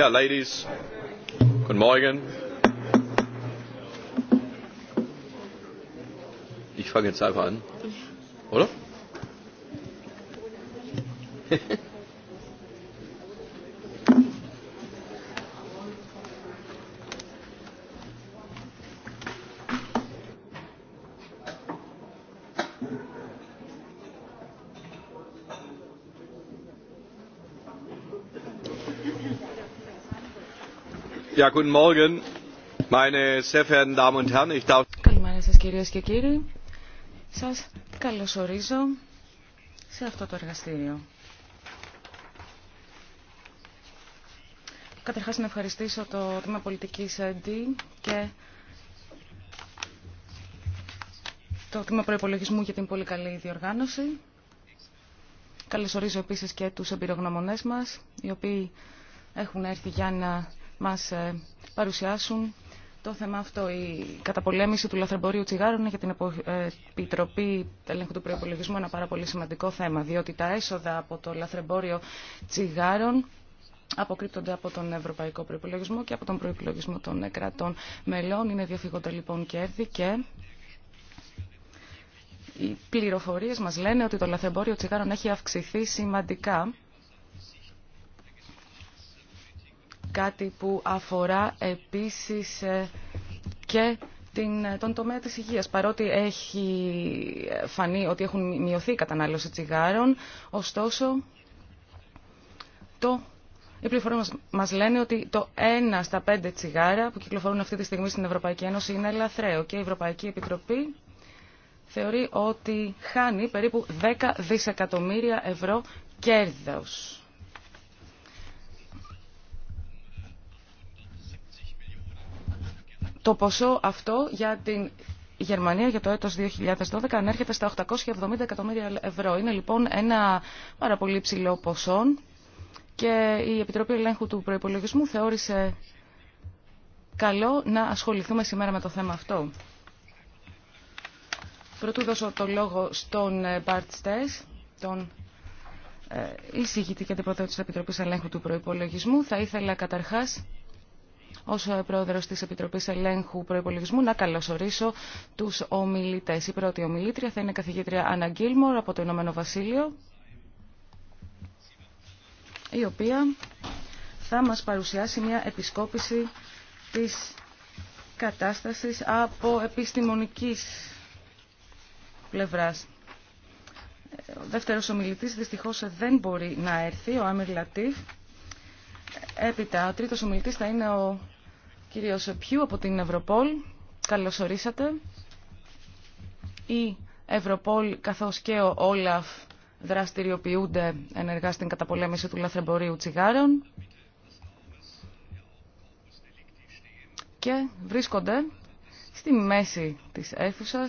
Ja, ladies, guten Morgen. Ich fange jetzt einfach an, oder? Καλημέρα σας κυρίες και κύριοι. Σας καλωσορίζω σε αυτό το εργαστήριο. Καταρχάς να ευχαριστήσω το Τμήμα Πολιτικής ΕΝΤΗ και το Τμήμα Προϋπολογισμού για την πολύ καλή διοργάνωση. Καλωσορίζω επίσης και τους εμπειρογνωμονές μας, οι οποίοι έχουν έρθει για να μας ε, παρουσιάσουν το θέμα αυτό. Η καταπολέμηση του λαθρεμπορίου τσιγάρων είναι για την ε, Επιτροπή Ελέγχου του Προπολογισμού ένα πάρα πολύ σημαντικό θέμα, διότι τα έσοδα από το λαθρεμπόριο τσιγάρων αποκρύπτονται από τον Ευρωπαϊκό Προπολογισμό και από τον Προπολογισμό των ε, κρατών μελών. Είναι διαφυγόντα λοιπόν κέρδη και οι πληροφορίε μας λένε ότι το λαθρεμπόριο τσιγάρων έχει αυξηθεί σημαντικά κάτι που αφορά επίσης ε, και την, ε, τον τομέα της υγείας. Παρότι έχει ε, φανεί ότι έχουν μειωθεί η κατανάλωση τσιγάρων, ωστόσο το, οι πληροφορίε μας λένε ότι το 1 στα 5 τσιγάρα που κυκλοφορούν αυτή τη στιγμή στην Ευρωπαϊκή Ένωση είναι ελαθρέο και η Ευρωπαϊκή Επιτροπή θεωρεί ότι χάνει περίπου 10 δισεκατομμύρια ευρώ κέρδος το ποσό αυτό για την Γερμανία για το έτος 2012 ανέρχεται στα 870 εκατομμύρια ευρώ. Είναι λοιπόν ένα πάρα πολύ ψηλό ποσό και η Επιτροπή Ελέγχου του Προϋπολογισμού θεώρησε καλό να ασχοληθούμε σήμερα με το θέμα αυτό. Πρωτού δώσω το λόγο στον ε, Μπαρτ Στές, τον ε, εισηγητή και αντιπροθέτη της Επιτροπής Ελέγχου του Προϋπολογισμού. Θα ήθελα καταρχάς ως πρόεδρος της Επιτροπής Ελέγχου Προϋπολογισμού να καλωσορίσω τους ομιλητές. Η πρώτη ομιλήτρια θα είναι καθηγήτρια Άννα Γκίλμορ από το Ηνωμένο Βασίλειο, η οποία θα μας παρουσιάσει μια επισκόπηση της κατάστασης από επιστημονικής πλευράς. Ο δεύτερος ομιλητής δυστυχώς δεν μπορεί να έρθει, ο Άμιρ Λατίφ. Έπειτα, ο τρίτος ομιλητής θα είναι ο Κύριο Σεπιού από την Ευρωπόλ, καλώς ορίσατε. Η Ευρωπόλ καθώς και ο Όλαφ δραστηριοποιούνται ενεργά στην καταπολέμηση του λαθρεμπορίου τσιγάρων και βρίσκονται στη μέση της αίθουσα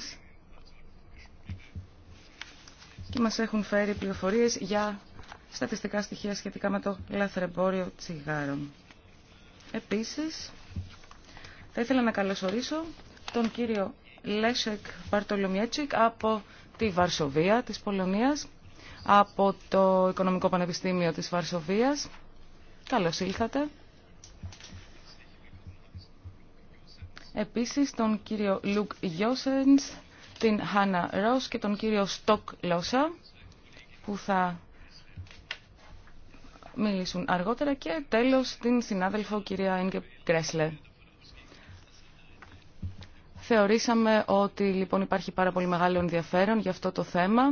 και μας έχουν φέρει πληροφορίες για στατιστικά στοιχεία σχετικά με το λαθρεμπόριο τσιγάρων. Επίσης, θα ήθελα να καλωσορίσω τον κύριο Λέσεκ Παρτολομιέτσικ από τη Βαρσοβία της Πολωνίας, από το Οικονομικό Πανεπιστήμιο της Βαρσοβίας. Καλώς ήλθατε. Επίσης τον κύριο Λουκ Γιώσενς, την Χάνα Ρος και τον κύριο Στοκ Λόσα που θα μιλήσουν αργότερα και τέλος την συνάδελφο κυρία Ίνκε Κρέσλε. Θεωρήσαμε ότι λοιπόν υπάρχει πάρα πολύ μεγάλο ενδιαφέρον για αυτό το θέμα.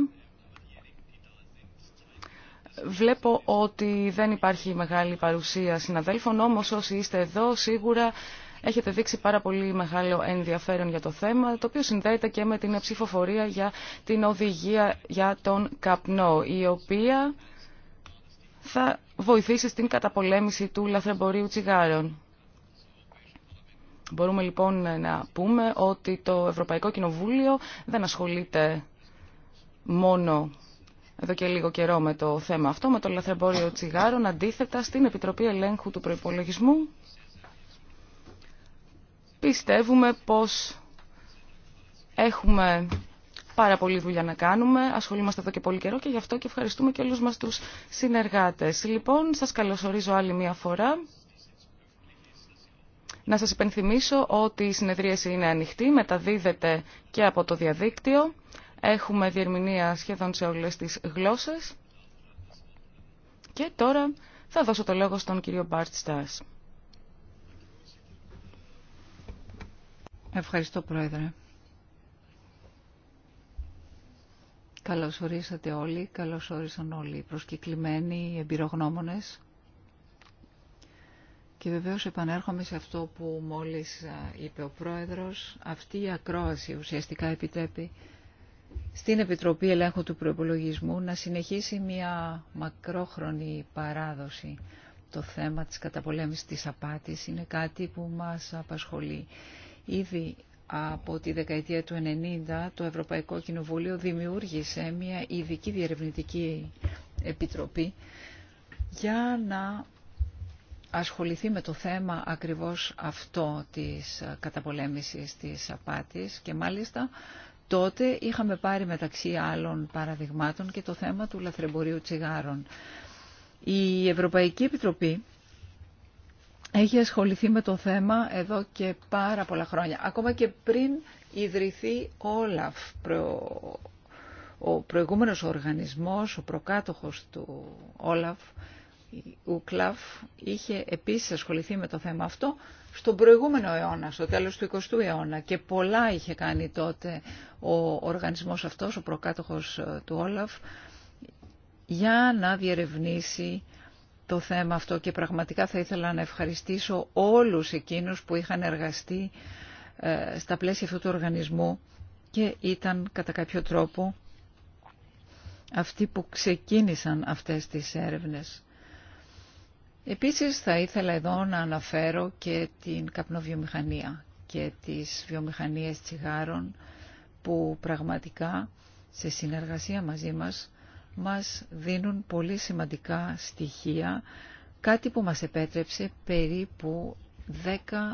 Βλέπω ότι δεν υπάρχει μεγάλη παρουσία συναδέλφων, όμως όσοι είστε εδώ σίγουρα έχετε δείξει πάρα πολύ μεγάλο ενδιαφέρον για το θέμα, το οποίο συνδέεται και με την ψηφοφορία για την οδηγία για τον καπνό, η οποία θα βοηθήσει στην καταπολέμηση του λαθρεμπορίου τσιγάρων. Μπορούμε λοιπόν να πούμε ότι το Ευρωπαϊκό Κοινοβούλιο δεν ασχολείται μόνο εδώ και λίγο καιρό με το θέμα αυτό, με το λαθρεμπόριο τσιγάρων, αντίθετα στην Επιτροπή Ελέγχου του Προϋπολογισμού. Πιστεύουμε πως έχουμε πάρα πολλή δουλειά να κάνουμε, ασχολούμαστε εδώ και πολύ καιρό και γι' αυτό και ευχαριστούμε και όλους μας τους συνεργάτες. Λοιπόν, σας καλωσορίζω άλλη μία φορά. Να σας υπενθυμίσω ότι η συνεδρίαση είναι ανοιχτή, μεταδίδεται και από το διαδίκτυο. Έχουμε διερμηνία σχεδόν σε όλες τις γλώσσες. Και τώρα θα δώσω το λόγο στον κύριο Μπάρτ Στάς. Ευχαριστώ, Πρόεδρε. Καλώς ορίσατε όλοι, καλώς όρισαν όλοι οι προσκεκλημένοι, οι εμπειρογνώμονες. Και βεβαίως επανέρχομαι σε αυτό που μόλις είπε ο Πρόεδρος. Αυτή η ακρόαση ουσιαστικά επιτρέπει στην Επιτροπή Ελέγχου του Προεπολογισμού να συνεχίσει μια μακρόχρονη παράδοση. Το θέμα της καταπολέμησης της απάτης είναι κάτι που μας απασχολεί. Ήδη από τη δεκαετία του 90 το Ευρωπαϊκό Κοινοβούλιο δημιούργησε μια ειδική διερευνητική επιτροπή για να ασχοληθεί με το θέμα ακριβώς αυτό της ε, καταπολέμησης της απάτης και μάλιστα τότε είχαμε πάρει μεταξύ άλλων παραδειγμάτων και το θέμα του λαθρεμπορίου τσιγάρων. Η Ευρωπαϊκή Επιτροπή έχει ασχοληθεί με το θέμα εδώ και πάρα πολλά χρόνια. Ακόμα και πριν ιδρυθεί Όλαφ, ο προηγούμενος οργανισμός, ο προκάτοχος του Όλαφ, ο Κλαφ είχε επίσης ασχοληθεί με το θέμα αυτό στον προηγούμενο αιώνα, στο τέλος του 20ου αιώνα και πολλά είχε κάνει τότε ο οργανισμός αυτός, ο προκάτοχος ε, του Όλαφ για να διερευνήσει το θέμα αυτό και πραγματικά θα ήθελα να ευχαριστήσω όλους εκείνους που είχαν εργαστεί ε, στα πλαίσια αυτού του οργανισμού και ήταν κατά κάποιο τρόπο αυτοί που ξεκίνησαν αυτές τις έρευνες. Επίσης θα ήθελα εδώ να αναφέρω και την καπνοβιομηχανία και τις βιομηχανίες τσιγάρων που πραγματικά σε συνεργασία μαζί μας μας δίνουν πολύ σημαντικά στοιχεία, κάτι που μας επέτρεψε περίπου 10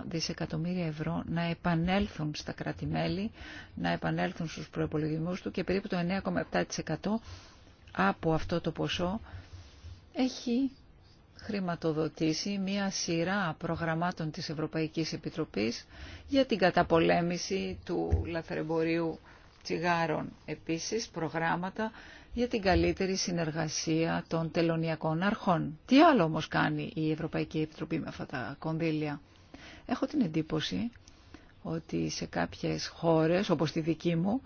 δισεκατομμύρια ευρώ να επανέλθουν στα κρατη να επανέλθουν στους προϋπολογισμούς του και περίπου το 9,7% από αυτό το ποσό έχει χρηματοδοτήσει μία σειρά προγραμμάτων της Ευρωπαϊκής Επιτροπής για την καταπολέμηση του λαθρεμπορίου τσιγάρων. Επίσης, προγράμματα για την καλύτερη συνεργασία των τελωνιακών αρχών. Τι άλλο όμως κάνει η Ευρωπαϊκή Επιτροπή με αυτά τα κονδύλια. Έχω την εντύπωση ότι σε κάποιες χώρες, όπως τη δική μου,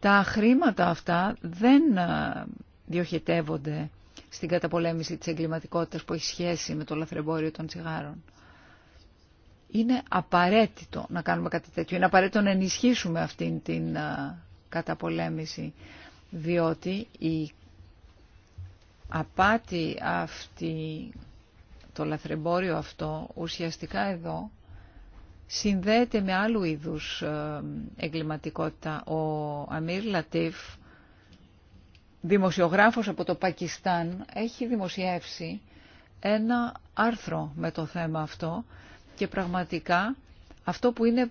τα χρήματα αυτά δεν ε, διοχετεύονται στην καταπολέμηση της εγκληματικότητας που έχει σχέση με το λαθρεμπόριο των τσιγάρων. Είναι απαραίτητο να κάνουμε κάτι τέτοιο. Είναι απαραίτητο να ενισχύσουμε αυτήν την καταπολέμηση, διότι η απάτη αυτή, το λαθρεμπόριο αυτό, ουσιαστικά εδώ συνδέεται με άλλου είδους εγκληματικότητα. Ο Αμίρ Λατίφ δημοσιογράφος από το Πακιστάν έχει δημοσιεύσει ένα άρθρο με το θέμα αυτό και πραγματικά αυτό που είναι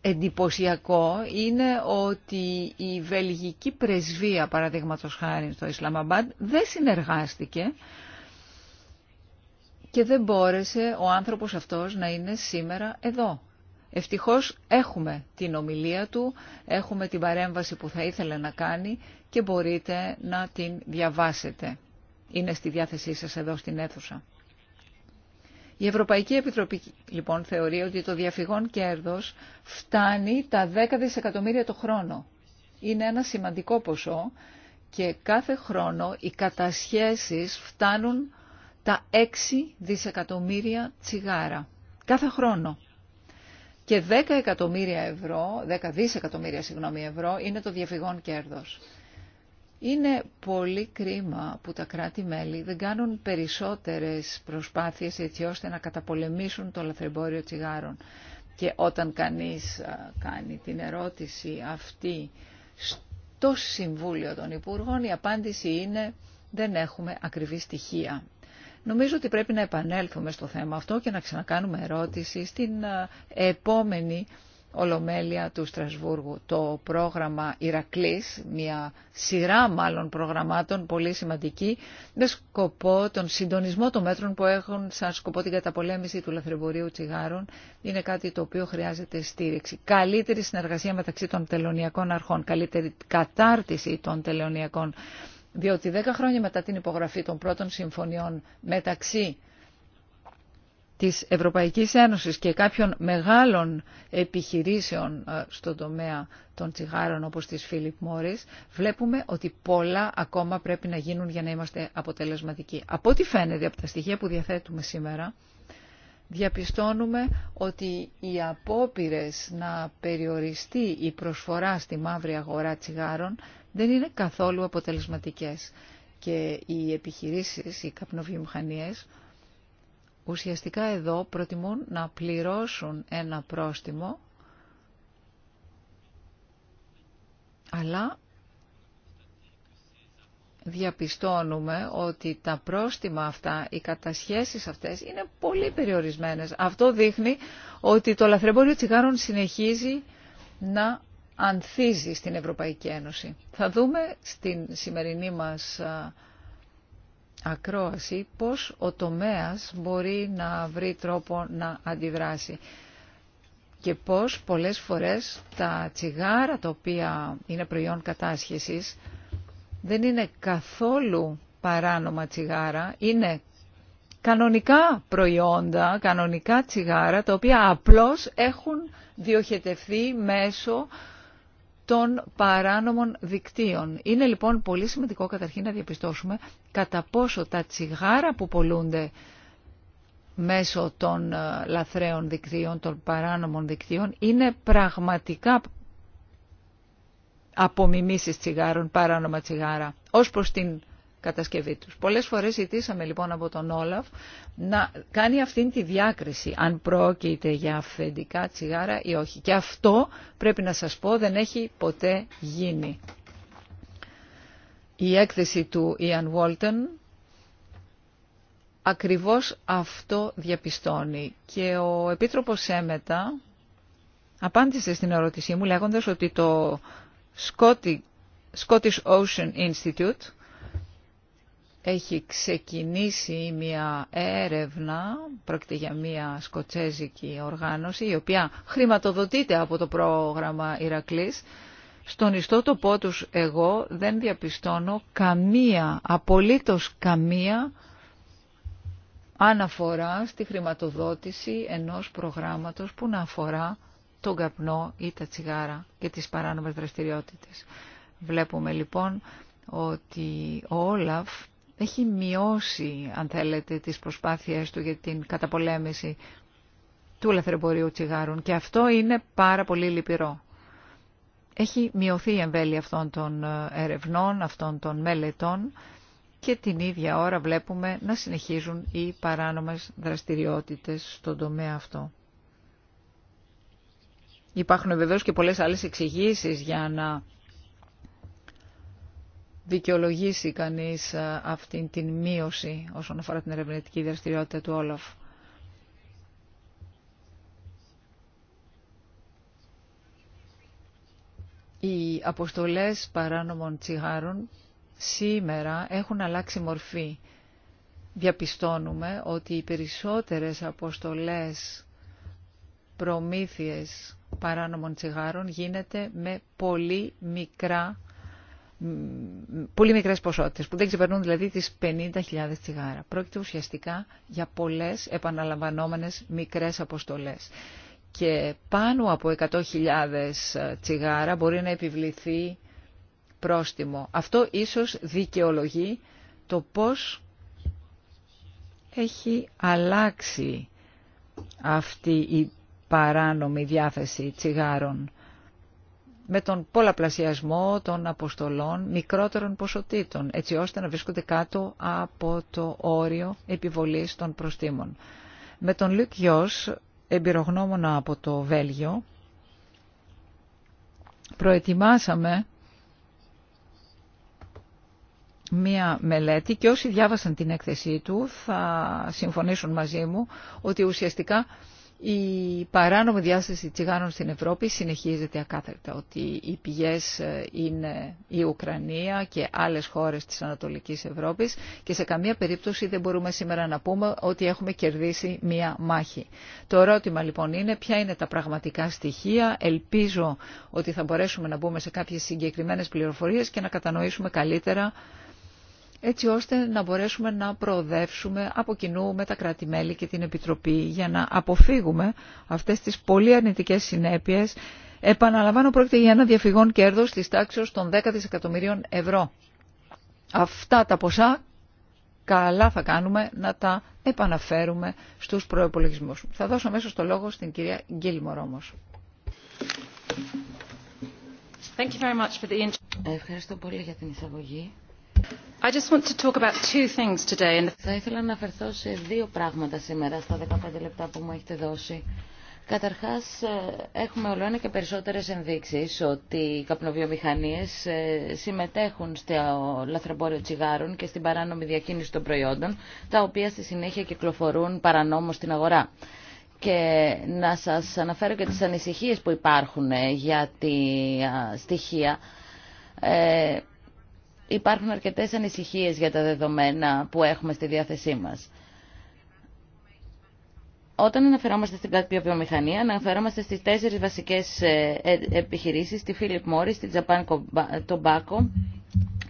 εντυπωσιακό είναι ότι η βελγική πρεσβεία παραδείγματος χάρη στο Ισλαμαμπάν δεν συνεργάστηκε και δεν μπόρεσε ο άνθρωπος αυτός να είναι σήμερα εδώ. Ευτυχώς έχουμε την ομιλία του, έχουμε την παρέμβαση που θα ήθελε να κάνει και μπορείτε να την διαβάσετε. Είναι στη διάθεσή σας εδώ στην αίθουσα. Η Ευρωπαϊκή Επιτροπή λοιπόν θεωρεί ότι το διαφυγόν κέρδος φτάνει τα 10 δισεκατομμύρια το χρόνο. Είναι ένα σημαντικό ποσό και κάθε χρόνο οι κατασχέσεις φτάνουν τα 6 δισεκατομμύρια τσιγάρα. Κάθε χρόνο και 10 εκατομμύρια ευρώ, 10 δισεκατομμύρια ευρώ είναι το διαφυγόν κέρδος. Είναι πολύ κρίμα που τα κράτη-μέλη δεν κάνουν περισσότερες προσπάθειες έτσι ώστε να καταπολεμήσουν το λαθρεμπόριο τσιγάρων. Και όταν κανείς κάνει την ερώτηση αυτή στο Συμβούλιο των Υπουργών, η απάντηση είναι δεν έχουμε ακριβή στοιχεία. Νομίζω ότι πρέπει να επανέλθουμε στο θέμα αυτό και να ξανακάνουμε ερώτηση στην ε, επόμενη Ολομέλεια του Στρασβούργου. Το πρόγραμμα Ηρακλής, μια σειρά μάλλον προγραμμάτων πολύ σημαντική, με σκοπό τον συντονισμό των μέτρων που έχουν σαν σκοπό την καταπολέμηση του λαθρεμπορίου τσιγάρων, είναι κάτι το οποίο χρειάζεται στήριξη. Καλύτερη συνεργασία μεταξύ των τελωνιακών αρχών, καλύτερη κατάρτιση των τελωνιακών διότι δέκα χρόνια μετά την υπογραφή των πρώτων συμφωνιών μεταξύ της Ευρωπαϊκής Ένωσης και κάποιων μεγάλων επιχειρήσεων ε, στον τομέα των τσιγάρων όπως της Φίλιπ Μόρις, βλέπουμε ότι πολλά ακόμα πρέπει να γίνουν για να είμαστε αποτελεσματικοί. Από ό,τι φαίνεται από τα στοιχεία που διαθέτουμε σήμερα, διαπιστώνουμε ότι οι απόπειρες να περιοριστεί η προσφορά στη μαύρη αγορά τσιγάρων δεν είναι καθόλου αποτελεσματικές. Και οι επιχειρήσεις, οι καπνοβιομηχανίες, ουσιαστικά εδώ προτιμούν να πληρώσουν ένα πρόστιμο, αλλά διαπιστώνουμε ότι τα πρόστιμα αυτά, οι κατασχέσεις αυτές είναι πολύ περιορισμένες. Αυτό δείχνει ότι το λαθρεμπόριο τσιγάρων συνεχίζει να ανθίζει στην Ευρωπαϊκή Ένωση. Θα δούμε στην σημερινή μας ακρόαση πώς ο τομέας μπορεί να βρει τρόπο να αντιδράσει και πώς πολλές φορές τα τσιγάρα τα οποία είναι προϊόν κατάσχεσης δεν είναι καθόλου παράνομα τσιγάρα, είναι κανονικά προϊόντα, κανονικά τσιγάρα, τα οποία απλώς έχουν διοχετευθεί μέσω των παράνομων δικτύων. Είναι λοιπόν πολύ σημαντικό καταρχήν να διαπιστώσουμε κατά πόσο τα τσιγάρα που πολλούνται μέσω των ε, λαθρέων δικτύων, των παράνομων δικτύων, είναι πραγματικά απομιμήσεις τσιγάρων, παράνομα τσιγάρα, ω προ την κατασκευή του. Πολλέ φορέ ζητήσαμε λοιπόν από τον Όλαφ να κάνει αυτήν τη διάκριση, αν πρόκειται για αφεντικά τσιγάρα ή όχι. Και αυτό πρέπει να σα πω δεν έχει ποτέ γίνει. Η έκθεση του Ιαν Βόλτεν ακριβώς αυτό διαπιστώνει και ο Επίτροπος Σέμετα απάντησε στην ερώτησή μου λέγοντας ότι το Scottish Ocean Institute έχει ξεκινήσει μια έρευνα, πρόκειται για μια σκοτσέζικη οργάνωση, η οποία χρηματοδοτείται από το πρόγραμμα Ηρακλής. Στον ιστότοπό τους εγώ δεν διαπιστώνω καμία, απολύτως καμία αναφορά στη χρηματοδότηση ενός προγράμματος που να αφορά τον καπνό ή τα τσιγάρα και τις παράνομες δραστηριότητες. Βλέπουμε λοιπόν ότι ο Όλαφ έχει μειώσει, αν θέλετε, τις προσπάθειες του για την καταπολέμηση του λαθρεμπορίου τσιγάρων και αυτό είναι πάρα πολύ λυπηρό. Έχει μειωθεί η εμβέλεια αυτών των ε, ερευνών, αυτών των μελετών και την ίδια ώρα βλέπουμε να συνεχίζουν οι παράνομες δραστηριότητες στον τομέα αυτό. Υπάρχουν βεβαίως και πολλές άλλες εξηγήσει για να δικαιολογήσει κανείς ε, αυτήν την μείωση όσον αφορά την ερευνητική δραστηριότητα του Όλαφ. Οι αποστολές παράνομων τσιγάρων σήμερα έχουν αλλάξει μορφή. Διαπιστώνουμε ότι οι περισσότερες αποστολές προμήθειες παράνομων τσιγάρων γίνεται με πολύ μικρά πολύ μικρές ποσότητες, που δεν ξεπερνούν δηλαδή τις 50.000 τσιγάρα. Πρόκειται ουσιαστικά για πολλές επαναλαμβανόμενες μικρές αποστολές. Και πάνω από 100.000 τσιγάρα μπορεί να επιβληθεί πρόστιμο. Αυτό ίσως δικαιολογεί το πώς έχει αλλάξει αυτή η παράνομη διάθεση τσιγάρων με τον πολλαπλασιασμό των αποστολών μικρότερων ποσοτήτων, έτσι ώστε να βρίσκονται κάτω από το όριο επιβολής των προστήμων. Με τον Λουκ Γιός, εμπειρογνώμονα από το Βέλγιο, προετοιμάσαμε μία μελέτη και όσοι διάβασαν την έκθεσή του θα συμφωνήσουν μαζί μου ότι ουσιαστικά η παράνομη διάσταση τσιγάνων στην Ευρώπη συνεχίζεται ακάθαρτα, ότι οι πηγές ε, είναι η Ουκρανία και άλλες χώρες της Ανατολικής Ευρώπης και σε καμία περίπτωση δεν μπορούμε σήμερα να πούμε ότι έχουμε κερδίσει μία μάχη. Το ερώτημα λοιπόν είναι ποια είναι τα πραγματικά στοιχεία. Ελπίζω ότι θα μπορέσουμε να μπούμε σε κάποιες συγκεκριμένες πληροφορίες και να κατανοήσουμε καλύτερα έτσι ώστε να μπορέσουμε να προοδεύσουμε από κοινού με τα κράτη-μέλη και την Επιτροπή για να αποφύγουμε αυτές τις πολύ αρνητικές συνέπειες. Επαναλαμβάνω, πρόκειται για ένα διαφυγόν κέρδος της τάξης των 10 δισεκατομμυρίων ευρώ. Αυτά τα ποσά καλά θα κάνουμε να τα επαναφέρουμε στους προϋπολογισμούς. Θα δώσω αμέσως το λόγο στην κυρία Γκίλμορ όμως. Ευχαριστώ πολύ για την εισαγωγή. I just want to talk about two things today. Θα ήθελα να αναφερθώ σε δύο πράγματα σήμερα στα 15 λεπτά που μου έχετε δώσει. Καταρχάς, ε, έχουμε όλο ένα και περισσότερες ενδείξεις ότι οι καπνοβιομηχανίες ε, συμμετέχουν στο λαθρεμπόριο τσιγάρων και στην παράνομη διακίνηση των προϊόντων, τα οποία στη συνέχεια κυκλοφορούν παρανόμως στην αγορά. Και να σας αναφέρω και τις ανησυχίες που υπάρχουν ε, για τη στοιχεία υπάρχουν αρκετές ανησυχίες για τα δεδομένα που έχουμε στη διάθεσή μας. Όταν αναφερόμαστε στην κάποια βιομηχανία, αναφερόμαστε στις τέσσερις βασικές ε, ε, επιχειρήσεις, τη Philip Morris, τη Japan Tobacco,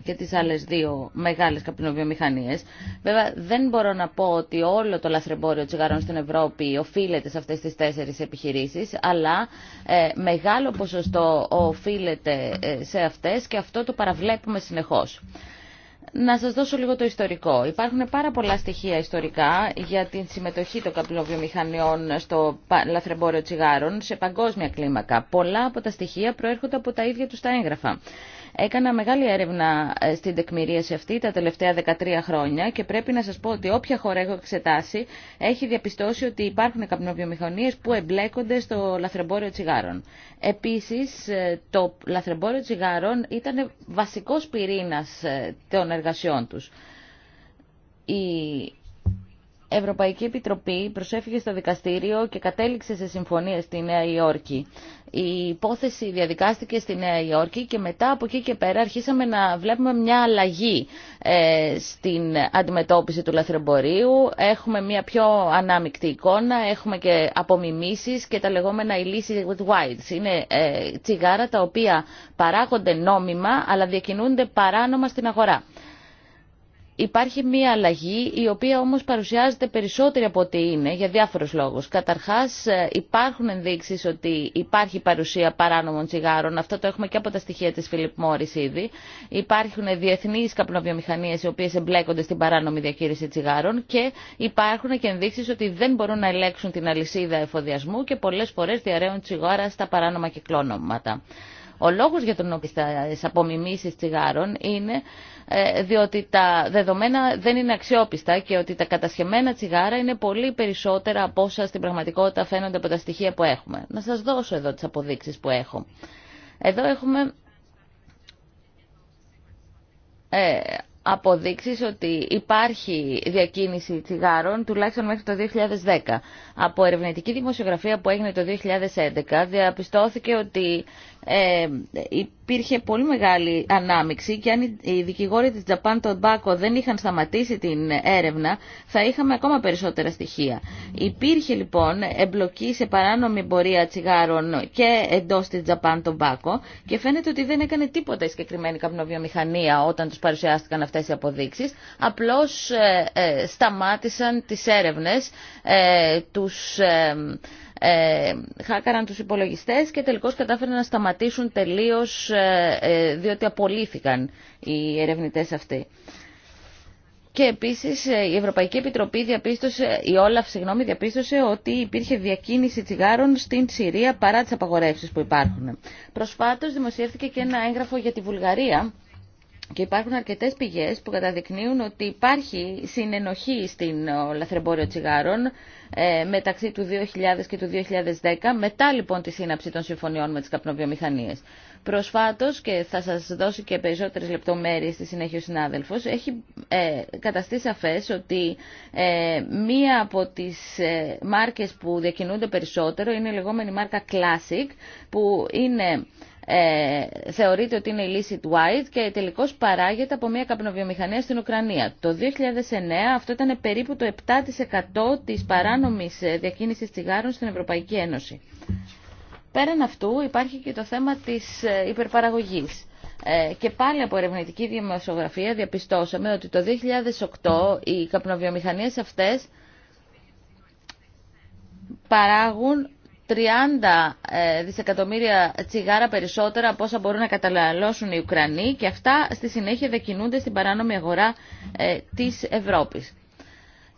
και τις άλλες δύο μεγάλες καπνοβιομηχανίες. Βέβαια δεν μπορώ να πω ότι όλο το λαθρεμπόριο τσιγαρών στην Ευρώπη οφείλεται σε αυτές τις τέσσερις επιχειρήσεις, αλλά ε, μεγάλο ποσοστό οφείλεται ε, σε αυτές και αυτό το παραβλέπουμε συνεχώς. Να σας δώσω λίγο το ιστορικό. Υπάρχουν πάρα πολλά στοιχεία ιστορικά για την συμμετοχή των καπνοβιομηχανιών στο λαθρεμπόριο τσιγάρων σε παγκόσμια κλίμακα. Πολλά από τα στοιχεία προέρχονται από τα ίδια τους τα έγγραφα. Έκανα μεγάλη έρευνα ε, στην τεκμηρίαση αυτή τα τελευταία 13 χρόνια και πρέπει να σας πω ότι όποια χώρα έχω εξετάσει έχει διαπιστώσει ότι υπάρχουν καπνοβιομηχανίες που εμπλέκονται στο λαθρεμπόριο τσιγάρων. Επίσης, ε, το λαθρεμπόριο τσιγάρων ήταν βασικός πυρήνας ε, των εργασιών τους. Η Ευρωπαϊκή Επιτροπή προσέφηκε στο δικαστήριο και κατέληξε σε συμφωνία στη Νέα Υόρκη. Η υπόθεση διαδικάστηκε στη Νέα Υόρκη και μετά από εκεί και πέρα αρχίσαμε να βλέπουμε μια αλλαγή ε, στην αντιμετώπιση του λαθρεμπορίου. Έχουμε μια πιο ανάμεικτη εικόνα, έχουμε και απομιμήσεις και τα λεγόμενα illicit whites. Είναι ε, τσιγάρα τα οποία παράγονται νόμιμα αλλά διακινούνται παράνομα στην αγορά. Υπάρχει μία αλλαγή η οποία όμως παρουσιάζεται περισσότερη από ό,τι είναι για διάφορους λόγους. Καταρχάς ε, υπάρχουν ενδείξεις ότι υπάρχει παρουσία παράνομων τσιγάρων. Αυτό το έχουμε και από τα στοιχεία της Φιλιπ Μόρις ήδη. Υπάρχουν διεθνείς καπνοβιομηχανίες οι οποίες εμπλέκονται στην παράνομη διακήρυξη τσιγάρων και υπάρχουν και ενδείξεις ότι δεν μπορούν να ελέγξουν την αλυσίδα εφοδιασμού και πολλές φορές διαραίουν τσιγάρα στα παράνομα κυκλώνωματα. Ο λόγος για τον οποίο τις απομιμήσεις τσιγάρων είναι ε, διότι τα δεδομένα δεν είναι αξιόπιστα και ότι τα κατασκευμένα τσιγάρα είναι πολύ περισσότερα από όσα στην πραγματικότητα φαίνονται από τα στοιχεία που έχουμε. Να σας δώσω εδώ τις αποδείξεις που έχω. Εδώ έχουμε ε, αποδείξεις ότι υπάρχει διακίνηση τσιγάρων τουλάχιστον μέχρι το 2010. Από ερευνητική δημοσιογραφία που έγινε το 2011 διαπιστώθηκε ότι ε, υπήρχε πολύ μεγάλη ανάμειξη και αν οι δικηγόροι της Japan Tobacco δεν είχαν σταματήσει την έρευνα θα είχαμε ακόμα περισσότερα στοιχεία. Υπήρχε λοιπόν εμπλοκή σε παράνομη πορεία τσιγάρων και εντός της Japan Tobacco και φαίνεται ότι δεν έκανε τίποτα η συγκεκριμένη καπνοβιομηχανία όταν τους παρουσιάστηκαν αυτές οι αποδείξεις. Απλώς ε, ε, σταμάτησαν τις έρευνες, ε, τους ε, χάκαραν τους υπολογιστές και τελικώς κατάφεραν να σταματήσουν τελείως ε, ε, διότι απολύθηκαν οι ερευνητές αυτοί. Και επίσης η Ευρωπαϊκή Επιτροπή διαπίστωσε, η Όλαφ συγγνώμη, διαπίστωσε ότι υπήρχε διακίνηση τσιγάρων στην Συρία παρά τις απαγορεύσεις που υπάρχουν. Προσφάτως δημοσιεύθηκε και ένα έγγραφο για τη Βουλγαρία και υπάρχουν αρκετές πηγές που καταδεικνύουν ότι υπάρχει συνενοχή στην ε, λαθρεμπόριο τσιγάρων ε, μεταξύ του 2000 και του 2010, μετά λοιπόν τη σύναψη των συμφωνιών με τις καπνοβιομηχανίες. Προσφάτως, και θα σας δώσει και περισσότερες λεπτομέρειες στη συνέχεια ο συνάδελφος, έχει ε, καταστεί σαφές ότι μία από τις ε, μάρκες που διακινούνται περισσότερο είναι η λεγόμενη μάρκα Classic, που είναι ε, θεωρείται ότι είναι η λύση του Άιτ και τελικώ παράγεται από μια καπνοβιομηχανία στην Ουκρανία. Το 2009 αυτό ήταν περίπου το 7% της παράνομης ε, διακίνησης τσιγάρων στην Ευρωπαϊκή Ένωση. Πέραν αυτού υπάρχει και το θέμα της ε, υπερπαραγωγής. Ε, και πάλι από ερευνητική δημοσιογραφία διαπιστώσαμε ότι το 2008 οι καπνοβιομηχανίες αυτές παράγουν 30 ε, δισεκατομμύρια τσιγάρα περισσότερα από όσα μπορούν να καταναλώσουν οι Ουκρανοί και αυτά στη συνέχεια δεκινούνται στην παράνομη αγορά ε, της Ευρώπης.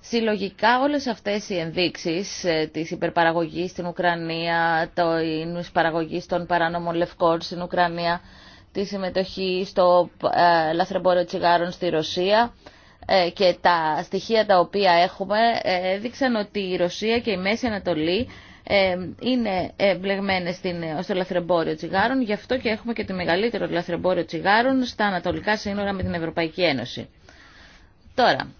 Συλλογικά όλες αυτές οι ενδείξεις ε, της υπερπαραγωγής στην Ουκρανία, της παραγωγής των παράνομων λευκών στην Ουκρανία, τη συμμετοχή στο λαθρεμπόριο τσιγάρων στη Ρωσία και τα στοιχεία τα οποία έχουμε έδειξαν ότι η Ρωσία και η Μέση Ανατολή ε, είναι ε, μπλεγμένες ε, στο λαθρεμπόριο τσιγάρων. Γι' αυτό και έχουμε και το μεγαλύτερο λαθρεμπόριο τσιγάρων στα ανατολικά σύνορα με την Ευρωπαϊκή Ένωση. Τώρα,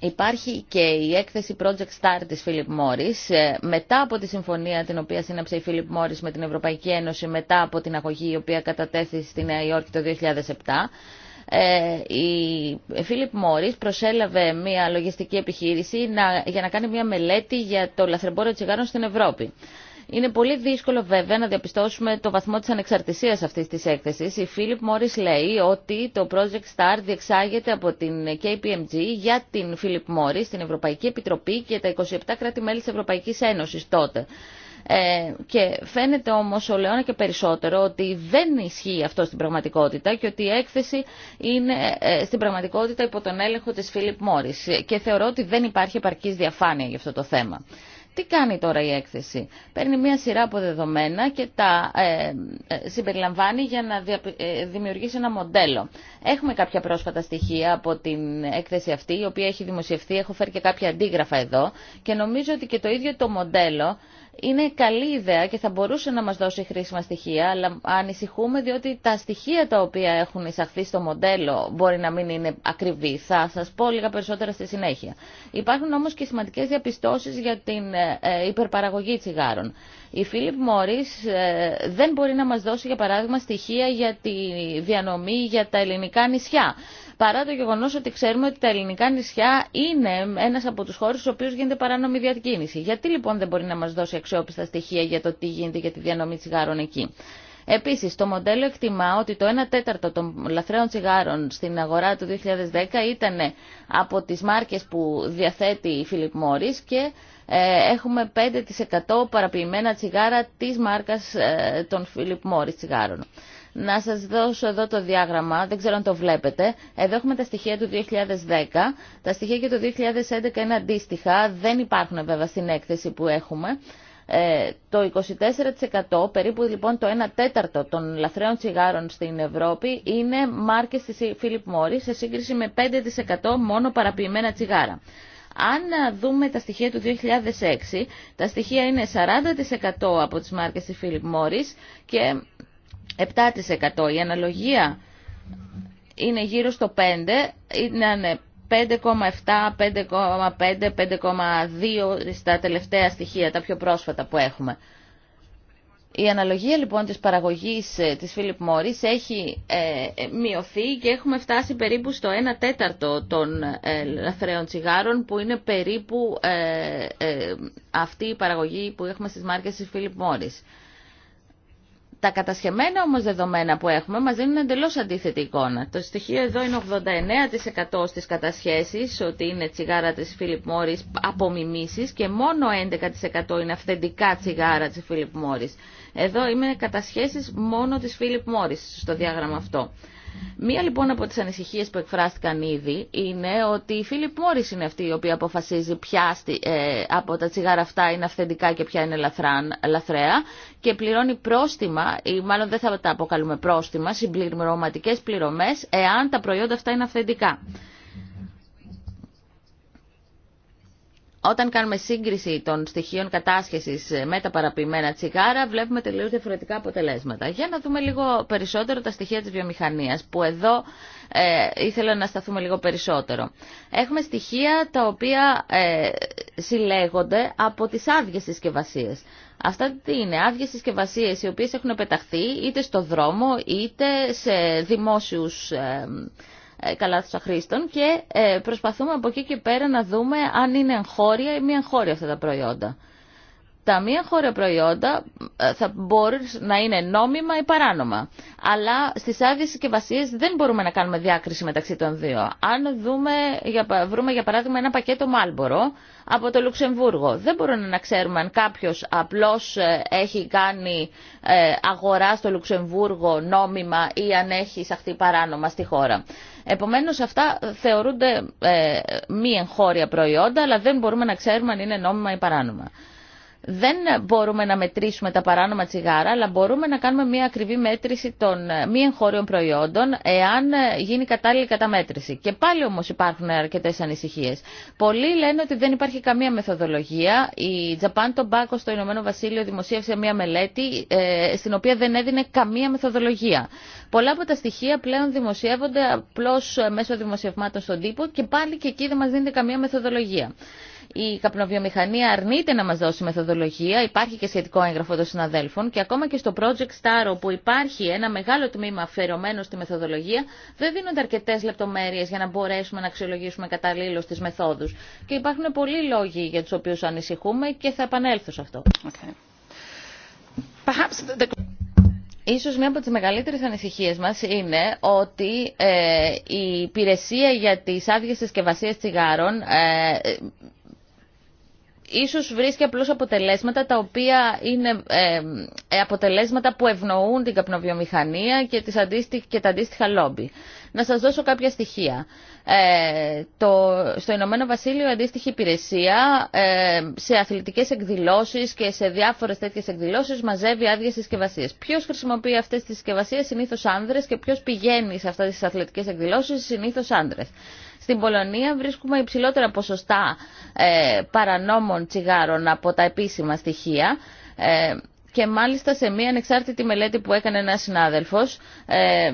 Υπάρχει και η έκθεση Project Star της Φίλιπ Μόρις, Μετά από τη συμφωνία την οποία σύναψε η Φίλιπ Μόρις με την Ευρωπαϊκή Ένωση μετά από την αγωγή η οποία κατατέθη στη Νέα Υόρκη το 2007, ε, η Φίλιπ Μόρις προσέλαβε μια λογιστική επιχείρηση για να κάνει μια μελέτη για το λαθρεμπόριο τσιγάρων στην Ευρώπη. Είναι πολύ δύσκολο βέβαια να διαπιστώσουμε το βαθμό της ανεξαρτησίας αυτής της έκθεσης. Η Φίλιπ Μόρις λέει ότι το Project Star διεξάγεται από την KPMG για την Φίλιπ Μόρις, την Ευρωπαϊκή Επιτροπή και τα 27 κράτη-μέλη της Ευρωπαϊκής Ένωσης τότε. Ε, και φαίνεται όμω ο Λεώνα και περισσότερο ότι δεν ισχύει αυτό στην πραγματικότητα και ότι η έκθεση είναι ε, στην πραγματικότητα υπό τον έλεγχο τη Φίλιπ Μόρι. και θεωρώ ότι δεν υπάρχει επαρκή διαφάνεια για αυτό το θέμα. Τι κάνει τώρα η έκθεση. Παίρνει μία σειρά από δεδομένα και τα ε, ε συμπεριλαμβάνει για να δια, ε, δημιουργήσει ένα μοντέλο. Έχουμε κάποια πρόσφατα στοιχεία από την έκθεση αυτή, η οποία έχει δημοσιευθεί, έχω φέρει και κάποια αντίγραφα εδώ και νομίζω ότι και το ίδιο το μοντέλο είναι καλή ιδέα και θα μπορούσε να μας δώσει χρήσιμα στοιχεία, αλλά ανησυχούμε διότι τα στοιχεία τα οποία έχουν εισαχθεί στο μοντέλο μπορεί να μην είναι ακριβή. Θα σας πω λίγα περισσότερα στη συνέχεια. Υπάρχουν όμως και σημαντικές διαπιστώσεις για την ε, ε, υπερπαραγωγή τσιγάρων. Η Φίλιπ Μόρις ε, δεν μπορεί να μας δώσει για παράδειγμα στοιχεία για τη διανομή για τα ελληνικά νησιά παρά το γεγονό ότι ξέρουμε ότι τα ελληνικά νησιά είναι ένας από τους χώρους στου οποίου γίνεται παράνομη διακίνηση. Γιατί λοιπόν δεν μπορεί να μας δώσει αξιόπιστα στοιχεία για το τι γίνεται για τη διανομή τσιγάρων εκεί. Επίσης, το μοντέλο εκτιμά ότι το 1 τέταρτο των λαθρέων τσιγάρων στην αγορά του 2010 ήταν από τι μάρκε που διαθέτει η Φιλιπ Μόρι και ε, έχουμε 5% παραποιημένα τσιγάρα της μάρκας ε, των Φιλιπ Μόρι τσιγάρων. Να σας δώσω εδώ το διάγραμμα, δεν ξέρω αν το βλέπετε. Εδώ έχουμε τα στοιχεία του 2010. Τα στοιχεία και το 2011 είναι αντίστοιχα, δεν υπάρχουν βέβαια στην έκθεση που έχουμε. Ε, το 24% περίπου λοιπόν το 1 τέταρτο των λαθρέων τσιγάρων στην Ευρώπη είναι μάρκες της Φίλιπ Μόρις, σε σύγκριση με 5% μόνο παραποιημένα τσιγάρα. Αν δούμε τα στοιχεία του 2006, τα στοιχεία είναι 40% από τις μάρκες της Φίλιπ Μόρις και 7%. Η αναλογία είναι γύρω στο 5%. Είναι 5,7, 5,5, 5,2 στα τελευταία στοιχεία, τα πιο πρόσφατα που έχουμε. Η αναλογία λοιπόν της παραγωγής ε, της Φίλιπ Μόρις έχει ε, ε, μειωθεί και έχουμε φτάσει περίπου στο 1 τέταρτο των ε, λαθρέων τσιγάρων που είναι περίπου αυτή η παραγωγή που έχουμε στις μάρκες της Φίλιπ Μόρις. Τα κατασχεμένα όμως δεδομένα που έχουμε μας δίνουν εντελώς αντίθετη εικόνα. Το στοιχείο εδώ είναι 89% στις κατασχέσεις, ότι είναι τσιγάρα της Φίλιπ Morris από μιμήσεις και μόνο 11% είναι αυθεντικά τσιγάρα της Φίλιπ Morris. Εδώ είναι κατασχέσεις μόνο της Φίλιπ Morris στο διάγραμμα αυτό. Μία λοιπόν από τις ανησυχίες που εκφράστηκαν ήδη είναι ότι η Φίλιπ Μόρις είναι αυτή η οποία αποφασίζει ποια ε, από τα τσιγάρα αυτά είναι αυθεντικά και ποια είναι λαθρέα και πληρώνει πρόστιμα, ή μάλλον δεν θα τα αποκαλούμε πρόστιμα, συμπληρωματικές πληρωμές εάν τα προϊόντα αυτά είναι αυθεντικά όταν κάνουμε σύγκριση των στοιχείων κατάσχεσης με τα παραποιημένα τσιγάρα, βλέπουμε τελείως διαφορετικά αποτελέσματα. Για να δούμε λίγο περισσότερο τα στοιχεία της βιομηχανίας, που εδώ ε, ήθελα να σταθούμε λίγο περισσότερο. Έχουμε στοιχεία τα οποία ε, συλλέγονται από τις άδειες συσκευασίε. Αυτά τι είναι, άδειε συσκευασίε οι οποίες έχουν πεταχθεί είτε στο δρόμο είτε σε δημόσιου. Ε, ε, καλά τους αχρήστων και ε, προσπαθούμε από εκεί και πέρα να δούμε αν είναι εγχώρια ή μη εγχώρια αυτά τα προϊόντα. Τα μη εγχώρια προϊόντα ε, θα μπορεί να είναι νόμιμα ή παράνομα. Αλλά στι άδειε συσκευασίε δεν μπορούμε να κάνουμε διάκριση μεταξύ των δύο. Αν δούμε, για, βρούμε για παράδειγμα ένα πακέτο Μάλμπορο από το Λουξεμβούργο, δεν μπορούμε να ξέρουμε αν κάποιο απλώ έχει κάνει αγορά στο Λουξεμβούργο νόμιμα ή αν έχει εισαχθεί παράνομα στη χώρα. Επομένως αυτά θεωρούνται ε, μη εγχώρια προϊόντα αλλά δεν μπορούμε να ξέρουμε αν είναι νόμιμα ή παράνομα δεν μπορούμε να μετρήσουμε τα παράνομα τσιγάρα, αλλά μπορούμε να κάνουμε μια ακριβή μέτρηση των ε, μη εγχώριων προϊόντων, εάν ε, γίνει κατάλληλη καταμέτρηση. Και πάλι όμω υπάρχουν αρκετέ ανησυχίε. Πολλοί λένε ότι δεν υπάρχει καμία μεθοδολογία. Η Japan Tobacco στο Ηνωμένο Βασίλειο δημοσίευσε μια μελέτη, ε, στην οποία δεν έδινε καμία μεθοδολογία. Πολλά από τα στοιχεία πλέον δημοσιεύονται απλώ μέσω δημοσιευμάτων στον τύπο και πάλι και εκεί δεν μα δίνεται καμία μεθοδολογία. Η καπνοβιομηχανία αρνείται να μα δώσει μεθοδολογία. Υπάρχει και σχετικό έγγραφο των συναδέλφων και ακόμα και στο Project Star όπου υπάρχει ένα μεγάλο τμήμα αφιερωμένο στη μεθοδολογία δεν δίνονται αρκετέ λεπτομέρειε για να μπορέσουμε να αξιολογήσουμε καταλήλω τι μεθόδου. Και υπάρχουν πολλοί λόγοι για του οποίου ανησυχούμε και θα επανέλθω σε αυτό. Okay. Ίσως μία από τις μεγαλύτερες ανησυχίες μας είναι ότι ε, η υπηρεσία για τις άδειες συσκευασίες τσιγάρων ε, ίσως βρίσκει απλώς αποτελέσματα τα οποία είναι ε, ε, αποτελέσματα που ευνοούν την καπνοβιομηχανία και, τις αντίστοι, και τα αντίστοιχα λόμπι. Να σας δώσω κάποια στοιχεία. Ε, το, στο Ηνωμένο Βασίλειο αντίστοιχη υπηρεσία ε, σε αθλητικές εκδηλώσεις και σε διάφορες τέτοιες εκδηλώσεις μαζεύει άδειες συσκευασίες. Ποιος χρησιμοποιεί αυτές τις συσκευασίες συνήθως άνδρες και ποιος πηγαίνει σε αυτές τις αθλητικές εκδηλώσεις συνήθως άνδρες. Στην Πολωνία βρίσκουμε υψηλότερα ποσοστά ε, παρανόμων τσιγάρων από τα επίσημα στοιχεία. Ε, και μάλιστα σε μία ανεξάρτητη μελέτη που έκανε ένας συνάδελφος, ε,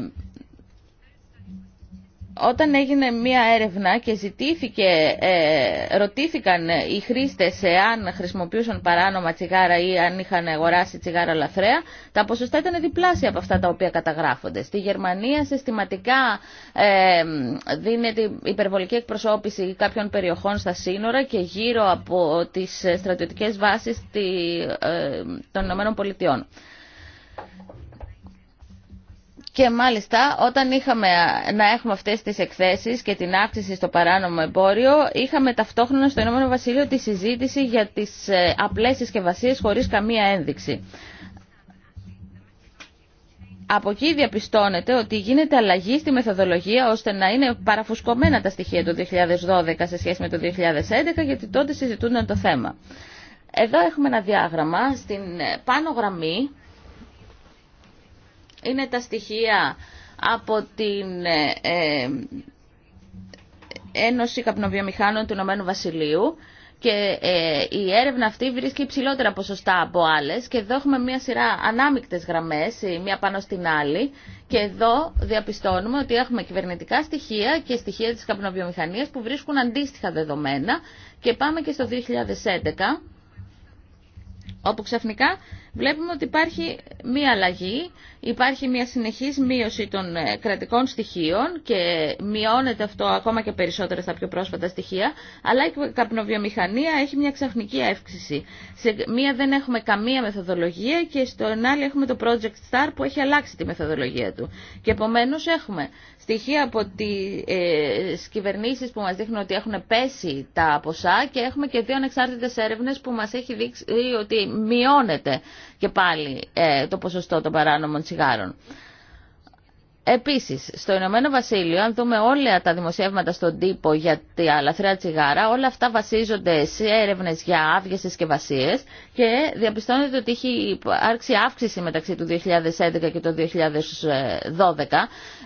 όταν έγινε μία έρευνα και ζητήθηκε, ε, ρωτήθηκαν οι χρήστες εάν χρησιμοποιούσαν παράνομα τσιγάρα ή αν είχαν αγοράσει τσιγάρα λαθρέα, τα ποσοστά ήταν διπλάσια από αυτά τα οποία καταγράφονται. Στη Γερμανία συστηματικά ε, δίνεται υπερβολική εκπροσώπηση κάποιων περιοχών στα σύνορα και γύρω από τις στρατιωτικές βάσεις ε, των ΗΠΑ. Και μάλιστα όταν είχαμε να έχουμε αυτές τις εκθέσεις και την αύξηση στο παράνομο εμπόριο, είχαμε ταυτόχρονα στο Ηνωμένο Βασίλειο τη συζήτηση για τις ε, απλές συσκευασίες χωρίς καμία ένδειξη. Από εκεί διαπιστώνεται ότι γίνεται αλλαγή στη μεθοδολογία ώστε να είναι παραφουσκωμένα τα στοιχεία του 2012 σε σχέση με το 2011 γιατί τότε συζητούνταν το θέμα. Εδώ έχουμε ένα διάγραμμα στην ε, πάνω γραμμή είναι τα στοιχεία από την ε, ε, Ένωση Καπνοβιομηχάνων του Ηνωμένου Βασιλείου και ε, η έρευνα αυτή βρίσκει υψηλότερα ποσοστά από άλλες και εδώ έχουμε μια σειρά ανάμεικτες γραμμές, μία πάνω στην άλλη και εδώ διαπιστώνουμε ότι έχουμε κυβερνητικά στοιχεία και στοιχεία της καπνοβιομηχανίας που βρίσκουν αντίστοιχα δεδομένα και πάμε και στο 2011 όπου ξαφνικά βλέπουμε ότι υπάρχει μία αλλαγή, υπάρχει μία συνεχής μείωση των ε, κρατικών στοιχείων και μειώνεται αυτό ακόμα και περισσότερο στα πιο πρόσφατα στοιχεία, αλλά η καπνοβιομηχανία έχει μία ξαφνική αύξηση. Σε μία δεν έχουμε καμία μεθοδολογία και στον άλλη έχουμε το Project Star που έχει αλλάξει τη μεθοδολογία του. Και επομένως έχουμε στοιχεία από ε, τις κυβερνήσεις που μας δείχνουν ότι έχουν πέσει τα ποσά και έχουμε και δύο ανεξάρτητες έρευνες που μας έχει δείξει ότι μειώνεται και πάλι ε, το ποσοστό των παράνομων τσιγάρων. Επίσης, στο Ηνωμένο Βασίλειο, αν δούμε όλα τα δημοσιεύματα στον τύπο για τη λαθρέα τσιγάρα, όλα αυτά βασίζονται σε έρευνες για άδειες συσκευασίε και διαπιστώνεται ότι έχει άρξει αύξηση μεταξύ του 2011 και του 2012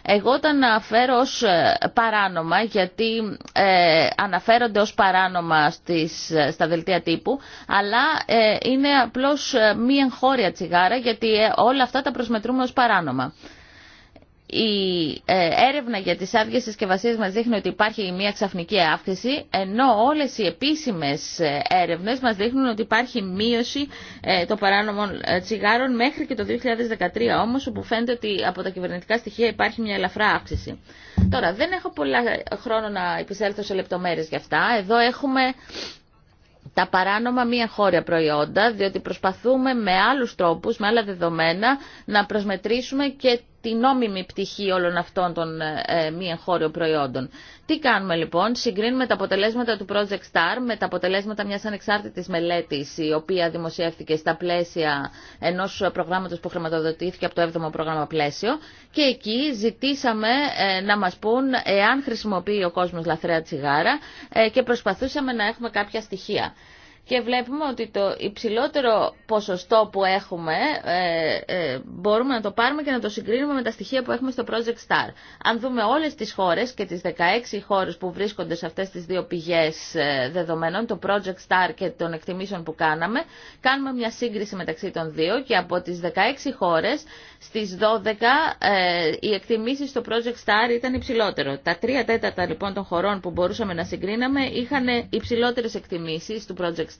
εγώ τα αναφέρω ως ε, παράνομα γιατί ε, αναφέρονται ως παράνομα στις, ε, στα δελτία τύπου αλλά είναι απλώς μία εγχώρια τσιγάρα γιατί όλα αυτά τα προσμετρούμε ως παράνομα η ε, έρευνα για τις άδειες συσκευασίες μας δείχνει ότι υπάρχει μια ξαφνική αύξηση, ενώ όλες οι επίσημες ε, έρευνες μας δείχνουν ότι υπάρχει μείωση ε, των παράνομων τσιγάρων μέχρι και το 2013 όμως, όπου φαίνεται ότι από τα κυβερνητικά στοιχεία υπάρχει μια ελαφρά αύξηση. Τώρα, δεν έχω πολλά χρόνο να επισέλθω σε λεπτομέρειες για αυτά. Εδώ έχουμε τα παράνομα μία χώρια προϊόντα, διότι προσπαθούμε με άλλους τρόπους, με άλλα δεδομένα, να προσμετρήσουμε και τη νόμιμη πτυχή όλων αυτών των ε, ε, μη εγχώριων προϊόντων. Τι κάνουμε λοιπόν, συγκρίνουμε τα αποτελέσματα του Project Star με τα αποτελέσματα μιας ανεξάρτητης μελέτης η οποία δημοσιεύτηκε στα πλαίσια ενός προγράμματος που χρηματοδοτήθηκε από το 7ο πρόγραμμα πλαίσιο και εκεί ζητήσαμε ε, να μας πούν εάν χρησιμοποιεί ο κόσμος λαθρέα τσιγάρα ε, και προσπαθούσαμε να έχουμε κάποια στοιχεία και βλέπουμε ότι το υψηλότερο ποσοστό που έχουμε ε, ε, μπορούμε να το πάρουμε και να το συγκρίνουμε με τα στοιχεία που έχουμε στο Project Star. Αν δούμε όλες τις χώρες και τις 16 χώρες που βρίσκονται σε αυτές τις δύο πηγές ε, δεδομένων, το Project Star και των εκτιμήσεων που κάναμε, κάνουμε μια σύγκριση μεταξύ των δύο και από τις 16 χώρες στις 12 ε, οι εκτιμήσεις στο Project Star ήταν υψηλότερο. Τα τρία τέταρτα λοιπόν των χωρών που μπορούσαμε να συγκρίναμε είχαν υψηλότερες εκτιμήσεις του Project Star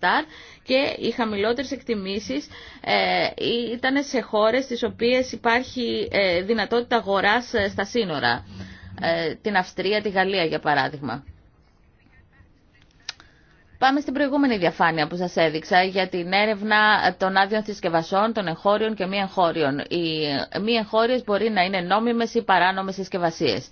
και οι χαμηλότερες εκτιμήσεις ε, ήταν σε χώρες στις οποίες υπάρχει ε, δυνατότητα αγοράς ε, στα σύνορα. Την Αυστρία, τη Γαλλία για παράδειγμα. Πάμε στην προηγούμενη διαφάνεια που σας έδειξα για την έρευνα των άδειων συσκευασών, των εγχώριων και μη εγχώριων. Οι μη μπορεί να είναι νόμιμες ή παράνομες συσκευασίες.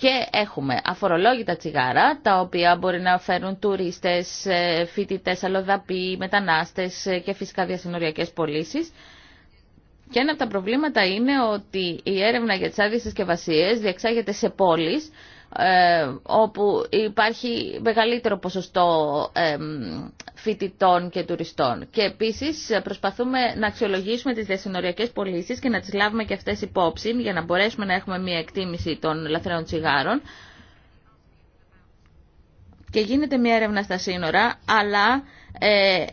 Και έχουμε αφορολόγητα τσιγάρα, τα οποία μπορεί να φέρουν τουρίστες, ε, φοιτητές, αλλοδαποί, μετανάστες ε, και φυσικά διασυνοριακές πωλήσει. Και ένα από τα προβλήματα είναι ότι η έρευνα για τις άδειες συσκευασίες διεξάγεται σε πόλεις, ε, όπου υπάρχει μεγαλύτερο ποσοστό φοιτητών και τουριστών. Και επίσης ε, προσπαθούμε να αξιολογήσουμε τις διασυνοριακές πωλήσει και να τις λάβουμε και αυτές υπόψη για να μπορέσουμε να έχουμε μια εκτίμηση των λαθρέων τσιγάρων. Και γίνεται μια έρευνα στα σύνορα, αλλά ε,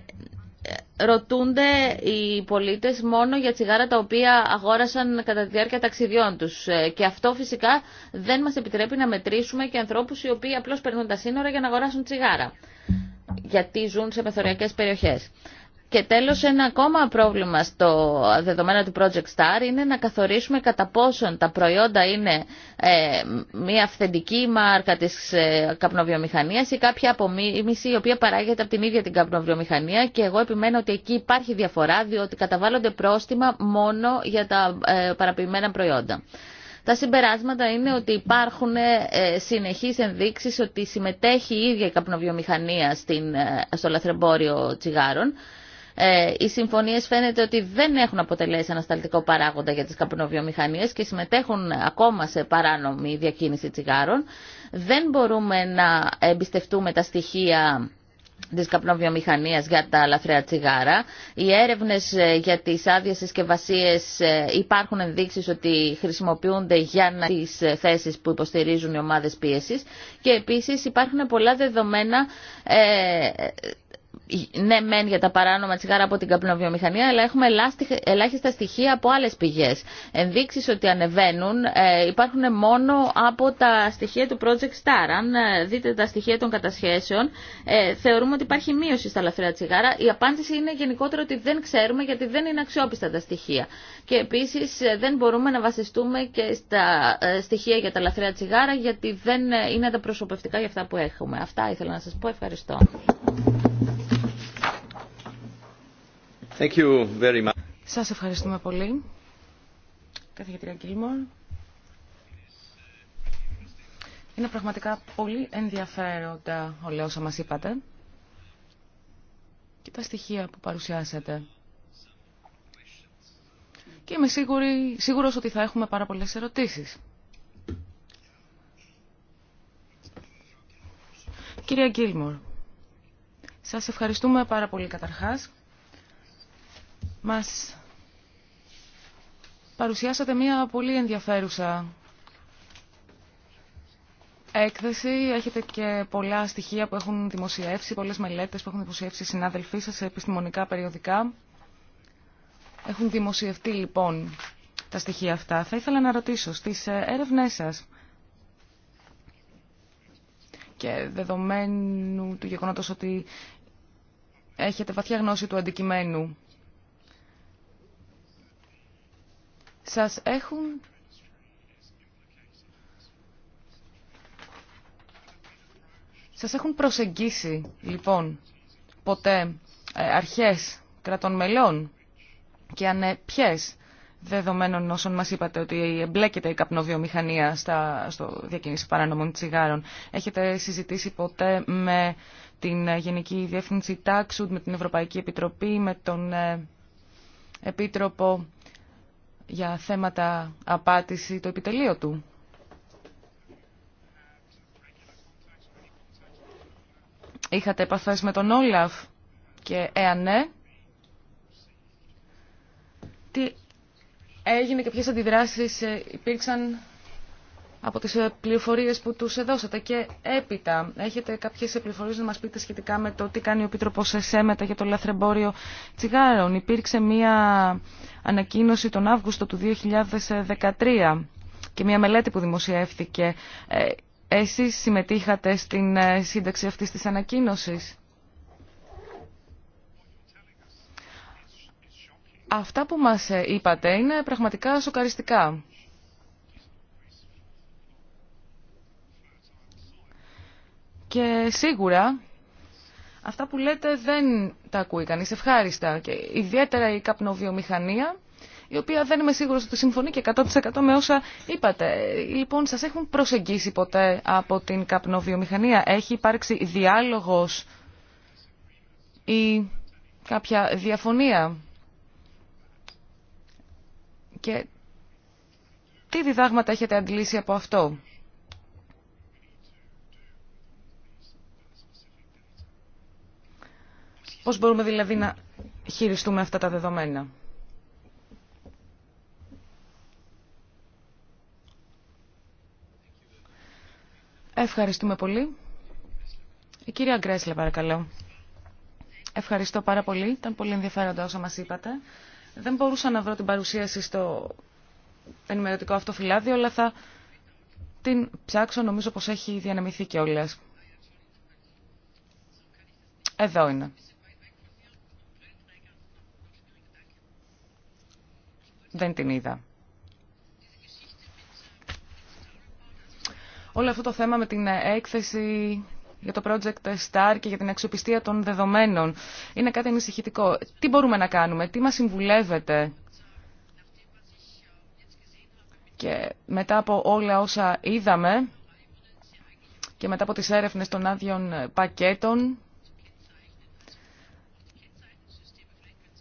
ρωτούνται οι πολίτες μόνο για τσιγάρα τα οποία αγόρασαν κατά τη διάρκεια ταξιδιών τους. Ε, και αυτό φυσικά δεν μας επιτρέπει να μετρήσουμε και ανθρώπους οι οποίοι απλώς περνούν τα σύνορα για να αγοράσουν τσιγάρα, γιατί ζουν σε μεθοριακές περιοχές. Και τέλος ένα ακόμα πρόβλημα στο δεδομένα του Project Star είναι να καθορίσουμε κατά πόσον τα προϊόντα είναι ε, μια αυθεντική μάρκα της ε, καπνοβιομηχανίας ή κάποια απομίμηση η οποία παράγεται από την ίδια την καπνοβιομηχανία και εγώ επιμένω ότι εκεί υπάρχει διαφορά διότι καταβάλλονται πρόστιμα μόνο για τα ε, παραποιημένα προϊόντα. Τα συμπεράσματα είναι ότι υπάρχουν ε, συνεχείς ενδείξεις ότι συμμετέχει η ίδια η καπνοβιομηχανία ε, στο λαθρεμπόριο τσιγάρων ε, οι συμφωνίε φαίνεται ότι δεν έχουν αποτελέσει ανασταλτικό παράγοντα για τις καπνοβιομηχανίες και συμμετέχουν ακόμα σε παράνομη διακίνηση τσιγάρων. Δεν μπορούμε να εμπιστευτούμε τα στοιχεία τη καπνοβιομηχανία για τα λαθρέα τσιγάρα. Οι έρευνε ε, για τι άδειε συσκευασίε ε, υπάρχουν ενδείξει ότι χρησιμοποιούνται για να τι θέσει που υποστηρίζουν οι ομάδε πίεση. Και επίση υπάρχουν πολλά δεδομένα ναι μεν για τα παράνομα τσιγάρα από την καπνοβιομηχανία, αλλά έχουμε ελάχιστα στοιχεία από άλλες πηγές. Ενδείξεις ότι ανεβαίνουν ε, υπάρχουν μόνο από τα στοιχεία του Project Star. Αν ε, δείτε τα στοιχεία των κατασχέσεων, ε, θεωρούμε ότι υπάρχει μείωση στα λαθρέα τσιγάρα. Η απάντηση είναι γενικότερα ότι δεν ξέρουμε γιατί δεν είναι αξιόπιστα τα στοιχεία. Και επίσης δεν μπορούμε να βασιστούμε και στα στοιχεία για τα λαθρέα τσιγάρα γιατί δεν είναι τα προσωπευτικά για αυτά που έχουμε. Αυτά ήθελα να σας πω. Ευχαριστώ. Σας ευχαριστούμε πολύ. Καθηγητρία Γκίλμορ. Είναι πραγματικά πολύ ενδιαφέροντα όλα όσα μας είπατε και τα στοιχεία που παρουσιάσατε. Και είμαι σίγουρη, σίγουρος ότι θα έχουμε πάρα πολλές ερωτήσεις. Κυρία Γκίλμορ, σας ευχαριστούμε πάρα πολύ καταρχάς μας παρουσιάσατε μια πολύ ενδιαφέρουσα έκθεση. Έχετε και πολλά στοιχεία που έχουν δημοσιεύσει, πολλές μελέτες που έχουν δημοσιεύσει οι συνάδελφοί σας σε επιστημονικά περιοδικά. Έχουν δημοσιευτεί λοιπόν τα στοιχεία αυτά. Θα ήθελα να ρωτήσω στις ε, έρευνές σας και δεδομένου του γεγονότος ότι έχετε βαθιά γνώση του αντικειμένου σας έχουν Σας έχουν προσεγγίσει, λοιπόν, ποτέ ε, αρχές κρατών μελών και αν ποιες δεδομένων όσων μας είπατε ότι εμπλέκεται η καπνοβιομηχανία στα, στο διακίνηση παράνομων τσιγάρων. Έχετε συζητήσει ποτέ με την Γενική Διεύθυνση Τάξουτ, με την Ευρωπαϊκή Επιτροπή, με τον ε, Επίτροπο για θέματα απάτηση το επιτελείο του. Είχατε επαφές με τον Όλαφ και εάν ναι, τι έγινε και ποιε αντιδράσεις ε, υπήρξαν από τις ε, πληροφορίες που τους δώσατε και έπειτα έχετε κάποιες πληροφορίες να μας πείτε σχετικά με το τι κάνει ο Επίτροπος ΕΣΕΜΕΤΑ για το λαθρεμπόριο τσιγάρων. Υπήρξε μία ανακοίνωση τον Αύγουστο του 2013 και μία μελέτη που δημοσιεύθηκε. Ε, εσείς συμμετείχατε στην ε, σύνταξη αυτής της ανακοίνωσης. Αυτά που μας είπατε είναι πραγματικά σοκαριστικά. Και σίγουρα αυτά που λέτε δεν τα ακούει κανείς ευχάριστα. Και ιδιαίτερα η καπνοβιομηχανία, η οποία δεν είμαι σίγουρος ότι συμφωνεί και 100% με όσα είπατε. Λοιπόν, σας έχουν προσεγγίσει ποτέ από την καπνοβιομηχανία. Έχει υπάρξει διάλογος ή κάποια διαφωνία. Και τι διδάγματα έχετε αντλήσει από αυτό. Πώς μπορούμε δηλαδή να χειριστούμε αυτά τα δεδομένα. Ευχαριστούμε πολύ. Η κυρία Γκρέσλε, παρακαλώ. Ευχαριστώ πάρα πολύ. Ήταν πολύ ενδιαφέροντα όσα μας είπατε. Δεν μπορούσα να βρω την παρουσίαση στο ενημερωτικό αυτό φυλάδιο, αλλά θα την ψάξω. Νομίζω πως έχει διανεμηθεί κιόλα. Εδώ είναι. Δεν την είδα. Όλο αυτό το θέμα με την έκθεση για το project STAR και για την αξιοπιστία των δεδομένων είναι κάτι ανησυχητικό. Τι μπορούμε να κάνουμε, τι μας συμβουλεύετε και μετά από όλα όσα είδαμε και μετά από τις έρευνες των άδειων πακέτων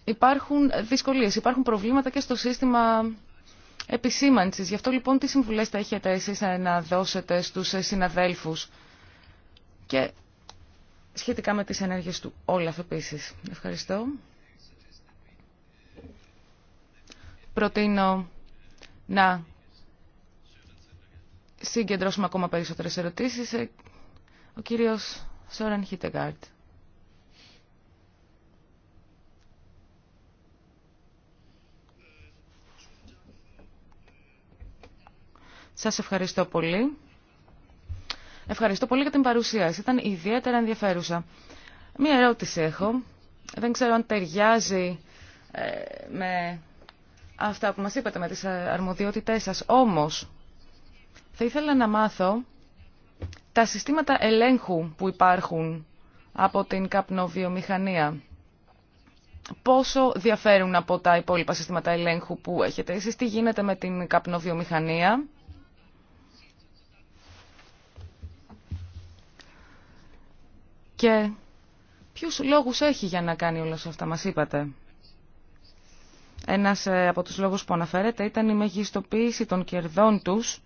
υπάρχουν δυσκολίες, υπάρχουν προβλήματα και στο σύστημα επισήμανσης. Γι' αυτό λοιπόν τι συμβουλές θα έχετε εσείς να δώσετε στους συναδέλφους και σχετικά με τις ενέργειες του Όλαφ επίσης. Ευχαριστώ. Προτείνω να συγκεντρώσουμε ακόμα περισσότερες ερωτήσεις. Ο κύριος Σόραν Χίτεγκάρτ. Σας ευχαριστώ πολύ. Ευχαριστώ πολύ για την παρουσίαση. Ήταν ιδιαίτερα ενδιαφέρουσα. Μία ερώτηση έχω. Δεν ξέρω αν ταιριάζει ε, με αυτά που μας είπατε, με τις αρμοδιότητές σας. Όμως, θα ήθελα να μάθω τα συστήματα ελέγχου που υπάρχουν από την καπνοβιομηχανία. Πόσο διαφέρουν από τα υπόλοιπα συστήματα ελέγχου που έχετε εσείς, τι γίνεται με την καπνοβιομηχανία Και ποιους λόγους έχει για να κάνει όλα αυτά, μας είπατε. Ένας ε, από τους λόγους που αναφέρεται ήταν η μεγιστοποίηση των κερδών τους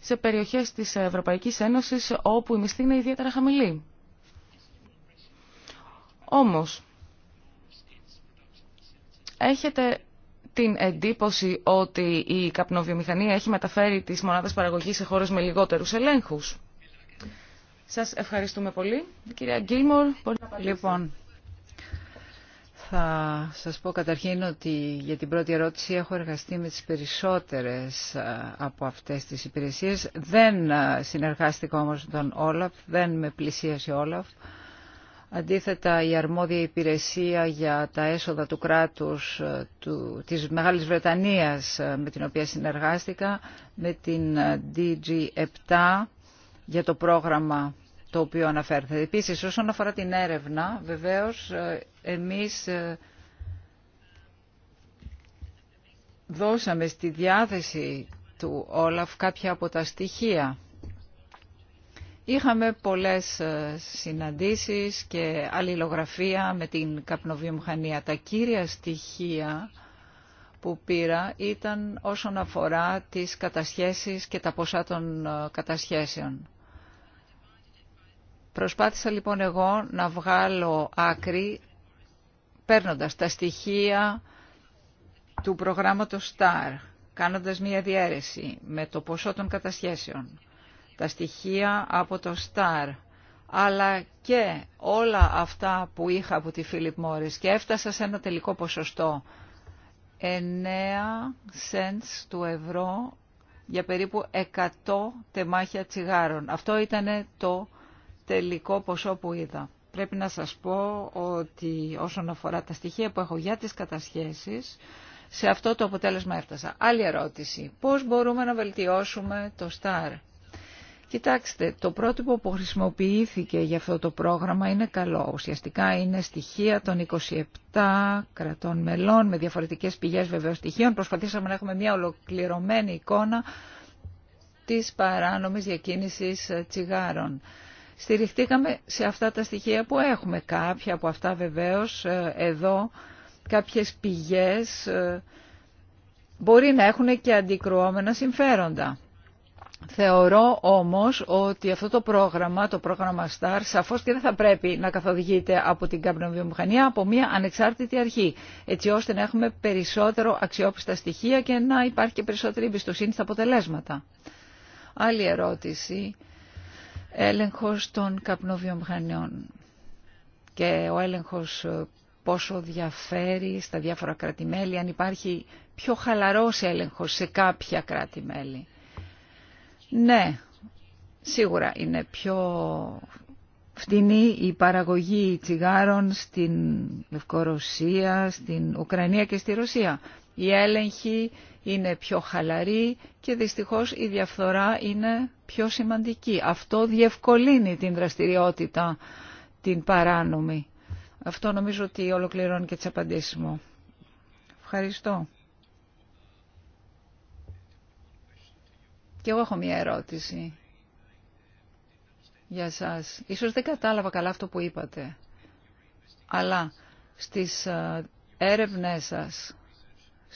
σε περιοχές της Ευρωπαϊκής Ένωσης όπου η μισθή είναι ιδιαίτερα χαμηλή. Όμως, έχετε την εντύπωση ότι η καπνοβιομηχανία έχει μεταφέρει τις μονάδες παραγωγής σε χώρες με λιγότερους ελέγχους. Σας ευχαριστούμε πολύ. Κυρία Γκίλμορ, μπορείτε να Λοιπόν, θα σας πω καταρχήν ότι για την πρώτη ερώτηση έχω εργαστεί με τις περισσότερες από αυτές τις υπηρεσίες. Δεν συνεργάστηκα όμως με τον Όλαφ, δεν με πλησίασε ο Όλαφ. Αντίθετα, η αρμόδια υπηρεσία για τα έσοδα του κράτους του, της Μεγάλης Βρετανίας με την οποία συνεργάστηκα, με την DG7, για το πρόγραμμα το οποίο αναφέρθηκε. Επίσης, όσον αφορά την έρευνα, βεβαίως ε, εμείς ε, δώσαμε στη διάθεση του Όλαφ κάποια από τα στοιχεία. Είχαμε πολλές ε, συναντήσεις και αλληλογραφία με την καπνοβιομηχανία. Τα κύρια στοιχεία που πήρα ήταν όσον αφορά τις κατασχέσεις και τα ποσά των κατασχέσεων. Προσπάθησα λοιπόν εγώ να βγάλω άκρη παίρνοντας τα στοιχεία του προγράμματος STAR, κάνοντας μία διαίρεση με το ποσό των κατασχέσεων, τα στοιχεία από το STAR, αλλά και όλα αυτά που είχα από τη Philip Morris και έφτασα σε ένα τελικό ποσοστό 9 cents του ευρώ για περίπου 100 τεμάχια τσιγάρων. Αυτό ήταν το τελικό ποσό που είδα. Πρέπει να σας πω ότι όσον αφορά τα στοιχεία που έχω για τις κατασχέσεις, σε αυτό το αποτέλεσμα έφτασα. Άλλη ερώτηση. Πώς μπορούμε να βελτιώσουμε το ΣΤΑΡ. Κοιτάξτε, το πρότυπο που χρησιμοποιήθηκε για αυτό το πρόγραμμα είναι καλό. Ουσιαστικά είναι στοιχεία των 27 κρατών μελών με διαφορετικές πηγές βεβαίω στοιχείων. Προσπαθήσαμε να έχουμε μια ολοκληρωμένη εικόνα της παράνομης διακίνησης τσιγάρων στηριχτήκαμε σε αυτά τα στοιχεία που έχουμε. Κάποια από αυτά βεβαίως ε, εδώ, κάποιες πηγές ε, μπορεί να έχουν και αντικρουόμενα συμφέροντα. Θεωρώ όμως ότι αυτό το πρόγραμμα, το πρόγραμμα STAR, σαφώς και δεν θα πρέπει να καθοδηγείται από την καπνοβιομηχανία, από μια ανεξάρτητη αρχή, έτσι ώστε να έχουμε περισσότερο αξιόπιστα στοιχεία και να υπάρχει και περισσότερη εμπιστοσύνη στα αποτελέσματα. Άλλη ερώτηση έλεγχος των καπνοβιομηχανιών και ο έλεγχος ε, πόσο διαφέρει στα διάφορα κράτη-μέλη, αν υπάρχει πιο χαλαρός έλεγχος σε κάποια κράτη-μέλη. Ναι, σίγουρα είναι πιο φτηνή η παραγωγή τσιγάρων στην Λευκορωσία, στην Ουκρανία και στη Ρωσία. Η έλεγχη είναι πιο χαλαρή και δυστυχώς η διαφθορά είναι πιο σημαντική. Αυτό διευκολύνει την δραστηριότητα την παράνομη. Αυτό νομίζω ότι ολοκληρώνει και τις απαντήσεις μου. Ευχαριστώ. Και εγώ έχω μία ερώτηση για σας. Ίσως δεν κατάλαβα καλά αυτό που είπατε. Αλλά στις ε, έρευνές σας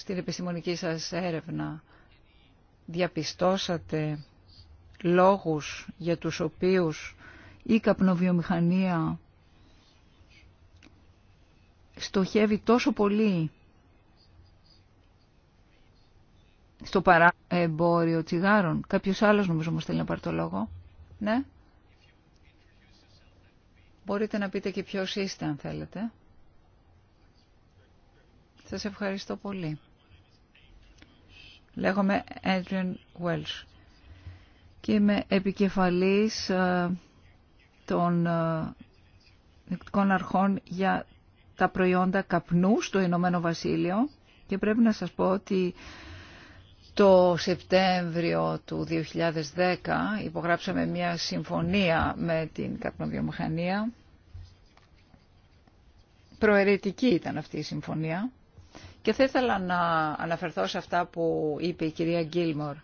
στην επιστημονική σας έρευνα διαπιστώσατε λόγους για τους οποίους η καπνοβιομηχανία στοχεύει τόσο πολύ στο παραεμπόριο τσιγάρων. Κάποιος άλλος νομίζω όμως θέλει να πάρει το λόγο. Ναι. Μπορείτε να πείτε και ποιος είστε αν θέλετε. Σας ευχαριστώ πολύ. Λέγομαι Adrian Welsh και είμαι επικεφαλής ε, των διοικητικών ε, αρχών για τα προϊόντα καπνού στο Ηνωμένο Βασίλειο και πρέπει να σας πω ότι το Σεπτέμβριο του 2010 υπογράψαμε μια συμφωνία με την καπνοβιομηχανία. Προαιρετική ήταν αυτή η συμφωνία και θα ήθελα να αναφερθώ σε αυτά που είπε η κυρία Γκίλμορ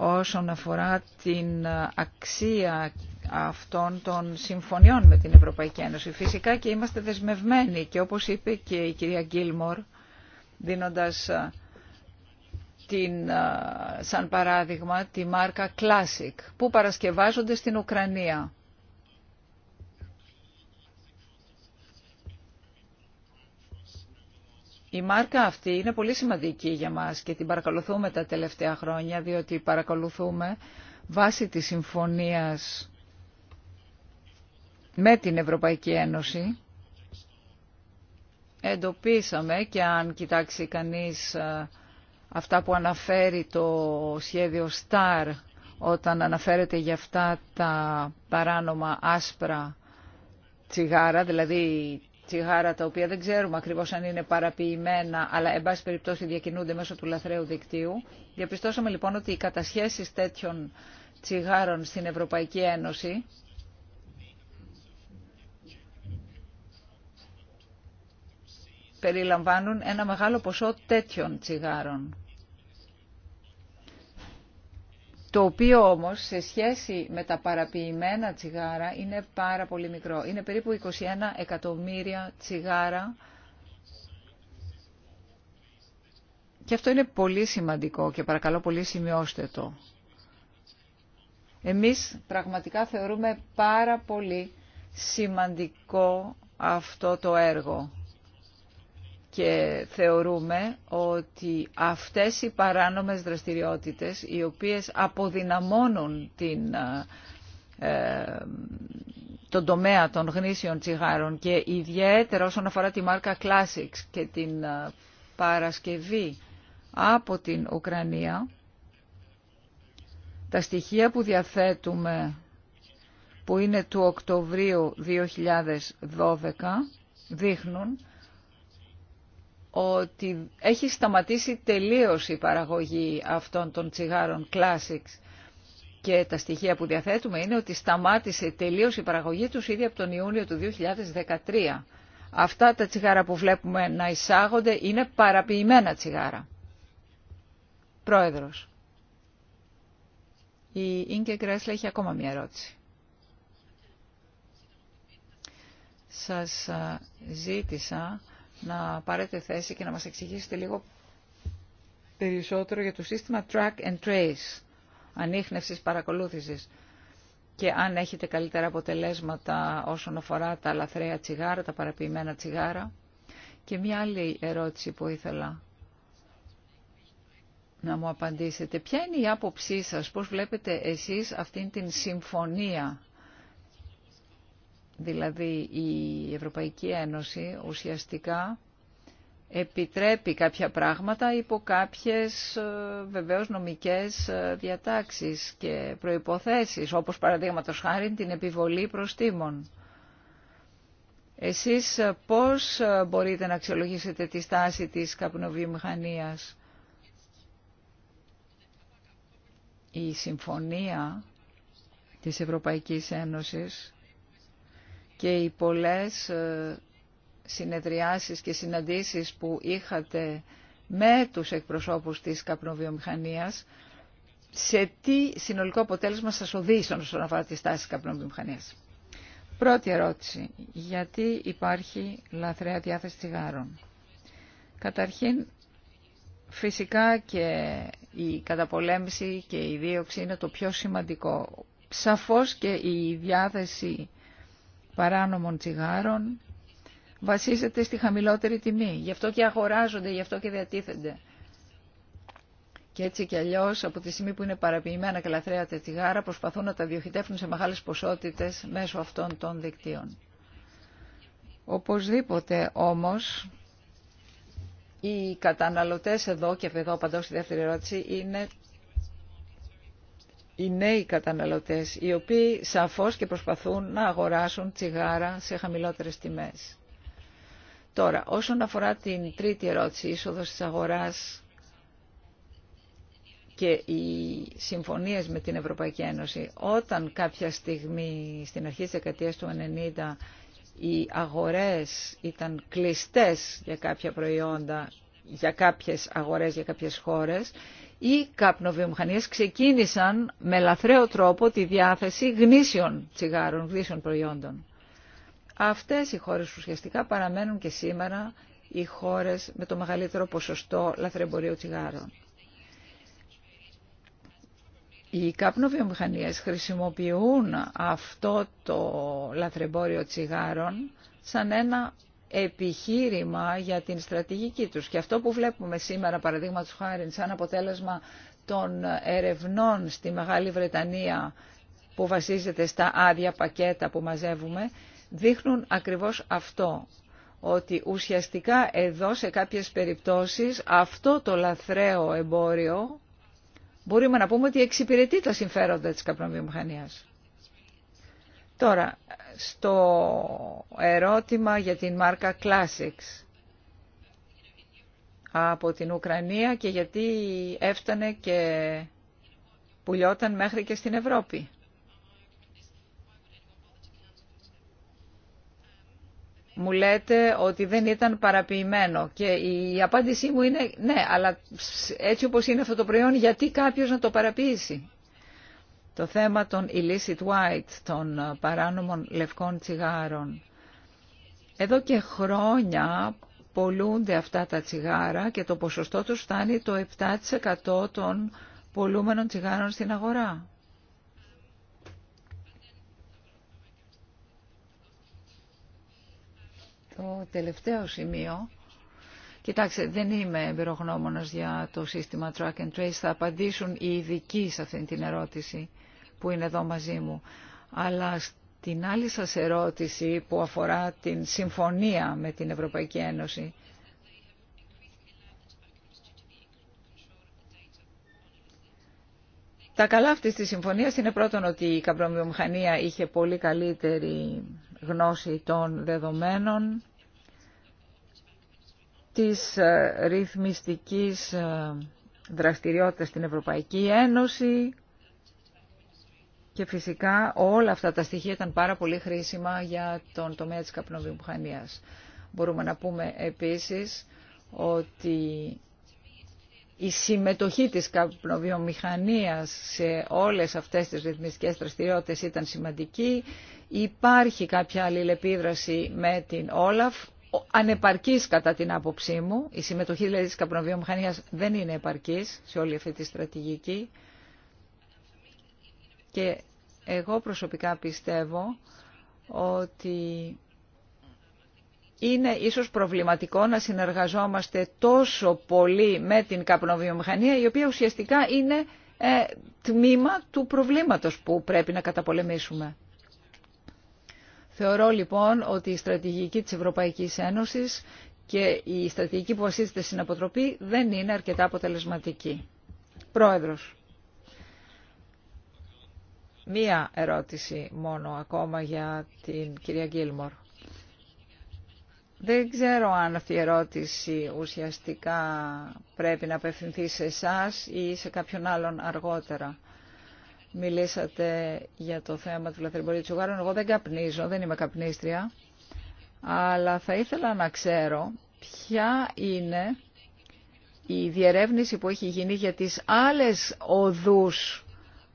όσον αφορά την αξία αυτών των συμφωνιών με την Ευρωπαϊκή Ένωση. Φυσικά και είμαστε δεσμευμένοι και όπως είπε και η κυρία Γκίλμορ δίνοντας ε, την, ε, σαν παράδειγμα τη μάρκα Classic που παρασκευάζονται στην Ουκρανία. Η μάρκα αυτή είναι πολύ σημαντική για μας και την παρακολουθούμε τα τελευταία χρόνια, διότι παρακολουθούμε βάσει της συμφωνίας με την Ευρωπαϊκή Ένωση. Εντοπίσαμε και αν κοιτάξει κανείς ε, αυτά που αναφέρει το σχέδιο STAR όταν αναφέρεται για αυτά τα παράνομα άσπρα τσιγάρα, δηλαδή τσιγάρα τα οποία δεν ξέρουμε ακριβώς αν είναι παραποιημένα αλλά εν πάση περιπτώσει διακινούνται μέσω του λαθρέου δικτύου. Διαπιστώσαμε λοιπόν ότι οι κατασχέσεις τέτοιων τσιγάρων στην Ευρωπαϊκή Ένωση περιλαμβάνουν ένα μεγάλο ποσό τέτοιων τσιγάρων το οποίο όμως σε σχέση με τα παραποιημένα τσιγάρα είναι πάρα πολύ μικρό. Είναι περίπου 21 εκατομμύρια τσιγάρα και αυτό είναι πολύ σημαντικό και παρακαλώ πολύ σημειώστε το. Εμείς πραγματικά θεωρούμε πάρα πολύ σημαντικό αυτό το έργο και θεωρούμε ότι αυτές οι παράνομες δραστηριότητες οι οποίες αποδυναμώνουν την, ε, ε, τον τομέα των γνήσιων τσιγάρων και ιδιαίτερα όσον αφορά τη μάρκα Classics και την ε, παρασκευή από την Ουκρανία τα στοιχεία που διαθέτουμε που είναι του Οκτωβρίου 2012 δείχνουν ότι έχει σταματήσει τελείως η παραγωγή αυτών των τσιγάρων Classics και τα στοιχεία που διαθέτουμε είναι ότι σταμάτησε τελείως η παραγωγή τους ήδη από τον Ιούνιο του 2013. Αυτά τα τσιγάρα που βλέπουμε να εισάγονται είναι παραποιημένα τσιγάρα. Πρόεδρος. Η Ίνκε Γκρέσλα έχει ακόμα μια ερώτηση. Σας ζήτησα να πάρετε θέση και να μας εξηγήσετε λίγο περισσότερο για το σύστημα track and trace, ανείχνευσης παρακολούθησης και αν έχετε καλύτερα αποτελέσματα όσον αφορά τα λαθρέα τσιγάρα, τα παραποιημένα τσιγάρα. Και μια άλλη ερώτηση που ήθελα να μου απαντήσετε. Ποια είναι η άποψή σας, πώς βλέπετε εσείς αυτήν την συμφωνία Δηλαδή η Ευρωπαϊκή Ένωση ουσιαστικά επιτρέπει κάποια πράγματα υπό κάποιες ε, βεβαίως νομικές ε, διατάξεις και προϋποθέσεις, όπως παραδείγματο χάρη την επιβολή προστήμων. Εσείς ε, πώς μπορείτε να αξιολογήσετε τη στάση της καπνοβιομηχανίας. Η συμφωνία της Ευρωπαϊκής Ένωσης και οι πολλές ε, συνεδριάσεις και συναντήσεις που είχατε με τους εκπροσώπους της καπνοβιομηχανίας, σε τι συνολικό αποτέλεσμα σας οδήγησαν όσον αφορά τη στάση της καπνοβιομηχανίας. Πρώτη ερώτηση. Γιατί υπάρχει λαθρέα διάθεση τσιγάρων. Καταρχήν, φυσικά και η καταπολέμηση και η δίωξη είναι το πιο σημαντικό. Σαφώς και η διάθεση παράνομων τσιγάρων βασίζεται στη χαμηλότερη τιμή. Γι' αυτό και αγοράζονται, γι' αυτό και διατίθενται. Και έτσι κι αλλιώ, από τη στιγμή που είναι παραποιημένα και λαθρέα τα τσιγάρα, προσπαθούν να τα διοχετεύουν σε μεγάλε ποσότητε μέσω αυτών των δικτύων. Οπωσδήποτε όμως, οι καταναλωτές εδώ και εδώ απαντώ στη δεύτερη ερώτηση είναι οι νέοι καταναλωτές, οι οποίοι σαφώς και προσπαθούν να αγοράσουν τσιγάρα σε χαμηλότερες τιμές. Τώρα, όσον αφορά την τρίτη ερώτηση, είσοδος της αγοράς και οι συμφωνίες με την Ευρωπαϊκή Ένωση, όταν κάποια στιγμή στην αρχή της δεκαετίας του 90 οι αγορές ήταν κλειστές για κάποια προϊόντα, για κάποιες αγορές, για κάποιες χώρες, οι καπνοβιομηχανίες ξεκίνησαν με λαθρέο τρόπο τη διάθεση γνήσιων τσιγάρων, γνήσιων προϊόντων. Αυτές οι χώρες ουσιαστικά παραμένουν και σήμερα οι χώρες με το μεγαλύτερο ποσοστό λαθρεμπορίου τσιγάρων. Οι καπνοβιομηχανίες χρησιμοποιούν αυτό το λαθρεμπόριο τσιγάρων σαν ένα επιχείρημα για την στρατηγική τους. Και αυτό που βλέπουμε σήμερα, παραδείγματος χάρη, σαν αποτέλεσμα των ερευνών στη Μεγάλη Βρετανία που βασίζεται στα άδεια πακέτα που μαζεύουμε, δείχνουν ακριβώς αυτό ότι ουσιαστικά εδώ σε κάποιες περιπτώσεις αυτό το λαθρέο εμπόριο μπορούμε να πούμε ότι εξυπηρετεί τα συμφέροντα της καπνοβιομηχανίας. Τώρα, στο ερώτημα για την μάρκα Classics από την Ουκρανία και γιατί έφτανε και πουλιόταν μέχρι και στην Ευρώπη. Μου λέτε ότι δεν ήταν παραποιημένο και η απάντησή μου είναι ναι, αλλά έτσι όπως είναι αυτό το προϊόν γιατί κάποιος να το παραποιήσει. Το θέμα των illicit white, των ε, παράνομων λευκών τσιγάρων. Εδώ και χρόνια πολλούνται αυτά τα τσιγάρα και το ποσοστό τους φτάνει το 7% των πολλούμενων τσιγάρων στην αγορά. Το τελευταίο σημείο, κοιτάξτε δεν είμαι εμπειρογνώμονας για το σύστημα track and trace, θα απαντήσουν οι ειδικοί σε αυτή την ερώτηση που είναι εδώ μαζί μου. Αλλά στην άλλη σας ερώτηση που αφορά την συμφωνία με την Ευρωπαϊκή Ένωση, Τα καλά αυτής της συμφωνίας είναι πρώτον ότι η καμπρομιομηχανία είχε πολύ καλύτερη γνώση των δεδομένων της ε, ρυθμιστικής ε, δραστηριότητας στην Ευρωπαϊκή Ένωση και φυσικά όλα αυτά τα στοιχεία ήταν πάρα πολύ χρήσιμα για τον τομέα της καπνοβιομηχανίας. Μπορούμε να πούμε επίσης ότι η συμμετοχή της καπνοβιομηχανίας σε όλες αυτές τις ρυθμιστικές δραστηριότητες ήταν σημαντική. Υπάρχει κάποια αλληλεπίδραση με την Όλαφ, ανεπαρκής κατά την άποψή μου. Η συμμετοχή δηλαδή της καπνοβιομηχανίας δεν είναι επαρκής σε όλη αυτή τη στρατηγική. Εγώ προσωπικά πιστεύω ότι είναι ίσως προβληματικό να συνεργαζόμαστε τόσο πολύ με την καπνοβιομηχανία η οποία ουσιαστικά είναι ε, τμήμα του προβλήματος που πρέπει να καταπολεμήσουμε. Θεωρώ λοιπόν ότι η στρατηγική της Ευρωπαϊκής Ένωσης και η στρατηγική που βασίζεται στην αποτροπή δεν είναι αρκετά αποτελεσματική. Πρόεδρος. Μία ερώτηση μόνο ακόμα για την κυρία Γκίλμορ. Δεν ξέρω αν αυτή η ερώτηση ουσιαστικά πρέπει να απευθυνθεί σε εσά ή σε κάποιον άλλον αργότερα. Μιλήσατε για το θέμα του λαθρεμπορίου τσουγάρων. Εγώ δεν καπνίζω, δεν είμαι καπνίστρια. Αλλά θα ήθελα να ξέρω ποια είναι η διερεύνηση που έχει γίνει για τις άλλες οδούς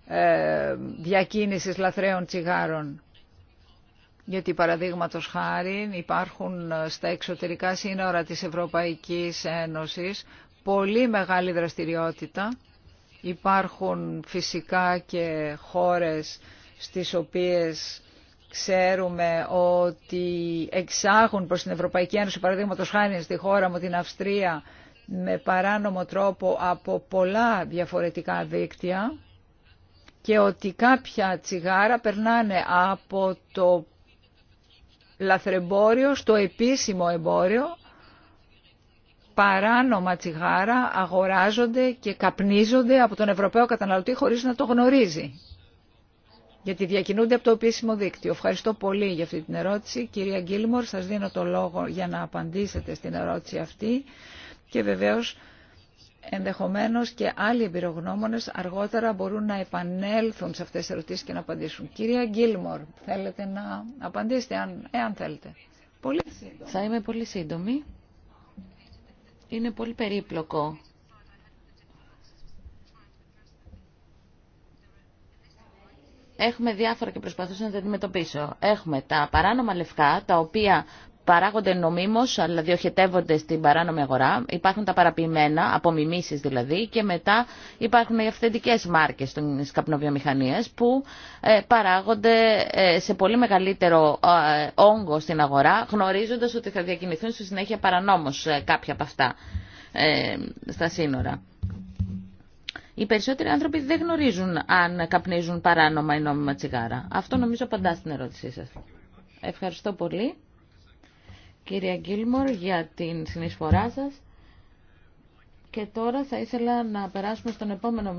ε, διακίνησης λαθρέων τσιγάρων. Γιατί παραδείγματο χάρη υπάρχουν ε, στα εξωτερικά σύνορα της Ευρωπαϊκής Ένωσης πολύ μεγάλη δραστηριότητα. Υπάρχουν φυσικά και χώρες στις οποίες ξέρουμε ότι εξάγουν προς την Ευρωπαϊκή Ένωση, παραδείγματος χάρη στη χώρα μου την Αυστρία, με παράνομο τρόπο από πολλά διαφορετικά δίκτυα και ότι κάποια τσιγάρα περνάνε από το λαθρεμπόριο στο επίσημο εμπόριο, παράνομα τσιγάρα αγοράζονται και καπνίζονται από τον Ευρωπαίο καταναλωτή χωρίς να το γνωρίζει. Γιατί διακινούνται από το επίσημο δίκτυο. Ευχαριστώ πολύ για αυτή την ερώτηση. Κυρία Γκίλμορ, σας δίνω το λόγο για να απαντήσετε στην ερώτηση αυτή και βεβαίως ενδεχομένως και άλλοι εμπειρογνώμονες αργότερα μπορούν να επανέλθουν σε αυτές τις ερωτήσεις και να απαντήσουν. Κυρία Γκίλμορ, θέλετε να απαντήσετε, αν, εάν θέλετε. Πολύ Θα είμαι πολύ σύντομη. Είναι πολύ περίπλοκο. Έχουμε διάφορα και προσπαθούσα να τα αντιμετωπίσω. Έχουμε τα παράνομα λευκά, τα οποία παράγονται νομίμως αλλά διοχετεύονται στην παράνομη αγορά. Υπάρχουν τα παραποιημένα, απομιμήσεις δηλαδή και μετά υπάρχουν οι αυθεντικές μάρκες στις καπνοβιομηχανίες που ε, παράγονται ε, σε πολύ μεγαλύτερο ε, όγκο στην αγορά γνωρίζοντας ότι θα διακινηθούν στη συνέχεια παρανόμως κάποια από αυτά στα σύνορα. Οι περισσότεροι άνθρωποι δεν γνωρίζουν αν καπνίζουν παράνομα ή νόμιμα τσιγάρα. Αυτό νομίζω απαντά στην ερώτησή σας. Ευχαριστώ πολύ. Κύριε Γκίλμορ για την συνεισφορά σας. Και τώρα θα ήθελα να περάσουμε στον επόμενο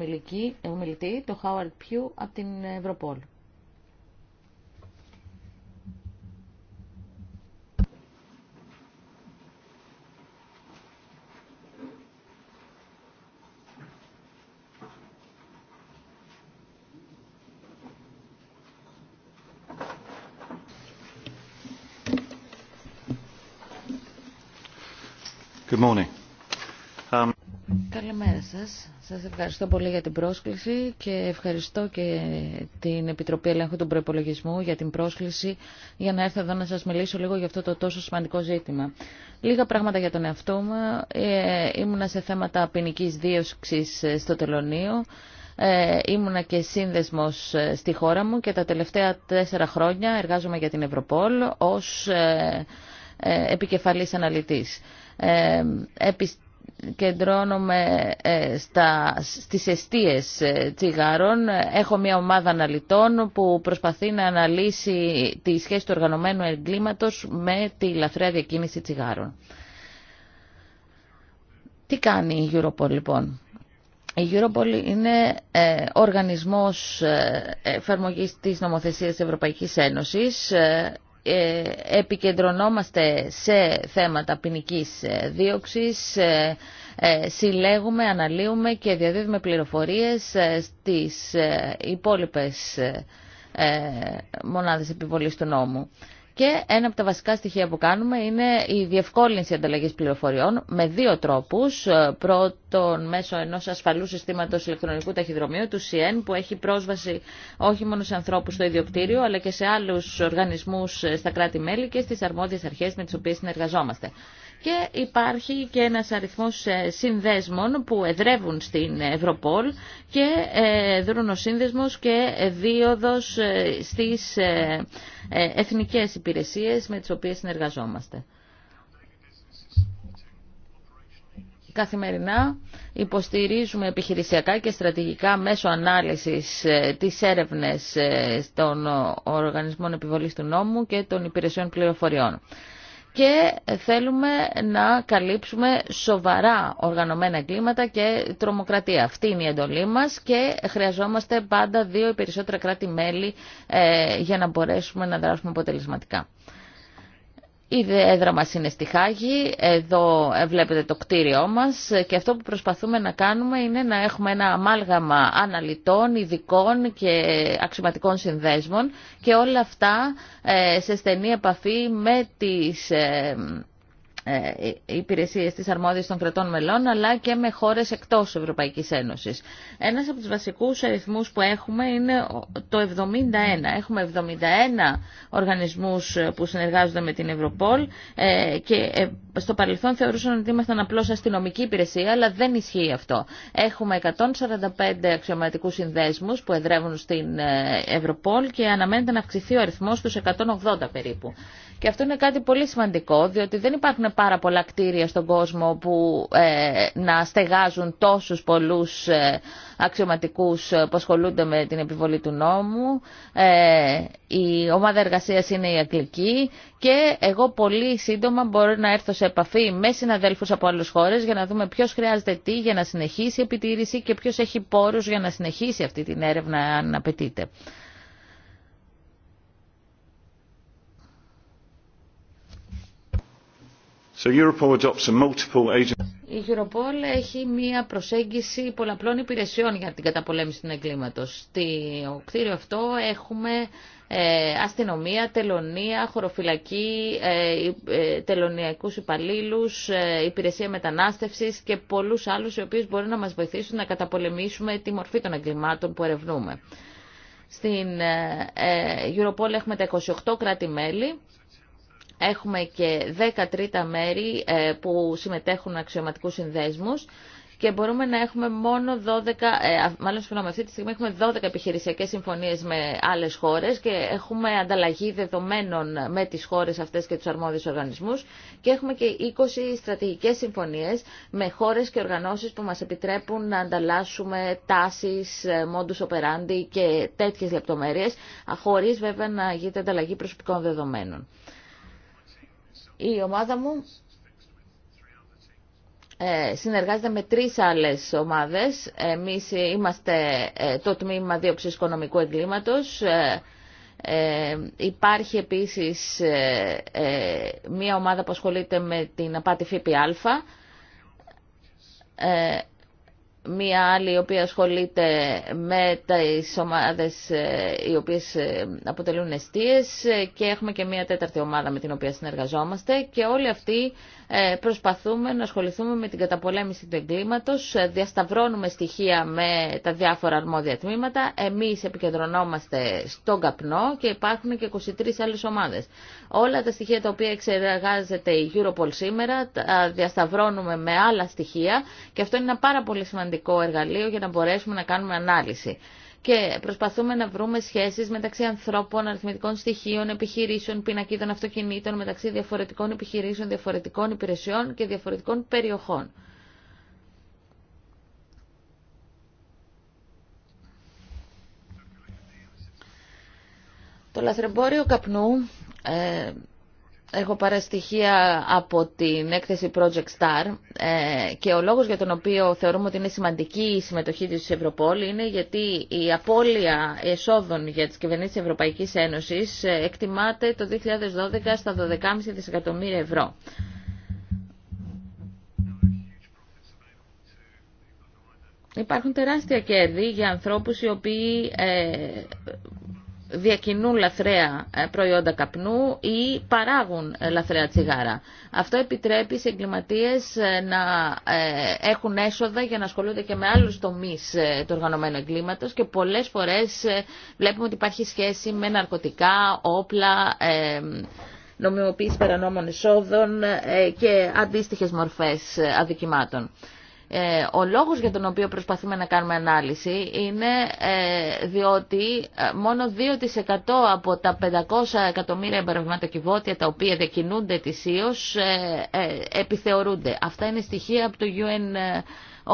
ομιλητή, τον Χάουαρτ Πιού, από την Ευρωπόλ. Um, Καλημέρα σας. Σας ευχαριστώ πολύ για την πρόσκληση και ευχαριστώ και την Επιτροπή Ελέγχου του Προπολογισμού για την πρόσκληση για να έρθω εδώ να σας μιλήσω λίγο για αυτό το τόσο σημαντικό ζήτημα. Λίγα πράγματα για τον εαυτό μου. Ε, ήμουνα σε θέματα ποινική δίωξης ε, στο Τελωνείο. Ε, ήμουνα και σύνδεσμος ε, στη χώρα μου και τα τελευταία τέσσερα χρόνια εργάζομαι για την Ευρωπόλ ως... Ε, ε, επικεφαλής αναλυτής. Ε, Κεντρώνομαι ε, στα, στις αιστείες τσιγάρων. Έχω μια ομάδα αναλυτών που προσπαθεί να αναλύσει τη σχέση του οργανωμένου εγκλήματος με τη λαθρέα διακίνηση τσιγάρων. Τι κάνει η Europol λοιπόν. Η Europol είναι οργανισμός εφαρμογής της νομοθεσίας της Ευρωπαϊκής Ένωσης ε, επικεντρωνόμαστε σε θέματα ποινική ε, δίωξης, ε, συλλέγουμε, αναλύουμε και διαδίδουμε πληροφορίες στις υπόλοιπες μονάδες επιβολής του νόμου. Και ένα από τα βασικά στοιχεία που κάνουμε είναι η διευκόλυνση ανταλλαγή πληροφοριών με δύο τρόπου. Ε, πρώτον, μέσω ενό ασφαλού συστήματο ηλεκτρονικού ταχυδρομείου, του ΣΥΕΝ, που έχει πρόσβαση όχι μόνο σε ανθρώπου στο ίδιο κτίριο, αλλά και σε άλλου οργανισμού ε, στα κράτη-μέλη και στι αρμόδιε αρχέ με τι οποίε συνεργαζόμαστε. Και υπάρχει και ένας αριθμός ε, συνδέσμων που εδρεύουν στην Ευρωπόλ και ε, δρούν ο σύνδεσμος και δίωδος ε, στις εθνικές υπηρεσίες με τις οποίες συνεργαζόμαστε. Καθημερινά υποστηρίζουμε επιχειρησιακά και στρατηγικά μέσω ανάλυσης τις έρευνες των οργανισμών επιβολής του νόμου και των υπηρεσιών πληροφοριών και θέλουμε να καλύψουμε σοβαρά οργανωμένα εγκλήματα και τρομοκρατία. Αυτή είναι η εντολή μας και χρειαζόμαστε πάντα δύο ή περισσότερα κράτη-μέλη ε, για να μπορέσουμε να δράσουμε αποτελεσματικά. Η έδρα μας είναι στη Χάγη, εδώ βλέπετε το κτίριό μας και αυτό που προσπαθούμε να κάνουμε είναι να έχουμε ένα αμάλγαμα αναλυτών, ειδικών και αξιωματικών συνδέσμων και όλα αυτά ε, σε στενή επαφή με τις ε, ε, ε, υπηρεσίε τη αρμόδια των κρατών μελών, αλλά και με χώρε εκτό Ευρωπαϊκή Ένωση. Ένα από του βασικού αριθμού που έχουμε είναι το 71. Έχουμε 71 οργανισμού ε, που συνεργάζονται με την Ευρωπόλ και στο παρελθόν θεωρούσαν ότι ήμασταν απλώ αστυνομική υπηρεσία, αλλά δεν ισχύει αυτό. Έχουμε 145 αξιωματικού συνδέσμου που εδρεύουν στην Ευρωπόλ και αναμένεται να αυξηθεί ο αριθμό στου 180 περίπου. Και αυτό είναι κάτι πολύ σημαντικό, διότι δεν υπάρχουν πάρα πολλά κτίρια στον κόσμο που ε, να στεγάζουν τόσους πολλούς ε, αξιωματικούς ε, που ασχολούνται με την επιβολή του νόμου. Ε, η ομάδα εργασίας είναι η αγγλική και εγώ πολύ σύντομα μπορώ να έρθω σε επαφή με συναδέλφους από άλλες χώρες για να δούμε ποιος χρειάζεται τι για να συνεχίσει η επιτήρηση και ποιος έχει πόρους για να συνεχίσει αυτή την έρευνα αν απαιτείται. Europol η Europol έχει μία προσέγγιση πολλαπλών υπηρεσιών για την καταπολέμηση του εγκλήματος. Στο κτίριο αυτό έχουμε ε, αστυνομία, τελωνία, χωροφυλακή, ε, ε, τελωνιακούς υπαλλήλους, υπηρεσία μετανάστευσης και πολλούς άλλους οι οποίοι μπορούν να μας βοηθήσουν να καταπολεμήσουμε τη μορφή των εγκλημάτων που ερευνούμε. Στην Europol έχουμε τα 28 κράτη-μέλη Έχουμε και 13 τρίτα μέρη ε, που συμμετέχουν αξιωματικού συνδέσμους και μπορούμε να έχουμε μόνο 12, ε, μάλλον συγγνώμη, αυτή τη στιγμή έχουμε 12 επιχειρησιακές συμφωνίες με άλλες χώρες και έχουμε ανταλλαγή δεδομένων με τις χώρες αυτές και τους αρμόδιους οργανισμούς και έχουμε και 20 στρατηγικές συμφωνίες με χώρες και οργανώσεις που μας επιτρέπουν να ανταλλάσσουμε τάσεις, τάσεις, operandi και τέτοιες λεπτομέρειες, χωρίς βέβαια να γίνεται ανταλλαγή προσωπικών δεδομένων. Η ομάδα μου ε, συνεργάζεται με τρεις άλλες ομάδες. Εμείς είμαστε ε, το τμήμα δίωξης οικονομικού εγκλήματος. Ε, ε, υπάρχει επίσης ε, μία ομάδα που ασχολείται με την απάτη ΦΠΑ μία άλλη η οποία ασχολείται με τις ομάδες ε, οι οποίες ε, αποτελούν εστίες ε, και έχουμε και μία τέταρτη ομάδα με την οποία συνεργαζόμαστε και όλοι αυτοί προσπαθούμε να ασχοληθούμε με την καταπολέμηση του εγκλήματος, διασταυρώνουμε στοιχεία με τα διάφορα αρμόδια τμήματα, εμείς επικεντρωνόμαστε στον καπνό και υπάρχουν και 23 άλλες ομάδες. Όλα τα στοιχεία τα οποία εξεργάζεται η Europol σήμερα τα διασταυρώνουμε με άλλα στοιχεία και αυτό είναι ένα πάρα πολύ σημαντικό σημαντικό εργαλείο για να μπορέσουμε να κάνουμε ανάλυση. Και προσπαθούμε να βρούμε σχέσεις μεταξύ ανθρώπων, αριθμητικών στοιχείων, επιχειρήσεων, πινακίδων αυτοκινήτων, μεταξύ διαφορετικών επιχειρήσεων, διαφορετικών υπηρεσιών και διαφορετικών περιοχών. Το λαθρεμπόριο καπνού ε, έχω πάρει από την έκθεση Project Star ε, και ο λόγος για τον οποίο θεωρούμε ότι είναι σημαντική η συμμετοχή της Ευρωπόλη είναι γιατί η απώλεια εσόδων για τις κυβερνήσεις της Ευρωπαϊκής Ένωσης ε, εκτιμάται το 2012 στα 12,5 δισεκατομμύρια ευρώ. Υπάρχουν τεράστια κέρδη για ανθρώπους οι οποίοι ε, διακινούν λαθρέα ε, προϊόντα καπνού ή παράγουν ε, λαθρέα τσιγάρα. Αυτό επιτρέπει σε εγκληματίες ε, να έχουν έσοδα για να ασχολούνται και με άλλους τομείς του οργανωμένου εγκλήματος και πολλές φορές βλέπουμε ότι υπάρχει σχέση με ναρκωτικά, όπλα, νομιμοποίηση παρανόμων εσόδων και αντίστοιχες μορφές αδικημάτων. Ε, ο λόγος για τον οποίο προσπαθούμε να κάνουμε ανάλυση είναι ε, διότι ε, μόνο 2% από τα 500 εκατομμύρια εμπεριβηματοκιβώτια τα οποία διακινούνται ετησίως επιθεωρούνται. Αυτά είναι στοιχεία από το UN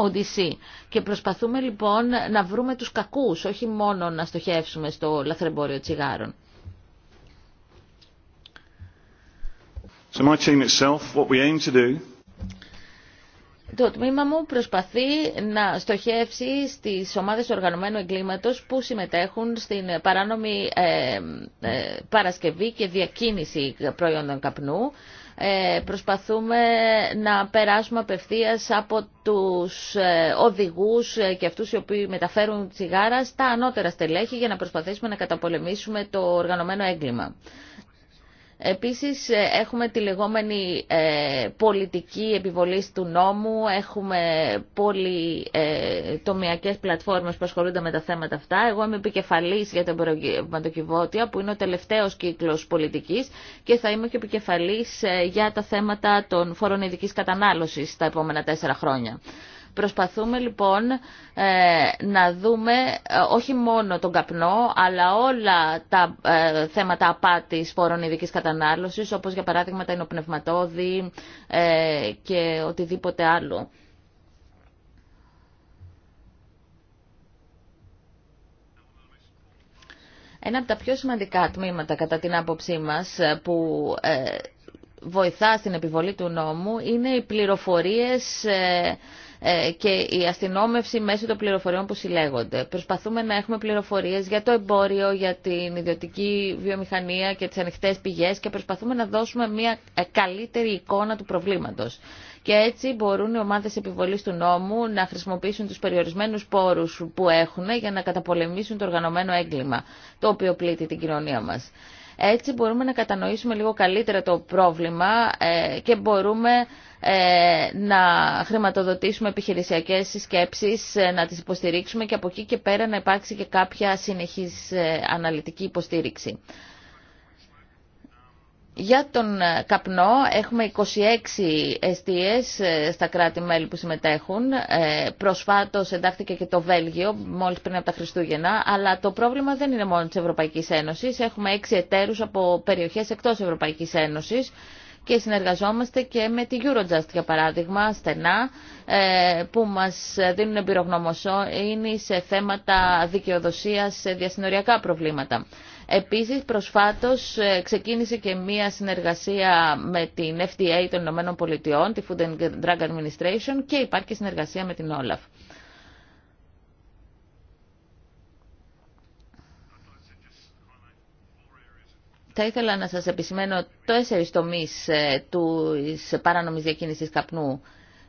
ODC. Και προσπαθούμε λοιπόν να βρούμε τους κακούς, όχι μόνο να στοχεύσουμε στο λαθρεμπόριο τσιγάρων. So my team itself, what we aim to do το τμήμα μου προσπαθεί να στοχεύσει στις ομάδες οργανωμένου εγκλήματος που συμμετέχουν στην παράνομη ε, ε, παρασκευή και διακίνηση προϊόντων καπνού. Ε, προσπαθούμε να περάσουμε απευθείας από τους οδηγούς και αυτούς οι οποίοι μεταφέρουν τσιγάρα στα ανώτερα στελέχη για να προσπαθήσουμε να καταπολεμήσουμε το οργανωμένο έγκλημα. Επίσης ε, έχουμε τη λεγόμενη ε, πολιτική επιβολή του νόμου, έχουμε πολύ ε, τομιακές πλατφόρμες που ασχολούνται με τα θέματα αυτά. Εγώ είμαι επικεφαλής για τα εμπορευματοκιβώτια που είναι ο τελευταίος κύκλος πολιτικής και θα είμαι και επικεφαλής ε, για τα θέματα των φόρων ειδικής κατανάλωσης τα επόμενα τέσσερα χρόνια. Προσπαθούμε λοιπόν ε, να δούμε ε, όχι μόνο τον καπνό, αλλά όλα τα ε, θέματα απάτης φόρων ειδική κατανάλωσης, όπως για παράδειγμα τα ενοπνευματόδη και οτιδήποτε άλλο. Ένα από τα πιο σημαντικά τμήματα κατά την άποψή μας που βοηθά στην επιβολή του νόμου είναι οι πληροφορίες ε, και η αστυνόμευση μέσω των πληροφοριών που συλλέγονται. Προσπαθούμε να έχουμε πληροφορίες για το εμπόριο, για την ιδιωτική βιομηχανία και τις ανοιχτέ πηγές και προσπαθούμε να δώσουμε μια ε, καλύτερη εικόνα του προβλήματος. Και έτσι μπορούν οι ομάδες επιβολής του νόμου να χρησιμοποιήσουν τους περιορισμένου πόρου που έχουν για να καταπολεμήσουν το οργανωμένο έγκλημα, το οποίο πλήττει την κοινωνία μα. Έτσι μπορούμε να κατανοήσουμε λίγο καλύτερα το πρόβλημα ε, και μπορούμε ε, να χρηματοδοτήσουμε επιχειρησιακές συσκέψεις, ε, να τις υποστηρίξουμε και από εκεί και πέρα να υπάρξει και κάποια συνεχής αναλυτική υποστήριξη. Για τον ε, καπνό έχουμε 26 εστίες ε, στα κράτη-μέλη που συμμετέχουν. Ε, προσφάτως εντάχθηκε και το Βέλγιο, μόλις πριν από τα Χριστούγεννα, αλλά το πρόβλημα δεν είναι μόνο της Ευρωπαϊκής Ένωσης. Έχουμε 6 εταίρους από περιοχές εκτός Ευρωπαϊκής Ένωσης και συνεργαζόμαστε και με τη Eurojust για παράδειγμα στενά που μας δίνουν Είναι σε θέματα δικαιοδοσίας σε διασυνοριακά προβλήματα. Επίσης, προσφάτως ε, ξεκίνησε και μία συνεργασία με την FDA των Ηνωμένων Πολιτειών, τη Food and Drug Administration και υπάρχει συνεργασία με την Olaf. θα ήθελα να σας επισημαίνω τέσσερις τομείς ε, του παράνομης διακίνησης καπνού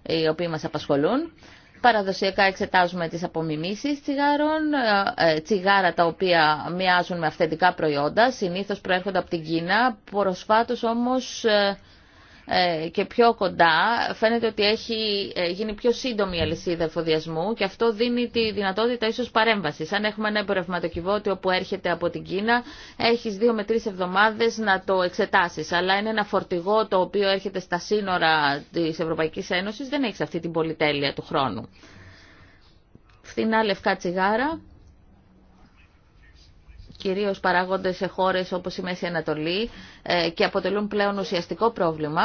οι οποίοι μας απασχολούν. Παραδοσιακά εξετάζουμε τις απομιμήσεις τσιγάρων, ε, ε, τσιγάρα τα οποία μοιάζουν με αυθεντικά προϊόντα, συνήθως προέρχονται από την Κίνα, προσφάτως όμως ε, ε, και πιο κοντά. Φαίνεται ότι έχει ε, γίνει πιο σύντομη η αλυσίδα εφοδιασμού και αυτό δίνει τη δυνατότητα ίσως παρέμβασης. Αν έχουμε ένα εμπορευματοκιβώτιο που έρχεται από την Κίνα, έχεις δύο με τρεις εβδομάδες να το εξετάσεις. Αλλά είναι ένα φορτηγό το οποίο έρχεται στα σύνορα της Ευρωπαϊκής Ένωσης, δεν έχει αυτή την πολυτέλεια του χρόνου. Φθηνά λευκά τσιγάρα κυρίως παράγονται σε χώρες όπως η Μέση Ανατολή ε, και αποτελούν πλέον ουσιαστικό πρόβλημα.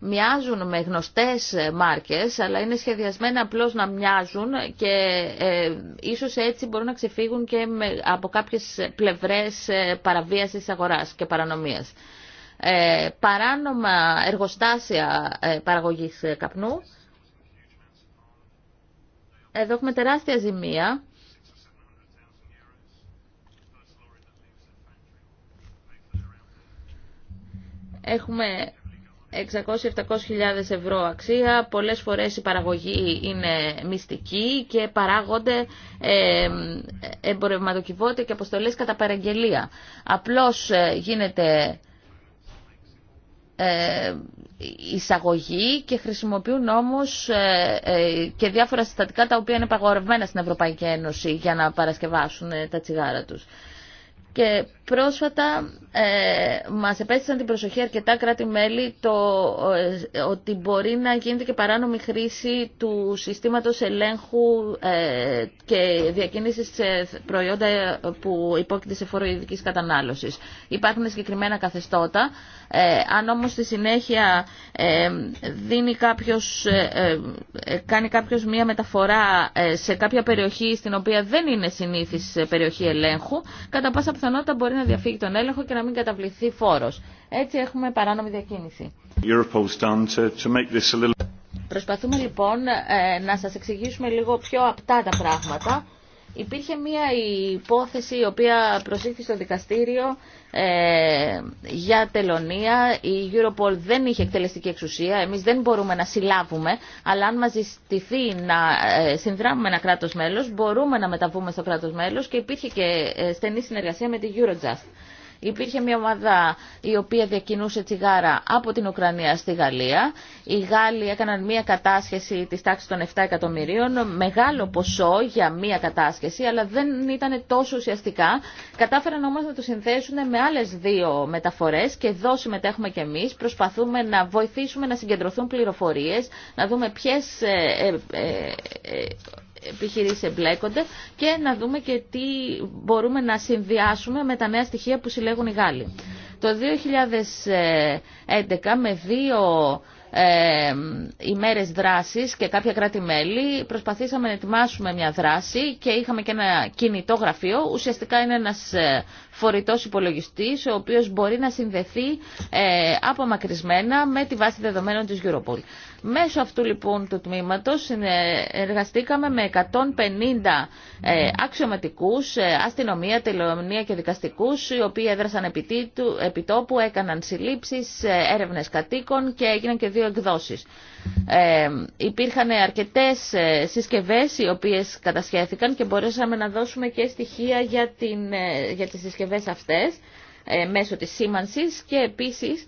Μοιάζουν με γνωστές μάρκες, αλλά είναι σχεδιασμένα απλώς να μοιάζουν και ε, ίσως έτσι μπορούν να ξεφύγουν και από κάποιες πλευρές ε, παραβίασης αγοράς και παρανομίας. Παράνομα εργοστάσια παραγωγής καπνού. Εδώ έχουμε τεράστια ζημία Έχουμε 600-700 χιλιάδες ευρώ αξία, πολλές φορές η παραγωγή είναι μυστική και παράγονται ε, εμπορευματοκιβώτια και αποστολές κατά παραγγελία. Απλώς ε, γίνεται ε, εισαγωγή και χρησιμοποιούν όμως ε, ε, και διάφορα συστατικά τα οποία είναι παγορευμένα στην Ευρωπαϊκή Ένωση για να παρασκευάσουν τα τσιγάρα τους. Και Πρόσφατα ε, μας επέστησαν την προσοχή αρκετά κράτη-μέλη το ε, ότι μπορεί να γίνεται και παράνομη χρήση του συστήματος ελέγχου ε, και διακίνησης σε προϊόντα ε, που υπόκειται σε φοροειδικής κατανάλωσης. Υπάρχουν συγκεκριμένα καθεστώτα. αν όμως στη συνέχεια δίνει κάποιος, κάνει κάποιος μία μεταφορά σε κάποια περιοχή στην οποία δεν είναι συνήθις περιοχή ελέγχου, κατά πάσα πιθανότητα μπορεί να διαφύγει τον έλεγχο και να μην καταβληθεί φόρος. Έτσι έχουμε παράνομη διακίνηση. Προσπαθούμε λοιπόν ε, να σας εξηγήσουμε λίγο πιο απτά τα πράγματα Υπήρχε μία υπόθεση η οποία προσήχθη στο δικαστήριο ε, για τελωνία. Η Europol δεν είχε εκτελεστική εξουσία. Εμείς δεν μπορούμε να συλλάβουμε, αλλά αν μας ζητηθεί να ε, συνδράμουμε ένα κράτος μέλος, μπορούμε να μεταβούμε στο κράτος μέλος και υπήρχε και ε, στενή συνεργασία με τη Eurojust. Υπήρχε μια ομάδα η οποία διακινούσε τσιγάρα από την Ουκρανία στη Γαλλία. Οι Γάλλοι έκαναν μια κατάσχεση της τάξης των 7 εκατομμυρίων, μεγάλο ποσό για μια κατάσχεση, αλλά δεν ήταν τόσο ουσιαστικά. Κατάφεραν όμως να το συνθέσουν με άλλες δύο μεταφορές και εδώ συμμετέχουμε κι εμείς. Προσπαθούμε να βοηθήσουμε να συγκεντρωθούν πληροφορίες, να δούμε ποιες ε, ε, ε, επιχειρήσεις εμπλέκονται και να δούμε και τι μπορούμε να συνδυάσουμε με τα νέα στοιχεία που συλλέγουν οι Γάλλοι. Το 2011 με δύο ε, ημέρες δράσης και κάποια κράτη-μέλη προσπαθήσαμε να ετοιμάσουμε μια δράση και είχαμε και ένα κινητό γραφείο. Ουσιαστικά είναι ένας ε, φορητός υπολογιστής ο οποίος μπορεί να συνδεθεί ε, απομακρυσμένα με τη βάση δεδομένων της Europol. Μέσω αυτού λοιπόν του τμήματος εργαστήκαμε με 150 ε, αξιωματικούς, ε, αστυνομία, τελωνία και δικαστικούς, οι οποίοι έδρασαν επιτόπου, έκαναν συλλήψεις, ε, έρευνες κατοίκων και έγιναν και δύο εκδόσεις. Ε, υπήρχαν αρκετές ε, συσκευές οι οποίες κατασχέθηκαν και μπορέσαμε να δώσουμε και στοιχεία για, την, για τις συσκευές αυτές μέσω της σήμανσης και επίσης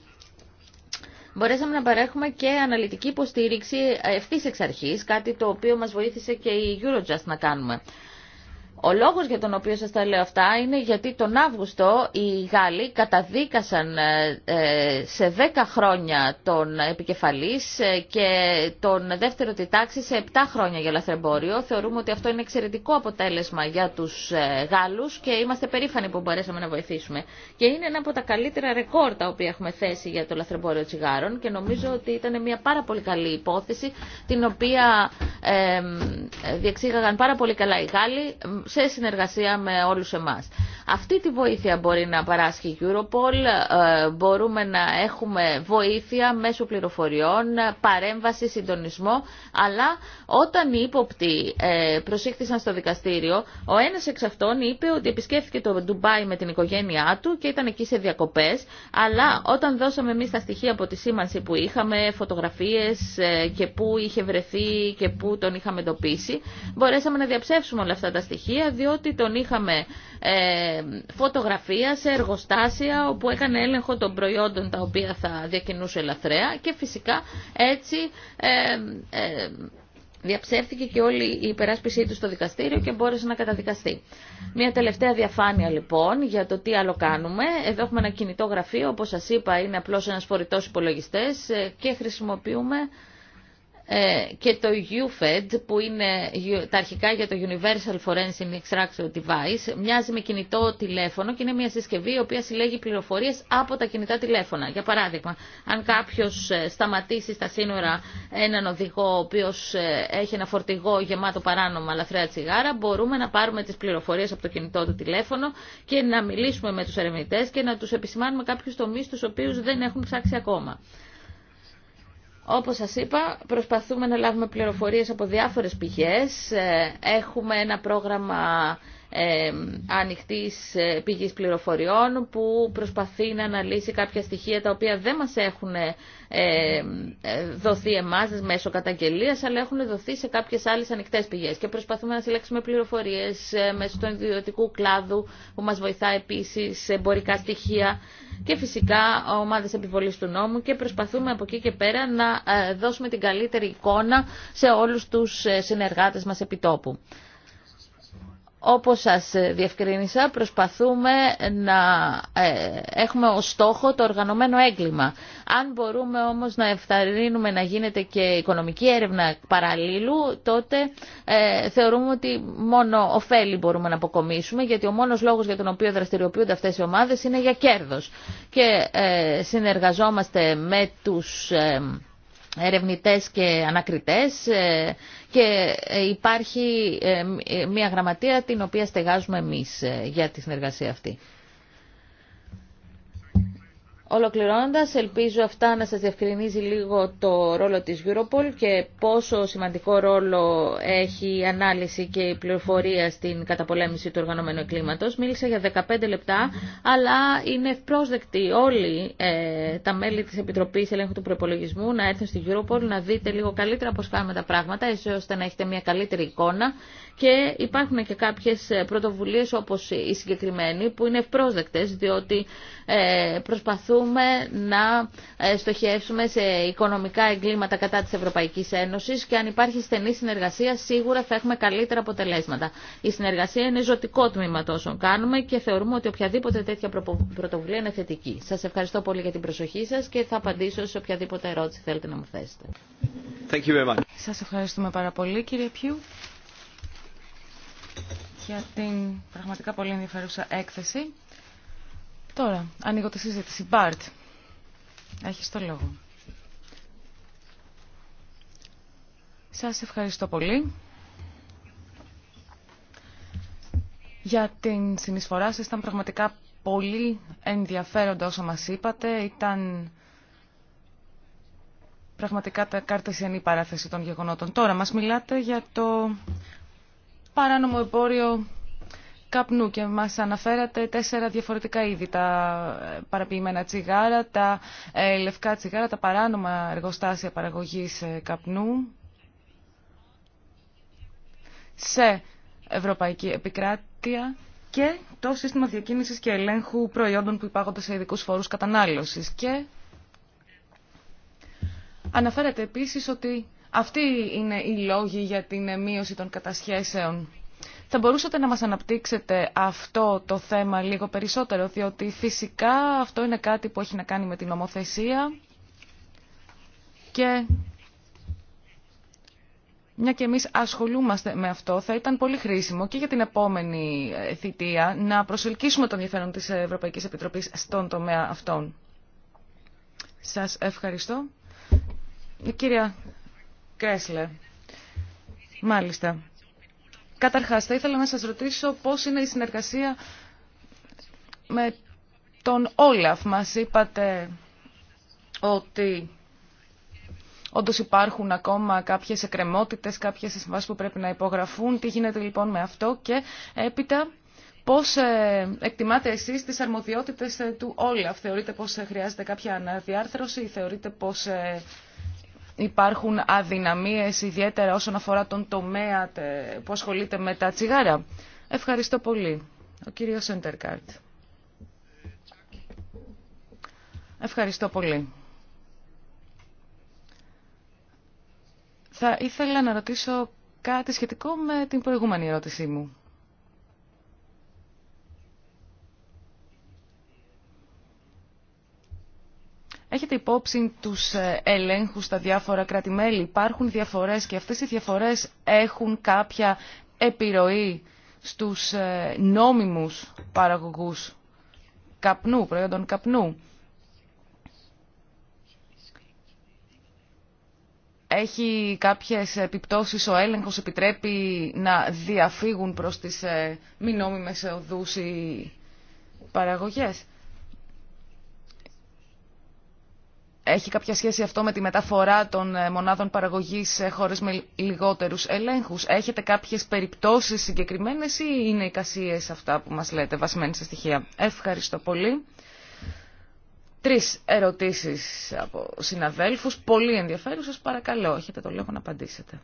μπορέσαμε να παρέχουμε και αναλυτική υποστήριξη ευθύ εξ αρχή, κάτι το οποίο μα βοήθησε και η Eurojust να κάνουμε. Ο λόγος για τον οποίο σας τα λέω αυτά είναι γιατί τον Αύγουστο οι Γάλλοι καταδίκασαν ε, ε, σε 10 χρόνια τον επικεφαλής ε, και τον δεύτερο τη τάξη σε 7 χρόνια για λαθρεμπόριο. Θεωρούμε ότι αυτό είναι εξαιρετικό αποτέλεσμα για τους Γάλλους και είμαστε περήφανοι που μπορέσαμε να βοηθήσουμε. Και είναι ένα από τα καλύτερα ρεκόρ τα οποία έχουμε θέσει για το λαθρεμπόριο τσιγάρων και νομίζω ότι ήταν μια πάρα πολύ καλή υπόθεση την οποία ε, διεξήγαγαν πάρα πολύ καλά οι Γάλλοι σε συνεργασία με όλους εμάς. Αυτή τη βοήθεια μπορεί να παράσχει η Europol, ε, μπορούμε να έχουμε βοήθεια μέσω πληροφοριών, παρέμβαση, συντονισμό, αλλά όταν οι ύποπτοι ε, προσήχθησαν στο δικαστήριο, ο ένας εξ αυτών είπε ότι επισκέφθηκε το Ντουμπάι με την οικογένειά του και ήταν εκεί σε διακοπές, αλλά όταν δώσαμε εμείς τα στοιχεία από τη σήμανση που είχαμε, φωτογραφίες ε, και πού είχε βρεθεί και πού τον είχαμε εντοπίσει, μπορέσαμε να διαψεύσουμε όλα αυτά τα στοιχεία διότι τον είχαμε ε, φωτογραφία σε εργοστάσια όπου έκανε έλεγχο των προϊόντων τα οποία θα διακινούσε ελαθρέα και φυσικά έτσι ε, ε, Διαψεύθηκε και όλη η υπεράσπιση του στο δικαστήριο και μπόρεσε να καταδικαστεί. Μια τελευταία διαφάνεια λοιπόν για το τι άλλο κάνουμε. Εδώ έχουμε ένα κινητό γραφείο, όπως σας είπα είναι απλώς ένας φορητός υπολογιστές ε, και χρησιμοποιούμε ε, και το UFED που είναι τα αρχικά για το Universal Forensic Extraction Device μοιάζει με κινητό τηλέφωνο και είναι μια συσκευή η οποία συλλέγει πληροφορίες από τα κινητά τηλέφωνα. Για παράδειγμα, αν κάποιος ε, σταματήσει στα σύνορα έναν οδηγό ο οποίος ε, έχει ένα φορτηγό γεμάτο παράνομα λαθρέα τσιγάρα μπορούμε να πάρουμε τις πληροφορίες από το κινητό του τηλέφωνο και να μιλήσουμε με τους ερευνητές και να τους επισημάνουμε κάποιους τομείς τους οποίους δεν έχουν ψάξει ακόμα. Όπως σας είπα, προσπαθούμε να λάβουμε πληροφορίες από διάφορες πηγές. Ε, έχουμε ένα πρόγραμμα ε, ανοιχτής ε, πηγής πληροφοριών που προσπαθεί να αναλύσει κάποια στοιχεία τα οποία δεν μας έχουν ε, ε, δοθεί εμάς μέσω καταγγελίας αλλά έχουν δοθεί σε κάποιες άλλες ανοιχτές πηγές και προσπαθούμε να συλλέξουμε πληροφορίες μέσω του ιδιωτικού κλάδου που μας βοηθά επίσης εμπορικά στοιχεία και φυσικά ομάδες επιβολής του νόμου και προσπαθούμε από εκεί και πέρα να δώσουμε την καλύτερη εικόνα σε όλους τους συνεργάτες μας επιτόπου. Όπως σας διευκρίνησα, προσπαθούμε να ε, έχουμε ως στόχο το οργανωμένο έγκλημα. Αν μπορούμε όμως να ευθαρρύνουμε να γίνεται και οικονομική έρευνα παραλλήλου, τότε ε, θεωρούμε ότι μόνο ωφέλη μπορούμε να αποκομίσουμε, γιατί ο μόνος λόγος για τον οποίο δραστηριοποιούνται αυτές οι ομάδες είναι για κέρδος. Και ε, συνεργαζόμαστε με τους ερευνητές και ανακριτές ε, και ε, υπάρχει ε, μια γραμματεία την οποία στεγάζουμε εμείς για τη συνεργασία αυτή. Ολοκληρώνοντας, ελπίζω αυτά να σας διευκρινίζει λίγο το ρόλο της Europol και πόσο σημαντικό ρόλο έχει η ανάλυση και η πληροφορία στην καταπολέμηση του οργανωμένου εγκλήματος. Μίλησα για 15 λεπτά, αλλά είναι ευπρόσδεκτοι όλοι ε, τα μέλη της Επιτροπής Ελέγχου του Προπολογισμού να έρθουν στη Europol, να δείτε λίγο καλύτερα πώς κάνουμε τα πράγματα, έτσι ώστε να έχετε μια καλύτερη εικόνα και υπάρχουν και κάποιες ε, πρωτοβουλίες όπως η συγκεκριμένη που είναι ευπρόσδεκτες διότι ε, προσπαθούμε να ε, στοχεύσουμε σε οικονομικά εγκλήματα κατά της Ευρωπαϊκής Ένωσης και αν υπάρχει στενή συνεργασία σίγουρα θα έχουμε καλύτερα αποτελέσματα. Η συνεργασία είναι ζωτικό τμήμα τόσο κάνουμε και θεωρούμε ότι οποιαδήποτε τέτοια πρωτοβουλία είναι θετική. Σας ευχαριστώ πολύ για την προσοχή σας και θα απαντήσω σε οποιαδήποτε ερώτηση θέλετε να μου θέσετε. Thank you Σας ευχαριστούμε πάρα πολύ κύριε Πιού για την πραγματικά πολύ ενδιαφέρουσα έκθεση. Τώρα, ανοίγω τη συζήτηση. Μπάρτ, έχεις το λόγο. Σας ευχαριστώ πολύ για την συνεισφορά σας. Ήταν πραγματικά πολύ ενδιαφέροντα όσα μας είπατε. Ήταν πραγματικά τα κάρτες ενή παράθεση των γεγονότων. Τώρα μας μιλάτε για το παράνομο εμπόριο καπνού και μας αναφέρατε τέσσερα διαφορετικά είδη, τα ε, παραποιημένα τσιγάρα, τα ε, λευκά τσιγάρα, τα παράνομα εργοστάσια παραγωγής ε, καπνού σε ευρωπαϊκή επικράτεια και το σύστημα διακίνησης και ελέγχου προϊόντων που υπάγονται σε ειδικούς φόρους κατανάλωσης. Και αναφέρατε επίσης ότι αυτοί είναι οι λόγοι για την μείωση των κατασχέσεων. Θα μπορούσατε να μας αναπτύξετε αυτό το θέμα λίγο περισσότερο, διότι φυσικά αυτό είναι κάτι που έχει να κάνει με την νομοθεσία και μια και εμείς ασχολούμαστε με αυτό, θα ήταν πολύ χρήσιμο και για την επόμενη ε, θητεία να προσελκύσουμε τον ενδιαφέρον της Ευρωπαϊκής Επιτροπής στον τομέα αυτών. Σας ευχαριστώ. Κρέσλε. Μάλιστα. Καταρχάς, θα ήθελα να σας ρωτήσω πώς είναι η συνεργασία με τον Όλαφ. Μας είπατε ότι όντω υπάρχουν ακόμα κάποιες εκκρεμότητες, κάποιες συμβάσεις που πρέπει να υπογραφούν. Τι γίνεται λοιπόν με αυτό και έπειτα πώς ε, εκτιμάτε εσείς τις αρμοδιότητες ε, του Όλαφ. Θεωρείτε πως ε, χρειάζεται κάποια αναδιάρθρωση ή θεωρείτε πως υπάρχουν αδυναμίες, ιδιαίτερα όσον αφορά τον τομέα που ασχολείται με τα τσιγάρα. Ευχαριστώ πολύ. Ο κύριος Σεντερκάρτ. Ευχαριστώ πολύ. Θα ήθελα να ρωτήσω κάτι σχετικό με την προηγούμενη ερώτησή μου. Έχετε υπόψη τους ε, ελέγχους στα διάφορα Υπάρχουν διαφορές και αυτές οι διαφορές έχουν κάποια επιρροή στους ε, νόμιμους παραγωγούς καπνού, προϊόντων καπνού. Έχει κάποιες επιπτώσεις, ο έλεγχος επιτρέπει να διαφύγουν προς τις ε, μη νόμιμες οδούς οι παραγωγές. Έχει κάποια σχέση αυτό με τη μεταφορά των ε, μονάδων παραγωγής σε χώρες με λιγότερους ελέγχους. Έχετε κάποιες περιπτώσεις συγκεκριμένες ή είναι κασίες αυτά που μας λέτε βασμένες σε στοιχεία. Ευχαριστώ πολύ. Τρεις ερωτήσεις από συναδέλφους, πολύ ενδιαφέρουσες. Παρακαλώ, έχετε το λόγο να απαντήσετε.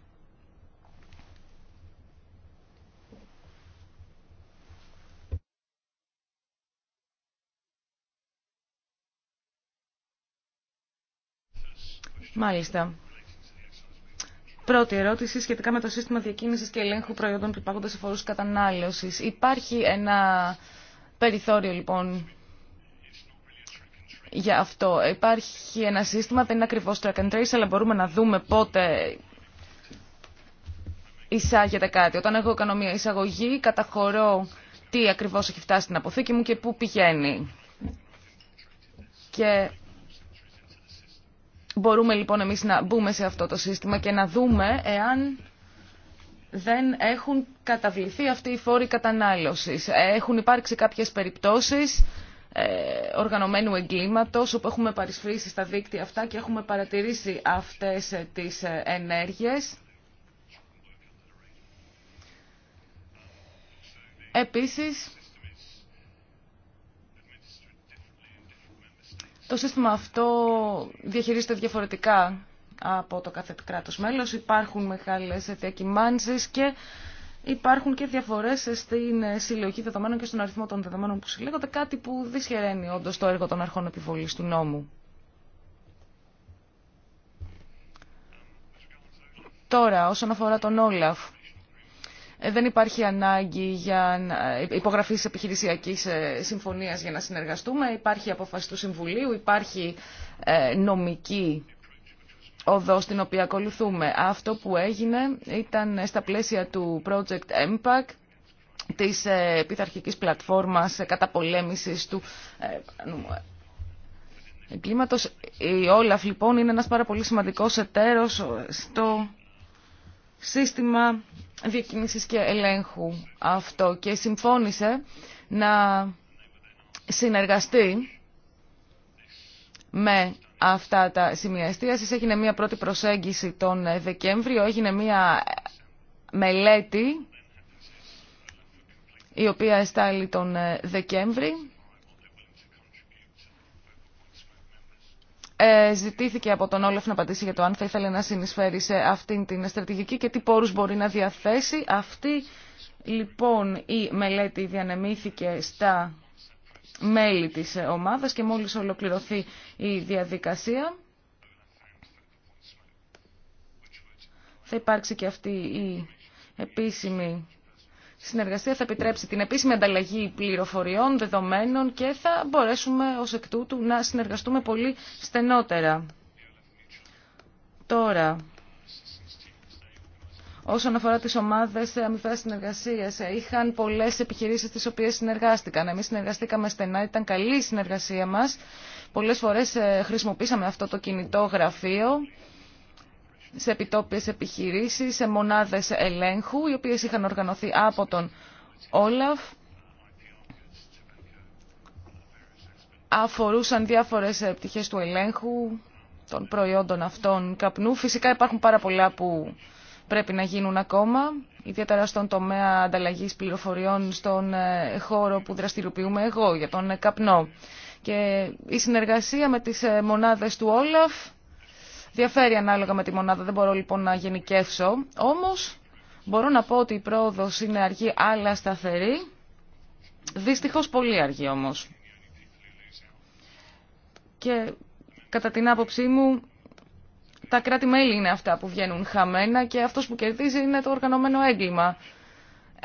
Μάλιστα. Πρώτη ερώτηση σχετικά με το σύστημα διακίνησης και ελέγχου προϊόντων που υπάρχουν σε φορούς κατανάλωσης. Υπάρχει ένα περιθώριο λοιπόν για αυτό. Υπάρχει ένα σύστημα, δεν είναι ακριβώς track and trace, αλλά μπορούμε να δούμε πότε εισάγεται κάτι. Όταν έχω κάνω μια εισαγωγή, καταχωρώ τι ακριβώς έχει φτάσει στην αποθήκη μου και πού πηγαίνει. Και Μπορούμε λοιπόν εμείς να μπούμε σε αυτό το σύστημα και να δούμε εάν δεν έχουν καταβληθεί αυτοί οι φόροι κατανάλωσης. Έχουν υπάρξει κάποιες περιπτώσεις ε, οργανωμένου εγκλήματος όπου έχουμε παρισφρήσει στα δίκτυα αυτά και έχουμε παρατηρήσει αυτές ε, τις ε, ενέργειες. Επίσης, Το σύστημα αυτό διαχειρίζεται διαφορετικά από το κάθε κράτος μέλος. Υπάρχουν μεγάλες διακυμάνσεις και υπάρχουν και διαφορές στην συλλογή δεδομένων και στον αριθμό των δεδομένων που συλλέγονται, κάτι που δυσχεραίνει όντω το έργο των αρχών επιβολής του νόμου. Τώρα, όσον αφορά τον Όλαφ, ε, δεν υπάρχει ανάγκη για ε, υπογραφή επιχειρησιακή ε, συμφωνία για να συνεργαστούμε. Υπάρχει απόφαση του Συμβουλίου, υπάρχει νομική οδό στην οποία ακολουθούμε. Αυτό που έγινε ήταν στα πλαίσια του Project Impact της πειθαρχικής πλατφόρμας καταπολέμησης του εγκλήματος. Η Όλαφ λοιπόν είναι ένας πάρα πολύ σημαντικός εταίρος στο σύστημα διακίνησης και ελέγχου αυτό και συμφώνησε να συνεργαστεί με αυτά τα σημεία εστίασης. Έγινε μία πρώτη προσέγγιση τον Δεκέμβριο, έγινε μία μελέτη η οποία εστάλει τον Δεκέμβρη Ε, ζητήθηκε από τον Όλεφ να απαντήσει για το αν θα ήθελε να συνεισφέρει σε αυτήν την στρατηγική και τι πόρους μπορεί να διαθέσει. Αυτή λοιπόν η μελέτη διανεμήθηκε στα μέλη της ομάδας και μόλις ολοκληρωθεί η διαδικασία θα υπάρξει και αυτή η επίσημη συνεργασία θα επιτρέψει την επίσημη ανταλλαγή πληροφοριών, δεδομένων και θα μπορέσουμε ως εκ τούτου να συνεργαστούμε πολύ στενότερα. Τώρα, όσον αφορά τις ομάδες αμοιβαίας συνεργασίας, είχαν πολλές επιχειρήσεις τις οποίες συνεργάστηκαν. Εμείς συνεργαστήκαμε στενά, ήταν καλή η συνεργασία μας. Πολλές φορές ε, χρησιμοποίησαμε αυτό το κινητό γραφείο σε επιτόπιες επιχειρήσεις, σε μονάδες ελέγχου, οι οποίες είχαν οργανωθεί από τον Όλαφ. Αφορούσαν διάφορες ε, πτυχές του ελέγχου των προϊόντων αυτών καπνού. Φυσικά υπάρχουν πάρα πολλά που πρέπει να γίνουν ακόμα, ιδιαίτερα στον τομέα ανταλλαγής πληροφοριών, στον ε, χώρο που δραστηριοποιούμε εγώ για τον καπνό. Και η συνεργασία με τις ε, μονάδες του Όλαφ Διαφέρει ανάλογα με τη μονάδα, δεν μπορώ λοιπόν να γενικεύσω. Όμως μπορώ να πω ότι η πρόοδος είναι αργή αλλά σταθερή. Δυστυχώς πολύ αργή όμως. Και κατά την άποψή μου τα κράτη-μέλη είναι αυτά που βγαίνουν χαμένα και αυτός που κερδίζει είναι το οργανωμένο έγκλημα.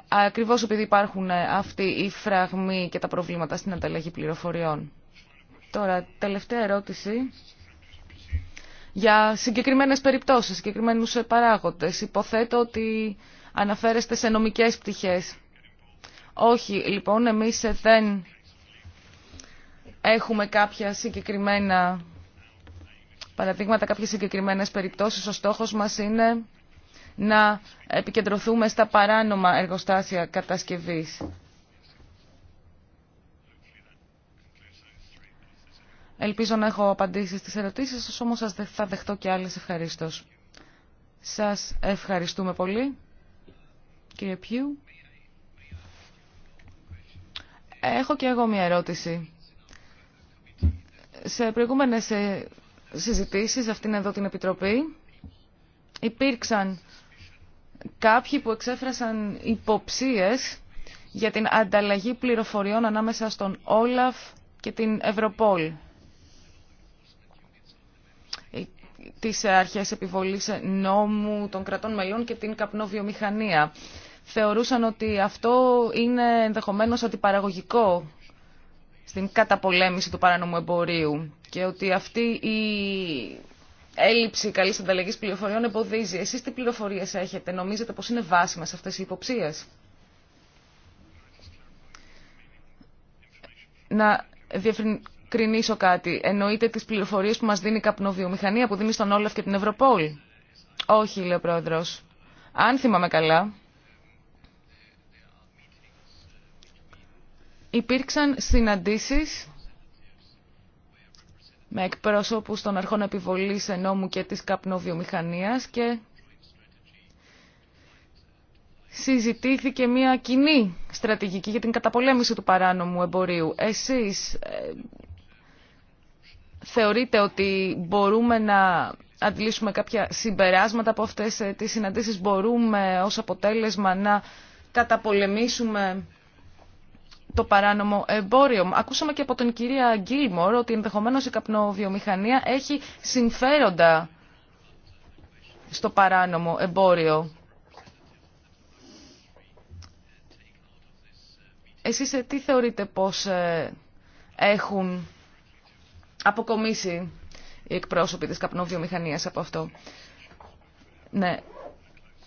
Ακριβώς επειδή υπάρχουν αυτοί οι φραγμοί και τα προβλήματα στην ανταλλαγή πληροφοριών. Τώρα, τελευταία ερώτηση για συγκεκριμένες περιπτώσεις, συγκεκριμένους ε, παράγοντες. Υποθέτω ότι αναφέρεστε σε νομικές πτυχές. Όχι, λοιπόν, εμείς ε, δεν έχουμε κάποια συγκεκριμένα παραδείγματα, κάποιες συγκεκριμένες περιπτώσεις. Ο στόχος μας είναι να επικεντρωθούμε στα παράνομα εργοστάσια κατασκευής. Ελπίζω να έχω απαντήσει στις ερωτήσεις σας, όμως σας θα δεχτώ και άλλες ευχαρίστω. Σας ευχαριστούμε πολύ, κύριε Πιού. Έχω και εγώ μια ερώτηση. Σε προηγούμενες ε, συζητήσεις, αυτήν εδώ την Επιτροπή, υπήρξαν κάποιοι που εξέφρασαν υποψίες για την ανταλλαγή πληροφοριών ανάμεσα στον Όλαφ και την Ευρωπόλ. τις αρχές επιβολής νόμου των κρατών μελών και την καπνοβιομηχανία. Θεωρούσαν ότι αυτό είναι ενδεχομένως αντιπαραγωγικό στην καταπολέμηση του παράνομου εμπορίου και ότι αυτή η έλλειψη καλής ανταλλαγής πληροφοριών εμποδίζει. Εσείς τι πληροφορίες έχετε, νομίζετε πως είναι βάσιμες αυτές οι υποψίες. Να κρινίσω κάτι. Εννοείται τις πληροφορίες που μας δίνει η καπνοβιομηχανία που δίνει στον Όλαφ και την Ευρωπόλ. Όχι, λέει ο Πρόεδρος. Αν θυμάμαι καλά, υπήρξαν συναντήσεις με εκπρόσωπους των αρχών επιβολής ενόμου και της καπνοβιομηχανίας και συζητήθηκε μια κοινή στρατηγική για την καταπολέμηση του παράνομου εμπορίου. Εσείς ε, θεωρείτε ότι μπορούμε να αντλήσουμε κάποια συμπεράσματα από αυτές ε, τις συναντήσεις, μπορούμε ως αποτέλεσμα να καταπολεμήσουμε το παράνομο εμπόριο. Ακούσαμε και από τον κυρία Γκίλμορ ότι ενδεχομένως η καπνοβιομηχανία έχει συμφέροντα στο παράνομο εμπόριο. Εσείς ε, τι θεωρείτε πως ε, έχουν αποκομίσει οι εκπρόσωποι της καπνοβιομηχανίας από αυτό. Ναι,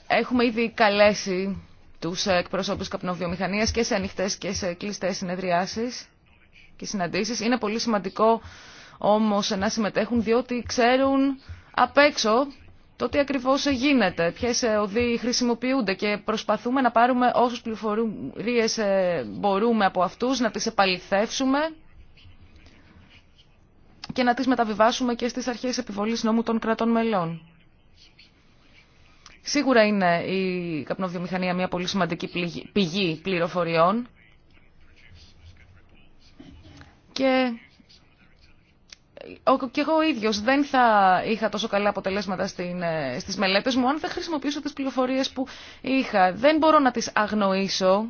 έχουμε ήδη καλέσει τους εκπροσώπους καπνοβιομηχανίας και σε ανοιχτές και σε κλειστές συνεδριάσεις και συναντήσεις. Είναι πολύ σημαντικό όμως να συμμετέχουν διότι ξέρουν απ' έξω το τι ακριβώς γίνεται, ποιες οδοί χρησιμοποιούνται και προσπαθούμε να πάρουμε όσες πληροφορίες ε, μπορούμε από αυτούς, να τις επαληθεύσουμε και να τις μεταβιβάσουμε και στις αρχές επιβολής νόμου των κρατών μελών. Σίγουρα είναι η καπνοβιομηχανία μια πολύ σημαντική πηγή πληροφοριών και και εγώ ίδιος δεν θα είχα τόσο καλά αποτελέσματα στην, ε, στις μελέτες μου αν δεν χρησιμοποιήσω τις πληροφορίες που είχα. Δεν μπορώ να τις αγνοήσω,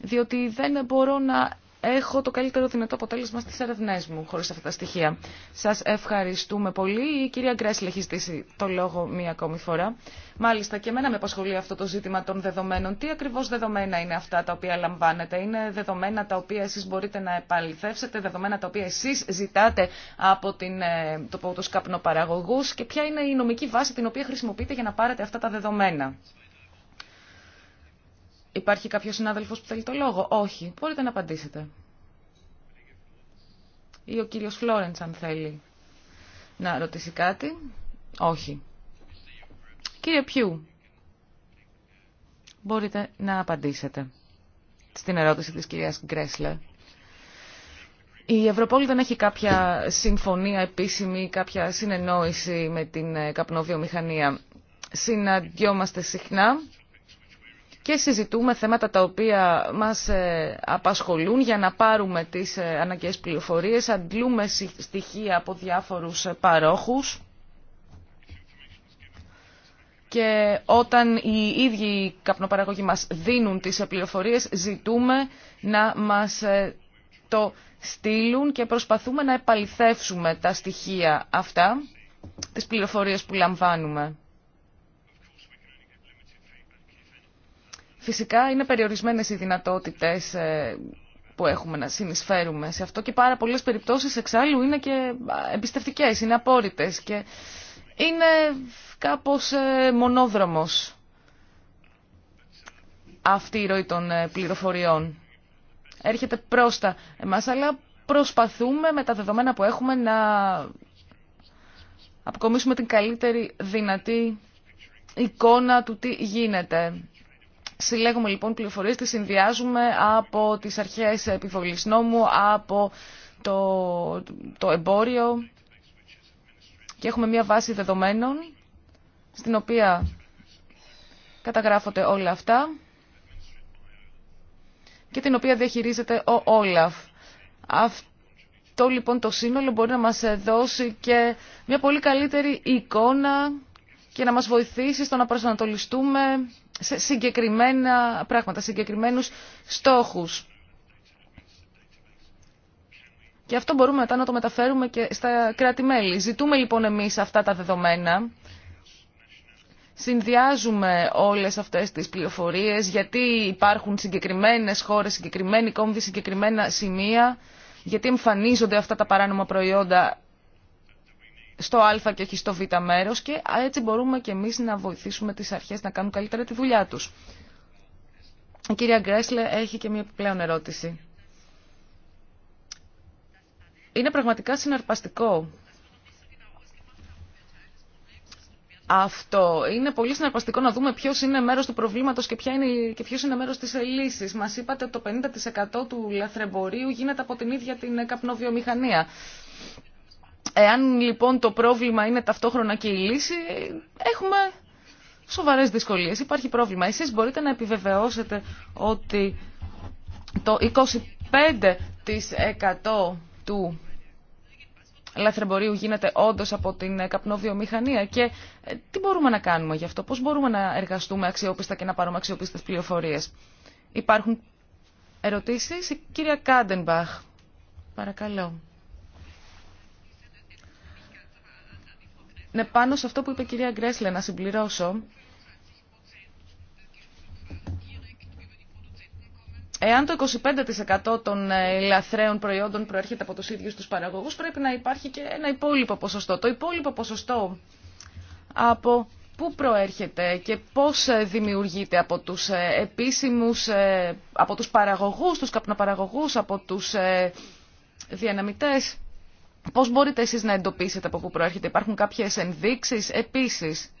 διότι δεν μπορώ να έχω το καλύτερο δυνατό αποτέλεσμα στις ερευνές μου χωρίς αυτά τα στοιχεία. Σας ευχαριστούμε πολύ. Η κυρία Γκρέσλη έχει στήσει το λόγο μία ακόμη φορά. Μάλιστα και εμένα με απασχολεί αυτό το ζήτημα των δεδομένων. Τι ακριβώς δεδομένα είναι αυτά τα οποία λαμβάνετε. Είναι δεδομένα τα οποία εσείς μπορείτε να επαληθεύσετε, δεδομένα τα οποία εσείς ζητάτε από την, ε, το, τους καπνοπαραγωγούς και ποια είναι η νομική βάση την οποία χρησιμοποιείτε για να πάρετε αυτά τα δεδομένα. Υπάρχει κάποιος συνάδελφος που θέλει το λόγο. Όχι. Μπορείτε να απαντήσετε. Ή ο κύριος Φλόρεντς αν θέλει να ρωτήσει κάτι. Όχι. Κύριε Πιού, μπορείτε να απαντήσετε στην ερώτηση της κυρίας Γκρέσλε. Η Ευρωπόλη δεν έχει κάποια συμφωνία επίσημη, κάποια συνεννόηση με την καπνοβιομηχανία. Συναντιόμαστε συχνά και συζητούμε θέματα τα οποία μας ε, απασχολούν για να πάρουμε τις ε, αναγκαίες πληροφορίες, αντλούμε στοιχεία από διάφορους ε, παρόχους και όταν οι ίδιοι καπνοπαραγωγοί μας δίνουν τις πληροφορίες ζητούμε να μας το στείλουν και προσπαθούμε να επαληθεύσουμε τα στοιχεία αυτά, τις πληροφορίες που λαμβάνουμε. Φυσικά είναι περιορισμένες οι δυνατότητες ε, που έχουμε να συνεισφέρουμε σε αυτό και πάρα πολλές περιπτώσεις εξάλλου είναι και εμπιστευτικές, είναι απόρριτες και είναι κάπως ε, μονόδρομος αυτή η ροή των ε, πληροφοριών. Έρχεται πρόστα εμάς, αλλά προσπαθούμε με τα δεδομένα που έχουμε να αποκομίσουμε την καλύτερη δυνατή εικόνα του τι γίνεται. Συλλέγουμε λοιπόν πληροφορίες, τις συνδυάζουμε από τις αρχές επιβολής νόμου, από το, εμπόριο και έχουμε μία βάση δεδομένων στην οποία καταγράφονται όλα αυτά και την οποία διαχειρίζεται ο Όλαφ. Αυτό λοιπόν το σύνολο μπορεί να μας δώσει και μια πολύ καλύτερη εικόνα και να μας βοηθήσει στο να προσανατολιστούμε σε συγκεκριμένα πράγματα, συγκεκριμένους στόχους. Και αυτό μπορούμε μετά να το μεταφέρουμε και στα κράτη-μέλη. Ζητούμε λοιπόν εμείς αυτά τα δεδομένα. Συνδυάζουμε όλες αυτές τις πληροφορίες γιατί υπάρχουν συγκεκριμένες χώρες, συγκεκριμένοι κόμβοι, συγκεκριμένα σημεία, γιατί εμφανίζονται αυτά τα παράνομα προϊόντα στο α και όχι στο β μέρος και έτσι μπορούμε και εμείς να βοηθήσουμε τις αρχές να κάνουν καλύτερα τη δουλειά τους. Η κυρία Γκρέσλε έχει και μια επιπλέον ερώτηση. Είναι πραγματικά συναρπαστικό αυτό. Είναι πολύ συναρπαστικό να δούμε ποιο είναι μέρο του προβλήματο και, ποια είναι, και ποιο είναι μέρο τη λύση. Μα είπατε ότι το 50% του λαθρεμπορίου γίνεται από την ίδια την καπνοβιομηχανία. Εάν λοιπόν το πρόβλημα είναι ταυτόχρονα και η λύση, έχουμε σοβαρές δυσκολίες. Υπάρχει πρόβλημα. Εσείς μπορείτε να επιβεβαιώσετε ότι το 25% του λαθρεμπορίου γίνεται όντως από την καπνόβιομηχανία και ε, τι μπορούμε να κάνουμε γι' αυτό, πώς μπορούμε να εργαστούμε αξιόπιστα και να πάρουμε αξιόπιστες πληροφορίες. Υπάρχουν ερωτήσεις. Η κυρία Κάντενμπαχ, παρακαλώ. Ναι, πάνω σε αυτό που είπε η κυρία Γκρέσλε, να συμπληρώσω. Εάν το 25% των ε, λαθρέων προϊόντων προέρχεται από τους ίδιους τους παραγωγούς, πρέπει να υπάρχει και ένα υπόλοιπο ποσοστό. Το υπόλοιπο ποσοστό από πού προέρχεται και πώς ε, δημιουργείται από τους ε, επίσημους, από τους παραγωγούς, τους καπνοπαραγωγούς, από τους διαναμητές. Πώς μπορείτε εσείς να εντοπίσετε από πού προέρχεται. Υπάρχουν κάποιες ενδείξεις. Επίσης,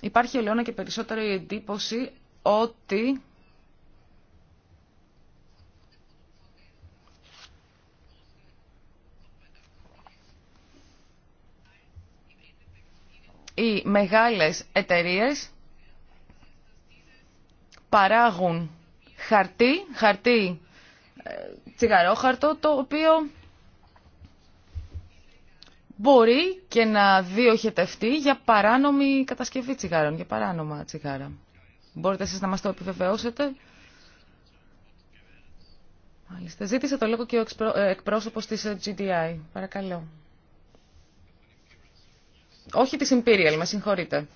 υπάρχει Λέωνα, και περισσότερη η εντύπωση ότι οι μεγάλες εταιρείες παράγουν χαρτί, χαρτί τσιγαρόχαρτο το οποίο μπορεί και να διοχετευτεί για παράνομη κατασκευή τσιγάρων, για παράνομα τσιγάρα. Μπορείτε εσείς να μας το επιβεβαιώσετε. Μάλιστα. Ζήτησε το λόγο και ο ε, εκπρόσωπος της ε, GDI. Παρακαλώ. Όχι της Imperial, με συγχωρείτε.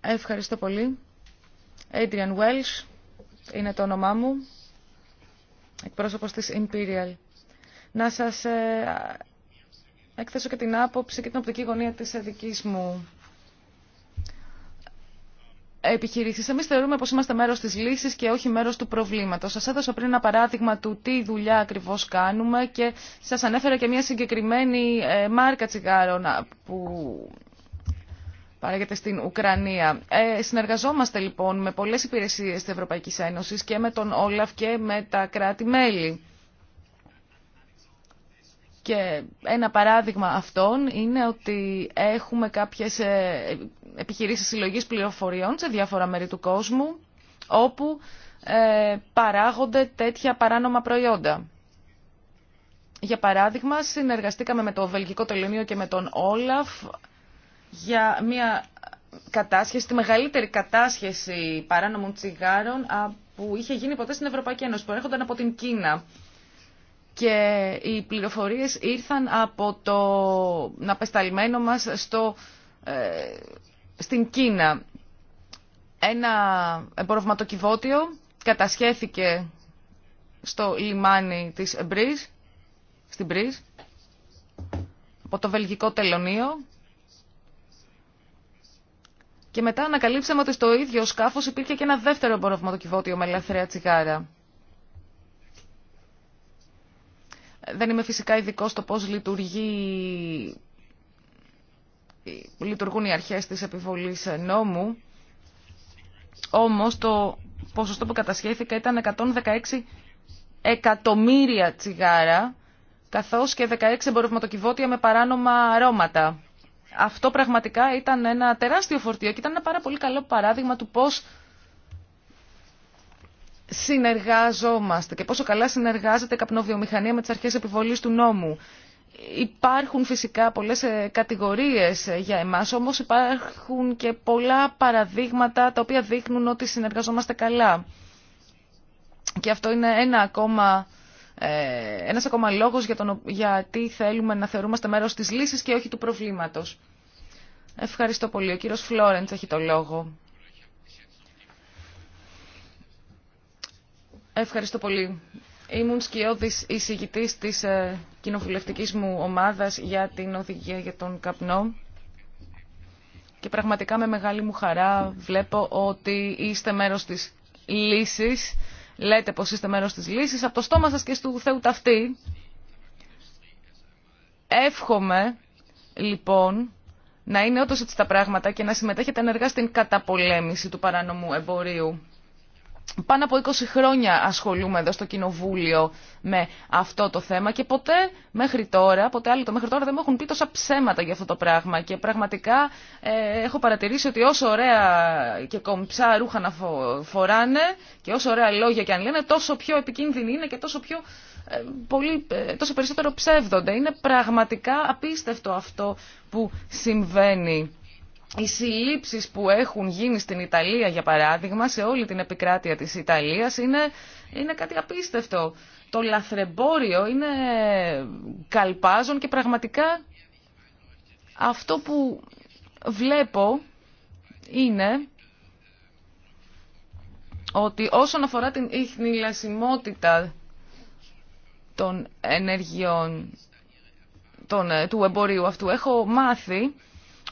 Ε, ευχαριστώ πολύ. Adrian Welsh είναι το όνομά μου, εκπρόσωπος της Imperial. Να σας εκθέσω και την άποψη και την οπτική γωνία της δικής μου επιχειρήσης. Εμείς θεωρούμε πως είμαστε μέρος της λύσης και όχι μέρος του προβλήματος. Σας έδωσα πριν ένα παράδειγμα του τι δουλειά ακριβώς κάνουμε και σας ανέφερα και μια συγκεκριμένη ε, μάρκα τσιγάρων που παράγεται στην Ουκρανία. Ε, συνεργαζόμαστε λοιπόν με πολλές υπηρεσίες της Ευρωπαϊκής Ένωσης και με τον Όλαφ και με τα κράτη-μέλη. Και ένα παράδειγμα αυτών είναι ότι έχουμε κάποιες ε, επιχειρήσεις συλλογής πληροφοριών σε διάφορα μέρη του κόσμου όπου ε, παράγονται τέτοια παράνομα προϊόντα. Για παράδειγμα, συνεργαστήκαμε με το Βελγικό Τελωνίο και με τον Όλαφ για μια κατάσχεση, τη μεγαλύτερη κατάσχεση παράνομων τσιγάρων που είχε γίνει ποτέ στην Ευρωπαϊκή Ένωση, που έρχονταν από την Κίνα. Και οι πληροφορίες ήρθαν από το απεσταλμένο μας στο, ε, στην Κίνα. Ένα εμπορευματοκιβώτιο κατασχέθηκε στο λιμάνι της Μπρίζ, στην Μπρίζ, από το βελγικό τελωνίο και μετά ανακαλύψαμε ότι στο ίδιο σκάφος υπήρχε και ένα δεύτερο εμπορευματοκιβώτιο με ελεύθερα τσιγάρα. Δεν είμαι φυσικά ειδικό στο πώ λειτουργεί... λειτουργούν οι αρχές της επιβολής νόμου. Όμως το ποσοστό που κατασχέθηκα ήταν 116 εκατομμύρια τσιγάρα καθώς και 16 εμπορευματοκιβώτια με παράνομα αρώματα αυτό πραγματικά ήταν ένα τεράστιο φορτίο και ήταν ένα πάρα πολύ καλό παράδειγμα του πώς συνεργάζομαστε και πόσο καλά συνεργάζεται η καπνοβιομηχανία με τις αρχές επιβολής του νόμου. Υπάρχουν φυσικά πολλές ε, κατηγορίες ε, για εμάς, όμως υπάρχουν και πολλά παραδείγματα τα οποία δείχνουν ότι συνεργαζόμαστε καλά. Και αυτό είναι ένα ακόμα ε, ένας ακόμα λόγος για τον, γιατί θέλουμε να θεωρούμαστε μέρος της λύσης και όχι του προβλήματος. Ευχαριστώ πολύ. Ο κύριος Φλόρεντς έχει το λόγο. Ευχαριστώ πολύ. Ήμουν σκιώδης εισηγητής της ε, κοινοβουλευτική μου ομάδας για την οδηγία για τον καπνό και πραγματικά με μεγάλη μου χαρά βλέπω ότι είστε μέρος της λύσης λέτε πως είστε μέρος της λύσης, από το στόμα σας και στου Θεού ταυτή. Εύχομαι, λοιπόν, να είναι όντως έτσι τα πράγματα και να συμμετέχετε ενεργά στην καταπολέμηση του παράνομου εμπορίου πάνω από 20 χρόνια ασχολούμαι εδώ στο Κοινοβούλιο με αυτό το θέμα και ποτέ μέχρι τώρα, ποτέ άλλο το μέχρι τώρα δεν μου έχουν πει τόσα ψέματα για αυτό το πράγμα και πραγματικά ε, έχω παρατηρήσει ότι όσο ωραία και κομψά ρούχα να φοράνε και όσο ωραία λόγια και αν λένε τόσο πιο επικίνδυνοι είναι και τόσο πιο ε, πολύ, ε, τόσο περισσότερο ψεύδονται. Είναι πραγματικά απίστευτο αυτό που συμβαίνει οι συλλήψεις που έχουν γίνει στην Ιταλία, για παράδειγμα, σε όλη την επικράτεια της Ιταλίας, είναι, είναι κάτι απίστευτο. Το λαθρεμπόριο είναι καλπάζων και πραγματικά αυτό που βλέπω είναι ότι όσον αφορά την ίχνηλασιμότητα των ενεργειών των, του εμπορίου αυτού, έχω μάθει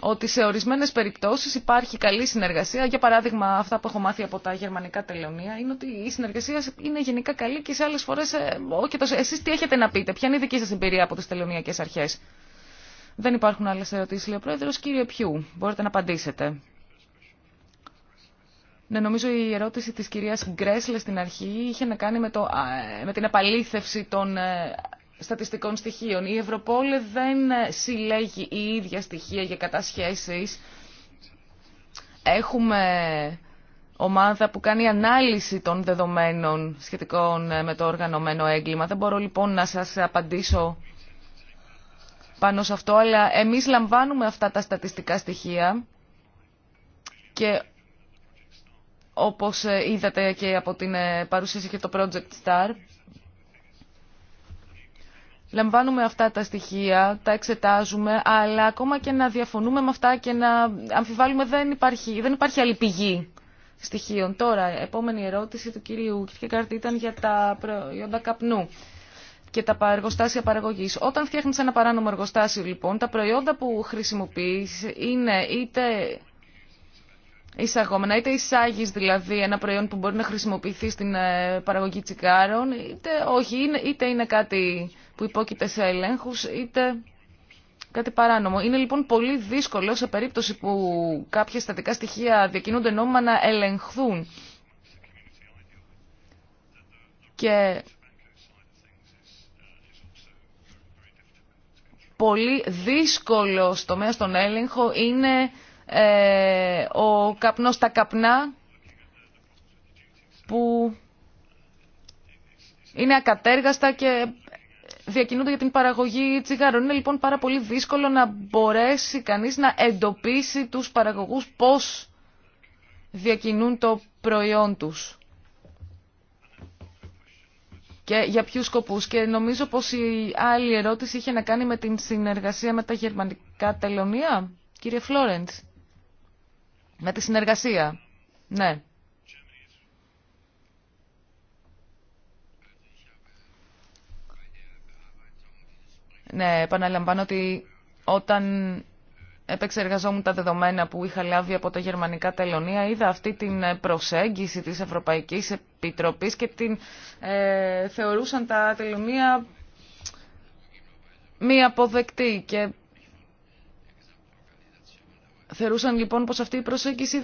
ότι σε ορισμένες περιπτώσεις υπάρχει καλή συνεργασία. Για παράδειγμα, αυτά που έχω μάθει από τα γερμανικά τελωνία είναι ότι η συνεργασία είναι γενικά καλή και σε άλλες φορές... Ε, όχι, το... Εσείς τι έχετε να πείτε, ποια είναι η δική σας εμπειρία από τις τελωνιακές αρχές. Δεν υπάρχουν άλλες ερωτήσεις, λέει ο Πρόεδρος. Κύριε Πιού, μπορείτε να απαντήσετε. Ναι, νομίζω η ερώτηση της κυρίας Γκρέσλε στην αρχή είχε να κάνει με, το, ε, με την επαλήθευση των ε, στατιστικών στοιχείων. Η Ευρωπόλ δεν συλλέγει η ίδια στοιχεία για κατασχέσεις. Έχουμε ομάδα που κάνει ανάλυση των δεδομένων σχετικών με το οργανωμένο έγκλημα. Δεν μπορώ λοιπόν να σας απαντήσω πάνω σε αυτό, αλλά εμείς λαμβάνουμε αυτά τα στατιστικά στοιχεία και όπως είδατε και από την παρουσίαση και το Project Star, λαμβάνουμε αυτά τα στοιχεία, τα εξετάζουμε, αλλά ακόμα και να διαφωνούμε με αυτά και να αμφιβάλλουμε δεν υπάρχει, δεν υπάρχει άλλη πηγή στοιχείων. Τώρα, επόμενη ερώτηση του κυρίου Κυρκεκάρτη ήταν για τα προϊόντα καπνού και τα εργοστάσια παραγωγή. Όταν φτιάχνει ένα παράνομο εργοστάσιο, λοιπόν, τα προϊόντα που χρησιμοποιεί είναι είτε εισαγόμενα. Είτε εισάγεις δηλαδή ένα προϊόν που μπορεί να χρησιμοποιηθεί στην ε, παραγωγή τσιγάρων, είτε όχι, είτε είναι κάτι που υπόκειται σε ελέγχου, είτε κάτι παράνομο. Είναι λοιπόν πολύ δύσκολο σε περίπτωση που κάποια στατικά στοιχεία διακινούνται νόμιμα να ελεγχθούν. Και πολύ δύσκολο τομέα στον έλεγχο είναι ε, ο καπνός τα καπνά που είναι ακατέργαστα και διακινούνται για την παραγωγή τσιγάρων. Είναι λοιπόν πάρα πολύ δύσκολο να μπορέσει κανείς να εντοπίσει τους παραγωγούς πώς διακινούν το προϊόν τους και για ποιους σκοπούς. Και νομίζω πως η άλλη ερώτηση είχε να κάνει με την συνεργασία με τα γερμανικά τελωνία. Κύριε Φλόρεντς. Με τη συνεργασία. Ναι. Ναι, επαναλαμβάνω ότι όταν επεξεργαζόμουν τα δεδομένα που είχα λάβει από τα γερμανικά τελωνία, είδα αυτή την προσέγγιση της Ευρωπαϊκής Επιτροπής και την ε, θεωρούσαν τα τελωνία μη αποδεκτή και Θεωρούσαν λοιπόν πως αυτή η προσέγγιση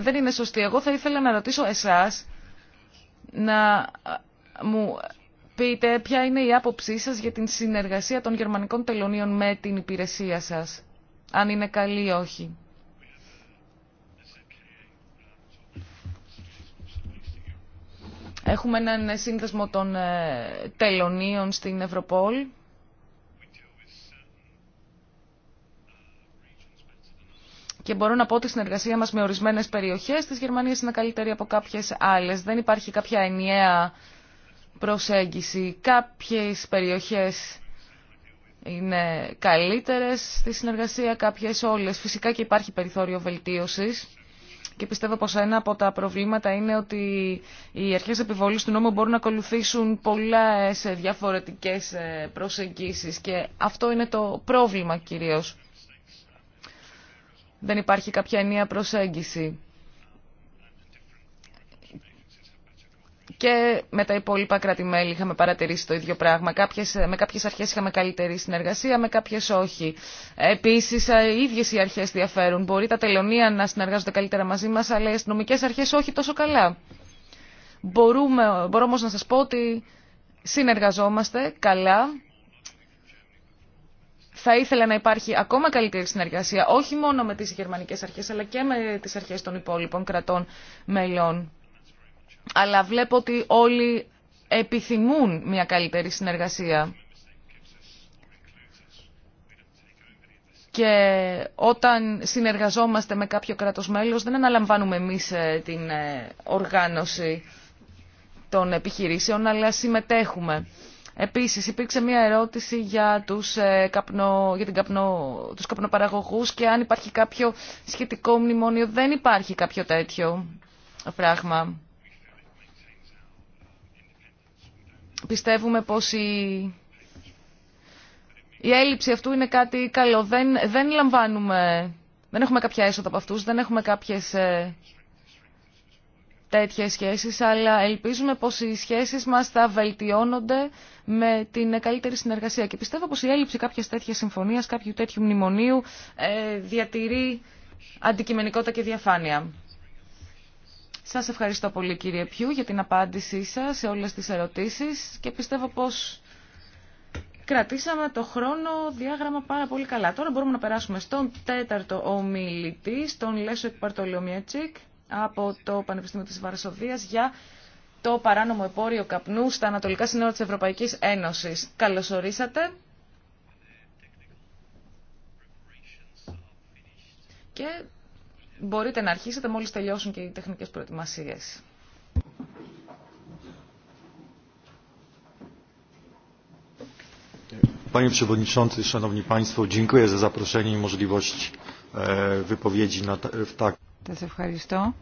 δεν είναι σωστή. Εγώ θα ήθελα να ρωτήσω εσάς να μου πείτε ποια είναι η άποψή σας για την συνεργασία των γερμανικών τελωνίων με την υπηρεσία σας. Αν είναι καλή ή όχι. Έχουμε έναν σύνδεσμο των ε, τελωνίων στην Ευρωπόλ. Και μπορώ να πω ότι η συνεργασία μας με ορισμένες περιοχές της Γερμανίας είναι καλύτερη από κάποιες άλλες. Δεν υπάρχει κάποια ενιαία προσέγγιση. Κάποιες περιοχές είναι καλύτερες στη συνεργασία, κάποιες όλες. Φυσικά και υπάρχει περιθώριο βελτίωσης. Και πιστεύω πως ένα από τα προβλήματα είναι ότι οι αρχές επιβολής του νόμου μπορούν να ακολουθήσουν πολλές διαφορετικές ε, προσεγγίσεις και αυτό είναι το πρόβλημα κυρίως δεν υπάρχει κάποια ενιαία προσέγγιση. Και με τα υπόλοιπα κράτη-μέλη είχαμε παρατηρήσει το ίδιο πράγμα. Κάποιες, με κάποιες αρχές είχαμε καλύτερη συνεργασία, με κάποιες όχι. Επίσης, ε, οι ίδιες οι αρχές διαφέρουν. Μπορεί τα τελωνία να συνεργάζονται καλύτερα μαζί μας, αλλά οι αστυνομικέ αρχές όχι τόσο καλά. Μπορούμε, μπορώ όμω να σα πω ότι συνεργαζόμαστε καλά θα ήθελα να υπάρχει ακόμα καλύτερη συνεργασία, όχι μόνο με τις γερμανικές αρχές, αλλά και με τις αρχές των υπόλοιπων κρατών μελών. Αλλά βλέπω ότι όλοι επιθυμούν μια καλύτερη συνεργασία. Και όταν συνεργαζόμαστε με κάποιο κράτος μέλος, δεν αναλαμβάνουμε εμείς ε, την ε, οργάνωση των επιχειρήσεων, αλλά συμμετέχουμε. Επίσης υπήρξε μια ερώτηση για, τους, ε, καπνο, για την καπνο, τους καπνοπαραγωγούς και αν υπάρχει κάποιο σχετικό μνημόνιο. Δεν υπάρχει κάποιο τέτοιο πράγμα. Πιστεύουμε πως η, η έλλειψη αυτού είναι κάτι καλό. Δεν, δεν λαμβάνουμε, δεν έχουμε κάποια έσοδα από αυτούς, δεν έχουμε κάποιες... Ε, τέτοιες σχέσεις, αλλά ελπίζουμε πως οι σχέσεις μας θα βελτιώνονται με την καλύτερη συνεργασία. Και πιστεύω πως η έλλειψη κάποιας τέτοιας συμφωνίας, κάποιου τέτοιου μνημονίου ε, διατηρεί αντικειμενικότητα και διαφάνεια. Σας ευχαριστώ πολύ κύριε Πιού για την απάντησή σας σε όλες τις ερωτήσεις και πιστεύω πως κρατήσαμε το χρόνο διάγραμμα πάρα πολύ καλά. Τώρα μπορούμε να περάσουμε στον τέταρτο ομιλητή, στον Λέσο Εκπαρτολιομιέτσικ από το Πανεπιστήμιο της Βαρσοβίας για το παράνομο επόριο καπνού στα ανατολικά σύνορα της Ευρωπαϊκής Ένωσης. Καλώς ορίσατε. Και μπορείτε να αρχίσετε μόλις τελειώσουν και οι τεχνικές προετοιμασίες. Panie Przewodniczący, Szanowni Państwo, dziękuję za zaproszenie i możliwość e, wypowiedzi w tak σας ευχαριστώ.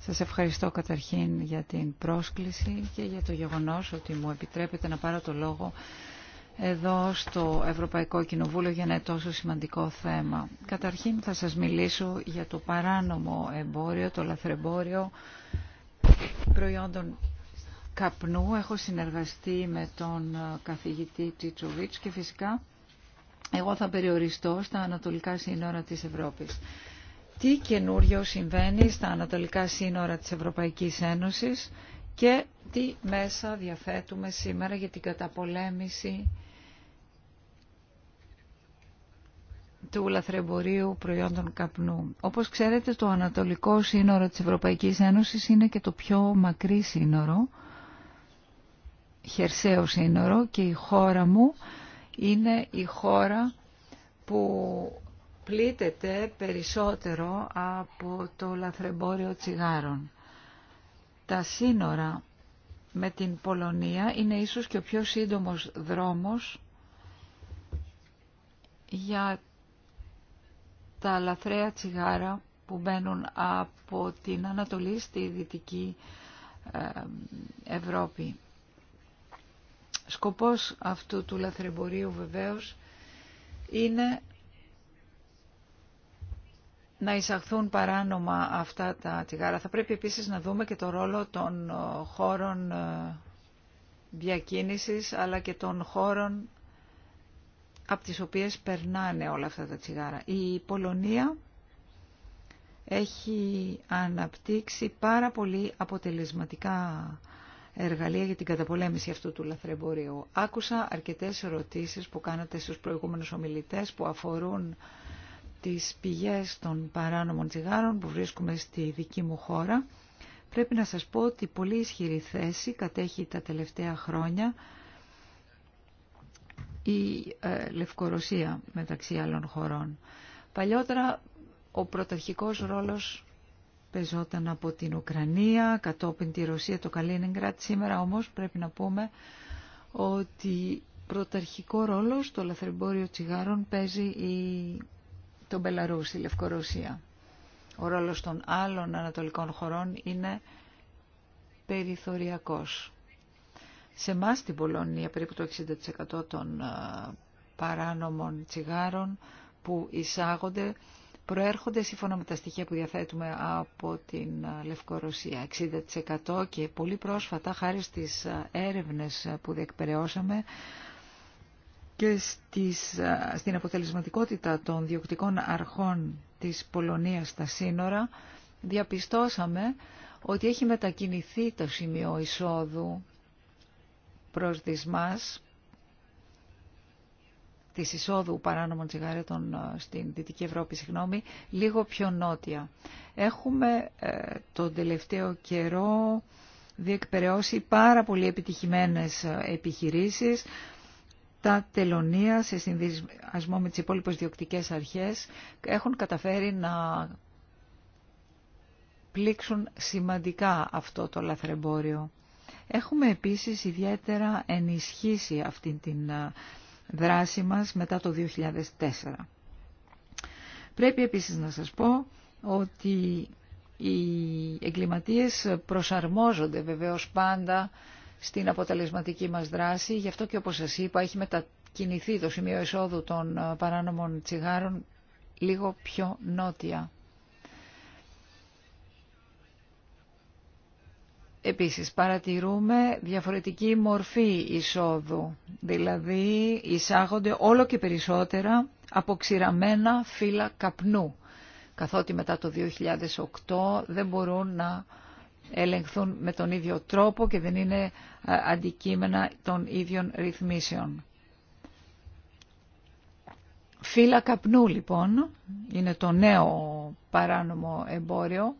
Σας ευχαριστώ καταρχήν για την πρόσκληση και για το γεγονός ότι μου επιτρέπετε να πάρω το λόγο εδώ στο Ευρωπαϊκό Κοινοβούλιο για ένα τόσο σημαντικό θέμα. Καταρχήν θα σας μιλήσω για το παράνομο εμπόριο, το λαθρεμπόριο προϊόντων καπνού. Έχω συνεργαστεί με τον καθηγητή Τσιτσοβίτς και φυσικά εγώ θα περιοριστώ στα ανατολικά σύνορα της Ευρώπης τι καινούριο συμβαίνει στα ανατολικά σύνορα της Ευρωπαϊκής Ένωσης και τι μέσα διαθέτουμε σήμερα για την καταπολέμηση του λαθρεμπορίου προϊόντων καπνού. Όπως ξέρετε, το ανατολικό σύνορο της Ευρωπαϊκής Ένωσης είναι και το πιο μακρύ σύνορο, χερσαίο σύνορο και η χώρα μου είναι η χώρα που πλήττεται περισσότερο από το λαθρεμπόριο τσιγάρων. Τα σύνορα με την Πολωνία είναι ίσως και ο πιο σύντομος δρόμος για τα λαθρέα τσιγάρα που μπαίνουν από την Ανατολή στη Δυτική ε, Ευρώπη. Σκοπός αυτού του λαθρεμπορίου βεβαίως είναι να εισαχθούν παράνομα αυτά τα τσιγάρα. Θα πρέπει επίσης να δούμε και το ρόλο των ε, χώρων ε, διακίνησης αλλά και των χώρων από τις οποίες περνάνε όλα αυτά τα τσιγάρα. Η Πολωνία έχει αναπτύξει πάρα πολύ αποτελεσματικά εργαλεία για την καταπολέμηση αυτού του λαθρεμπορίου. Άκουσα αρκετές ερωτήσεις που κάνατε στους προηγούμενους ομιλητές που αφορούν τις πηγές των παράνομων τσιγάρων που βρίσκουμε στη δική μου χώρα. Πρέπει να σας πω ότι πολύ ισχυρή θέση κατέχει τα τελευταία χρόνια η ε, Λευκορωσία μεταξύ άλλων χωρών. Παλιότερα ο πρωταρχικός ρόλος παίζονταν από την Ουκρανία, κατόπιν τη Ρωσία, το Καλίνιγκρατ. Σήμερα όμως πρέπει να πούμε ότι πρωταρχικό ρόλο στο λαθρεμπόριο τσιγάρων παίζει η τον Μπελαρού στη Λευκορωσία. Ο ρόλος των άλλων ανατολικών χωρών είναι περιθωριακός. Σε εμά στην Πολωνία περίπου το 60% των παράνομων τσιγάρων που εισάγονται προέρχονται σύμφωνα με τα στοιχεία που διαθέτουμε από την Λευκορωσία. 60% και πολύ πρόσφατα χάρη στις έρευνες που διεκπαιρεώσαμε και στην αποτελεσματικότητα των διοκτικών αρχών της Πολωνίας στα σύνορα, διαπιστώσαμε ότι έχει μετακινηθεί το σημείο εισόδου προς δυσμάς της εισόδου παράνομων τσιγαρέτων στην Δυτική Ευρώπη, συγγνώμη, λίγο πιο νότια. Έχουμε ε, τον τελευταίο καιρό διεκπαιρεώσει πάρα πολύ επιτυχημένες ε, επιχειρήσεις τα τελωνία σε συνδυασμό με τις υπόλοιπες διοκτικές αρχές έχουν καταφέρει να πλήξουν σημαντικά αυτό το λαθρεμπόριο. Έχουμε επίσης ιδιαίτερα ενισχύσει αυτή την δράση μας μετά το 2004. Πρέπει επίσης να σας πω ότι οι εγκληματίες προσαρμόζονται βεβαίως πάντα στην αποτελεσματική μας δράση. Γι' αυτό και όπως σας είπα έχει μετακινηθεί το σημείο εισόδου των ε, παράνομων τσιγάρων λίγο πιο νότια. Επίσης παρατηρούμε διαφορετική μορφή εισόδου, δηλαδή εισάγονται όλο και περισσότερα αποξηραμένα φύλλα καπνού, καθότι μετά το 2008 δεν μπορούν να ελεγχθούν με τον ίδιο τρόπο και δεν είναι ε, αντικείμενα των ίδιων ρυθμίσεων. Φύλλα καπνού λοιπόν είναι το νέο παράνομο εμπόριο.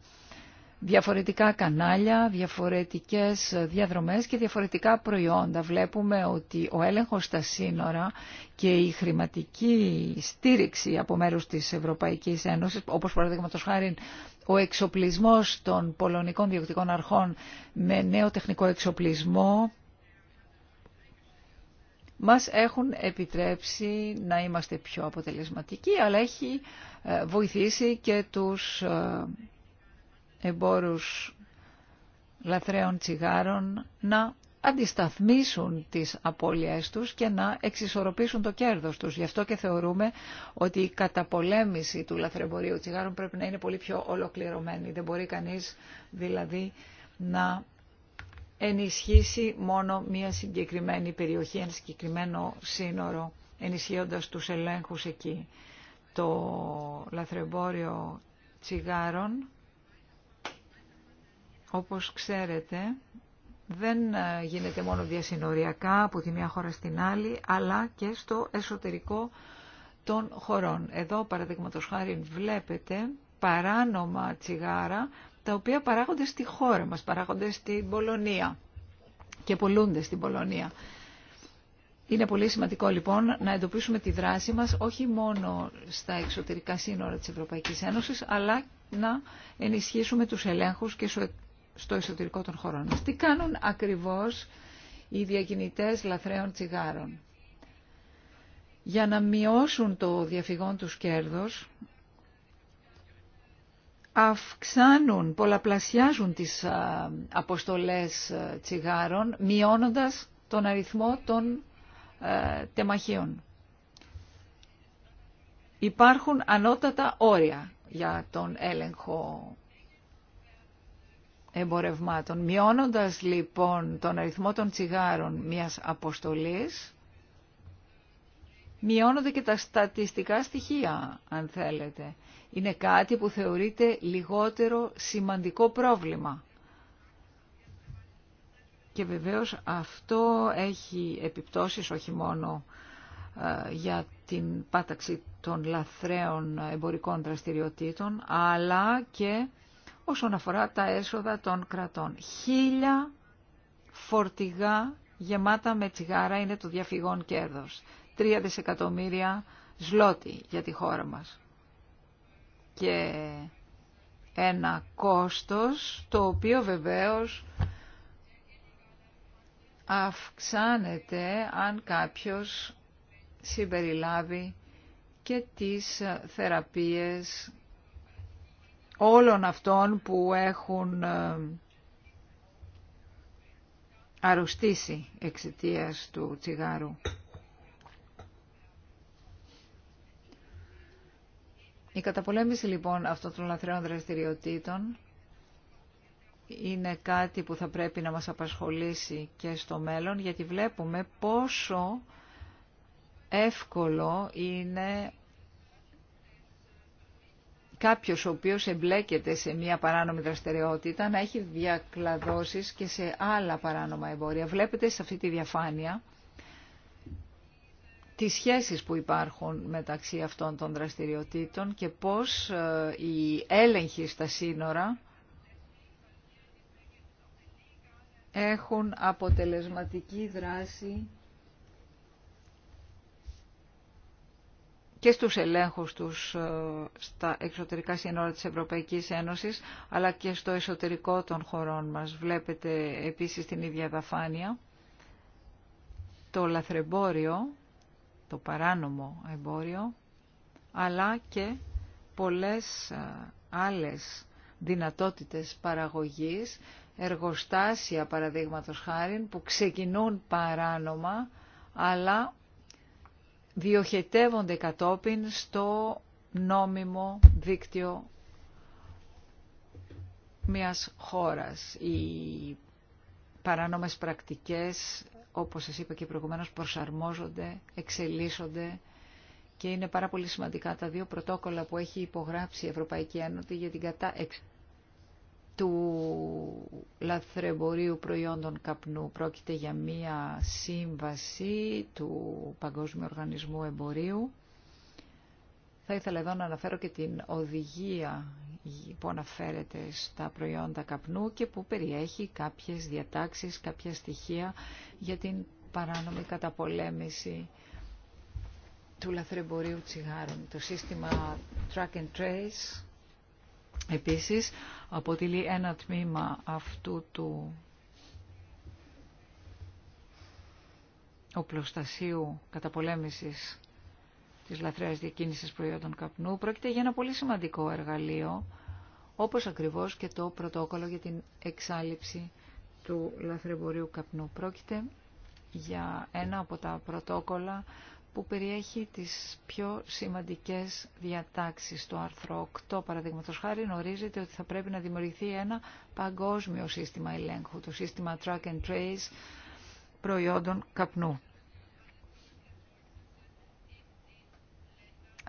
Διαφορετικά κανάλια, διαφορετικές διαδρομές και διαφορετικά προϊόντα. Βλέπουμε ότι ο έλεγχος στα σύνορα και η χρηματική στήριξη από μέρους της Ευρωπαϊκής Ένωσης, όπως παραδείγματος χάρη ο εξοπλισμός των πολωνικών διοκτικών αρχών με νέο τεχνικό εξοπλισμό μας έχουν επιτρέψει να είμαστε πιο αποτελεσματικοί, αλλά έχει ε, βοηθήσει και τους ε, εμπόρους λαθρέων τσιγάρων να αντισταθμίσουν τις απώλειές τους και να εξισορροπήσουν το κέρδος τους. Γι' αυτό και θεωρούμε ότι η καταπολέμηση του λαθρεμπορίου τσιγάρων πρέπει να είναι πολύ πιο ολοκληρωμένη. Δεν μπορεί κανείς δηλαδή να ενισχύσει μόνο μία συγκεκριμένη περιοχή, ένα συγκεκριμένο σύνορο, ενισχύοντας τους ελέγχους εκεί. Το λαθρεμπόριο τσιγάρων, όπως ξέρετε, δεν ε, γίνεται μόνο διασυνοριακά από τη μία χώρα στην άλλη, αλλά και στο εσωτερικό των χωρών. Εδώ, παραδείγματος χάρη, βλέπετε παράνομα τσιγάρα, τα οποία παράγονται στη χώρα μας, παράγονται στην Πολωνία και πολλούνται στην Πολωνία. Είναι πολύ σημαντικό λοιπόν να εντοπίσουμε τη δράση μας όχι μόνο στα εξωτερικά σύνορα της Ευρωπαϊκής Ένωσης, αλλά να ενισχύσουμε τους ελέγχους και στο εσωτερικό των χωρών Τι κάνουν ακριβώς οι διακινητές λαθρέων τσιγάρων. Για να μειώσουν το διαφυγόν τους κέρδος, αυξάνουν, πολλαπλασιάζουν τις αποστολές τσιγάρων, μειώνοντας τον αριθμό των τεμαχίων. Υπάρχουν ανώτατα όρια για τον έλεγχο εμπορευμάτων. Μειώνοντας λοιπόν τον αριθμό των τσιγάρων μιας αποστολής, μειώνονται και τα στατιστικά στοιχεία, αν θέλετε. Είναι κάτι που θεωρείται λιγότερο σημαντικό πρόβλημα. Και βεβαίως αυτό έχει επιπτώσεις όχι μόνο ε, για την πάταξη των λαθρέων εμπορικών δραστηριοτήτων, αλλά και όσον αφορά τα έσοδα των κρατών. Χίλια φορτηγά γεμάτα με τσιγάρα είναι το διαφυγόν κέρδος. Τρία δισεκατομμύρια ζλότη για τη χώρα μας. Και ένα κόστος το οποίο βεβαίως αυξάνεται αν κάποιος συμπεριλάβει και τις θεραπείες όλων αυτών που έχουν ε, αρουστήσει εξαιτίας του τσιγάρου. Η καταπολέμηση λοιπόν αυτών των λαθρέων δραστηριοτήτων είναι κάτι που θα πρέπει να μας απασχολήσει και στο μέλλον γιατί βλέπουμε πόσο εύκολο είναι κάποιος ο οποίος εμπλέκεται σε μια παράνομη δραστηριότητα να έχει διακλαδώσεις και σε άλλα παράνομα εμπόρια. Βλέπετε σε αυτή τη διαφάνεια τις σχέσεις που υπάρχουν μεταξύ αυτών των δραστηριοτήτων και πώς ε, οι έλεγχοι στα σύνορα έχουν αποτελεσματική δράση και στους ελέγχους τους ε, στα εξωτερικά σύνορα της Ευρωπαϊκής Ένωσης, αλλά και στο εσωτερικό των χωρών μας. Βλέπετε επίσης την ίδια δαφάνεια. Το λαθρεμπόριο, το παράνομο εμπόριο, αλλά και πολλές ε, άλλες δυνατότητες παραγωγής, εργοστάσια παραδείγματος χάρη, που ξεκινούν παράνομα, αλλά διοχετεύονται κατόπιν στο νόμιμο δίκτυο μιας χώρας. Οι παράνομες πρακτικές, όπως σας είπα και προηγουμένως, προσαρμόζονται, εξελίσσονται και είναι πάρα πολύ σημαντικά τα δύο πρωτόκολλα που έχει υπογράψει η Ευρωπαϊκή Ένωση για την κατά του λαθρεμπορίου προϊόντων καπνού. Πρόκειται για μία σύμβαση του Παγκόσμιου Οργανισμού Εμπορίου. Θα ήθελα εδώ να αναφέρω και την οδηγία που αναφέρεται στα προϊόντα καπνού και που περιέχει κάποιες διατάξεις, κάποια στοιχεία για την παράνομη καταπολέμηση του λαθρεμπορίου τσιγάρων. Το σύστημα Track and Trace Επίσης, αποτελεί ένα τμήμα αυτού του οπλοστασίου καταπολέμησης της λαθρέας διακίνησης προϊόντων καπνού. Πρόκειται για ένα πολύ σημαντικό εργαλείο, όπως ακριβώς και το πρωτόκολλο για την εξάλληψη του λαθρεμπορίου καπνού. Πρόκειται για ένα από τα πρωτόκολλα που περιέχει τις πιο σημαντικές διατάξεις του αρθρο 8. Παραδείγματο χάρη γνωρίζετε ότι θα πρέπει να δημιουργηθεί ένα παγκόσμιο σύστημα ελέγχου, το σύστημα track and trace προϊόντων καπνού.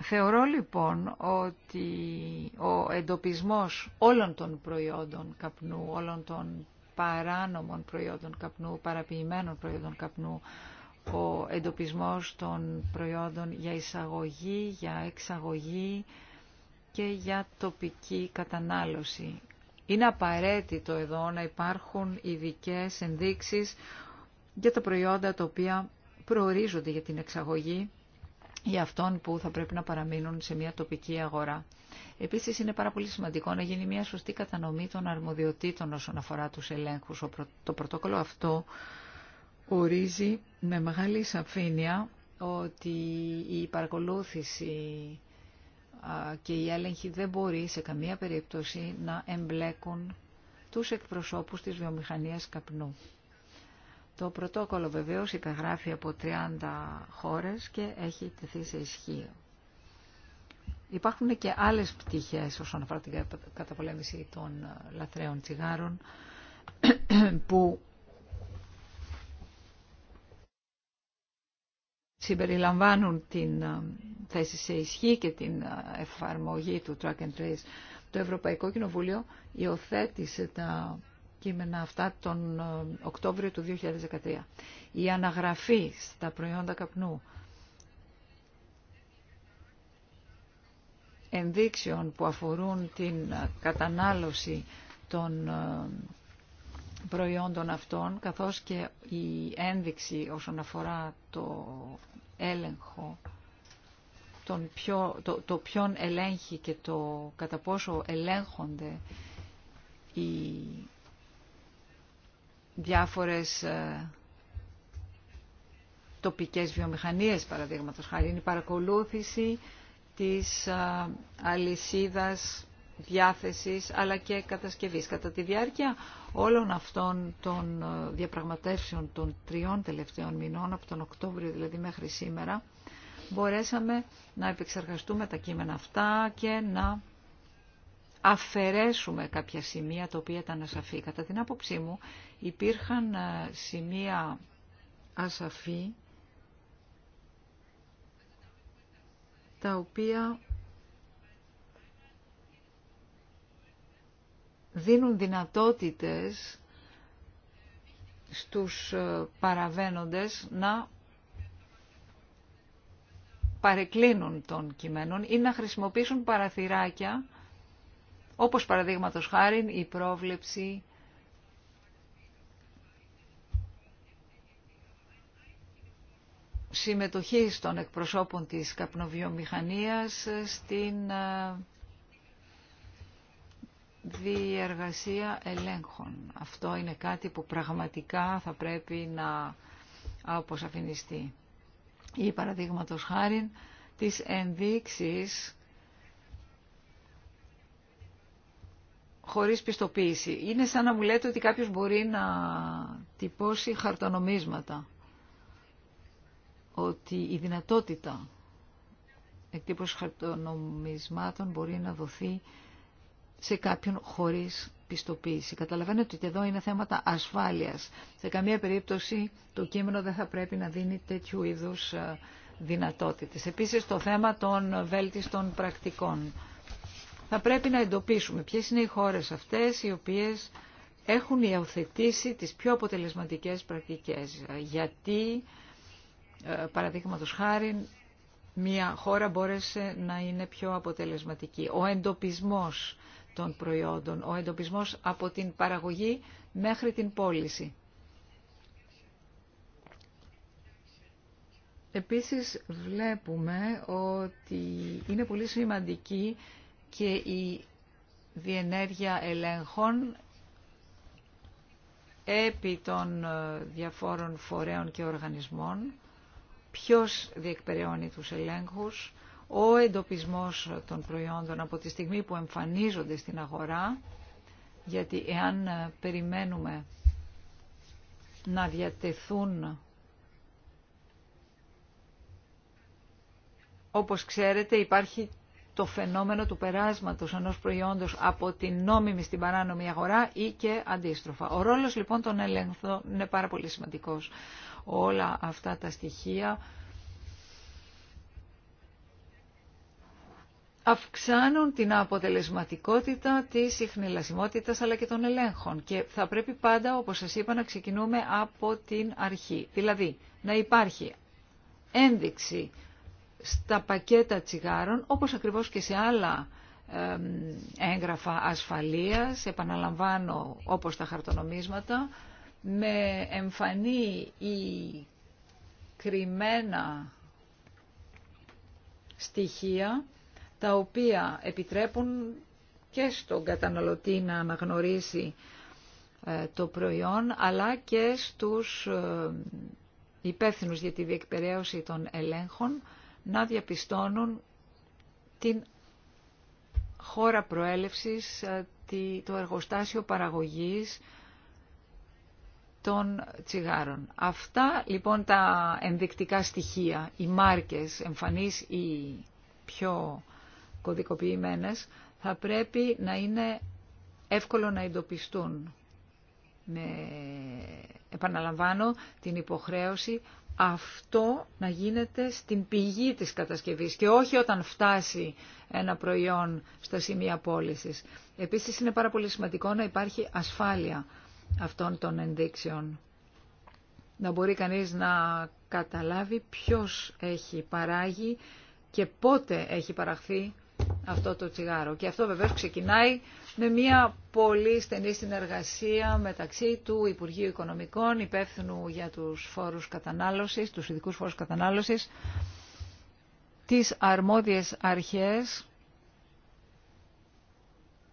Θεωρώ λοιπόν ότι ο εντοπισμός όλων των προϊόντων καπνού, όλων των παράνομων προϊόντων καπνού, παραποιημένων προϊόντων καπνού, ο εντοπισμός των προϊόντων για εισαγωγή, για εξαγωγή και για τοπική κατανάλωση. Είναι απαραίτητο εδώ να υπάρχουν ειδικέ ενδείξεις για τα προϊόντα τα οποία προορίζονται για την εξαγωγή για αυτών που θα πρέπει να παραμείνουν σε μια τοπική αγορά. Επίσης είναι πάρα πολύ σημαντικό να γίνει μια σωστή κατανομή των αρμοδιοτήτων όσον αφορά τους ελέγχους. Το πρωτόκολλο αυτό ορίζει με μεγάλη σαφήνεια ότι η παρακολούθηση και η έλεγχη δεν μπορεί σε καμία περίπτωση να εμπλέκουν τους εκπροσώπους της βιομηχανίας καπνού. Το πρωτόκολλο βεβαίως υπεγράφει από 30 χώρες και έχει τεθεί σε ισχύ. Υπάρχουν και άλλες πτυχές όσον αφορά την καταπολέμηση των λαθρέων τσιγάρων που συμπεριλαμβάνουν την ε, θέση σε ισχύ και την ε, εφαρμογή του track and trace. Το Ευρωπαϊκό Κοινοβούλιο υιοθέτησε τα κείμενα αυτά τον ε, Οκτώβριο του 2013. Η αναγραφή στα προϊόντα καπνού ενδείξεων που αφορούν την κατανάλωση των προϊόντων αυτών, καθώς και η ένδειξη όσον αφορά το έλεγχο, τον το, το ποιον ελέγχει και το κατά πόσο ελέγχονται οι διάφορες ε, τοπικές βιομηχανίες παραδείγματος χάρη είναι η παρακολούθηση της ε, αλυσίδας διάθεσης αλλά και κατασκευής. Κατά τη διάρκεια όλων αυτών των ε, διαπραγματεύσεων των τριών τελευταίων μηνών, από τον Οκτώβριο δηλαδή μέχρι σήμερα, μπορέσαμε να επεξεργαστούμε τα κείμενα αυτά και να αφαιρέσουμε κάποια σημεία τα οποία ήταν ασαφή. Κατά την άποψή μου υπήρχαν ε, σημεία ασαφή τα οποία δίνουν δυνατότητες στους ε, παραβαίνοντες να παρεκκλίνουν των κειμένων ή να χρησιμοποιήσουν παραθυράκια, όπως παραδείγματος χάρη η πρόβλεψη συμμετοχής των εκπροσώπων της καπνοβιομηχανίας στην ε, διεργασία ελέγχων. Αυτό είναι κάτι που πραγματικά θα πρέπει να αποσαφινιστεί. Ή παραδείγματο χάρη τις ενδείξεις χωρίς πιστοποίηση. Είναι σαν να μου λέτε ότι κάποιος μπορεί να τυπώσει χαρτονομίσματα. Ότι η δυνατότητα εκτύπωση χαρτονομισμάτων μπορεί να δοθεί σε κάποιον χωρίς πιστοποίηση. Καταλαβαίνετε ότι εδώ είναι θέματα ασφάλειας. Σε καμία περίπτωση το κείμενο δεν θα πρέπει να δίνει τέτοιου είδους ε, δυνατότητες. Επίσης το θέμα των βέλτιστων πρακτικών. Θα πρέπει να εντοπίσουμε ποιες είναι οι χώρες αυτές οι οποίες έχουν υιοθετήσει τις πιο αποτελεσματικές πρακτικές. Ε, γιατί, ε, παραδείγματος χάρη, μια χώρα μπόρεσε να είναι πιο αποτελεσματική. Ο εντοπισμός των προϊόντων, ο εντοπισμός από την παραγωγή μέχρι την πώληση. Επίσης βλέπουμε ότι είναι πολύ σημαντική και η διενέργεια ελέγχων επί των ε, διαφόρων φορέων και οργανισμών, ποιος διεκπεραιώνει τους ελέγχους, ο εντοπισμός των προϊόντων από τη στιγμή που εμφανίζονται στην αγορά, γιατί εάν ε, περιμένουμε να διατεθούν Όπως ξέρετε υπάρχει το φαινόμενο του περάσματος ενός προϊόντος από την νόμιμη στην παράνομη αγορά ή και αντίστροφα. Ο ρόλος λοιπόν των ελέγχων είναι πάρα πολύ σημαντικός. Όλα αυτά τα στοιχεία αυξάνουν την αποτελεσματικότητα της συχνηλασιμότητας αλλά και των ελέγχων και θα πρέπει πάντα, όπως σας είπα, να ξεκινούμε από την αρχή. Δηλαδή, να υπάρχει ένδειξη στα πακέτα τσιγάρων, όπως ακριβώς και σε άλλα έγγραφα ασφαλείας, επαναλαμβάνω όπως τα χαρτονομίσματα, με εμφανή ή κρυμμένα στοιχεία τα οποία επιτρέπουν και στον καταναλωτή να αναγνωρίσει ε, το προϊόν, αλλά και στους ε, υπεύθυνους για τη διεκπαιρέωση των ελέγχων να διαπιστώνουν την χώρα προέλευσης, ε, το εργοστάσιο παραγωγής των τσιγάρων. Αυτά λοιπόν τα ενδεικτικά στοιχεία, οι μάρκες εμφανείς οι πιο κωδικοποιημένες θα πρέπει να είναι εύκολο να εντοπιστούν. Με, επαναλαμβάνω την υποχρέωση αυτό να γίνεται στην πηγή της κατασκευής και όχι όταν φτάσει ένα προϊόν στα σημεία πώλησης. Επίσης είναι πάρα πολύ σημαντικό να υπάρχει ασφάλεια αυτών των ενδείξεων. Να μπορεί κανείς να καταλάβει ποιος έχει παράγει και πότε έχει παραχθεί αυτό το τσιγάρο. Και αυτό βεβαίως ξεκινάει με μια πολύ στενή συνεργασία μεταξύ του Υπουργείου Οικονομικών, υπεύθυνου για τους φόρους κατανάλωσης, τους ειδικούς φόρους κατανάλωσης, τις αρμόδιες αρχές,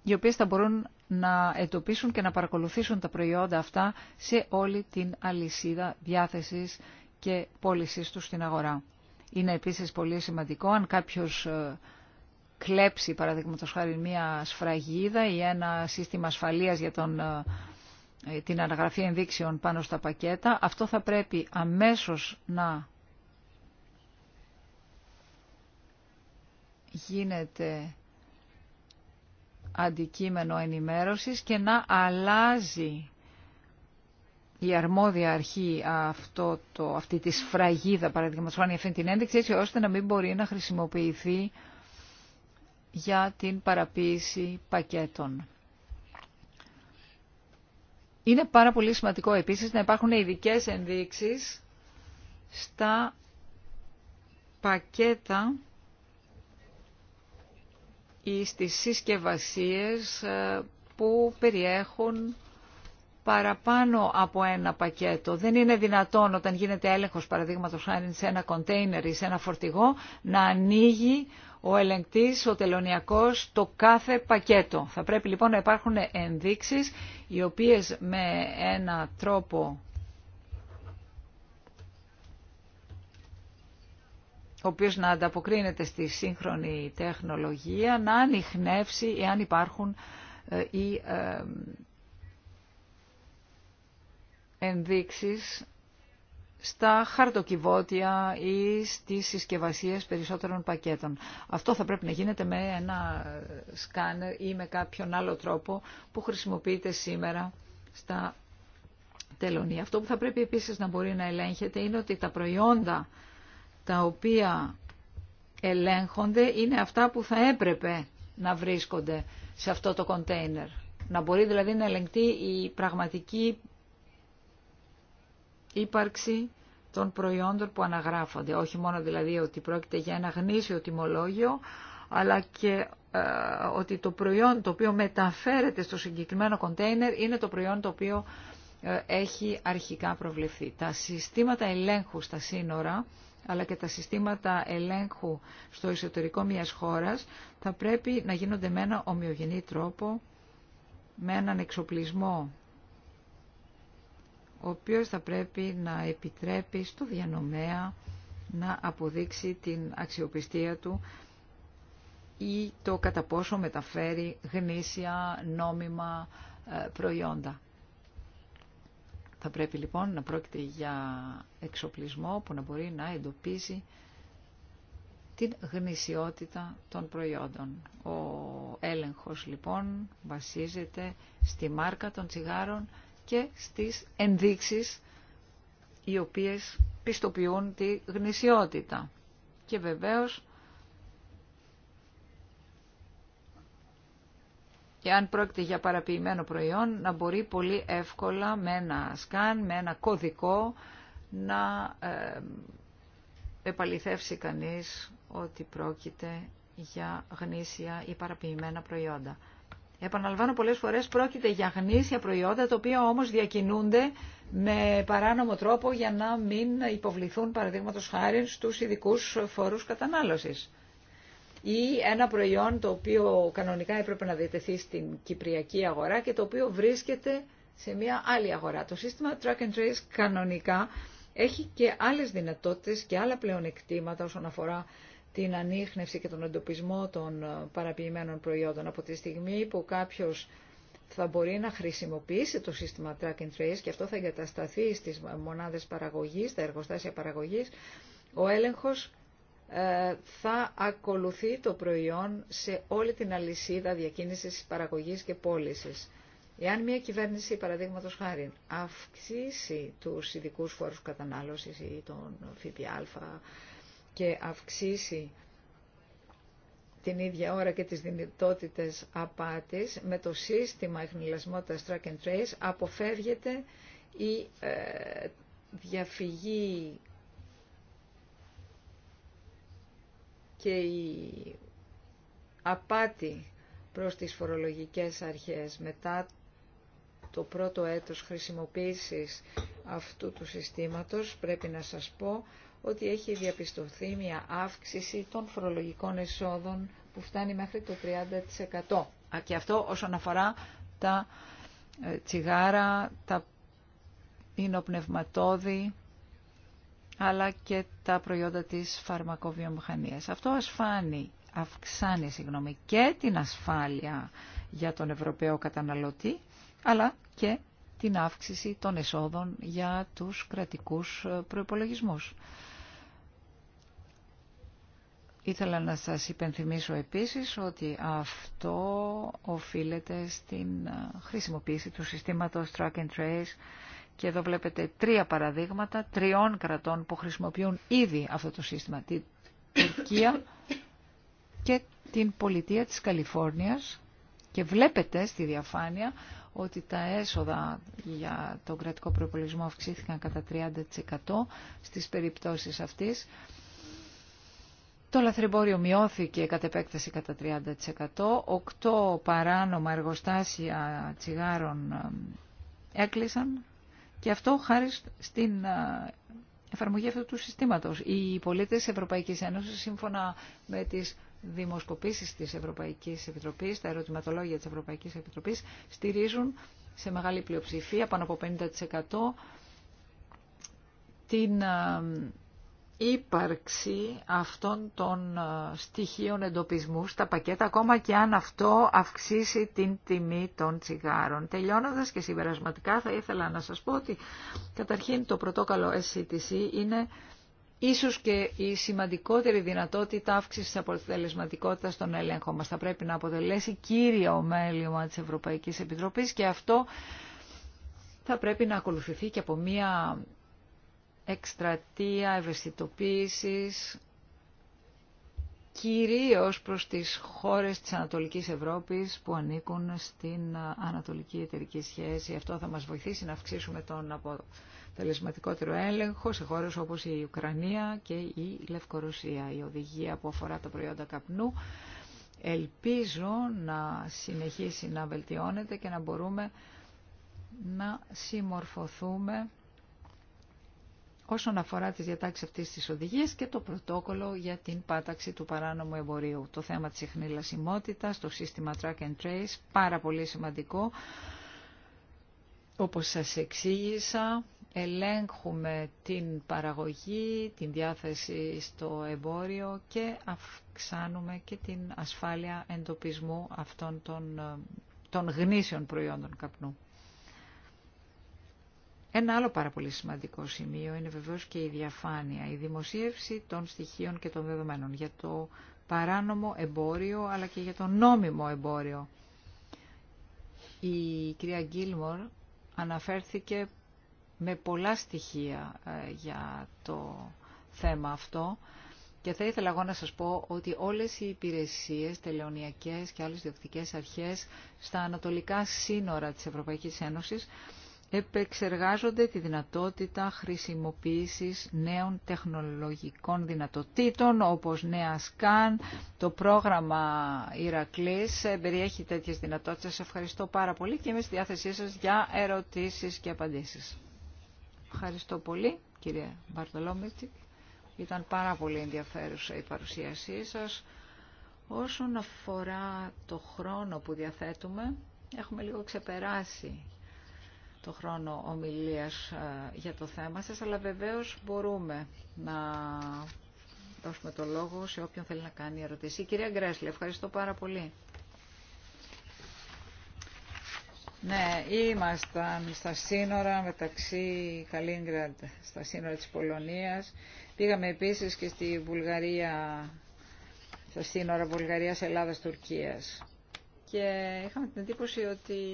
οι οποίες θα μπορούν να εντοπίσουν και να παρακολουθήσουν τα προϊόντα αυτά σε όλη την αλυσίδα διάθεσης και πώλησής τους στην αγορά. Είναι επίσης πολύ σημαντικό αν κάποιος ε, κλέψει παραδείγματος χάρη μια σφραγίδα ή ένα σύστημα ασφαλείας για τον, ε, την αναγραφή ενδείξεων πάνω στα πακέτα, αυτό θα πρέπει αμέσως να γίνεται αντικείμενο ενημέρωσης και να αλλάζει η αρμόδια αρχή αυτό το, αυτή τη σφραγίδα, παραδείγματος χάρη αυτή την ένδειξη, έτσι ώστε να μην μπορεί να χρησιμοποιηθεί για την παραποίηση πακέτων. Είναι πάρα πολύ σημαντικό επίσης να υπάρχουν ειδικέ ενδείξεις στα πακέτα ή στις συσκευασίες ε, που περιέχουν παραπάνω από ένα πακέτο. Δεν είναι δυνατόν όταν γίνεται έλεγχος, παραδείγματος χάρη σε ένα κοντέινερ ή σε ένα φορτηγό, να ανοίγει ο ελεγκτής, ο τελωνιακός, το κάθε πακέτο. Θα πρέπει λοιπόν να υπάρχουν ενδείξεις οι οποίες με ένα τρόπο ο οποίος να ανταποκρίνεται στη σύγχρονη τεχνολογία, να ανοιχνεύσει εάν υπάρχουν ε, οι ε, ενδείξεις στα χαρτοκιβώτια ή στις συσκευασίες περισσότερων πακέτων. Αυτό θα πρέπει να γίνεται με ένα σκάνερ ή με κάποιον άλλο τρόπο που χρησιμοποιείται σήμερα στα τελωνία. Αυτό που θα πρέπει επίσης να μπορεί να ελέγχεται είναι ότι τα προϊόντα τα οποία ελέγχονται είναι αυτά που θα έπρεπε να βρίσκονται σε αυτό το κοντέινερ. Να μπορεί δηλαδή να ελεγχτεί η πραγματική ύπαρξη των προϊόντων που αναγράφονται. Όχι μόνο δηλαδή ότι πρόκειται για ένα γνήσιο τιμολόγιο, αλλά και ε, ότι το προϊόν το οποίο μεταφέρεται στο συγκεκριμένο κοντέινερ είναι το προϊόν το οποίο ε, έχει αρχικά προβλεφθεί. Τα συστήματα ελέγχου στα σύνορα αλλά και τα συστήματα ελέγχου στο εσωτερικό μιας χώρας θα πρέπει να γίνονται με ένα ομοιογενή τρόπο, με έναν εξοπλισμό ο οποίος θα πρέπει να επιτρέπει στο διανομέα να αποδείξει την αξιοπιστία του ή το κατά πόσο μεταφέρει γνήσια, νόμιμα ε, προϊόντα. Θα πρέπει λοιπόν να πρόκειται για εξοπλισμό που να μπορεί να εντοπίσει την γνησιότητα των προϊόντων. Ο έλεγχος λοιπόν βασίζεται στη μάρκα των τσιγάρων και στις ενδείξεις οι οποίες πιστοποιούν τη γνησιότητα. Και βεβαίως, εάν πρόκειται για παραποιημένο προϊόν, να μπορεί πολύ εύκολα με ένα σκάν, με ένα κωδικό, να ε, επαληθεύσει κανείς ότι πρόκειται για γνήσια ή παραποιημένα προϊόντα. Επαναλαμβάνω πολλές φορές πρόκειται για γνήσια προϊόντα τα οποία όμως διακινούνται με παράνομο τρόπο για να μην υποβληθούν παραδείγματο χάρη στους ειδικού φόρους κατανάλωσης. Ή ένα προϊόν το οποίο κανονικά έπρεπε να διατεθεί στην κυπριακή αγορά και το οποίο βρίσκεται σε μια άλλη αγορά. Το σύστημα track and trace κανονικά έχει και άλλες δυνατότητες και άλλα πλεονεκτήματα όσον αφορά την ανείχνευση και τον εντοπισμό των ε, παραποιημένων προϊόντων. Από τη στιγμή που κάποιος θα μπορεί να χρησιμοποιήσει το σύστημα track and trace και αυτό θα εγκατασταθεί στις μονάδες παραγωγής, στα εργοστάσια παραγωγής, ο έλεγχος ε, θα ακολουθεί το προϊόν σε όλη την αλυσίδα διακίνησης παραγωγής και πώλησης. Εάν μια κυβέρνηση, παραδείγματος χάρη, αυξήσει του ειδικού φόρους κατανάλωσης ή τον ΦΠΑ και αυξήσει την ίδια ώρα και τις δυνατότητες απάτης, με το σύστημα εχνηλασμότητας track and trace αποφεύγεται η ε, διαφυγή και η απάτη προς τις φορολογικές αρχές μετά το πρώτο έτος χρησιμοποίησης αυτού του συστήματος, πρέπει να σας πω ότι έχει διαπιστωθεί μια αύξηση των φορολογικών εσόδων που φτάνει μέχρι το 30%. Και αυτό όσον αφορά τα ε, τσιγάρα, τα πινοπνευματόδη, αλλά και τα προϊόντα της φαρμακοβιομηχανίας. Αυτό ασφάνει, αυξάνει συγγνώμη, και την ασφάλεια για τον Ευρωπαίο καταναλωτή, αλλά και την αύξηση των εσόδων για τους κρατικούς ε, προϋπολογισμούς. Ήθελα να σας υπενθυμίσω επίσης ότι αυτό οφείλεται στην ε, χρησιμοποίηση του συστήματος Track and Trace και εδώ βλέπετε τρία παραδείγματα τριών κρατών που χρησιμοποιούν ήδη αυτό το σύστημα. Την Τουρκία και την πολιτεία της Καλιφόρνιας και βλέπετε στη διαφάνεια ότι τα έσοδα για τον κρατικό προπολογισμό αυξήθηκαν κατά 30% στις περιπτώσεις αυτής. Το λαθρεμπόριο μειώθηκε κατά επέκταση κατά 30%. Οκτώ παράνομα εργοστάσια τσιγάρων ε, έκλεισαν και αυτό χάρη στην ε, εφαρμογή αυτού του συστήματος. Οι πολίτες της Ευρωπαϊκής Ένωσης σύμφωνα με τις δημοσκοπήσεις της Ευρωπαϊκής Επιτροπής, τα ερωτηματολόγια της Ευρωπαϊκής Επιτροπής στηρίζουν σε μεγάλη πλειοψηφία, πάνω από 50% την ε, ύπαρξη αυτών των ε, στοιχείων εντοπισμού στα πακέτα, ακόμα και αν αυτό αυξήσει την τιμή των τσιγάρων. Τελειώνοντας και συμπερασματικά θα ήθελα να σας πω ότι καταρχήν το πρωτόκαλο SCTC είναι ίσως και η σημαντικότερη δυνατότητα αύξηση της αποτελεσματικότητας των ελέγχων μας. Θα πρέπει να αποτελέσει κύριο μέλημα της Ευρωπαϊκής Επιτροπής και αυτό θα πρέπει να ακολουθηθεί και από μια εκστρατεία ευαισθητοποίησης κυρίως προς τις χώρες της Ανατολικής Ευρώπης που ανήκουν στην Ανατολική Εταιρική Σχέση. Αυτό θα μας βοηθήσει να αυξήσουμε τον τελεσματικότερο έλεγχο σε χώρε όπως η Ουκρανία και η Λευκορωσία. Η οδηγία που αφορά τα προϊόντα καπνού ελπίζω να συνεχίσει να βελτιώνεται και να μπορούμε να συμμορφωθούμε όσον αφορά τις διατάξεις αυτής της οδηγίας και το πρωτόκολλο για την πάταξη του παράνομου εμπορίου. Το θέμα της εχνηλασιμότητας, το σύστημα track and trace, πάρα πολύ σημαντικό. Όπως σας εξήγησα, ελέγχουμε την παραγωγή, την διάθεση στο εμπόριο και αυξάνουμε και την ασφάλεια εντοπισμού αυτών των, των γνήσιων προϊόντων καπνού. Ένα άλλο πάρα πολύ σημαντικό σημείο είναι βεβαίως και η διαφάνεια, η δημοσίευση των στοιχείων και των δεδομένων για το παράνομο εμπόριο αλλά και για το νόμιμο εμπόριο. Η κυρία Γκίλμορ αναφέρθηκε με πολλά στοιχεία ε, για το θέμα αυτό. Και θα ήθελα εγώ να σας πω ότι όλες οι υπηρεσίες, τελεωνιακές και άλλες διοκτικές αρχές στα ανατολικά σύνορα της Ευρωπαϊκής Ένωσης επεξεργάζονται τη δυνατότητα χρησιμοποίησης νέων τεχνολογικών δυνατοτήτων όπως νέα σκάν. Το πρόγραμμα Ηρακλής ε, περιέχει τέτοιες δυνατότητες. Σας ευχαριστώ πάρα πολύ και είμαι στη διάθεσή σας για ερωτήσεις και απαντήσεις. Ευχαριστώ πολύ, κύριε Μπαρτολόμητη. Ήταν πάρα πολύ ενδιαφέρουσα η παρουσίασή σας. Όσον αφορά το χρόνο που διαθέτουμε, έχουμε λίγο ξεπεράσει το χρόνο ομιλίας ε, για το θέμα σας, αλλά βεβαίως μπορούμε να δώσουμε το λόγο σε όποιον θέλει να κάνει ερωτήσει. κυρία Γκρέσλη, ευχαριστώ πάρα πολύ. Ναι, ήμασταν στα σύνορα μεταξύ Καλίνγκραντ, στα σύνορα της Πολωνίας. Πήγαμε επίσης και στη Βουλγαρία, στα σύνορα Βουλγαρίας, Ελλάδας, Τουρκίας. Και είχαμε την εντύπωση ότι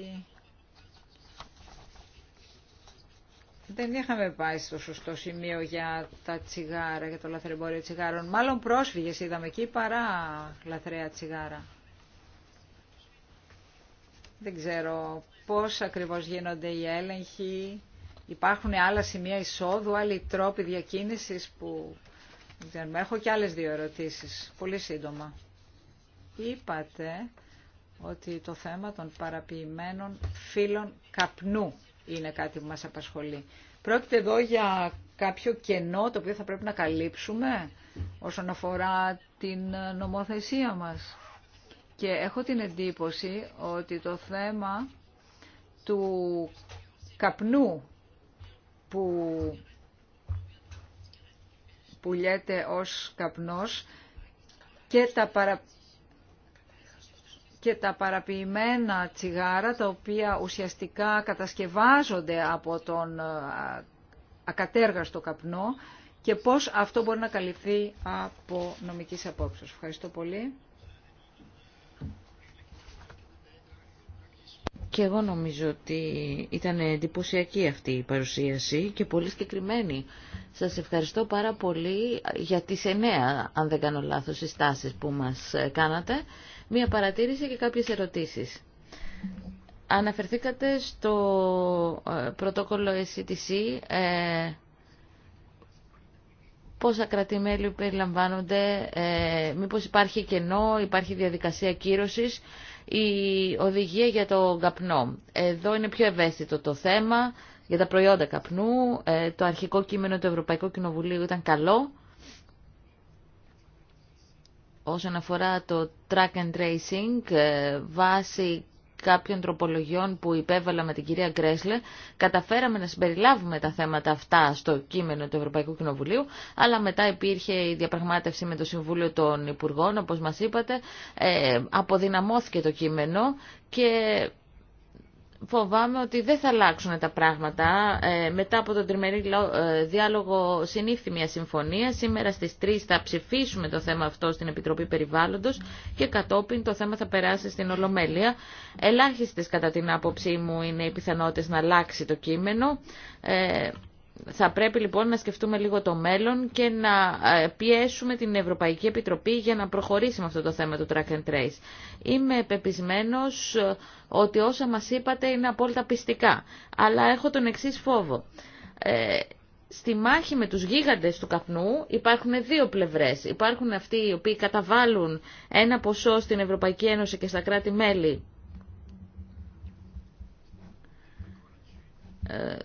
δεν είχαμε πάει στο σωστό σημείο για τα τσιγάρα, για το λαθρεμπόριο τσιγάρων. Μάλλον πρόσφυγες είδαμε εκεί παρά λαθρέα τσιγάρα. Δεν ξέρω πώς ακριβώς γίνονται οι έλεγχοι, υπάρχουν άλλα σημεία εισόδου, άλλοι τρόποι διακίνησης που δεν Έχω και άλλες δύο ερωτήσεις, πολύ σύντομα. Είπατε ότι το θέμα των παραποιημένων φύλων καπνού είναι κάτι που μας απασχολεί. Πρόκειται εδώ για κάποιο κενό το οποίο θα πρέπει να καλύψουμε όσον αφορά την νομοθεσία μας. Και έχω την εντύπωση ότι το θέμα του καπνού που πουλιέται ως καπνός και τα, παρα... και τα παραποιημένα τσιγάρα τα οποία ουσιαστικά κατασκευάζονται από τον ακατέργαστο καπνό και πώς αυτό μπορεί να καλυφθεί από νομικής απόψεως. Ευχαριστώ πολύ. Και εγώ νομίζω ότι ήταν εντυπωσιακή αυτή η παρουσίαση και πολύ συγκεκριμένη. Σας ευχαριστώ πάρα πολύ για τις εννέα, αν δεν κάνω λάθος, στάσεις που μας κάνατε. Μία παρατήρηση και κάποιες ερωτήσεις. Αναφερθήκατε στο ε, πρωτόκολλο SCTC ε, ε, πόσα κρατημέλη περιλαμβάνονται, ε, μήπως υπάρχει κενό, υπάρχει διαδικασία κύρωσης η οδηγία για το καπνό. Εδώ είναι πιο ευαίσθητο το θέμα για τα προϊόντα καπνού. Ε, το αρχικό κείμενο του Ευρωπαϊκού Κοινοβουλίου ήταν καλό. Όσον αφορά το track and tracing, ε, βάση κάποιων τροπολογιών που υπέβαλα με την κυρία Γκρέσλε, καταφέραμε να συμπεριλάβουμε τα θέματα αυτά στο κείμενο του Ευρωπαϊκού Κοινοβουλίου, αλλά μετά υπήρχε η διαπραγμάτευση με το Συμβούλιο των Υπουργών, όπως μας είπατε, ε, αποδυναμώθηκε το κείμενο και φοβάμαι ότι δεν θα αλλάξουν τα πράγματα. Ε, μετά από τον τριμερή ε, διάλογο συνήφθη μια συμφωνία. Σήμερα στις 3 θα ψηφίσουμε το θέμα αυτό στην Επιτροπή Περιβάλλοντος και κατόπιν το θέμα θα περάσει στην Ολομέλεια. Ελάχιστες κατά την άποψή μου είναι οι πιθανότητες να αλλάξει το κείμενο. Ε, θα πρέπει λοιπόν να σκεφτούμε λίγο το μέλλον και να ε, πιέσουμε την Ευρωπαϊκή Επιτροπή για να προχωρήσει με αυτό το θέμα του track and trace. Είμαι πεπισμένος ε, ότι όσα μας είπατε είναι απόλυτα πιστικά, αλλά έχω τον εξή φόβο. Ε, στη μάχη με τους γίγαντες του καπνού υπάρχουν δύο πλευρές. Υπάρχουν αυτοί οι οποίοι καταβάλουν ένα ποσό στην Ευρωπαϊκή Ένωση και στα κράτη-μέλη Ε,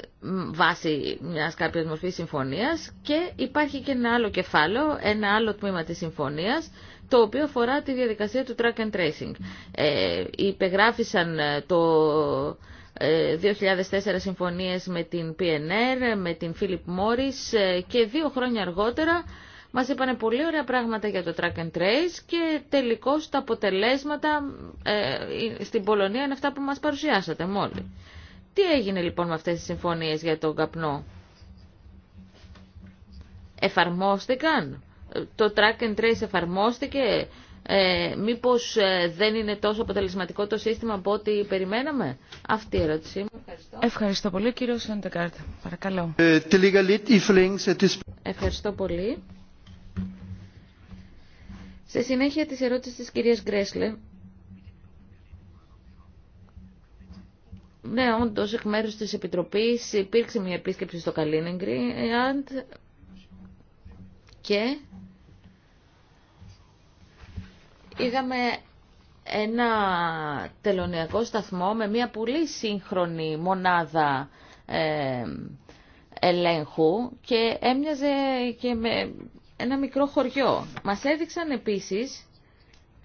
βάση μιας κάποιας μορφής συμφωνίας και υπάρχει και ένα άλλο κεφάλαιο, ένα άλλο τμήμα της συμφωνίας το οποίο αφορά τη διαδικασία του track and tracing. Ε, υπεγράφησαν ε, το 2004 ε, συμφωνίες με την PNR, με την Philip Morris και δύο χρόνια αργότερα μας είπανε πολύ ωραία πράγματα για το track and trace και τελικώς τα αποτελέσματα ε, στην Πολωνία είναι αυτά που μας παρουσιάσατε μόλις. Τι έγινε λοιπόν με αυτές τις συμφωνίες για τον καπνό. Εφαρμόστηκαν. Το track and trace εφαρμόστηκε. Ε, μήπως ε, δεν είναι τόσο αποτελεσματικό το σύστημα από ό,τι περιμέναμε. Αυτή η ερώτησή μου. Ευχαριστώ, Ευχαριστώ πολύ κύριο Σεντεκάρτ. Παρακαλώ. Ε, ε, Ευχαριστώ πολύ. Σε συνέχεια της ερώτησης της κυρίας Γκρέσλε, ναι, όντω εκ μέρου τη Επιτροπή υπήρξε μια επίσκεψη στο Καλίνιγκραντ και είδαμε ένα τελωνιακό σταθμό με μια πολύ σύγχρονη μονάδα ε, ελέγχου και έμοιαζε και με ένα μικρό χωριό. Μας έδειξαν επίσης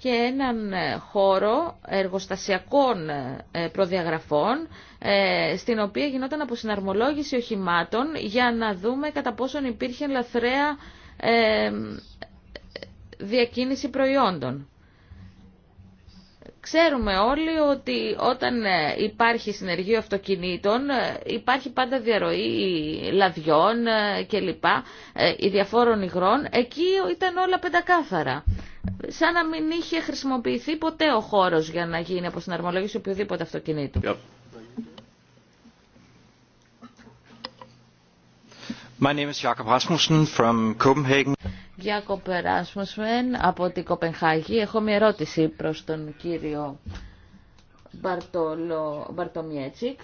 και έναν ε, χώρο εργοστασιακών ε, προδιαγραφών ε, στην οποία γινόταν αποσυναρμολόγηση οχημάτων για να δούμε κατά πόσον υπήρχε λαθρέα διακίνηση προϊόντων. Ξέρουμε όλοι ότι όταν υπάρχει συνεργείο αυτοκινήτων υπάρχει πάντα διαρροή λαδιών και λοιπά, διαφόρων υγρών. Εκεί ήταν όλα πεντακάθαρα σαν να μην είχε χρησιμοποιηθεί ποτέ ο χώρος για να γίνει από συναρμολόγηση οποιοδήποτε αυτοκινήτου. Yep. My name is Jakob Rasmussen from Copenhagen. Jakob Rasmussen από την Κοπενχάγη. Έχω μια ερώτηση προς τον κύριο Μπαρτολο... Μπαρτομιέτσικ.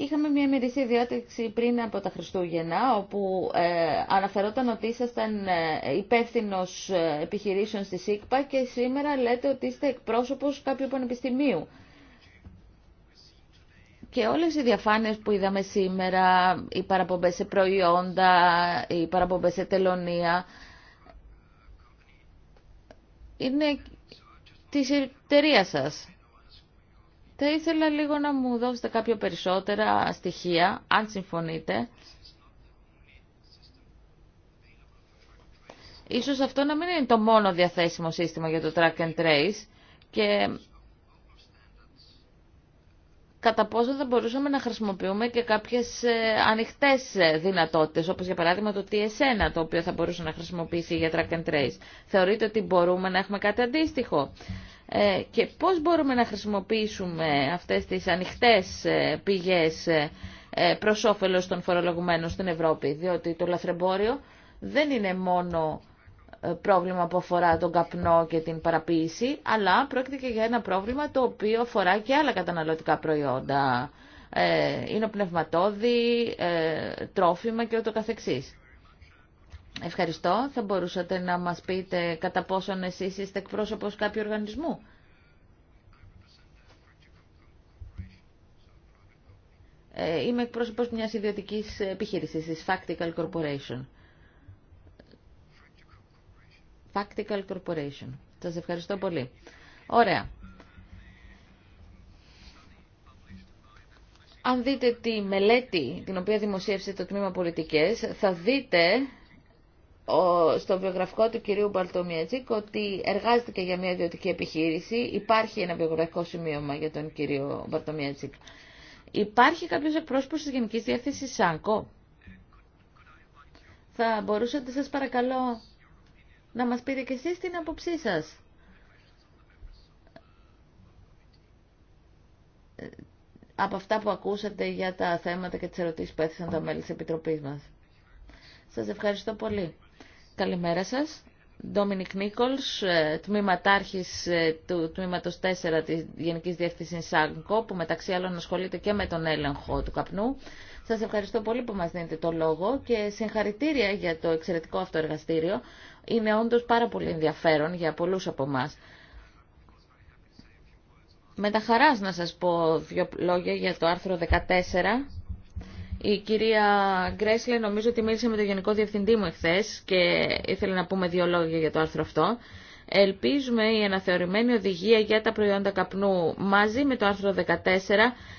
Είχαμε μια μερίστη διάταξη πριν από τα Χριστούγεννα, όπου ε, αναφερόταν ότι ήσασταν ε, υπεύθυνο ε, επιχειρήσεων στη ΣΥΚΠΑ και σήμερα λέτε ότι είστε εκπρόσωπος κάποιου πανεπιστημίου. Και όλες οι διαφάνειες που είδαμε σήμερα, οι παραπομπές σε προϊόντα, οι παραπομπές σε τελωνία, είναι της εταιρεία σας. Θα ήθελα λίγο να μου δώσετε κάποια περισσότερα στοιχεία, αν συμφωνείτε. Ίσως αυτό να μην είναι το μόνο διαθέσιμο σύστημα για το track and trace και κατά πόσο θα μπορούσαμε να χρησιμοποιούμε και κάποιες ε, ανοιχτές ε, δυνατότητες, όπως για παράδειγμα το TS1, το οποίο θα μπορούσε να χρησιμοποιήσει για track and trace. Θεωρείτε ότι μπορούμε να έχουμε κάτι αντίστοιχο ε, και πώς μπορούμε να χρησιμοποιήσουμε αυτές τις ανοιχτές πηγές προς όφελος των φορολογουμένων στην Ευρώπη, διότι το λαθρεμπόριο δεν είναι μόνο πρόβλημα που αφορά τον καπνό και την παραποίηση, αλλά πρόκειται και για ένα πρόβλημα το οποίο αφορά και άλλα καταναλωτικά προϊόντα. Ε, είναι ο πνευματόδη, ε, τρόφιμα και ούτω καθεξής. Ευχαριστώ. Θα μπορούσατε να μας πείτε κατά πόσον εσείς είστε εκπρόσωπος κάποιου οργανισμού. Ε, είμαι εκπρόσωπος μιας ιδιωτικής επιχείρησης, της Factical Corporation. Factual Corporation. Σας ευχαριστώ πολύ. Ωραία. Αν δείτε τη μελέτη την οποία δημοσίευσε το Τμήμα Πολιτικές, θα δείτε στο βιογραφικό του κυρίου Μπαλτομιατζίκ ότι εργάζεται και για μια ιδιωτική επιχείρηση. Υπάρχει ένα βιογραφικό σημείωμα για τον κύριο Μπαλτομιατζίκ. Υπάρχει κάποιος εκπρόσωπος της γενική Διεύθυνσης ΣΑΝΚΟ. Θα μπορούσατε σας παρακαλώ να μας πείτε και εσείς την άποψή σας. από αυτά που ακούσατε για τα θέματα και τις ερωτήσεις που έθεσαν τα μέλη της Επιτροπής μας. Σας ευχαριστώ πολύ. Καλημέρα σας. Ντόμινικ Νίκολς, ε, τμήματάρχης ε, του τμήματος 4 της Γενικής Διεύθυνσης ΣΑΝΚΟ, που μεταξύ άλλων ασχολείται και με τον έλεγχο του καπνού. Σας ευχαριστώ πολύ που μας δίνετε το λόγο και συγχαρητήρια για το εξαιρετικό αυτό εργαστήριο είναι όντως πάρα πολύ ενδιαφέρον για πολλούς από εμά. Με τα χαράς να σας πω δύο λόγια για το άρθρο 14. Η κυρία Γκρέσλε νομίζω ότι μίλησε με τον Γενικό Διευθυντή μου εχθές και ήθελε να πούμε δύο λόγια για το άρθρο αυτό. Ελπίζουμε η αναθεωρημένη οδηγία για τα προϊόντα καπνού μαζί με το άρθρο 14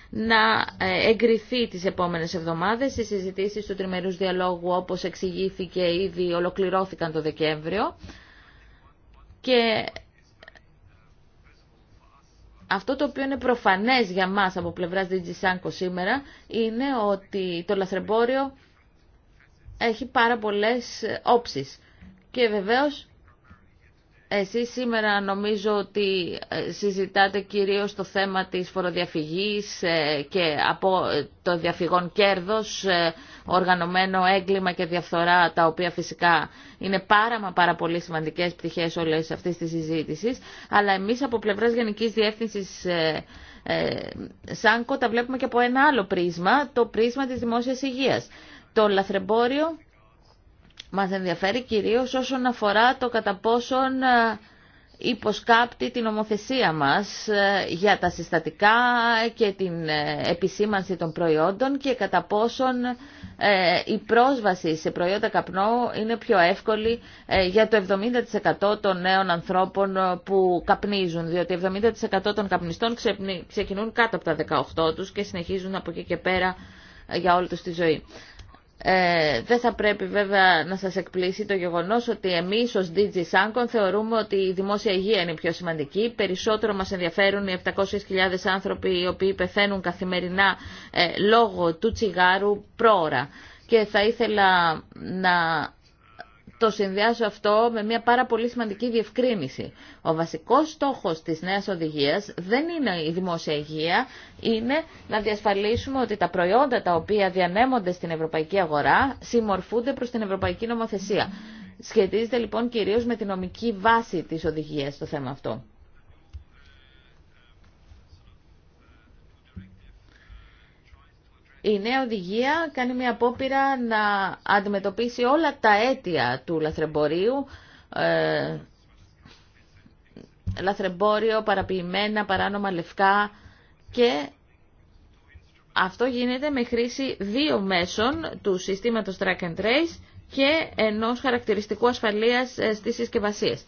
να ε, εγκριθεί τις επόμενες εβδομάδες. Οι συζητήσεις του τριμερούς διαλόγου όπως εξηγήθηκε ήδη ολοκληρώθηκαν το Δεκέμβριο. Και αυτό το οποίο είναι προφανές για μας από πλευράς DigiSanco σήμερα είναι ότι το λαθρεμπόριο έχει πάρα πολλές όψεις. Και βεβαίως εσείς σήμερα νομίζω ότι ε, συζητάτε κυρίως το θέμα της φοροδιαφυγής ε, και από ε, το διαφυγόν κέρδος, οργανωμένο έγκλημα και διαφθορά, τα οποία φυσικά είναι πάρα μα πάρα πολύ σημαντικές πτυχές όλες αυτής της συζήτησης, αλλά εμείς από πλευράς Γενικής Διεύθυνσης ΣΑΝΚΟ τα βλέπουμε και από ένα άλλο πρίσμα, το πρίσμα της δημόσιας υγείας. Το λαθρεμπόριο μας ενδιαφέρει κυρίως όσον αφορά το κατά πόσον ε, υποσκάπτει την ομοθεσία μας ε, για τα συστατικά και την ε, επισήμανση των προϊόντων και κατά πόσον η πρόσβαση σε προϊόντα καπνού είναι πιο εύκολη για το 70% των νέων ανθρώπων που καπνίζουν, διότι 70% των καπνιστών ξεκινούν κάτω από τα 18 τους και συνεχίζουν από εκεί και πέρα για όλη τους τη ζωή. Ε, δεν θα πρέπει βέβαια να σας εκπλήσει το γεγονός ότι εμείς ως DG Sankon θεωρούμε ότι η δημόσια υγεία είναι η πιο σημαντική. Περισσότερο μας ενδιαφέρουν οι 700.000 άνθρωποι οι οποίοι πεθαίνουν καθημερινά ε, λόγω του τσιγάρου πρόωρα. Και θα ήθελα να το συνδυάζω αυτό με μια πάρα πολύ σημαντική διευκρίνηση. Ο βασικός στόχος της νέας οδηγίας δεν είναι η δημόσια υγεία, είναι να διασφαλίσουμε ότι τα προϊόντα τα οποία διανέμονται στην ευρωπαϊκή αγορά συμμορφούνται προς την ευρωπαϊκή νομοθεσία. Σχετίζεται λοιπόν κυρίως με τη νομική βάση της οδηγίας το θέμα αυτό. Η νέα οδηγία κάνει μια απόπειρα να αντιμετωπίσει όλα τα αίτια του λαθρεμπορίου, ε, λαθρεμπόριο, παραποιημένα, παράνομα λευκά και αυτό γίνεται με χρήση δύο μέσων του συστήματος Track and Trace και ενός χαρακτηριστικού ασφαλείας ε, στις συσκευασίες.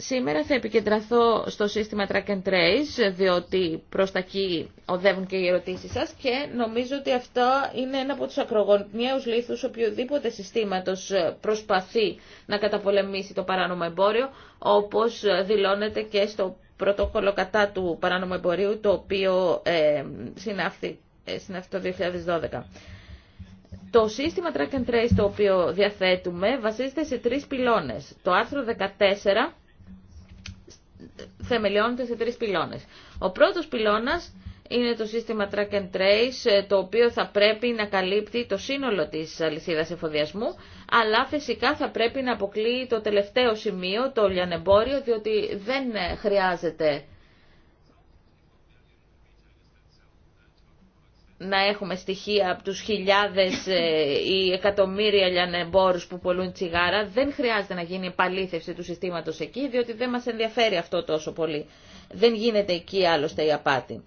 Σήμερα θα επικεντραθώ στο σύστημα track and trace, διότι προς τα εκεί οδεύουν και οι ερωτήσεις σας και νομίζω ότι αυτό είναι ένα από τους ακρογωνιαίους λήθους οποιοδήποτε συστήματος προσπαθεί να καταπολεμήσει το παράνομο εμπόριο, όπως δηλώνεται και στο πρωτόκολλο κατά του παράνομου εμπορίου, το οποίο ε, συνάφθη, ε, συνάφθη το 2012. Το σύστημα track and trace το οποίο διαθέτουμε βασίζεται σε τρεις πυλώνες. Το άρθρο 14 θεμελιώνεται σε τρεις πυλώνες. Ο πρώτος πυλώνας είναι το σύστημα track and trace, ε, το οποίο θα πρέπει να καλύπτει το σύνολο της αλυσίδας εφοδιασμού, αλλά φυσικά θα πρέπει να αποκλείει το τελευταίο σημείο, το λιανεμπόριο, διότι δεν χρειάζεται να έχουμε στοιχεία από τους χιλιάδες ε, ή εκατομμύρια λιανεμπόρους που πολλούν τσιγάρα. Δεν χρειάζεται να γίνει επαλήθευση του συστήματος εκεί, διότι δεν μας ενδιαφέρει αυτό τόσο πολύ. Δεν γίνεται εκεί άλλωστε η απάτη.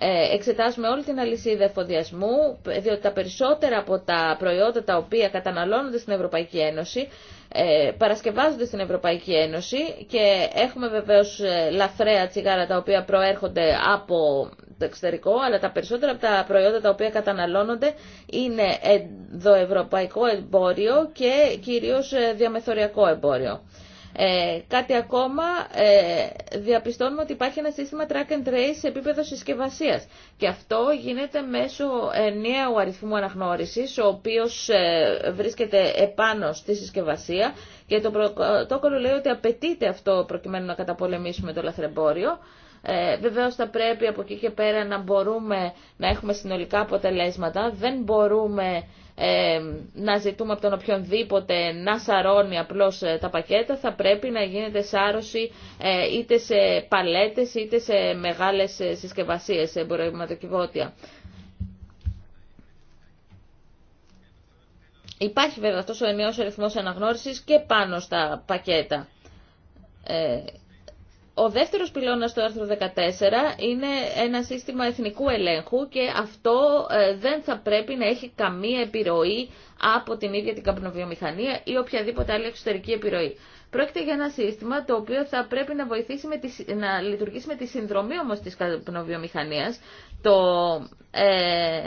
Ε, εξετάζουμε όλη την αλυσίδα εφοδιασμού, διότι τα περισσότερα από τα προϊόντα τα οποία καταναλώνονται στην Ευρωπαϊκή Ένωση ε, παρασκευάζονται στην Ευρωπαϊκή Ένωση και έχουμε βεβαίως ε, λαθρέα τσιγάρα τα οποία προέρχονται από εξωτερικό, αλλά τα περισσότερα από τα προϊόντα τα οποία καταναλώνονται είναι ευρωπαϊκό εμπόριο και κυρίως ε, διαμεθοριακό εμπόριο. Ε, κάτι ακόμα, ε, διαπιστώνουμε ότι υπάρχει ένα σύστημα track and trace σε επίπεδο συσκευασία. Και αυτό γίνεται μέσω ενιαίου αριθμού αναγνώριση, ο οποίο ε, βρίσκεται επάνω στη συσκευασία. Και το πρωτόκολλο λέει ότι απαιτείται αυτό προκειμένου να καταπολεμήσουμε το λαθρεμπόριο. Ε, βεβαίως θα πρέπει από εκεί και πέρα να μπορούμε να έχουμε συνολικά αποτελέσματα. Δεν μπορούμε ε, να ζητούμε από τον οποιονδήποτε να σαρώνει απλώς ε, τα πακέτα. Θα πρέπει να γίνεται σάρωση ε, είτε σε παλέτες είτε σε μεγάλες συσκευασίες, σε εμπορευματοκιβώτια. Υπάρχει βέβαια αυτός ο ενιαίος αριθμός αναγνώρισης και πάνω στα πακέτα. Ε, ο δεύτερος πυλώνας του άρθρου 14 είναι ένα σύστημα εθνικού ελέγχου και αυτό ε, δεν θα πρέπει να έχει καμία επιρροή από την ίδια την καπνοβιομηχανία ή οποιαδήποτε άλλη εξωτερική επιρροή. Πρόκειται για ένα σύστημα το οποίο θα πρέπει να βοηθήσει με τη, να λειτουργήσει με τη συνδρομή όμως της καπνοβιομηχανίας. Το ε,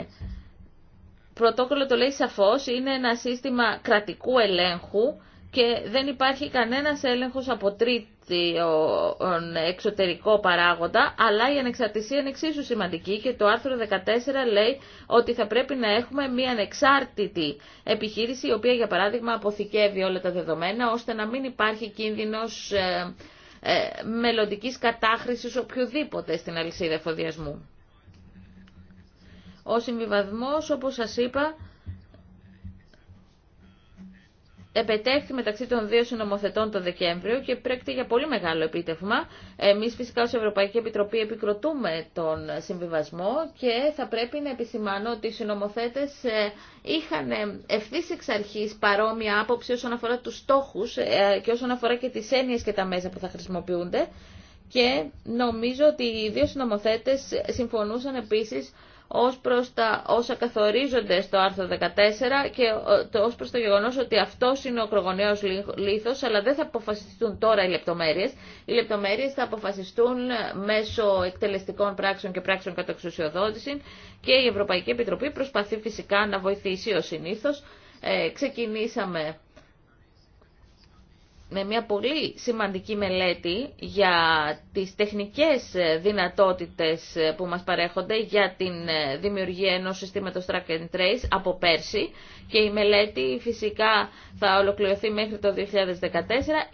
πρωτόκολλο το λέει σαφώς, είναι ένα σύστημα κρατικού ελέγχου και δεν υπάρχει κανένας έλεγχος από τρίτη στον εξωτερικό παράγοντα, αλλά η ανεξαρτησία είναι εξίσου σημαντική και το άρθρο 14 λέει ότι θα πρέπει να έχουμε μια ανεξάρτητη επιχείρηση, η οποία για παράδειγμα αποθηκεύει όλα τα δεδομένα, ώστε να μην υπάρχει κίνδυνος ε, ε, μελλοντικής οποιοδήποτε στην αλυσίδα εφοδιασμού. Ο συμβιβασμό, όπως σας είπα, επετέχθη μεταξύ των δύο συνομοθετών το Δεκέμβριο και πρόκειται για πολύ μεγάλο επίτευγμα. Εμείς φυσικά ως Ευρωπαϊκή Επιτροπή επικροτούμε τον συμβιβασμό και θα πρέπει να επισημάνω ότι οι συνομοθέτες ε, είχαν ε, ευθύ εξ αρχής παρόμοια άποψη όσον αφορά τους στόχους ε, και όσον αφορά και τις έννοιες και τα μέσα που θα χρησιμοποιούνται και νομίζω ότι οι δύο συνομοθέτες συμφωνούσαν επίσης ως προς τα όσα καθορίζονται στο άρθρο 14 και ε, ως προς το γεγονός ότι αυτό είναι ο κρογωνιαίος λήθος, αλλά δεν θα αποφασιστούν τώρα οι λεπτομέρειες. Οι λεπτομέρειες θα αποφασιστούν ε, μέσω εκτελεστικών πράξεων και πράξεων κατά εξουσιοδότηση και η Ευρωπαϊκή Επιτροπή προσπαθεί φυσικά να βοηθήσει ως συνήθως. Ε, ξεκινήσαμε με μια πολύ σημαντική μελέτη για τις τεχνικές δυνατότητες που μας παρέχονται για την δημιουργία ενός συστήματος track and trace από πέρσι και η μελέτη φυσικά θα ολοκληρωθεί μέχρι το 2014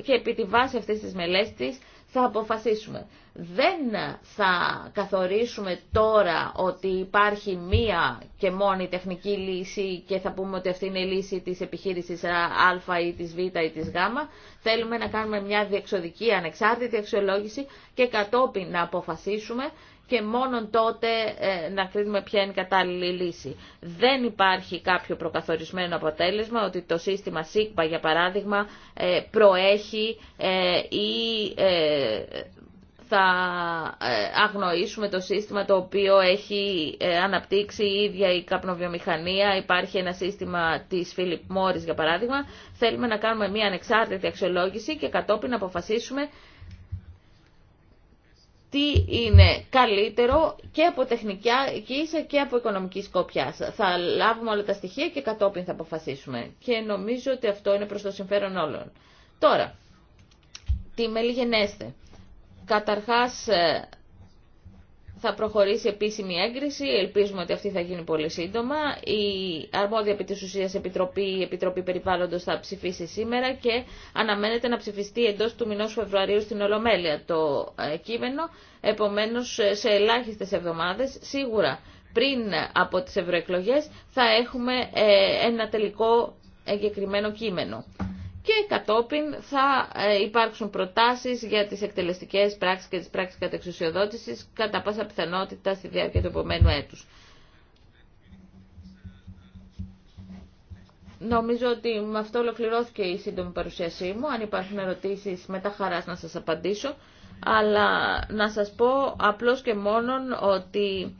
και επί τη βάση αυτής της μελέτης θα αποφασίσουμε. Δεν θα καθορίσουμε τώρα ότι υπάρχει μία και μόνη τεχνική λύση και θα πούμε ότι αυτή είναι η λύση της επιχείρησης Α ή της Β ή της Γ. Θέλουμε να κάνουμε μια διεξοδική ανεξάρτητη αξιολόγηση και κατόπιν να αποφασίσουμε και μόνο τότε ε, να κρίνουμε ποια είναι η κατάλληλη λύση. Δεν υπάρχει κάποιο προκαθορισμένο αποτέλεσμα ότι το σύστημα ΣΥΚΠΑ, για παράδειγμα, ε, προέχει ε, ή θα αγνοήσουμε το σύστημα το οποίο έχει αναπτύξει η ίδια η καπνοβιομηχανία. Υπάρχει ένα σύστημα της Φίλιπ Morris, για παράδειγμα. Θέλουμε να κάνουμε μια ανεξάρτητη αξιολόγηση και κατόπιν να αποφασίσουμε τι είναι καλύτερο και από τεχνική και από οικονομική σκοπιά. Θα λάβουμε όλα τα στοιχεία και κατόπιν θα αποφασίσουμε. Και νομίζω ότι αυτό είναι προς το συμφέρον όλων. Τώρα, τι μελιγενέστε. Καταρχάς, ε, θα προχωρήσει επίσημη έγκριση, ελπίζουμε ότι αυτή θα γίνει πολύ σύντομα. Η αρμόδια επί της ουσίας Επιτροπή, η Επιτροπή Περιβάλλοντος θα ψηφίσει σήμερα και αναμένεται να ψηφιστεί εντός του μηνός Φεβρουαρίου στην Ολομέλεια το ε, κείμενο, επομένως ε, σε ελάχιστες εβδομάδες σίγουρα πριν από τις ευρωεκλογές θα έχουμε ε, ένα τελικό εγκεκριμένο κείμενο και κατόπιν θα ε, υπάρξουν προτάσεις για τις εκτελεστικές πράξεις και τις πράξεις κατεξουσιοδότησης κατά πάσα πιθανότητα στη διάρκεια του επόμενου έτους. Νομίζω ότι με αυτό ολοκληρώθηκε η σύντομη παρουσίασή μου. Αν υπάρχουν ερωτήσεις, μετά χαράς να σας απαντήσω. Αλλά να σας πω απλώς και μόνον ότι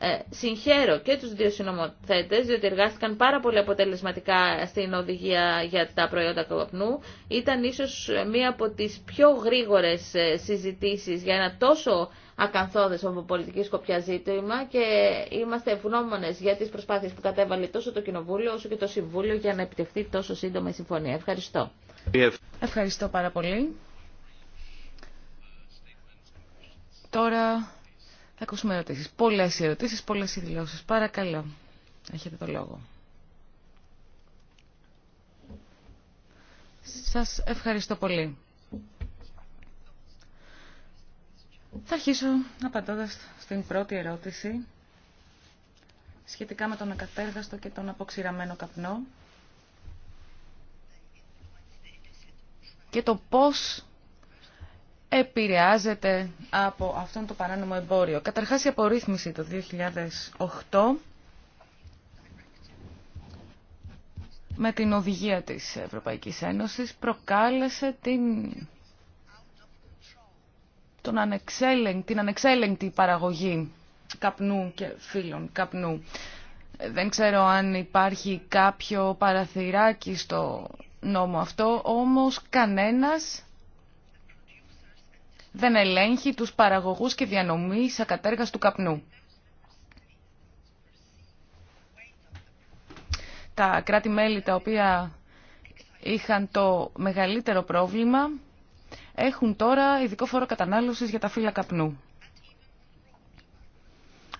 ε, συγχαίρω και τους δύο συνομοθέτες, διότι εργάστηκαν πάρα πολύ αποτελεσματικά στην οδηγία για τα προϊόντα καπνού. Ήταν ίσως μία από τις πιο γρήγορες ε, συζητήσεις για ένα τόσο ακαθόδες από πολιτική σκοπιά ζήτημα και είμαστε ευγνώμονε για τις προσπάθειες που κατέβαλε τόσο το Κοινοβούλιο όσο και το Συμβούλιο για να επιτευχθεί τόσο σύντομα η συμφωνία. Ευχαριστώ. Ευχαριστώ πάρα πολύ. Θα ακούσουμε ερωτήσεις. Πολλές ερωτήσεις, πολλές δηλώσει. Παρακαλώ. Έχετε το λόγο. Σας ευχαριστώ πολύ. Θα αρχίσω απαντώντα στην πρώτη ερώτηση σχετικά με τον ακατέργαστο και τον αποξηραμένο καπνό και το πώς επηρεάζεται από αυτόν το παράνομο εμπόριο. Καταρχάς η απορρίθμιση το 2008 με την οδηγία της Ευρωπαϊκής Ένωσης προκάλεσε την, τον την ανεξέλεγκτη παραγωγή καπνού και φύλων καπνού. Δεν ξέρω αν υπάρχει κάποιο παραθυράκι στο νόμο αυτό, όμως κανένας δεν ελέγχει τους παραγωγούς και διανομής ακατέργας του καπνού. Τα κράτη-μέλη τα οποία είχαν το μεγαλύτερο πρόβλημα έχουν τώρα ειδικό φόρο κατανάλωσης για τα φύλλα καπνού.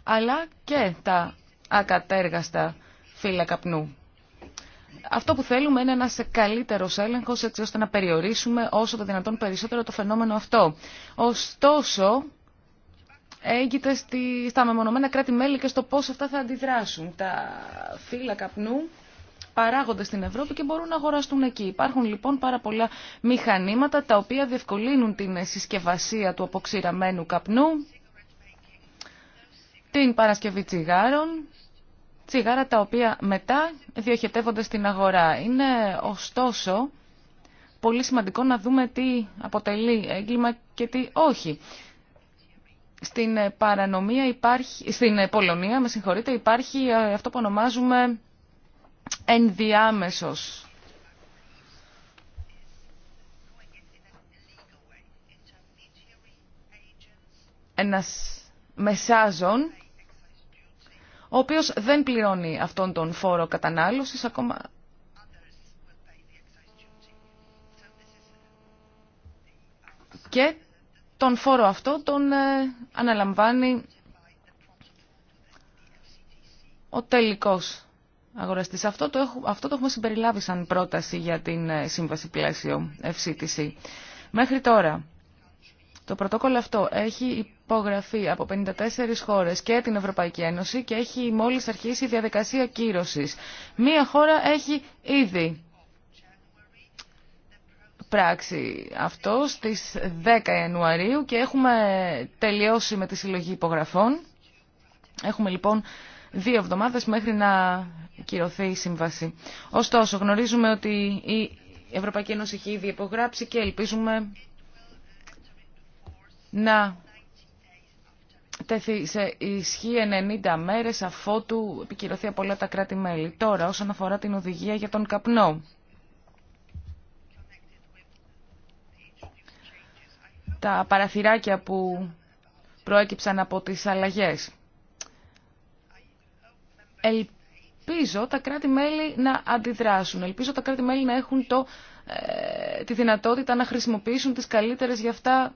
Αλλά και τα ακατέργαστα φύλλα καπνού αυτό που θέλουμε είναι ένα καλύτερος έλεγχος έτσι ώστε να περιορίσουμε όσο το δυνατόν περισσότερο το φαινόμενο αυτό. Ωστόσο, έγκυται στη, στα μεμονωμένα κράτη-μέλη και στο πώς αυτά θα αντιδράσουν. Τα φύλλα καπνού παράγονται στην Ευρώπη και μπορούν να αγοραστούν εκεί. Υπάρχουν λοιπόν πάρα πολλά μηχανήματα τα οποία διευκολύνουν την συσκευασία του αποξηραμένου καπνού, την παρασκευή τσιγάρων τσιγάρα τα οποία μετά διοχετεύονται στην αγορά. Είναι ωστόσο πολύ σημαντικό να δούμε τι αποτελεί έγκλημα και τι όχι. Στην παρανομία υπάρχει, στην Πολωνία, με συγχωρείτε, υπάρχει ε, αυτό που ονομάζουμε ενδιάμεσος ένας μεσάζων ο οποίος δεν πληρώνει αυτόν τον φόρο κατανάλωσης ακόμα και τον φόρο αυτό τον ε, αναλαμβάνει ο τελικός αγοραστής. Αυτό το, έχουμε, αυτό το έχουμε συμπεριλάβει σαν πρόταση για την ε, σύμβαση πλαίσιο FCTC. Μέχρι τώρα το πρωτόκολλο αυτό έχει υπογραφεί από 54 χώρες και την Ευρωπαϊκή Ένωση και έχει μόλις αρχίσει η διαδικασία κύρωσης. Μία χώρα έχει ήδη πράξει αυτό στις 10 Ιανουαρίου και έχουμε τελειώσει με τη συλλογή υπογραφών. Έχουμε λοιπόν δύο εβδομάδες μέχρι να κυρωθεί η σύμβαση. Ωστόσο γνωρίζουμε ότι η Ευρωπαϊκή Ένωση έχει ήδη υπογράψει και ελπίζουμε να τέθει σε ισχύ 90 μέρες αφότου επικυρωθεί από όλα τα κράτη-μέλη. Τώρα, όσον αφορά την οδηγία για τον καπνό. Τα παραθυράκια που προέκυψαν από τις αλλαγές. Ελπίζω τα κράτη-μέλη να αντιδράσουν. Ελπίζω τα κράτη-μέλη να έχουν το, ε, τη δυνατότητα να χρησιμοποιήσουν τις καλύτερες για αυτά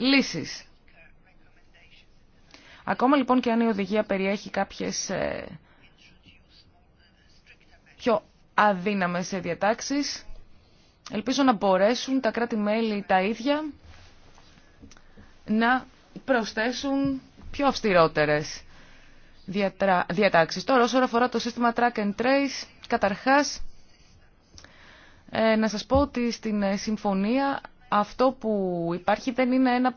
λύσεις. Ακόμα λοιπόν και αν η οδηγία περιέχει κάποιες ε, πιο αδύναμες διατάξεις, ελπίζω να μπορέσουν τα κράτη-μέλη τα ίδια να προσθέσουν πιο αυστηρότερες διατάξεις. Τώρα, όσον αφορά το σύστημα track and trace, καταρχάς, ε, να σας πω ότι στην ε, συμφωνία αυτό που υπάρχει δεν είναι ένα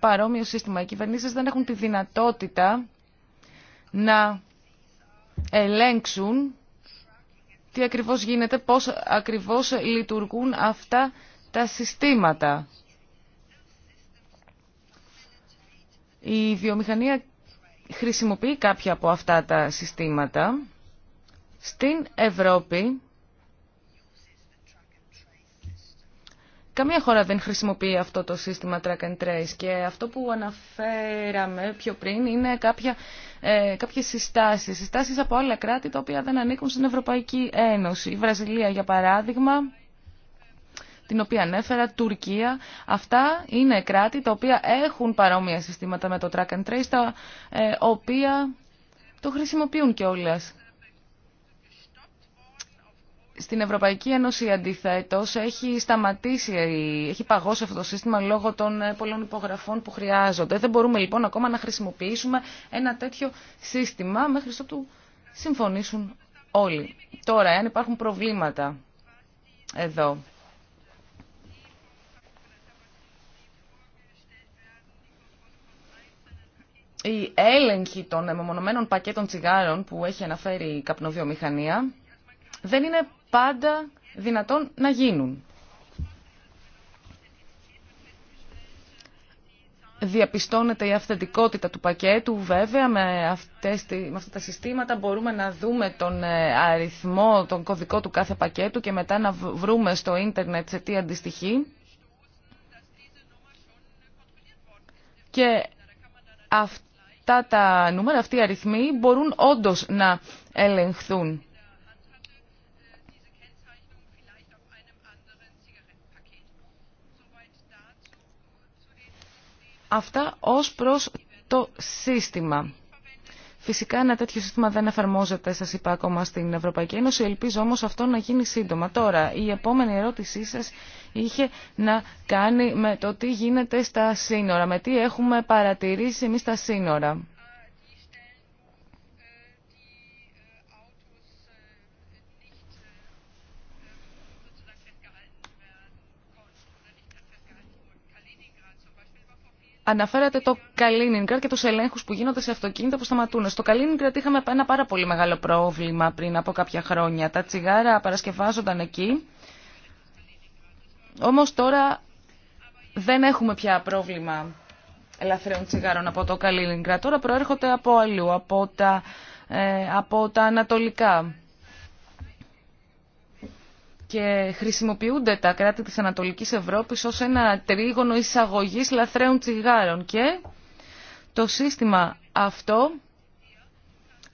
παρόμοιο σύστημα. Οι κυβερνήσεις δεν έχουν τη δυνατότητα να ελέγξουν τι ακριβώς γίνεται, πώς ακριβώς λειτουργούν αυτά τα συστήματα. Η βιομηχανία χρησιμοποιεί κάποια από αυτά τα συστήματα. Στην Ευρώπη Καμία χώρα δεν χρησιμοποιεί αυτό το σύστημα track and trace και αυτό που αναφέραμε πιο πριν είναι κάποια, ε, κάποιες συστάσεις. Συστάσεις από άλλα κράτη τα οποία δεν ανήκουν στην Ευρωπαϊκή Ένωση. Η Βραζιλία για παράδειγμα, την οποία ανέφερα, Τουρκία. Αυτά είναι κράτη τα οποία έχουν παρόμοια συστήματα με το track and trace, τα ε, οποία το χρησιμοποιούν κιόλας στην Ευρωπαϊκή Ένωση αντιθέτως έχει σταματήσει, έχει παγώσει αυτό το σύστημα λόγω των ε, πολλών υπογραφών που χρειάζονται. Δεν μπορούμε λοιπόν ακόμα να χρησιμοποιήσουμε ένα τέτοιο σύστημα μέχρι ότου συμφωνήσουν όλοι. Τώρα, αν υπάρχουν προβλήματα εδώ, η έλεγχη των μεμονωμένων πακέτων τσιγάρων που έχει αναφέρει η καπνοβιομηχανία δεν είναι πάντα δυνατόν να γίνουν. Διαπιστώνεται η αυθεντικότητα του πακέτου, βέβαια με, αυτές, με αυτά τα συστήματα μπορούμε να δούμε τον ε, αριθμό, τον κωδικό του κάθε πακέτου και μετά να βρούμε στο ίντερνετ σε τι αντιστοιχεί. Και αυτά τα νούμερα, αυτοί οι αριθμοί μπορούν όντως να ελεγχθούν. Αυτά ως προς το σύστημα. Φυσικά ένα τέτοιο σύστημα δεν εφαρμόζεται, σας είπα ακόμα, στην Ευρωπαϊκή Ένωση. Ελπίζω όμως αυτό να γίνει σύντομα. Τώρα, η επόμενη ερώτησή σας είχε να κάνει με το τι γίνεται στα σύνορα, με τι έχουμε παρατηρήσει εμείς στα σύνορα. αναφέρατε το Καλίνιγκρατ και τους ελέγχους που γίνονται σε αυτοκίνητα που σταματούν. Στο Καλίνιγκρατ είχαμε ένα πάρα πολύ μεγάλο πρόβλημα πριν από κάποια χρόνια. Τα τσιγάρα παρασκευάζονταν εκεί, όμως τώρα δεν έχουμε πια πρόβλημα ελαφραίων τσιγάρων από το Καλίνιγκρατ. Τώρα προέρχονται από αλλού, από τα, ε, από τα ανατολικά και χρησιμοποιούνται τα κράτη της Ανατολικής Ευρώπης ως ένα τρίγωνο εισαγωγής λαθρέων τσιγάρων και το σύστημα αυτό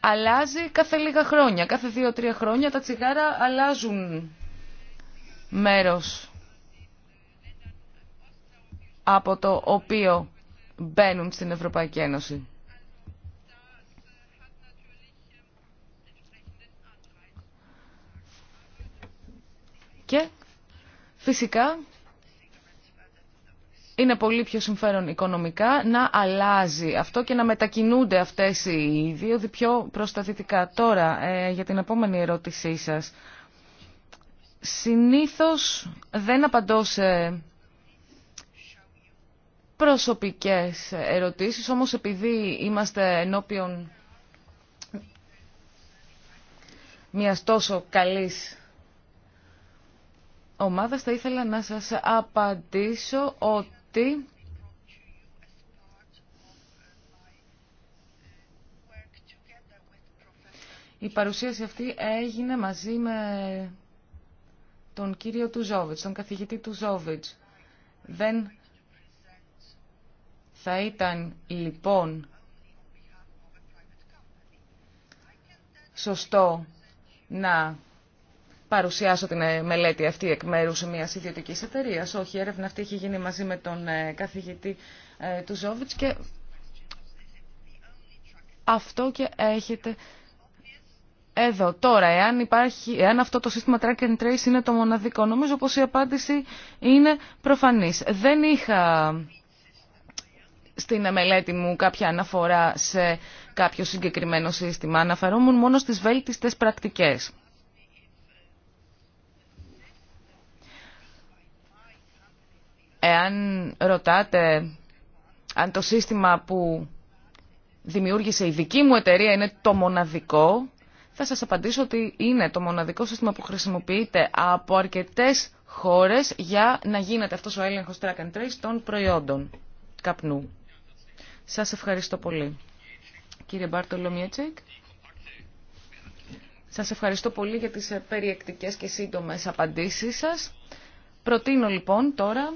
αλλάζει κάθε λίγα χρόνια. Κάθε δύο-τρία χρόνια τα τσιγάρα αλλάζουν μέρος από το οποίο μπαίνουν στην Ευρωπαϊκή Ένωση. Και φυσικά είναι πολύ πιο συμφέρον οικονομικά να αλλάζει αυτό και να μετακινούνται αυτές οι δύο πιο προσταθητικά. Τώρα, ε, για την επόμενη ερώτησή σας. Συνήθως δεν απαντώ σε προσωπικές ερωτήσεις, όμως επειδή είμαστε ενώπιον μιας τόσο καλής ομάδα θα ήθελα να σας απαντήσω ότι η παρουσίαση αυτή έγινε μαζί με τον κύριο Ζόβιτς, τον καθηγητή του Ζόβιτς, Δεν θα ήταν λοιπόν σωστό να παρουσιάσω την ε, μελέτη αυτή εκ μέρους μια ιδιωτική εταιρεία. Όχι, η έρευνα αυτή έχει γίνει μαζί με τον ε, καθηγητή ε, του Ζόβιτς και αυτό και έχετε εδώ. Τώρα, εάν, υπάρχει, εάν αυτό το σύστημα track and trace είναι το μοναδικό, νομίζω πως η απάντηση είναι προφανής. Δεν είχα στην μελέτη μου κάποια αναφορά σε κάποιο συγκεκριμένο σύστημα. Αναφερόμουν μόνο στις βέλτιστες πρακτικές. Εάν ρωτάτε αν το σύστημα που δημιούργησε η δική μου εταιρεία είναι το μοναδικό, θα σας απαντήσω ότι είναι το μοναδικό σύστημα που χρησιμοποιείται από αρκετές χώρες για να γίνεται αυτός ο έλεγχος track and trace των προϊόντων καπνού. Σας ευχαριστώ πολύ. Κύριε Μπάρτολο Μιέτσεκ. Σας ευχαριστώ πολύ για τις περιεκτικές και σύντομες απαντήσεις σας. Προτείνω λοιπόν τώρα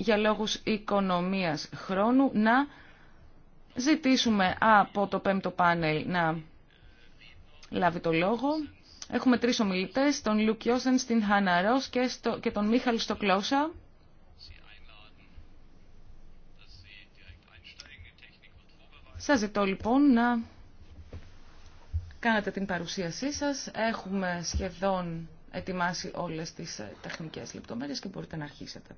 για λόγους οικονομίας χρόνου να ζητήσουμε από το πέμπτο πάνελ να λάβει το λόγο. Έχουμε τρεις ομιλητές, τον Λουκ στην Χάνα και, στο, και τον Μίχαλ στο Κλώσα. Σας ζητώ λοιπόν να κάνετε την παρουσίασή σας. Έχουμε σχεδόν ετοιμάσει όλες τις τεχνικές λεπτομέρειες και μπορείτε να αρχίσετε.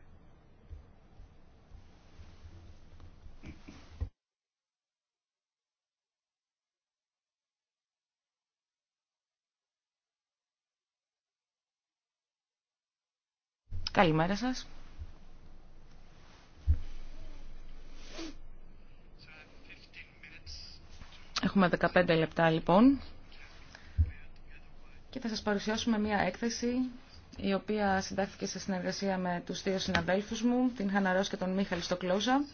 Καλημέρα σας. Έχουμε 15 λεπτά λοιπόν και θα σας παρουσιάσουμε μια έκθεση η οποία συντάχθηκε σε συνεργασία με τους δύο συναδέλφους μου, την Χαναρό και τον Μίχαλη Στοκλόζα.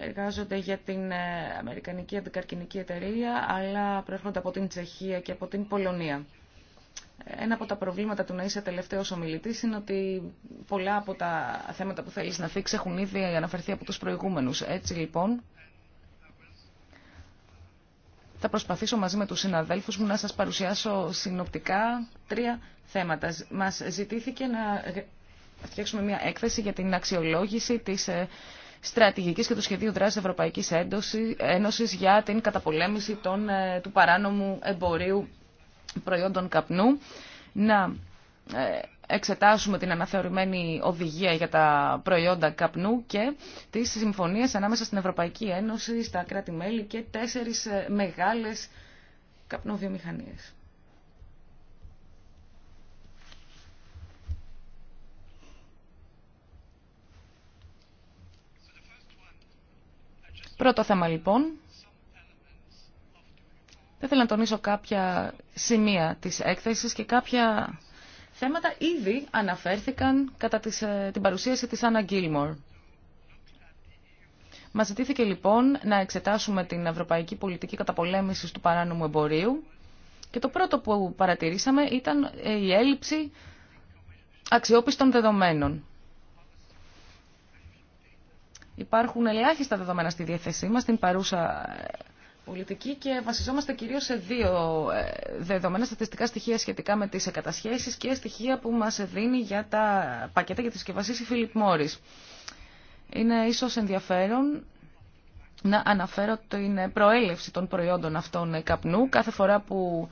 Ε, εργάζονται για την ε, Αμερικανική Αντικαρκυνική Εταιρεία, αλλά προέρχονται από την Τσεχία και από την Πολωνία ένα από τα προβλήματα του να είσαι τελευταίος ομιλητής είναι ότι πολλά από τα θέματα που θέλει να θίξει έχουν ήδη αναφερθεί από τους προηγούμενους. Έτσι λοιπόν, θα προσπαθήσω μαζί με τους συναδέλφους μου να σας παρουσιάσω συνοπτικά τρία θέματα. Μας ζητήθηκε να φτιάξουμε μια έκθεση για την αξιολόγηση της ε, στρατηγικής και του σχεδίου δράσης Ευρωπαϊκής Ένωσης για την καταπολέμηση ε, του παράνομου εμπορίου προϊόντων καπνού, να ε, εξετάσουμε την αναθεωρημένη οδηγία για τα προϊόντα καπνού και τις συμφωνίες ανάμεσα στην Ευρωπαϊκή Ένωση, στα κράτη-μέλη και τέσσερις ε, μεγάλες καπνοβιομηχανίες. Πρώτο θέμα λοιπόν θα ήθελα να τονίσω κάποια σημεία της έκθεσης και κάποια θέματα ήδη αναφέρθηκαν κατά ε, την παρουσίαση της Άννα Γκίλμορ. Μας ζητήθηκε λοιπόν να εξετάσουμε την ευρωπαϊκή πολιτική καταπολέμησης του παράνομου εμπορίου και το πρώτο που παρατηρήσαμε ήταν ε, η έλλειψη αξιόπιστων δεδομένων. Υπάρχουν ελάχιστα δεδομένα στη διάθεσή μας στην παρούσα πολιτική και βασιζόμαστε κυρίω σε δύο ε, δεδομένα στατιστικά στοιχεία σχετικά με τι εκατασχέσεις και στοιχεία που μα δίνει για τα πακέτα για τις συσκευασίες η Φίλιπ Μόρι. Είναι ίσω ενδιαφέρον να αναφέρω την προέλευση των προϊόντων αυτών καπνού. Κάθε φορά που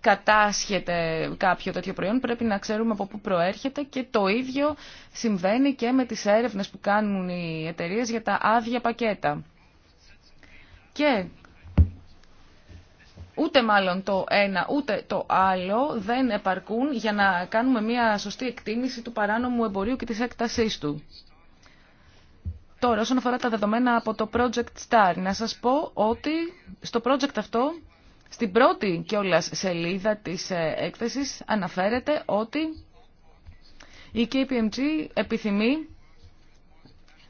κατάσχεται κάποιο τέτοιο προϊόν πρέπει να ξέρουμε από πού προέρχεται και το ίδιο συμβαίνει και με τις έρευνες που κάνουν οι εταιρείε για τα άδεια πακέτα. Και Ούτε μάλλον το ένα ούτε το άλλο δεν επαρκούν για να κάνουμε μια σωστή εκτίμηση του παράνομου εμπορίου και της έκτασής του. Τώρα, όσον αφορά τα δεδομένα από το Project Star, να σας πω ότι στο project αυτό, στην πρώτη κιόλα σελίδα της ε, έκθεσης, αναφέρεται ότι η KPMG επιθυμεί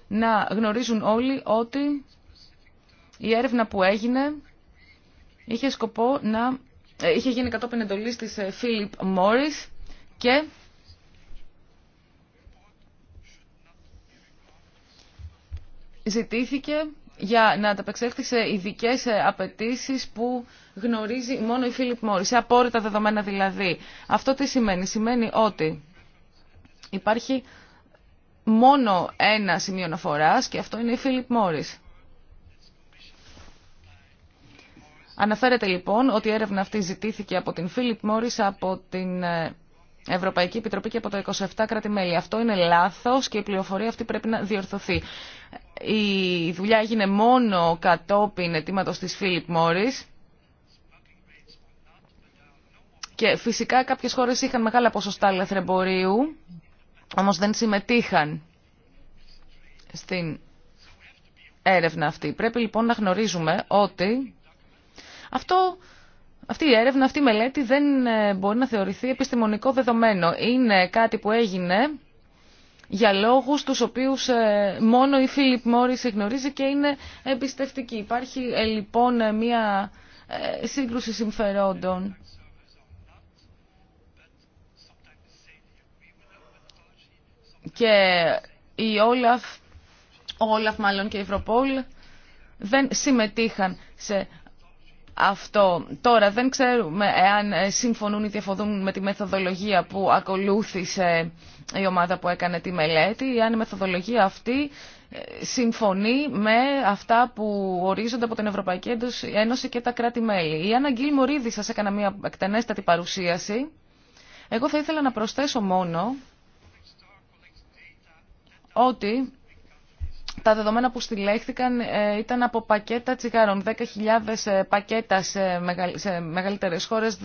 να γνωρίζουν όλοι ότι η έρευνα που έγινε είχε σκοπό να... Ε, είχε γίνει κατόπιν εντολή τη Φίλιπ Μόρι και ζητήθηκε για να ανταπεξέλθει σε ειδικέ ε, απαιτήσει που γνωρίζει μόνο η Φίλιπ Μόρι, σε απόρριτα δεδομένα δηλαδή. Αυτό τι σημαίνει. Σημαίνει ότι υπάρχει μόνο ένα σημείο αναφορά και αυτό είναι η Φίλιπ Μόρι. Αναφέρεται λοιπόν ότι η έρευνα αυτή ζητήθηκε από την Φίλιπ Μόρις, από την ε, Ευρωπαϊκή Επιτροπή και από τα 27 κράτη-μέλη. Αυτό είναι λάθος και η πληροφορία αυτή πρέπει να διορθωθεί. Η δουλειά έγινε μόνο κατόπιν αιτήματος της Φίλιπ Μόρις και φυσικά κάποιες χώρες είχαν μεγάλα ποσοστά λαθρεμπορίου, όμως δεν συμμετείχαν στην έρευνα αυτή. Πρέπει λοιπόν να γνωρίζουμε ότι αυτό αυτή η έρευνα, αυτή η μελέτη δεν ε, μπορεί να θεωρηθεί επιστημονικό δεδομένο. Είναι κάτι που έγινε για λόγους τους οποίους ε, μόνο η Φίλιπ Μόρις γνωρίζει και είναι εμπιστευτική. Υπάρχει ε, λοιπόν μια σύγκρουση συμφερόντων. Και η Όλαφ, ο Όλαφ μάλλον και η Ευρωπόλ δεν συμμετείχαν σε αυτό. Τώρα δεν ξέρουμε εάν ε, συμφωνούν ή διαφοδούν με τη μεθοδολογία που ακολούθησε η ομάδα που έκανε τη μελέτη ή αν η μεθοδολογία αυτή ε, συμφωνεί με αυτά που ορίζονται από την Ευρωπαϊκή Ένωση και τα κράτη-μέλη. Η Άννα Γκίλ Μωρίδη σας έκανα μια εκτενέστατη παρουσίαση. Εγώ θα ήθελα να προσθέσω μόνο ότι τα δεδομένα που στηλέχθηκαν ε, ήταν από πακέτα τσιγάρων. 10.000 ε, πακέτα σε, μεγαλ, σε μεγαλύτερες χώρες,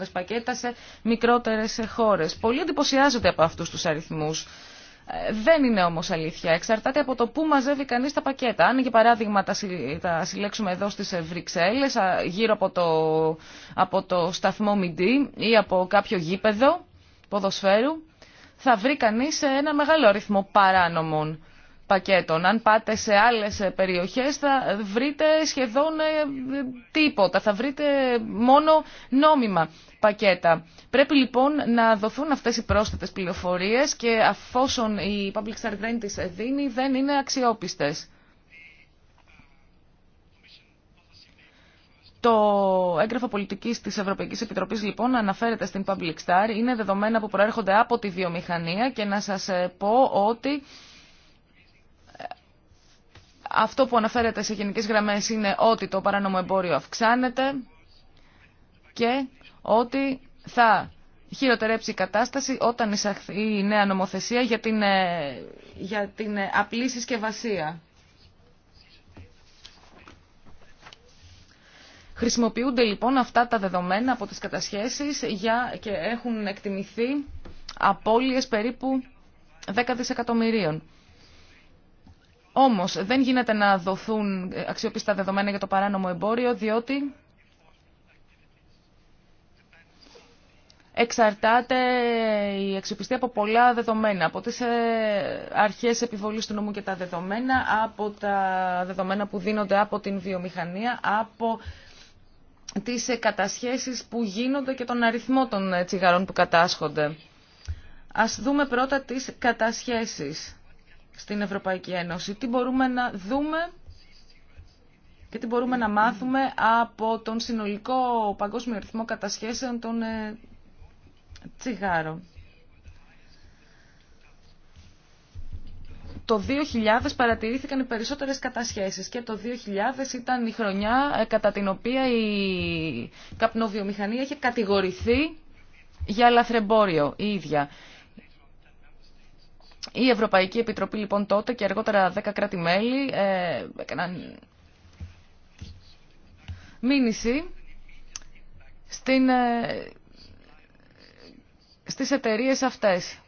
5.000 πακέτα σε μικρότερες ε, χώρες. Πολλοί εντυπωσιάζονται από αυτούς τους αριθμούς. Δεν είναι όμως αλήθεια. Εξαρτάται από το πού μαζεύει κανείς τα πακέτα. Αν για παράδειγμα τα συλλέξουμε εδώ στις Βρυξέλλες, γύρω από το, από το σταθμό Μιντή ή από κάποιο γήπεδο ποδοσφαίρου, θα βρει κανείς ένα μεγάλο αριθμό παράνομων πακέτων. Αν πάτε σε άλλες περιοχές θα βρείτε σχεδόν ε, τίποτα, θα βρείτε μόνο νόμιμα πακέτα. Πρέπει λοιπόν να δοθούν αυτές οι πρόσθετες πληροφορίες και αφόσον η Public Star δεν τι δίνει δεν είναι αξιόπιστες. Το έγγραφο πολιτικής της Ευρωπαϊκής Επιτροπής λοιπόν αναφέρεται στην Public Star, είναι δεδομένα που προέρχονται από τη βιομηχανία και να σας ε, πω ότι αυτό που αναφέρεται σε γενικές γραμμές είναι ότι το παράνομο εμπόριο αυξάνεται και ότι θα χειροτερέψει η κατάσταση όταν εισαχθεί η νέα νομοθεσία για την, ε, για την ε, απλή συσκευασία. Χρησιμοποιούνται λοιπόν αυτά τα δεδομένα από τις κατασχέσεις για, και έχουν εκτιμηθεί απώλειες περίπου 10 δισεκατομμυρίων. Όμως δεν γίνεται να δοθούν αξιόπιστα δεδομένα για το παράνομο εμπόριο, διότι εξαρτάται η αξιοπιστία από πολλά δεδομένα, από τις ε, αρχές επιβολής του νόμου και τα δεδομένα, από τα δεδομένα που δίνονται από την βιομηχανία, από τις ε, κατασχέσεις που γίνονται και τον αριθμό των ε, τσιγαρών που κατάσχονται. Ας δούμε πρώτα τις κατασχέσεις στην Ευρωπαϊκή Ένωση, τι μπορούμε να δούμε και τι μπορούμε να μάθουμε από τον συνολικό παγκόσμιο ρυθμό κατασχέσεων των ε, τσιγάρων. το 2000 παρατηρήθηκαν οι περισσότερες κατασχέσεις και το 2000 ήταν η χρονιά ε, κατά την οποία η καπνοβιομηχανία είχε κατηγορηθεί για λαθρεμπόριο η ίδια. Η Ευρωπαϊκή Επιτροπή λοιπόν τότε και αργότερα 10 κράτη-μέλη ε, έκαναν μήνυση στην, ε, στις εταιρείες αυτές.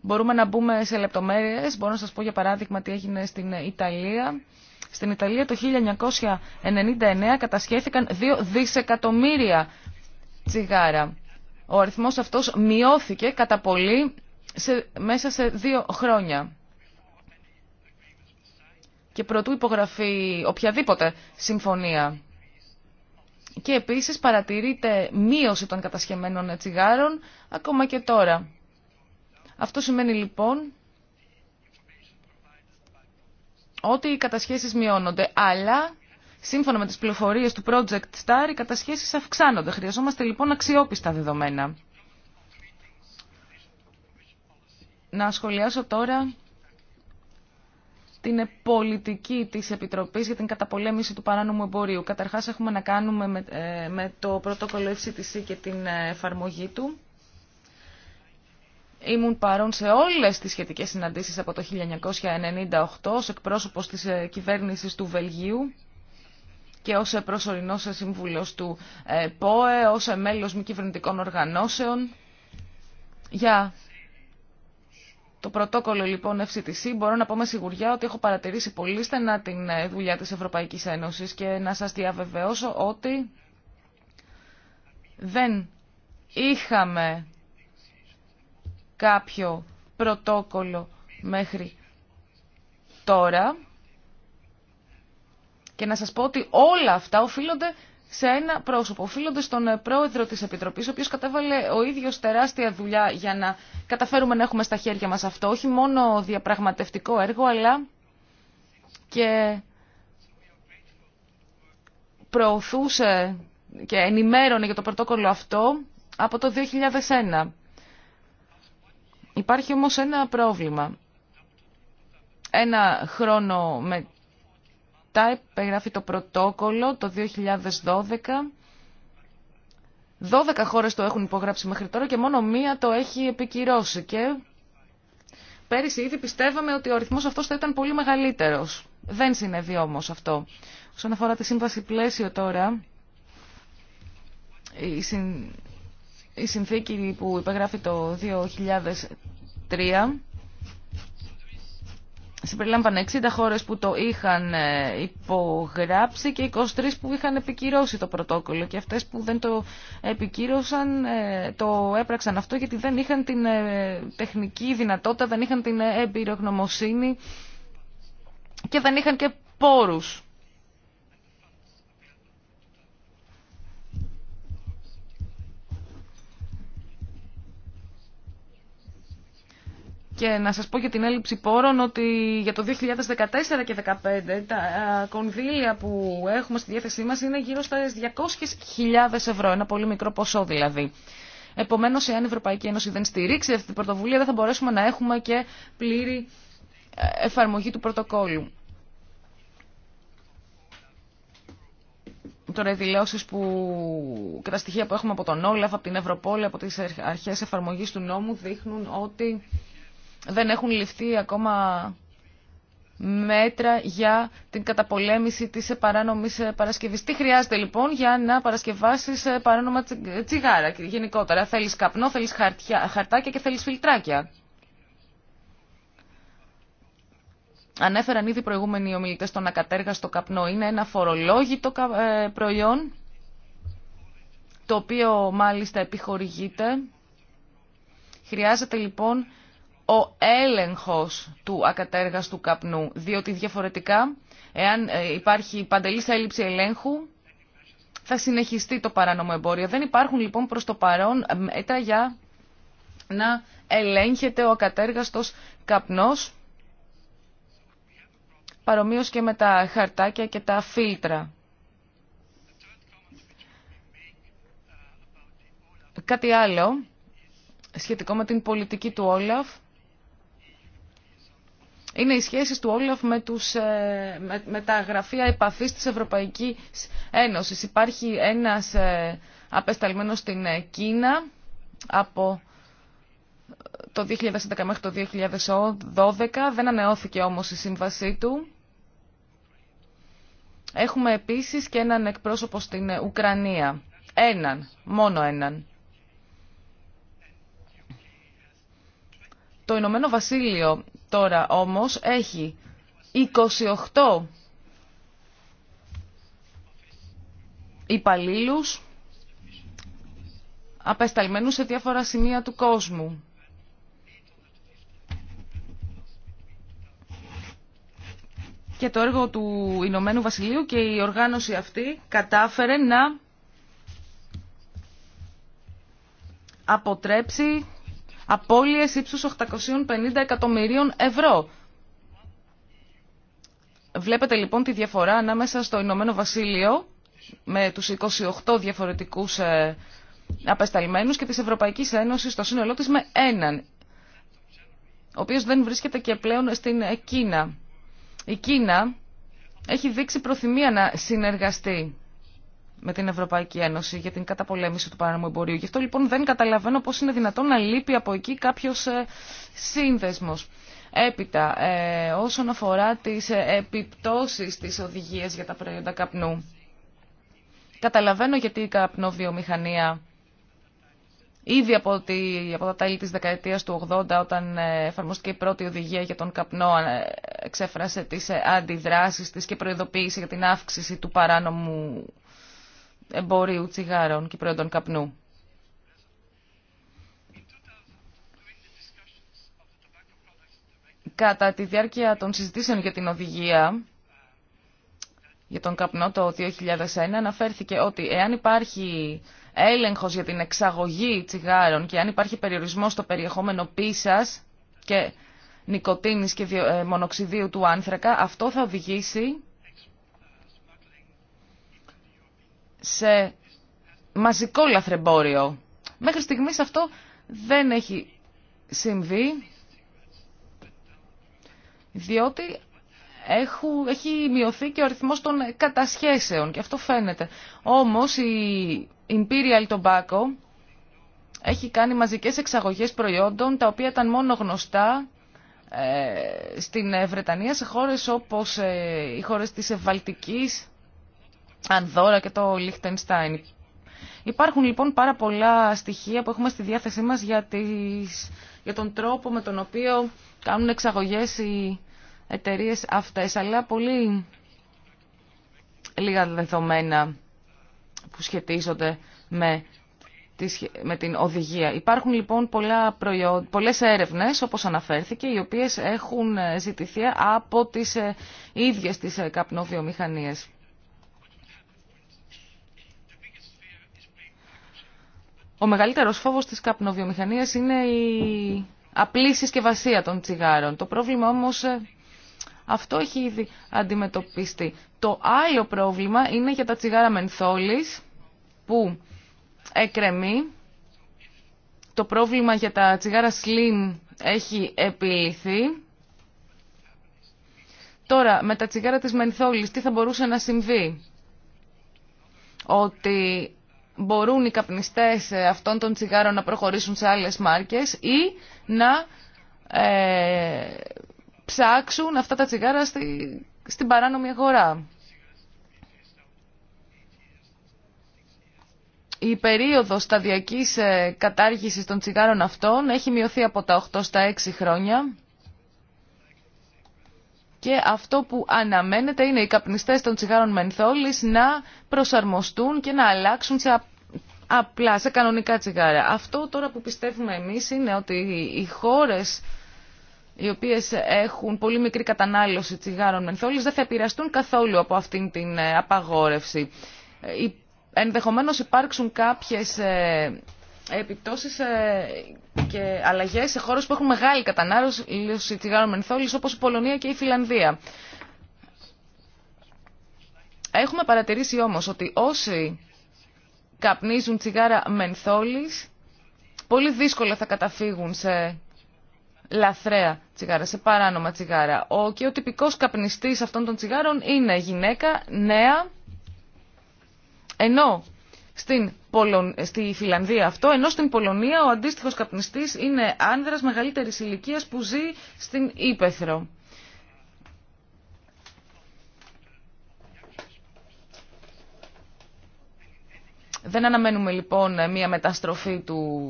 Μπορούμε να μπούμε σε λεπτομέρειες. Μπορώ να σας πω για παράδειγμα τι έγινε στην Ιταλία. Στην Ιταλία το 1999 κατασχέθηκαν 2 δισεκατομμύρια τσιγάρα. Ο αριθμός αυτός μειώθηκε κατά πολύ σε, μέσα σε δύο χρόνια. Και προτού υπογραφεί οποιαδήποτε συμφωνία. Και επίσης παρατηρείται μείωση των κατασχεμένων τσιγάρων ακόμα και τώρα. Αυτό σημαίνει λοιπόν ότι οι κατασχέσεις μειώνονται, αλλά σύμφωνα με τις πληροφορίες του Project Star οι κατασχέσεις αυξάνονται. Χρειαζόμαστε λοιπόν αξιόπιστα δεδομένα. να ασχολιάσω τώρα την πολιτική της Επιτροπής για την καταπολέμηση του παράνομου εμπορίου. Καταρχάς έχουμε να κάνουμε με, ε, με το πρωτόκολλο FCTC και την ε, εφαρμογή του. Ήμουν παρόν σε όλες τις σχετικές συναντήσεις από το 1998 ως εκπρόσωπος της ε, κυβέρνησης του Βελγίου και ως προσωρινός σύμβουλος του ΠΟΕ, ως μέλος μη κυβερνητικών οργανώσεων για το πρωτόκολλο λοιπόν FCTC μπορώ να πω με σιγουριά ότι έχω παρατηρήσει πολύ στενά την ε, δουλειά της Ευρωπαϊκής Ένωσης και να σας διαβεβαιώσω ότι δεν είχαμε κάποιο πρωτόκολλο μέχρι τώρα και να σας πω ότι όλα αυτά οφείλονται σε ένα πρόσωπο, οφείλονται στον ε, πρόεδρο τη Επιτροπή, ο οποίο κατέβαλε ο ίδιο τεράστια δουλειά για να καταφέρουμε να έχουμε στα χέρια μα αυτό, όχι μόνο διαπραγματευτικό έργο, αλλά και προωθούσε και ενημέρωνε για το πρωτόκολλο αυτό από το 2001. Υπάρχει όμως ένα πρόβλημα. Ένα χρόνο με τα περιγράφει το πρωτόκολλο το 2012. 12 χώρες το έχουν υπογράψει μέχρι τώρα και μόνο μία το έχει επικυρώσει και πέρυσι ήδη πιστεύαμε ότι ο αριθμός αυτός θα ήταν πολύ μεγαλύτερος. Δεν συνέβη όμως αυτό. Όσον αφορά τη σύμβαση πλαίσιο τώρα, η, η συνθήκη που υπεγράφει το 2003 συμπεριλάμβανε 60 χώρες που το είχαν ε, υπογράψει και 23 που είχαν επικυρώσει το πρωτόκολλο και αυτές που δεν το επικύρωσαν ε, το έπραξαν αυτό γιατί δεν είχαν την ε, τεχνική δυνατότητα, δεν είχαν την εμπειρογνωμοσύνη και δεν είχαν και πόρους Και να σας πω για την έλλειψη πόρων ότι για το 2014 και 2015 τα κονδύλια που έχουμε στη διάθεσή μας είναι γύρω στα 200.000 ευρώ, ένα πολύ μικρό ποσό δηλαδή. Επομένως, εάν η Ευρωπαϊκή Ένωση δεν στηρίξει αυτή την πρωτοβουλία, δεν θα μπορέσουμε να έχουμε και πλήρη ε, εφαρμογή του πρωτοκόλλου. Τώρα οι δηλώσει που και τα στοιχεία που έχουμε από τον Όλαφ, από την Ευρωπόλη, από τις αρχές εφαρμογής του νόμου δείχνουν ότι δεν έχουν ληφθεί ακόμα μέτρα για την καταπολέμηση της παράνομης παρασκευής. Τι χρειάζεται λοιπόν για να παρασκευάσεις παράνομα τσιγάρα γενικότερα. Θέλεις καπνό, θέλεις χαρτιά, χαρτάκια και θέλεις φιλτράκια. Ανέφεραν ήδη προηγούμενοι ομιλητές στον ακατέργαστο καπνό. Είναι ένα φορολόγητο ε, προϊόν το οποίο μάλιστα επιχορηγείται. Χρειάζεται λοιπόν ο έλεγχος του ακατέργαστου καπνού, διότι διαφορετικά, εάν ε, υπάρχει παντελής έλλειψη ελέγχου, θα συνεχιστεί το παράνομο εμπόριο. Δεν υπάρχουν λοιπόν προς το παρόν ε, μέτρα για να ελέγχεται ο ακατέργαστος καπνός, παρομοίως και με τα χαρτάκια και τα φίλτρα. Κάτι άλλο σχετικό με την πολιτική του Όλαφ είναι οι σχέσεις του Όλαφ με, τους, ε, με, τα γραφεία επαφής της Ευρωπαϊκής Ένωσης. Υπάρχει ένας ε, απεσταλμένος στην ε, Κίνα από το 2011 μέχρι το 2012. Δεν ανεώθηκε όμως η σύμβασή του. Έχουμε επίσης και έναν εκπρόσωπο στην Ουκρανία. Έναν, μόνο έναν. Το Ηνωμένο Βασίλειο τώρα όμως έχει 28 υπαλλήλου απεσταλμένους σε διάφορα σημεία του κόσμου. Και το έργο του Ηνωμένου Βασιλείου και η οργάνωση αυτή κατάφερε να αποτρέψει απώλειες ύψους 850 εκατομμυρίων ευρώ. Βλέπετε λοιπόν τη διαφορά ανάμεσα στο Ηνωμένο Βασίλειο με τους 28 διαφορετικούς ε, απεσταλμένους και της Ευρωπαϊκής Ένωσης στο σύνολό της με έναν, ο οποίος δεν βρίσκεται και πλέον στην ε, Κίνα. Η Κίνα έχει δείξει προθυμία να συνεργαστεί με την Ευρωπαϊκή Ένωση για την καταπολέμηση του παράνομου εμπορίου. Γι' αυτό λοιπόν δεν καταλαβαίνω πώς είναι δυνατόν να λείπει από εκεί κάποιος ε, σύνδεσμος. Έπειτα, ε, όσον αφορά τις ε, επιπτώσεις της οδηγίας για τα προϊόντα καπνού, καταλαβαίνω γιατί η καπνοβιομηχανία ήδη από, τη, από τα τέλη της δεκαετίας του 80 όταν εφαρμοστηκε η πρώτη οδηγία για τον καπνό εξέφρασε τις αντιδράσεις της και προειδοποίησε για την αύξηση του παράνομου εμπορίου τσιγάρων και προϊόντων καπνού. Κατά τη διάρκεια των συζητήσεων για την οδηγία για τον καπνό το 2001 αναφέρθηκε ότι εάν υπάρχει έλεγχος για την εξαγωγή τσιγάρων και αν υπάρχει περιορισμός στο περιεχόμενο πίσας και νικοτίνης και ε, μονοξιδίου του άνθρακα, αυτό θα οδηγήσει σε μαζικό λαθρεμπόριο. Μέχρι στιγμής αυτό δεν έχει συμβεί, διότι έχουν, έχει μειωθεί και ο αριθμός των κατασχέσεων και αυτό φαίνεται. Όμως η Imperial Tobacco έχει κάνει μαζικές εξαγωγές προϊόντων τα οποία ήταν μόνο γνωστά ε, στην ε, Βρετανία σε χώρες όπως ε, οι χώρες της Βαλτικής Ανδόρα και το Λιχτενστάιν. Υπάρχουν λοιπόν πάρα πολλά στοιχεία που έχουμε στη διάθεσή μας για, τις, για τον τρόπο με τον οποίο κάνουν εξαγωγές οι εταιρείες αυτές, αλλά πολύ λίγα δεδομένα που σχετίζονται με, την οδηγία. Υπάρχουν λοιπόν πολλά προϊό... πολλές έρευνες, όπως αναφέρθηκε, οι οποίες έχουν ζητηθεί από τις ε, ίδιες τις ε, καπνοβιομηχανίες. Ο μεγαλύτερος φόβος της καπνοβιομηχανίας είναι η απλή συσκευασία των τσιγάρων. Το πρόβλημα όμως ε, αυτό έχει ήδη αντιμετωπιστεί. Το άλλο πρόβλημα είναι για τα τσιγάρα μενθόλης που εκρεμεί. Το πρόβλημα για τα τσιγάρα slim έχει επιληθεί. Τώρα, με τα τσιγάρα της μενθόλης τι θα μπορούσε να συμβεί. Ότι μπορούν οι καπνιστές αυτών των τσιγάρων να προχωρήσουν σε άλλες μάρκες ή να ε, ψάξουν αυτά τα τσιγάρα στη, στην παράνομη αγορά. Η περίοδος σταδιακής ε, κατάργησης των τσιγάρων αυτών έχει μειωθεί από τα 8 στα 6 χρόνια και αυτό που αναμένεται είναι οι καπνιστές των τσιγάρων μενθόλης να προσαρμοστούν και να αλλάξουν σε απλά, σε κανονικά τσιγάρα. Αυτό τώρα που πιστεύουμε εμείς είναι ότι οι χώρες οι οποίες έχουν πολύ μικρή κατανάλωση τσιγάρων μενθόλης δεν θα επηρεαστούν καθόλου από αυτήν την ε, απαγόρευση. Ε, ενδεχομένως υπάρξουν κάποιες ε, Επιτόσεις ε, και αλλαγέ σε χώρε που έχουν μεγάλη κατανάλωση τσιγάρων μενθόλης όπως η Πολωνία και η Φιλανδία. Έχουμε παρατηρήσει όμως ότι όσοι καπνίζουν τσιγάρα μενθόλης πολύ δύσκολα θα καταφύγουν σε λαθρέα τσιγάρα, σε παράνομα τσιγάρα. Ο, και ο τυπικός καπνιστής αυτών των τσιγάρων είναι γυναίκα, νέα, ενώ στην στη Φιλανδία αυτό, ενώ στην Πολωνία ο αντίστοιχος καπνιστής είναι άνδρας μεγαλύτερης ηλικίας που ζει στην Ήπεθρο. Δεν αναμένουμε λοιπόν μια μεταστροφή του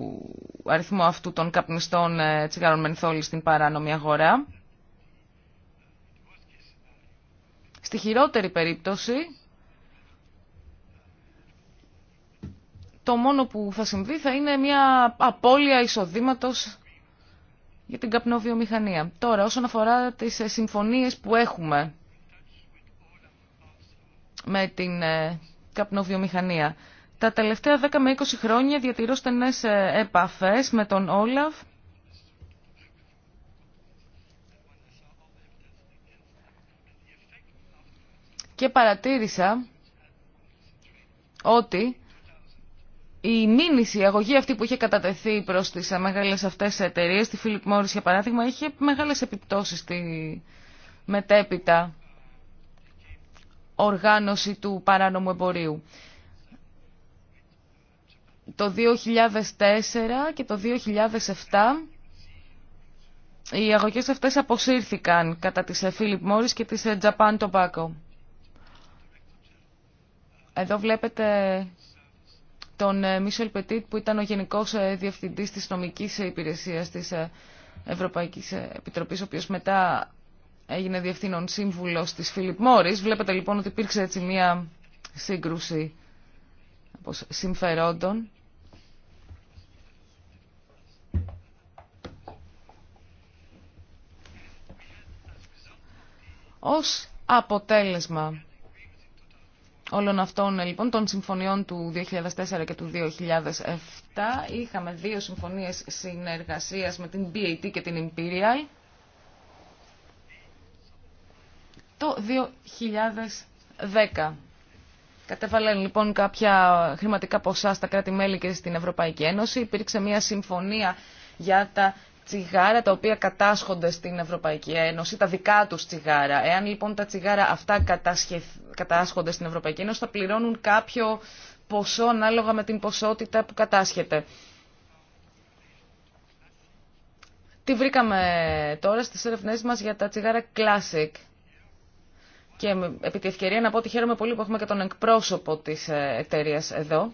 αριθμού αυτού των καπνιστών ε, τσιγάρων μενθόλη στην παράνομη αγορά. Στη χειρότερη περίπτωση το μόνο που θα συμβεί θα είναι μια απώλεια εισοδήματος για την καπνοβιομηχανία. Τώρα, όσον αφορά τις ε, συμφωνίες που έχουμε με την ε, καπνοβιομηχανία, τα τελευταία 10 με 20 χρόνια διατηρώ στενές ε, επαφές με τον Όλαφ, και παρατήρησα ότι η μήνυση, η αγωγή αυτή που είχε κατατεθεί προ τι μεγάλε αυτές εταιρείε, τη Philip Morris για παράδειγμα, είχε μεγάλες επιπτώσεις στη μετέπειτα οργάνωση του παράνομου εμπορίου. Το 2004 και το 2007 οι αγωγές αυτές αποσύρθηκαν κατά της Philip Morris και της Japan Tobacco. Εδώ βλέπετε τον ε, Μίσελ Πετίτ που ήταν ο Γενικός ε, Διευθυντής της Νομικής Υπηρεσίας της ε, Ευρωπαϊκής Επιτροπής, ο οποίος μετά έγινε Διευθύνων Σύμβουλος της Φίλιπ Μόρις. Βλέπετε λοιπόν ότι υπήρξε έτσι μία σύγκρουση συμφερόντων. Ως αποτέλεσμα όλων αυτών λοιπόν των συμφωνιών του 2004 και του 2007 είχαμε δύο συμφωνίες συνεργασίας με την BAT και την Imperial το 2010. Κατέβαλαν λοιπόν κάποια χρηματικά ποσά στα κράτη-μέλη και στην Ευρωπαϊκή Ένωση. Υπήρξε μια συμφωνία για τα τσιγάρα τα οποία κατάσχονται στην Ευρωπαϊκή Ένωση, τα δικά τους τσιγάρα. Εάν λοιπόν τα τσιγάρα αυτά κατάσχονται στην Ευρωπαϊκή Ένωση θα πληρώνουν κάποιο ποσό ανάλογα με την ποσότητα που κατάσχεται. Τι βρήκαμε τώρα στις έρευνές μας για τα τσιγάρα Classic. Και επί τη ευκαιρία να πω ότι χαίρομαι πολύ που έχουμε και τον εκπρόσωπο της ε, εταιρεία εδώ.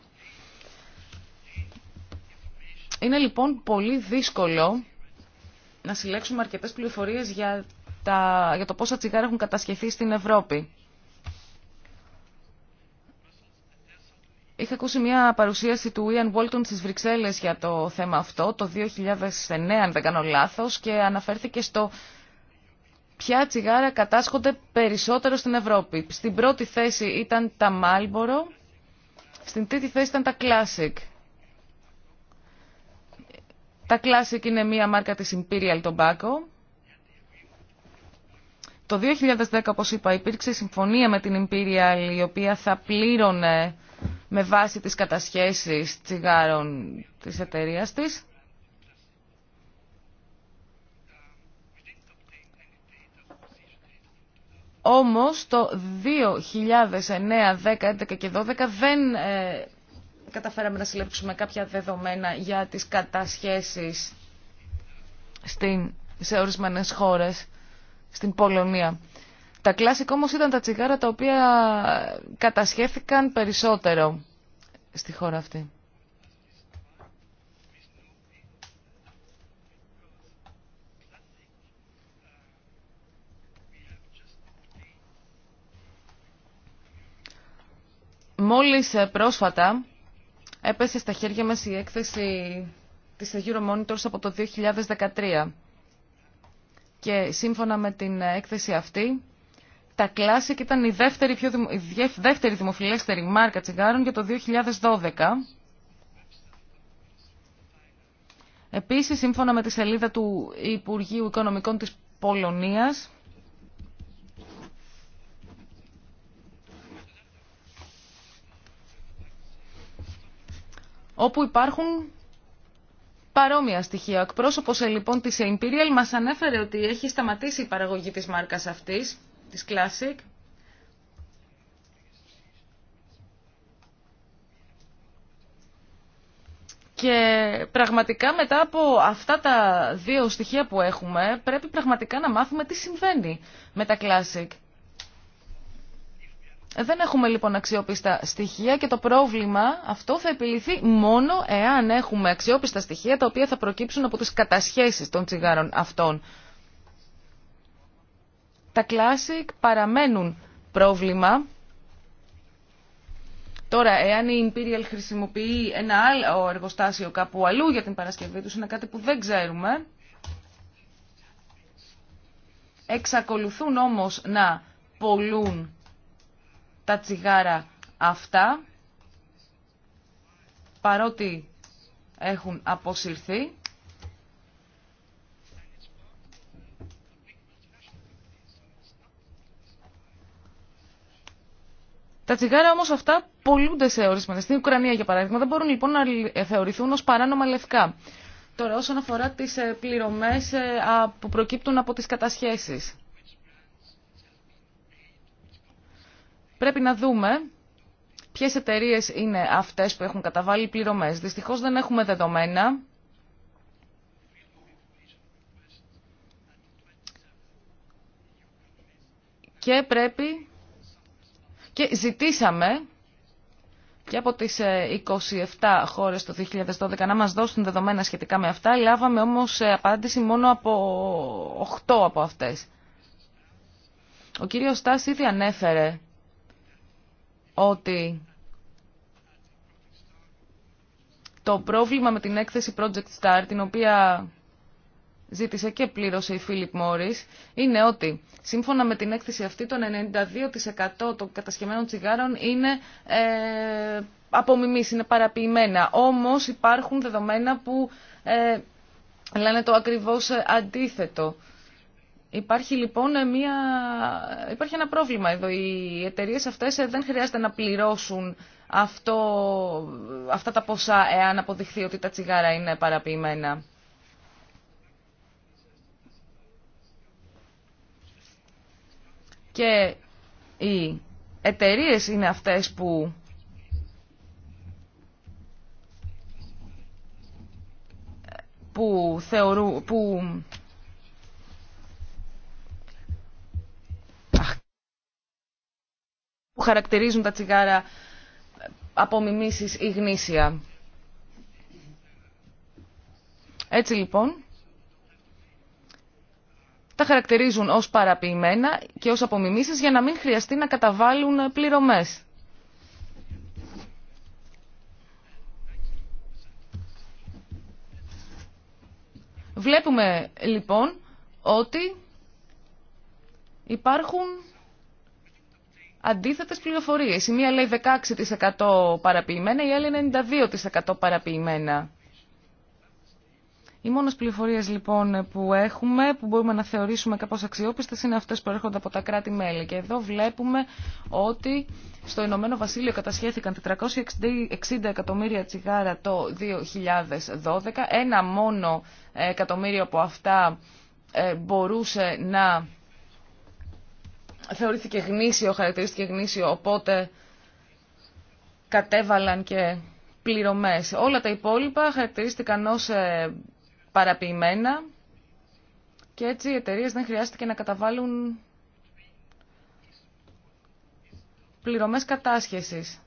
Είναι λοιπόν πολύ δύσκολο να συλλέξουμε αρκετέ πληροφορίε για, για το πόσα τσιγάρα έχουν κατασκευθεί στην Ευρώπη. Είχα ακούσει μια παρουσίαση του Ιαν Βόλτον στις Βρυξέλλες για το θέμα αυτό το 2009, αν δεν κάνω λάθος, και αναφέρθηκε στο ποια τσιγάρα κατάσχονται περισσότερο στην Ευρώπη. Στην πρώτη θέση ήταν τα Μάλμπορο, στην τρίτη θέση ήταν τα Κλάσικ. Τα Classic είναι μία μάρκα της Imperial Tobacco. Το 2010, όπως είπα, υπήρξε συμφωνία με την Imperial, η οποία θα πλήρωνε με βάση τις κατασχέσεις τσιγάρων της εταιρείας της. Όμως το 2009, 10, 11 και 12 δεν ε, καταφέραμε να συλλέξουμε κάποια δεδομένα για τις κατασχέσεις στην, σε ορισμένες χώρες, στην Πολωνία. Τα κλάσικα όμως ήταν τα τσιγάρα τα οποία κατασχέθηκαν περισσότερο στη χώρα αυτή. Μόλις ε, πρόσφατα έπεσε στα χέρια μας η έκθεση της Monitors από το 2013. Και σύμφωνα με την έκθεση αυτή, τα Classic ήταν η δεύτερη, η δεύτερη δημοφιλέστερη μάρκα τσιγάρων για το 2012. Επίσης, σύμφωνα με τη σελίδα του Υπουργείου Οικονομικών της Πολωνίας, όπου υπάρχουν παρόμοια στοιχεία. Ο εκπρόσωπο ε, λοιπόν τη Imperial μας ανέφερε ότι έχει σταματήσει η παραγωγή της μάρκας αυτής, της Classic, Και πραγματικά μετά από αυτά τα δύο στοιχεία που έχουμε πρέπει πραγματικά να μάθουμε τι συμβαίνει με τα classic. Δεν έχουμε λοιπόν αξιόπιστα στοιχεία και το πρόβλημα αυτό θα επιληθεί μόνο εάν έχουμε αξιόπιστα στοιχεία τα οποία θα προκύψουν από τις κατασχέσεις των τσιγάρων αυτών. Τα classic παραμένουν πρόβλημα. Τώρα, εάν η Imperial χρησιμοποιεί ένα άλλο εργοστάσιο κάπου αλλού για την παρασκευή τους, είναι κάτι που δεν ξέρουμε. Εξακολουθούν όμως να πολλούν τα τσιγάρα αυτά, παρότι έχουν αποσυρθεί, Τα τσιγάρα όμως αυτά πολλούνται σε ορισμένα. Στην Ουκρανία, για παράδειγμα, δεν μπορούν λοιπόν να ε, θεωρηθούν ως παράνομα λευκά. Τώρα, όσον αφορά τις ε, πληρωμές ε, που προκύπτουν από τις κατασχέσεις. Πρέπει να δούμε ποιε εταιρείε είναι αυτές που έχουν καταβάλει πληρωμές. Δυστυχώ δεν έχουμε δεδομένα. Και πρέπει και ζητήσαμε και από τις 27 ε, χώρες το 2012 να μας δώσουν δεδομένα σχετικά με αυτά, λάβαμε όμως ε, απάντηση μόνο από 8 από αυτές. Ο κύριος Στάς ήδη ανέφερε ότι το πρόβλημα με την έκθεση Project Star, την οποία ζήτησε και πλήρωσε η Φίλιπ Μόρις, είναι ότι σύμφωνα με την έκθεση αυτή το 92% των κατασκευμένων τσιγάρων είναι ε, απομιμής, είναι παραποιημένα. Όμως υπάρχουν δεδομένα που ε, λένε το ακριβώς ε, αντίθετο. Υπάρχει λοιπόν μια... Υπάρχει ένα πρόβλημα εδώ. Οι εταιρείε αυτές ε, δεν χρειάζεται να πληρώσουν αυτό... αυτά τα ποσά εάν αποδειχθεί ότι τα τσιγάρα είναι παραποιημένα. Και οι εταιρείε είναι αυτές που που θεωρού που που χαρακτηρίζουν τα τσιγάρα από μιμήσεις ή γνήσια. Έτσι λοιπόν, τα χαρακτηρίζουν ως παραποιημένα και ως απομιμήσεις για να μην χρειαστεί να καταβάλουν πληρωμές. Βλέπουμε λοιπόν ότι υπάρχουν Αντίθετε πληροφορίες. Η μία λέει 16% παραποιημένα, η άλλη 92% παραποιημένα. Οι μόνες πληροφορίες λοιπόν που έχουμε, που μπορούμε να θεωρήσουμε κάπως αξιόπιστες, είναι αυτές που έρχονται από τα κράτη-μέλη. Και εδώ βλέπουμε ότι στο Ηνωμένο Βασίλειο κατασχέθηκαν 460 εκατομμύρια τσιγάρα το 2012. Ένα μόνο εκατομμύριο από αυτά ε, μπορούσε να θεωρήθηκε γνήσιο, χαρακτηρίστηκε γνήσιο, οπότε κατέβαλαν και πληρωμές. Όλα τα υπόλοιπα χαρακτηρίστηκαν ως ε, παραποιημένα και έτσι οι εταιρείε δεν χρειάστηκε να καταβάλουν πληρωμές κατάσχεσης.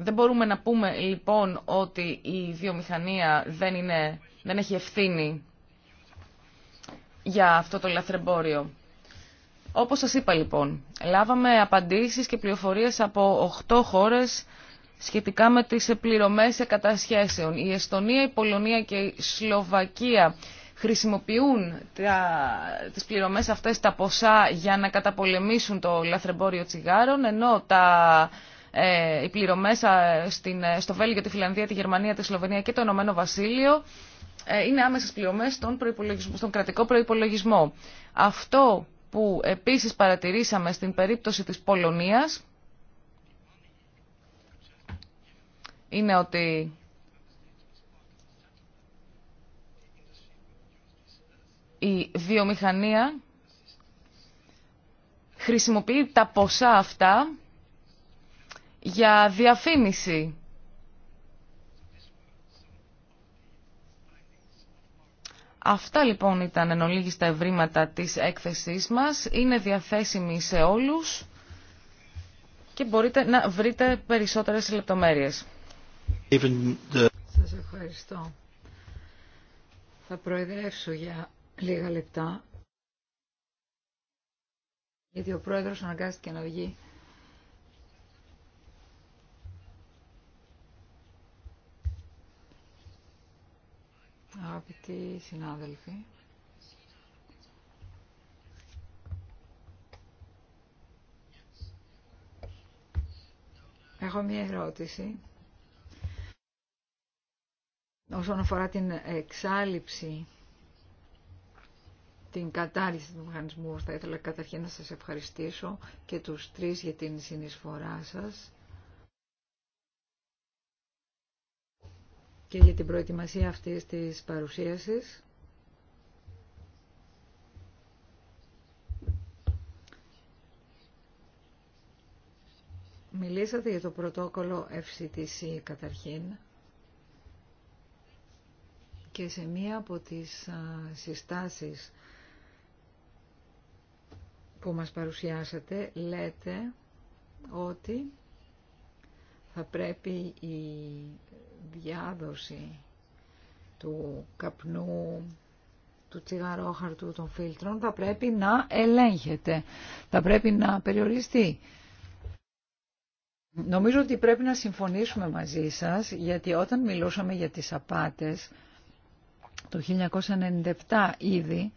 Δεν μπορούμε να πούμε λοιπόν ότι η βιομηχανία δεν, είναι, δεν έχει ευθύνη για αυτό το λαθρεμπόριο. Όπως σας είπα λοιπόν, λάβαμε απαντήσεις και πληροφορίες από 8 χώρες σχετικά με τις πληρωμές εκατασχέσεων. Η Εστονία, η Πολωνία και η Σλοβακία χρησιμοποιούν τα, τις αυτέ αυτές τα ποσά για να καταπολεμήσουν το λαθρεμπόριο τσιγάρων, ενώ τα, ε, οι ε, στο Βέλγιο, τη Φιλανδία, τη Γερμανία, τη Σλοβενία και το Ηνωμένο Βασίλειο ε, είναι άμεσες πληρωμές στον, στον κρατικό προϋπολογισμό. Αυτό που επίσης παρατηρήσαμε στην περίπτωση της Πολωνίας είναι ότι η βιομηχανία χρησιμοποιεί τα ποσά αυτά για διαφήμιση Αυτά λοιπόν ήταν εν ολίγης τα ευρήματα της έκθεσής μας. Είναι διαθέσιμη σε όλους και μπορείτε να βρείτε περισσότερες λεπτομέρειες. Σας ευχαριστώ. Θα προεδρεύσω για λίγα λεπτά, γιατί ο πρόεδρος αναγκάστηκε να βγει. Αγαπητοί συνάδελφοι, έχω μία ερώτηση όσον αφορά την εξάλληψη, την κατάρριση του μηχανισμού. Θα ήθελα καταρχήν να σας ευχαριστήσω και τους τρεις για την συνεισφορά σας. και για την προετοιμασία αυτής της παρουσίασης. Μιλήσατε για το πρωτόκολλο FCTC καταρχήν και σε μία από τις συστάσεις που μας παρουσιάσατε λέτε ότι θα πρέπει η διάδοση του καπνού, του τσιγαρόχαρτου, των φίλτρων θα πρέπει να ελέγχεται, θα πρέπει να περιοριστεί. Νομίζω ότι πρέπει να συμφωνήσουμε μαζί σας, γιατί όταν μιλούσαμε για τις απάτες το 1997 ήδη,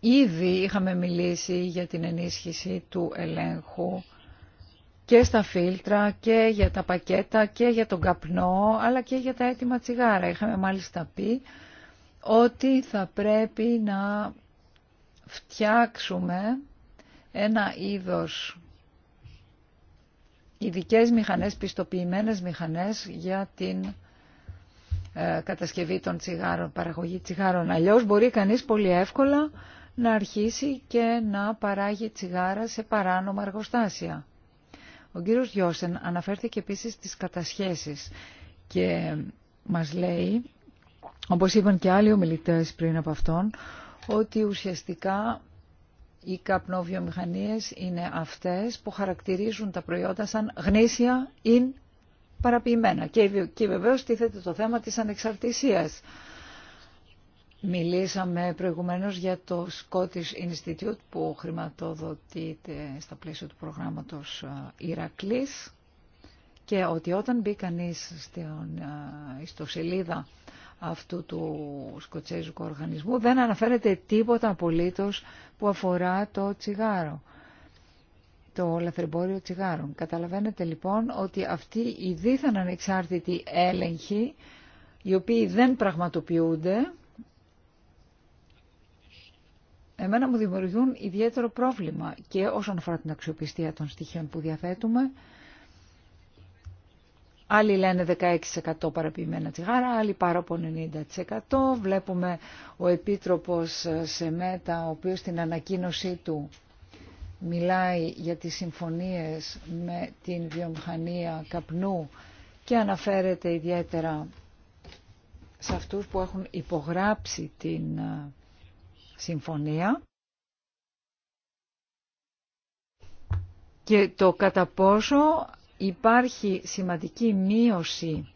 ήδη είχαμε μιλήσει για την ενίσχυση του ελέγχου και στα φίλτρα και για τα πακέτα και για τον καπνό αλλά και για τα έτοιμα τσιγάρα. Είχαμε μάλιστα πει ότι θα πρέπει να φτιάξουμε ένα είδος ειδικέ μηχανές, πιστοποιημένες μηχανές για την ε, κατασκευή των τσιγάρων, παραγωγή τσιγάρων. Αλλιώς μπορεί κανείς πολύ εύκολα να αρχίσει και να παράγει τσιγάρα σε παράνομα εργοστάσια. Ο κύριος Γιώσεν αναφέρθηκε επίσης στις κατασχέσεις και μας λέει, όπως είπαν και άλλοι ομιλητές πριν από αυτόν, ότι ουσιαστικά οι καπνόβιομηχανίες είναι αυτές που χαρακτηρίζουν τα προϊόντα σαν γνήσια ή παραποιημένα. Και, και βεβαίως τίθεται το θέμα της ανεξαρτησίας. Μιλήσαμε προηγουμένως για το Scottish Institute που χρηματοδοτείται στα πλαίσια του προγράμματος Ηρακλής και ότι όταν μπει κανείς στην ιστοσελίδα αυτού του σκοτσέζικου οργανισμού δεν αναφέρεται τίποτα απολύτως που αφορά το τσιγάρο, το λαθρεμπόριο τσιγάρων. Καταλαβαίνετε λοιπόν ότι αυτή η δίθεν ανεξάρτητη έλεγχη οι οποίοι δεν πραγματοποιούνται εμένα μου δημιουργούν ιδιαίτερο πρόβλημα και όσον αφορά την αξιοπιστία των στοιχείων που διαθέτουμε. Άλλοι λένε 16% παραποιημένα τσιγάρα, άλλοι πάρα από 90%. Βλέπουμε ο Επίτροπος σε μέτα, ο οποίος στην ανακοίνωσή του μιλάει για τις συμφωνίες με την βιομηχανία καπνού και αναφέρεται ιδιαίτερα σε αυτούς που έχουν υπογράψει την συμφωνία και το κατά πόσο υπάρχει σημαντική μείωση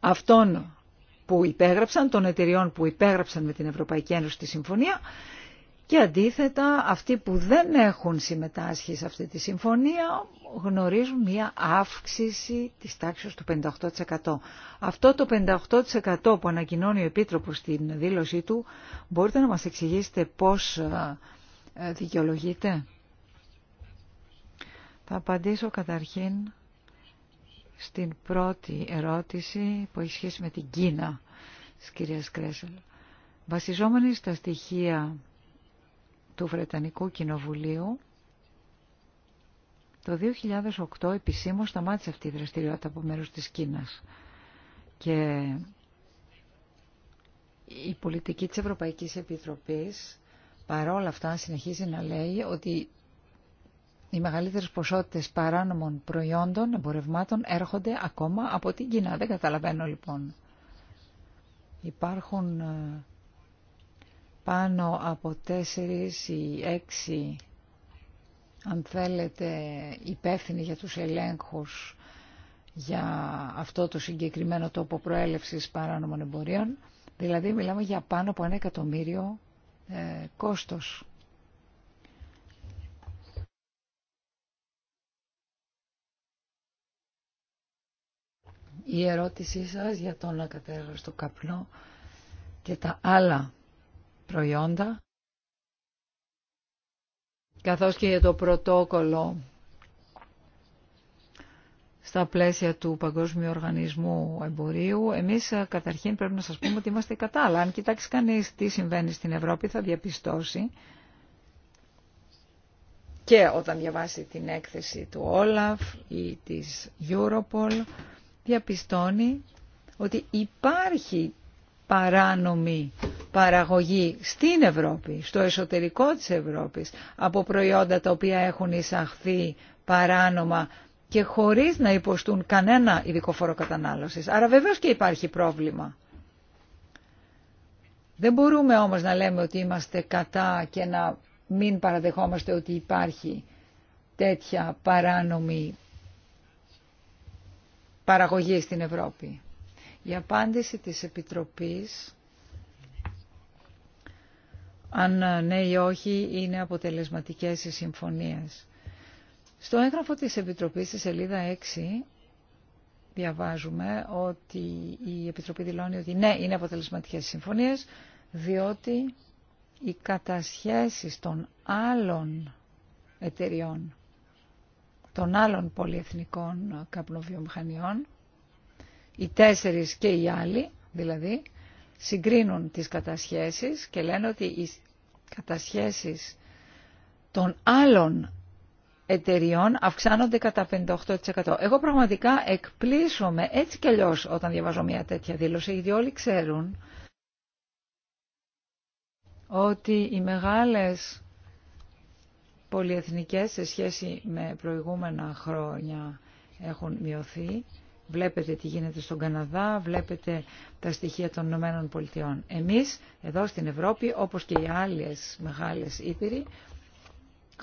αυτών που υπέγραψαν, των εταιριών που υπέγραψαν με την Ευρωπαϊκή Ένωση τη Συμφωνία και αντίθετα, αυτοί που δεν έχουν συμμετάσχει σε αυτή τη συμφωνία γνωρίζουν μια αύξηση της τάξης του 58%. Αυτό το 58% που ανακοινώνει ο Επίτροπος στην δήλωσή του, μπορείτε να μας εξηγήσετε πώς ε, ε, δικαιολογείται. Θα απαντήσω καταρχήν στην πρώτη ερώτηση που έχει σχέση με την Κίνα, της κυρίας Κρέσελ. Βασιζόμενοι στα στοιχεία του Βρετανικού Κοινοβουλίου το 2008 επισήμως σταμάτησε αυτή η δραστηριότητα από μέρους της Κίνας και η πολιτική της Ευρωπαϊκής Επιτροπής παρόλα αυτά συνεχίζει να λέει ότι οι μεγαλύτερες ποσότητες παράνομων προϊόντων, εμπορευμάτων έρχονται ακόμα από την Κίνα. Δεν καταλαβαίνω λοιπόν. Υπάρχουν ε, πάνω από τέσσερις ή έξι, αν θέλετε, υπεύθυνοι για τους ελέγχους για αυτό το συγκεκριμένο τόπο προέλευσης παράνομων εμπορίων. Δηλαδή μιλάμε για πάνω από ένα εκατομμύριο ε, κόστος. Η ερώτησή σας για τον ακατέργαστο καπνό και τα άλλα προϊόντα καθώς και για το πρωτόκολλο στα πλαίσια του Παγκόσμιου Οργανισμού Εμπορίου. Εμείς ε, καταρχήν πρέπει να σας πούμε ότι είμαστε κατά, αν κοιτάξει κανείς τι συμβαίνει στην Ευρώπη θα διαπιστώσει και όταν διαβάσει την έκθεση του Όλαφ ή της Europol διαπιστώνει ότι υπάρχει παράνομη παραγωγή στην Ευρώπη, στο εσωτερικό της Ευρώπης, από προϊόντα τα οποία έχουν εισαχθεί παράνομα και χωρίς να υποστούν κανένα ειδικό φόρο κατανάλωσης. Άρα βεβαίως και υπάρχει πρόβλημα. Δεν μπορούμε όμως να λέμε ότι είμαστε κατά και να μην παραδεχόμαστε ότι υπάρχει τέτοια παράνομη παραγωγή στην Ευρώπη. Η απάντηση της Επιτροπής, αν ναι ή όχι, είναι αποτελεσματικές οι συμφωνίες. Στο έγγραφο της Επιτροπής, στη σελίδα 6, διαβάζουμε ότι η Επιτροπή δηλώνει ότι ναι, είναι αποτελεσματικές οι συμφωνίες, διότι οι κατασχέσεις των άλλων εταιριών, των άλλων πολυεθνικών καπνοβιομηχανιών, οι τέσσερις και οι άλλοι, δηλαδή, συγκρίνουν τις κατασχέσεις και λένε ότι οι κατασχέσεις των άλλων εταιριών αυξάνονται κατά 58%. Εγώ πραγματικά εκπλήσωμαι έτσι κι αλλιώς όταν διαβάζω μια τέτοια δήλωση, γιατί όλοι ξέρουν ότι οι μεγάλες πολυεθνικές σε σχέση με προηγούμενα χρόνια έχουν μειωθεί Βλέπετε τι γίνεται στον Καναδά, βλέπετε τα στοιχεία των Ηνωμένων Πολιτειών. Εμείς εδώ στην Ευρώπη, όπως και οι άλλες μεγάλες ήπειροι,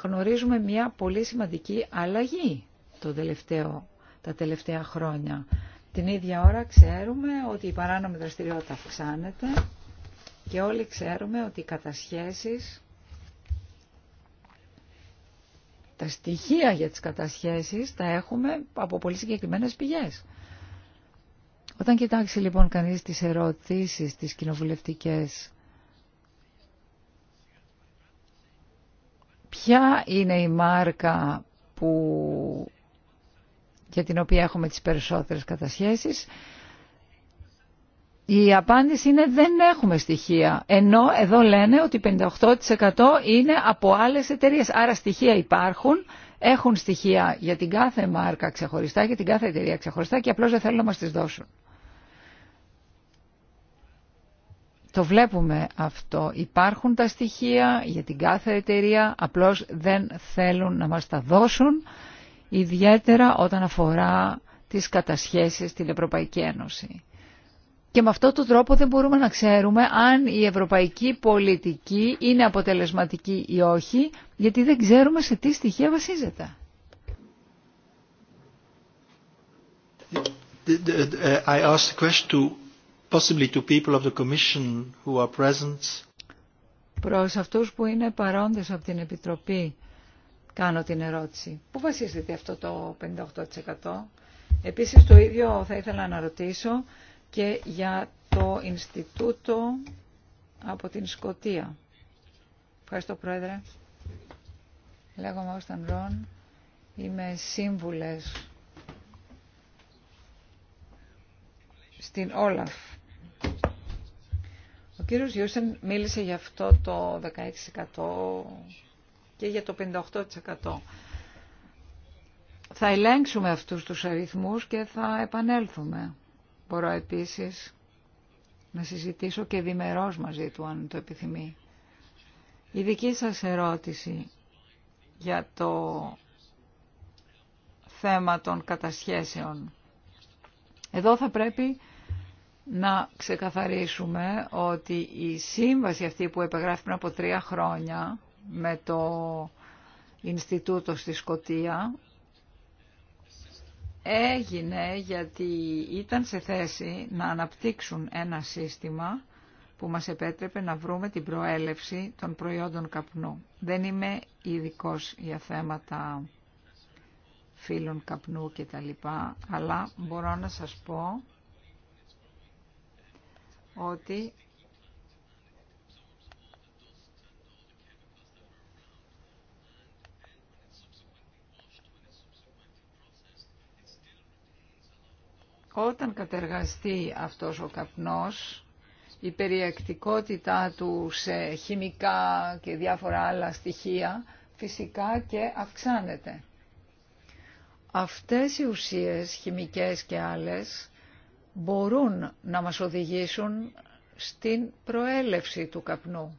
γνωρίζουμε μια πολύ σημαντική αλλαγή το τελευταίο, τα τελευταία χρόνια. Την ίδια ώρα ξέρουμε ότι η παράνομη δραστηριότητα αυξάνεται και όλοι ξέρουμε ότι οι κατασχέσεις, τα στοιχεία για τις κατασχέσεις τα έχουμε από πολύ συγκεκριμένες πηγές. Όταν κοιτάξει λοιπόν κανείς τις ερωτήσεις, τις κοινοβουλευτικές, ποια είναι η μάρκα που, για την οποία έχουμε τις περισσότερες κατασχέσεις, η απάντηση είναι δεν έχουμε στοιχεία. Ενώ εδώ λένε ότι 58% είναι από άλλες εταιρείες. Άρα στοιχεία υπάρχουν, έχουν στοιχεία για την κάθε μάρκα ξεχωριστά, για την κάθε εταιρεία ξεχωριστά και απλώς δεν θέλουν να μας τις δώσουν. Το βλέπουμε αυτό. Υπάρχουν τα στοιχεία για την κάθε εταιρεία, απλώς δεν θέλουν να μας τα δώσουν, ιδιαίτερα όταν αφορά τις κατασχέσεις στην Ευρωπαϊκή Ένωση. Και με αυτόν τον τρόπο δεν μπορούμε να ξέρουμε αν η ευρωπαϊκή πολιτική είναι αποτελεσματική ή όχι, γιατί δεν ξέρουμε σε τι στοιχεία βασίζεται. Uh, possibly to Προς αυτούς που είναι παρόντες από την Επιτροπή κάνω την ερώτηση. Πού βασίζεται αυτό το 58%? Επίσης το ίδιο θα ήθελα να ρωτήσω και για το Ινστιτούτο από την Σκοτία. Ευχαριστώ Πρόεδρε. Λέγομαι Όσταν Ρον. Είμαι σύμβουλες στην Όλαφ ο κύριος Γιούσεν μίλησε για αυτό το 16% και για το 58%. Θα ελέγξουμε αυτούς τους αριθμούς και θα επανέλθουμε. Μπορώ επίσης να συζητήσω και διμερός μαζί του αν το επιθυμεί. Η δική σας ερώτηση για το θέμα των κατασχέσεων. Εδώ θα πρέπει να ξεκαθαρίσουμε ότι η σύμβαση αυτή που επεγράφει από τρία χρόνια με το Ινστιτούτο στη Σκοτία έγινε γιατί ήταν σε θέση να αναπτύξουν ένα σύστημα που μας επέτρεπε να βρούμε την προέλευση των προϊόντων καπνού. Δεν είμαι ειδικό για θέματα φύλων καπνού κτλ. αλλά μπορώ να σας πω ότι όταν κατεργαστεί αυτός ο καπνός, η περιεκτικότητά του σε χημικά και διάφορα άλλα στοιχεία φυσικά και αυξάνεται. Αυτές οι ουσίες, χημικές και άλλες, μπορούν να μας οδηγήσουν στην προέλευση του καπνού.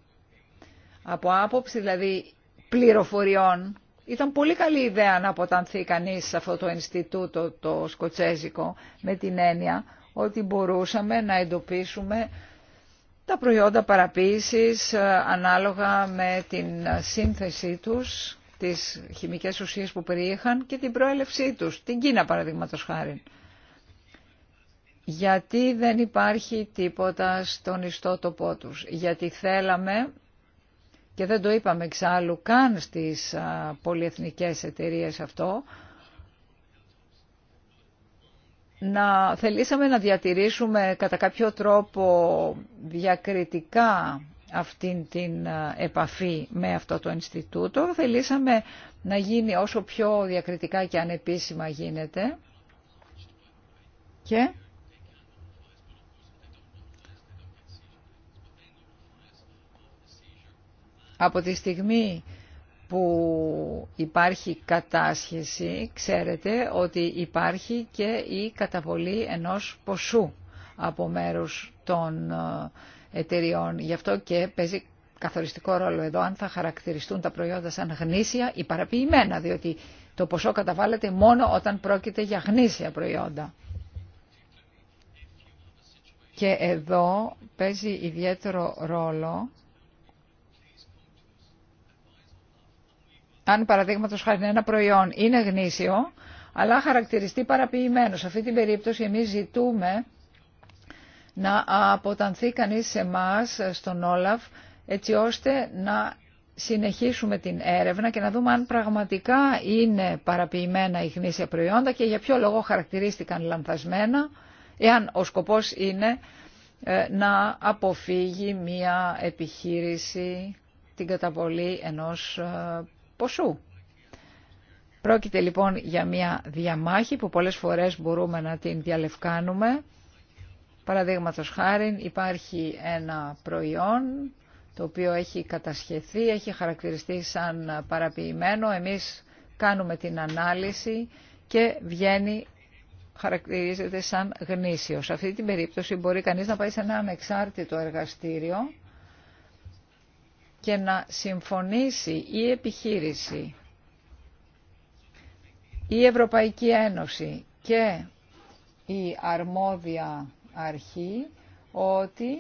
Από άποψη δηλαδή πληροφοριών, ήταν πολύ καλή ιδέα να αποτανθεί κανείς σε αυτό το Ινστιτούτο το σκοτσέζικο με την έννοια ότι μπορούσαμε να εντοπίσουμε τα προϊόντα παραποίησης ε, ανάλογα με την σύνθεσή τους, τις χημικές ουσίες που περιείχαν και την προέλευσή τους, την Κίνα παραδείγματος χάρη. Γιατί δεν υπάρχει τίποτα στον ιστότοπό τους. Γιατί θέλαμε, και δεν το είπαμε εξάλλου καν στις πολυεθνικές εταιρείες αυτό, να θελήσαμε να διατηρήσουμε κατά κάποιο τρόπο διακριτικά αυτήν την επαφή με αυτό το Ινστιτούτο. Θελήσαμε να γίνει όσο πιο διακριτικά και ανεπίσημα γίνεται. Και Από τη στιγμή που υπάρχει κατάσχεση, ξέρετε ότι υπάρχει και η καταβολή ενός ποσού από μέρους των ε, εταιριών. Γι' αυτό και παίζει καθοριστικό ρόλο εδώ αν θα χαρακτηριστούν τα προϊόντα σαν γνήσια ή παραποιημένα, διότι το ποσό καταβάλλεται μόνο όταν πρόκειται για γνήσια προϊόντα. Και εδώ παίζει ιδιαίτερο ρόλο αν παραδείγματο χάρη ένα προϊόν είναι γνήσιο, αλλά χαρακτηριστεί παραποιημένο. Σε αυτή την περίπτωση εμεί ζητούμε να αποτανθεί κανεί σε εμά στον Όλαφ, έτσι ώστε να συνεχίσουμε την έρευνα και να δούμε αν πραγματικά είναι παραποιημένα η γνήσια προϊόντα και για ποιο λόγο χαρακτηρίστηκαν λανθασμένα, εάν ο σκοπός είναι ε, να αποφύγει μία επιχείρηση την καταβολή ενός ε, ποσού. Πρόκειται λοιπόν για μια διαμάχη που πολλές φορές μπορούμε να την διαλευκάνουμε. Παραδείγματο χάρη υπάρχει ένα προϊόν το οποίο έχει κατασχεθεί, έχει χαρακτηριστεί σαν παραποιημένο. Εμείς κάνουμε την ανάλυση και βγαίνει χαρακτηρίζεται σαν γνήσιο. Σε αυτή την περίπτωση μπορεί κανείς να πάει σε ένα ανεξάρτητο εργαστήριο και να συμφωνήσει η επιχείρηση, η Ευρωπαϊκή Ένωση και η αρμόδια αρχή ότι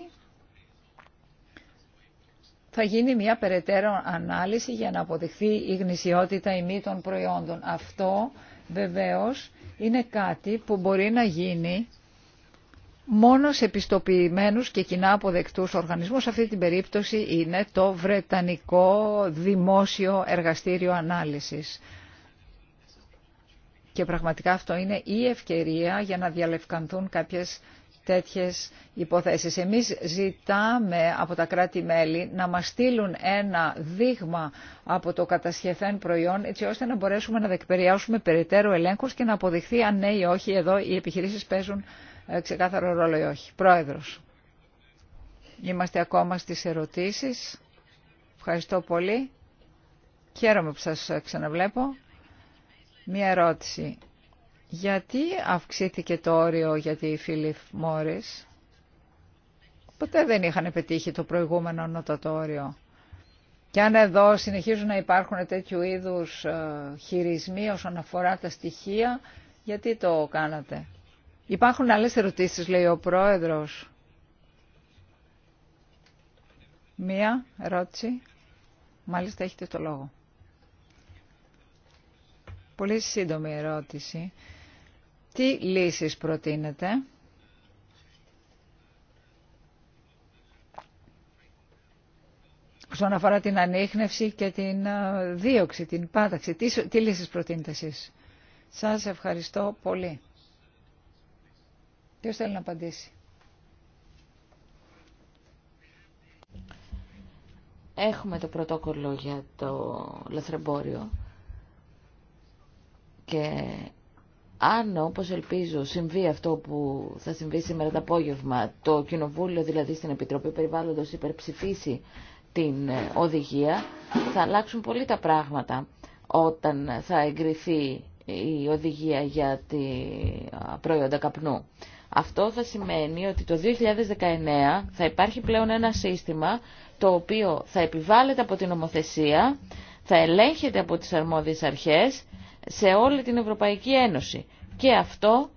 θα γίνει μια περαιτέρω ανάλυση για να αποδειχθεί η γνησιότητα ημί των προϊόντων. Αυτό βεβαίως είναι κάτι που μπορεί να γίνει μόνο σε επιστοποιημένους και κοινά αποδεκτούς οργανισμούς. Αυτή την περίπτωση είναι το Βρετανικό Δημόσιο Εργαστήριο Ανάλυσης. Και πραγματικά αυτό είναι η ευκαιρία για να διαλευκανθούν κάποιες τέτοιες υποθέσεις. Εμείς ζητάμε από τα κράτη-μέλη να μας στείλουν ένα δείγμα από το κατασχεθέν προϊόν, έτσι ώστε να μπορέσουμε να δεκπεριάσουμε περαιτέρω ελέγχους και να αποδειχθεί αν ναι ή όχι εδώ οι επιχειρήσεις παίζουν ε, ξεκάθαρο ρόλο ή όχι. Πρόεδρος, είμαστε ακόμα στις ερωτήσεις. Ευχαριστώ πολύ. Χαίρομαι που σας ξαναβλέπω. Μία ερώτηση. Γιατί αυξήθηκε το όριο για τη Φίλιπ Μόρις. Ποτέ δεν είχαν πετύχει το προηγούμενο νοτατόριο. Και αν εδώ συνεχίζουν να υπάρχουν τέτοιου είδους ε, χειρισμοί όσον αφορά τα στοιχεία, γιατί το κάνατε. Υπάρχουν άλλες ερωτήσεις, λέει ο πρόεδρος. Μία ερώτηση. Μάλιστα έχετε το λόγο. Πολύ σύντομη ερώτηση. Τι λύσεις προτείνετε. Όσον αφορά την ανείχνευση και την ε, δίωξη, την πάταξη. Τι, τι λύσεις προτείνετε εσείς. Σας ευχαριστώ πολύ. Ποιος θέλει να απαντήσει. Έχουμε το πρωτόκολλο για το λαθρεμπόριο και αν όπως ελπίζω συμβεί αυτό που θα συμβεί σήμερα το απόγευμα, το Κοινοβούλιο δηλαδή στην Επιτροπή Περιβάλλοντος υπερψηφίσει την ε, οδηγία, θα αλλάξουν πολύ τα πράγματα όταν θα εγκριθεί η οδηγία για τη ε, προϊόντα καπνού. Αυτό θα σημαίνει ότι το 2019 θα υπάρχει πλέον ένα σύστημα το οποίο θα επιβάλλεται από την νομοθεσία, θα ελέγχεται από τις αρμόδιες αρχές σε όλη την Ευρωπαϊκή Ένωση. Και αυτό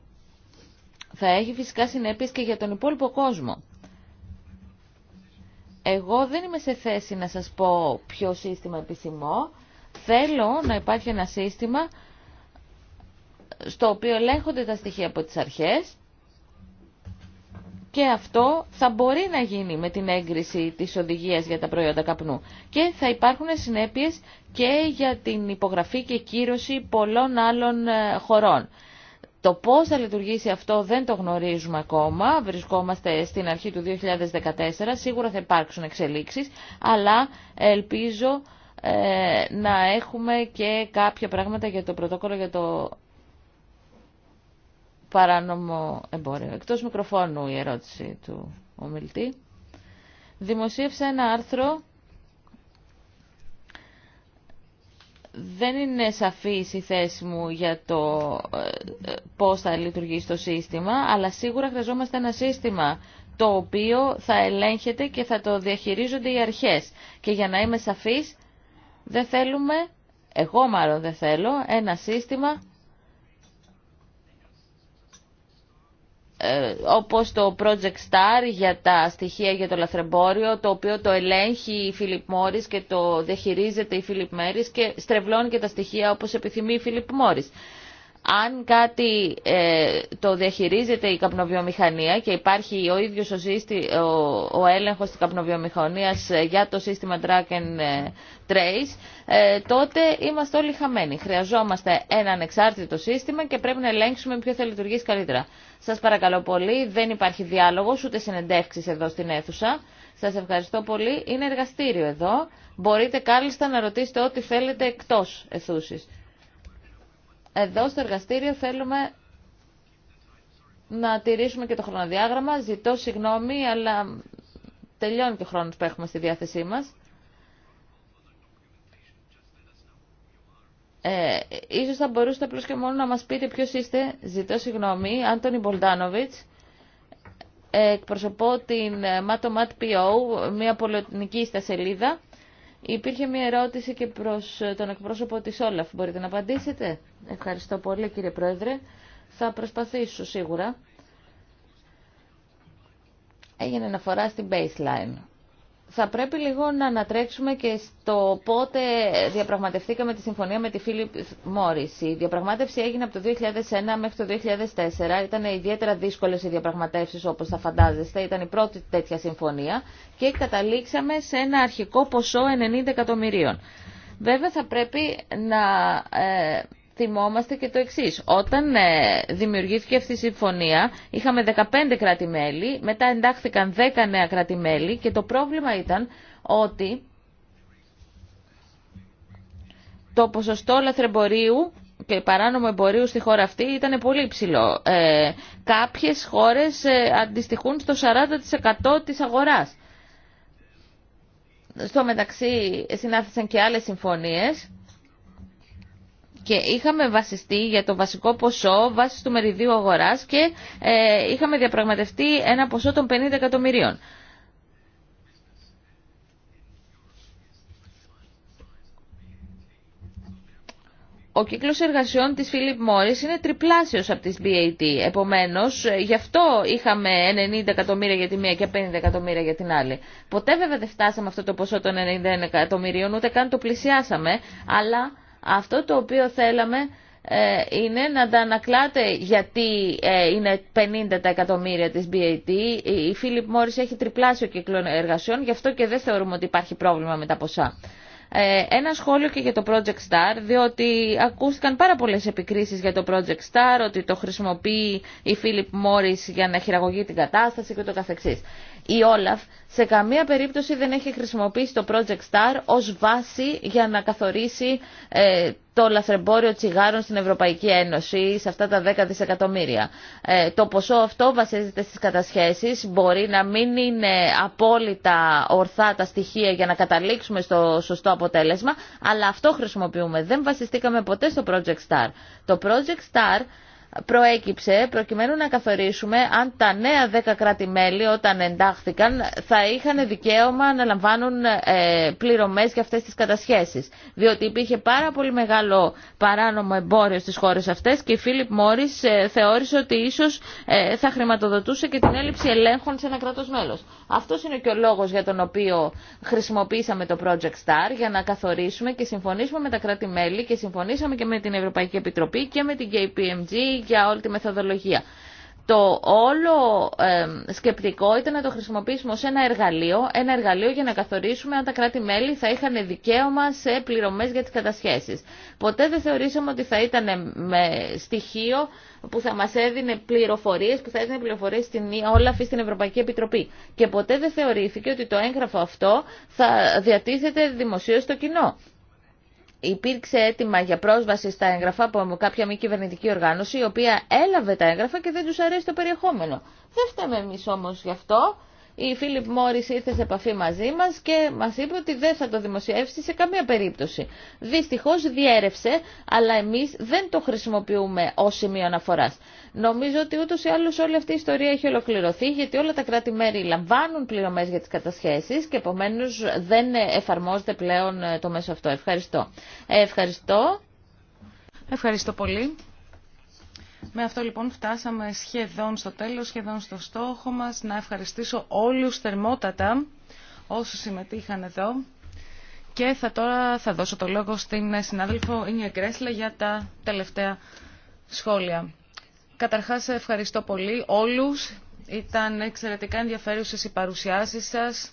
θα έχει φυσικά συνέπειες και για τον υπόλοιπο κόσμο. Εγώ δεν είμαι σε θέση να σας πω ποιο σύστημα επισημώ. Θέλω να υπάρχει ένα σύστημα στο οποίο ελέγχονται τα στοιχεία από τις αρχές και αυτό θα μπορεί να γίνει με την έγκριση της οδηγίας για τα προϊόντα καπνού και θα υπάρχουν συνέπειες και για την υπογραφή και κύρωση πολλών άλλων ε, χωρών. Το πώς θα λειτουργήσει αυτό δεν το γνωρίζουμε ακόμα, βρισκόμαστε στην αρχή του 2014, σίγουρα θα υπάρξουν εξελίξεις, αλλά ελπίζω ε, να έχουμε και κάποια πράγματα για το πρωτόκολλο για το παράνομο εμπόριο. Εκτός μικροφώνου η ερώτηση του ομιλητή. Δημοσίευσα ένα άρθρο δεν είναι σαφής η θέση μου για το ε, ε, πώς θα λειτουργήσει το σύστημα, αλλά σίγουρα χρειαζόμαστε ένα σύστημα το οποίο θα ελέγχεται και θα το διαχειρίζονται οι αρχές. Και για να είμαι σαφής, δεν θέλουμε, εγώ μάλλον δεν θέλω, ένα σύστημα Ε, όπως το Project Star για τα στοιχεία για το λαθρεμπόριο, το οποίο το ελέγχει η Φίλιπ Μόρις και το διαχειρίζεται η Φίλιπ Μέρις και στρεβλώνει και τα στοιχεία όπως επιθυμεί η Φίλιπ Μόρις αν κάτι ε, το διαχειρίζεται η καπνοβιομηχανία και υπάρχει ο ίδιος ο, σύστη, ο, ο έλεγχος της καπνοβιομηχανίας ε, για το σύστημα track and ε, trace, τότε είμαστε όλοι χαμένοι. Χρειαζόμαστε ένα ανεξάρτητο σύστημα και πρέπει να ελέγξουμε ποιο θα λειτουργήσει καλύτερα. Σας παρακαλώ πολύ, δεν υπάρχει διάλογος ούτε συνεντεύξεις εδώ στην αίθουσα. Σας ευχαριστώ πολύ. Είναι εργαστήριο εδώ. Μπορείτε κάλλιστα να ρωτήσετε ό,τι θέλετε εκτός αιθούσης. Εδώ στο εργαστήριο θέλουμε να τηρήσουμε και το χρονοδιάγραμμα. Ζητώ συγγνώμη, αλλά τελειώνει και ο χρόνος που έχουμε στη διάθεσή μας. Ε, ίσως θα μπορούσατε απλώς και μόνο να μας πείτε ποιος είστε. Ζητώ συγγνώμη, Άντωνη Μπολτάνοβιτς. Ε, εκπροσωπώ την ε, Matomat.po, μια στα σελίδα. Υπήρχε μια ερώτηση και προς τον εκπρόσωπο της Όλαφ. Μπορείτε να απαντήσετε. Ευχαριστώ πολύ κύριε Πρόεδρε. Θα προσπαθήσω σίγουρα. Έγινε αναφορά στην baseline θα πρέπει λίγο να ανατρέξουμε και στο πότε διαπραγματευτήκαμε τη συμφωνία με τη Φίλιπ Μόρις. Η διαπραγμάτευση έγινε από το 2001 μέχρι το 2004. Ήταν ιδιαίτερα δύσκολες οι διαπραγματεύσεις όπως θα φαντάζεστε. Ήταν η πρώτη τέτοια συμφωνία και καταλήξαμε σε ένα αρχικό ποσό 90 εκατομμυρίων. Βέβαια θα πρέπει να ε, θυμόμαστε και το εξή. Όταν ε, δημιουργήθηκε αυτή η συμφωνία, είχαμε 15 κράτη-μέλη, μετά εντάχθηκαν 10 νέα κράτη-μέλη και το πρόβλημα ήταν ότι το ποσοστό λαθρεμπορίου και παράνομο εμπορίου στη χώρα αυτή ήταν πολύ ψηλό. Ε, κάποιες χώρες ε, αντιστοιχούν στο 40% της αγοράς. Στο μεταξύ συνάθησαν και άλλες συμφωνίες και είχαμε βασιστεί για το βασικό ποσό βάσει του μεριδίου αγορά και ε, είχαμε διαπραγματευτεί ένα ποσό των 50 εκατομμυρίων. ο κύκλο εργασιών τη Philip Morris είναι τριπλάσιο από τη BAT. επομένω. γι' αυτό είχαμε 90 εκατομμύρια για τη μία και 50 εκατομμύρια για την άλλη. Ποτέ βέβαια δεν φτάσαμε αυτό το ποσό των 90 εκατομμυρίων, ούτε καν το πλησιάσαμε, αλλά αυτό το οποίο θέλαμε ε, είναι να τα ανακλάτε γιατί ε, είναι 50 τα εκατομμύρια της BAT. Η Φίλιπ Μόρις έχει τριπλάσιο κύκλο εργασιών, γι' αυτό και δεν θεωρούμε ότι υπάρχει πρόβλημα με τα ποσά. Ε, ένα σχόλιο και για το Project Star, διότι ακούστηκαν πάρα πολλές επικρίσεις για το Project Star, ότι το χρησιμοποιεί η Φίλιπ Μόρις για να χειραγωγεί την κατάσταση και το καθεξής. Η Όλαφ σε καμία περίπτωση δεν έχει χρησιμοποιήσει το Project Star ως βάση για να καθορίσει ε, το λαθρεμπόριο τσιγάρων στην Ευρωπαϊκή Ένωση σε αυτά τα 10 δισεκατομμύρια. Ε, το ποσό αυτό βασίζεται στις κατασχέσεις, μπορεί να μην είναι απόλυτα ορθά τα στοιχεία για να καταλήξουμε στο σωστό αποτέλεσμα, αλλά αυτό χρησιμοποιούμε. Δεν βασιστήκαμε ποτέ στο Project Star. Το Project Star προέκυψε προκειμένου να καθορίσουμε αν τα νέα 10 κράτη-μέλη όταν εντάχθηκαν θα είχαν δικαίωμα να λαμβάνουν ε, πληρωμές για αυτές τις κατασχέσεις. Διότι υπήρχε πάρα πολύ μεγάλο παράνομο εμπόριο στις χώρες αυτές και η Φίλιπ Μόρις ε, θεώρησε ότι ίσως ε, θα χρηματοδοτούσε και την έλλειψη ελέγχων σε ένα κράτος μέλος. Αυτός είναι και ο λόγος για τον οποίο χρησιμοποίησαμε το Project Star για να καθορίσουμε και συμφωνήσουμε με τα κράτη-μέλη και συμφωνήσαμε και με την Ευρωπαϊκή Επιτροπή και με την KPMG για όλη τη μεθοδολογία. Το όλο σκεπτικό ήταν να το χρησιμοποιήσουμε ως ένα εργαλείο, ένα εργαλείο για να καθορίσουμε αν τα κράτη-μέλη θα είχαν δικαίωμα σε πληρωμές για τις κατασχέσεις. Ποτέ δεν θεωρήσαμε ότι θα ήταν με στοιχείο που θα μας έδινε πληροφορίες, που θα έδινε πληροφορίες στην Όλαφη στην Ευρωπαϊκή Επιτροπή. Και ποτέ δεν θεωρήθηκε ότι το έγγραφο αυτό θα διατίθεται δημοσίως στο κοινό υπήρξε έτοιμα για πρόσβαση στα έγγραφα από κάποια μη κυβερνητική οργάνωση η οποία έλαβε τα έγγραφα και δεν τους αρέσει το περιεχόμενο. Δεν φταίμε εμείς όμως γι' αυτό η Φίλιπ Μόρις ήρθε σε επαφή μαζί μας και μας είπε ότι δεν θα το δημοσιεύσει σε καμία περίπτωση. Δυστυχώς διέρευσε, αλλά εμείς δεν το χρησιμοποιούμε ως σημείο αναφοράς. Νομίζω ότι ούτως ή άλλως όλη αυτή η ιστορία έχει ολοκληρωθεί, γιατί όλα τα κράτη-μέρη λαμβάνουν πληρωμές για τις κατασχέσεις και επομένως δεν εφαρμόζεται πλέον το μέσο αυτό. Ευχαριστώ. Ε, ευχαριστώ. Ευχαριστώ πολύ. Με αυτό λοιπόν φτάσαμε σχεδόν στο τέλος, σχεδόν στο στόχο μας. Να ευχαριστήσω όλους θερμότατα όσους συμμετείχαν εδώ. Και θα τώρα θα δώσω το λόγο στην συνάδελφο Ίνια Κρέσλα για τα τελευταία σχόλια. Καταρχάς ευχαριστώ πολύ όλους. Ήταν εξαιρετικά ενδιαφέρουσες οι παρουσιάσεις σας.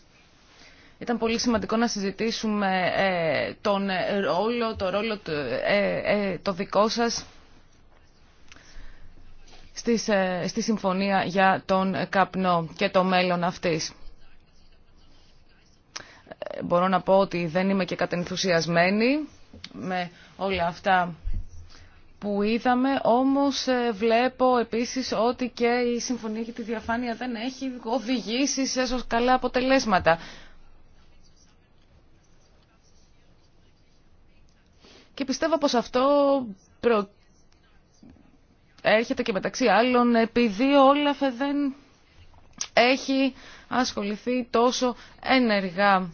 Ήταν πολύ σημαντικό να συζητήσουμε ε, τον ρόλο, το ρόλο ε, ε, το δικό σας ε, στη συμφωνία για τον καπνό και το μέλλον αυτής. Ε, μπορώ να πω ότι δεν είμαι και κατενθουσιασμένη με όλα αυτά που είδαμε, όμως ε, βλέπω επίσης ότι και η συμφωνία για τη διαφάνεια δεν έχει οδηγήσει σε καλά αποτελέσματα. Και πιστεύω πως αυτό έρχεται και μεταξύ άλλων επειδή όλα δεν έχει ασχοληθεί τόσο ενεργά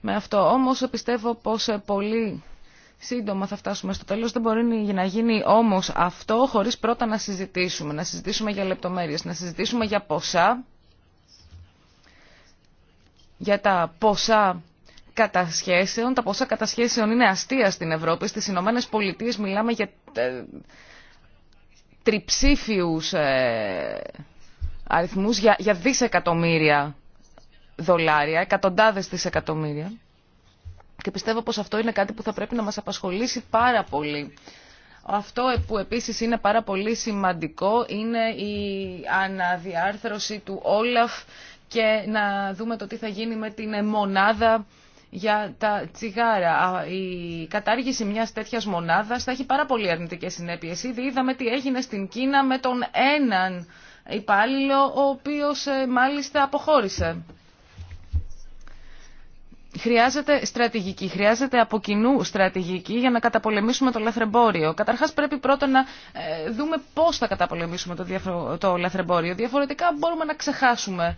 με αυτό. Όμως πιστεύω πως ε, πολύ σύντομα θα φτάσουμε στο τέλος. Δεν μπορεί να γίνει όμως αυτό χωρίς πρώτα να συζητήσουμε. Να συζητήσουμε για λεπτομέρειες, να συζητήσουμε για ποσά, για τα ποσά κατασχέσεων. Τα ποσά κατασχέσεων είναι αστεία στην Ευρώπη. Στις Ηνωμένε Πολιτείε μιλάμε για ε, τριψήφιους ε, αριθμούς για, για δισεκατομμύρια δολάρια, εκατοντάδες δισεκατομμύρια. Και πιστεύω πως αυτό είναι κάτι που θα πρέπει να μας απασχολήσει πάρα πολύ. Αυτό ε, που επίσης είναι πάρα πολύ σημαντικό είναι η αναδιάρθρωση του Όλαφ και να δούμε το τι θα γίνει με την μονάδα για τα τσιγάρα. Η κατάργηση μιας τέτοια μονάδας θα έχει πάρα πολύ αρνητικέ συνέπειε, Ήδη είδαμε τι έγινε στην Κίνα με τον έναν υπάλληλο ο οποίος ε, μάλιστα αποχώρησε. Χρειάζεται στρατηγική, χρειάζεται από κοινού στρατηγική για να καταπολεμήσουμε το λαθρεμπόριο. Καταρχάς πρέπει πρώτα να ε, δούμε πώς θα καταπολεμήσουμε το, το λαθρεμπόριο. Διαφορετικά μπορούμε να ξεχάσουμε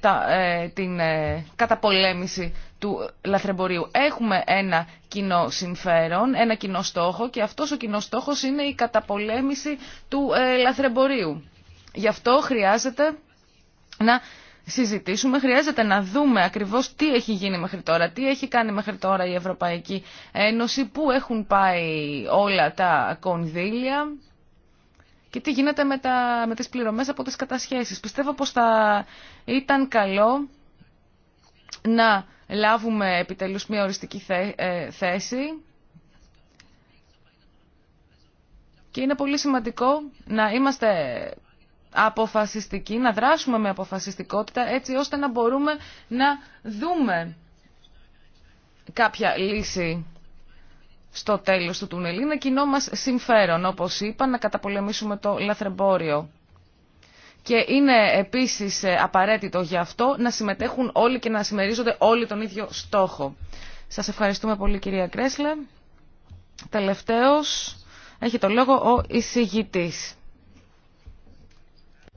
τα, ε, την καταπολέμηση του λαθρεμπορίου. Έχουμε ένα κοινό συμφέρον, ένα κοινό στόχο και αυτός ο κοινό στόχος είναι η καταπολέμηση του ε, λαθρεμπορίου. Γι' αυτό χρειάζεται να συζητήσουμε, χρειάζεται να δούμε ακριβώς τι έχει γίνει μέχρι τώρα, τι έχει κάνει μέχρι τώρα η Ευρωπαϊκή Ένωση, πού έχουν πάει όλα τα κονδύλια και τι γίνεται με, τα, με τις πληρωμές από τις κατασχέσεις. Πιστεύω πως θα ήταν καλό να λάβουμε επιτελούς μια οριστική ε, θέση και είναι πολύ σημαντικό να είμαστε αποφασιστικοί, να δράσουμε με αποφασιστικότητα έτσι ώστε να μπορούμε να δούμε κάποια λύση στο τέλος του τούνελ. Είναι κοινό μας συμφέρον, όπως είπα, να καταπολεμήσουμε το λαθρεμπόριο και είναι επίσης ε, απαραίτητο γι' αυτό να συμμετέχουν όλοι και να συμμερίζονται όλοι τον ίδιο στόχο. Σα ευχαριστούμε πολύ κυρία Κρέσλε. Τελευταίος έχει το λόγο ο εισηγητή.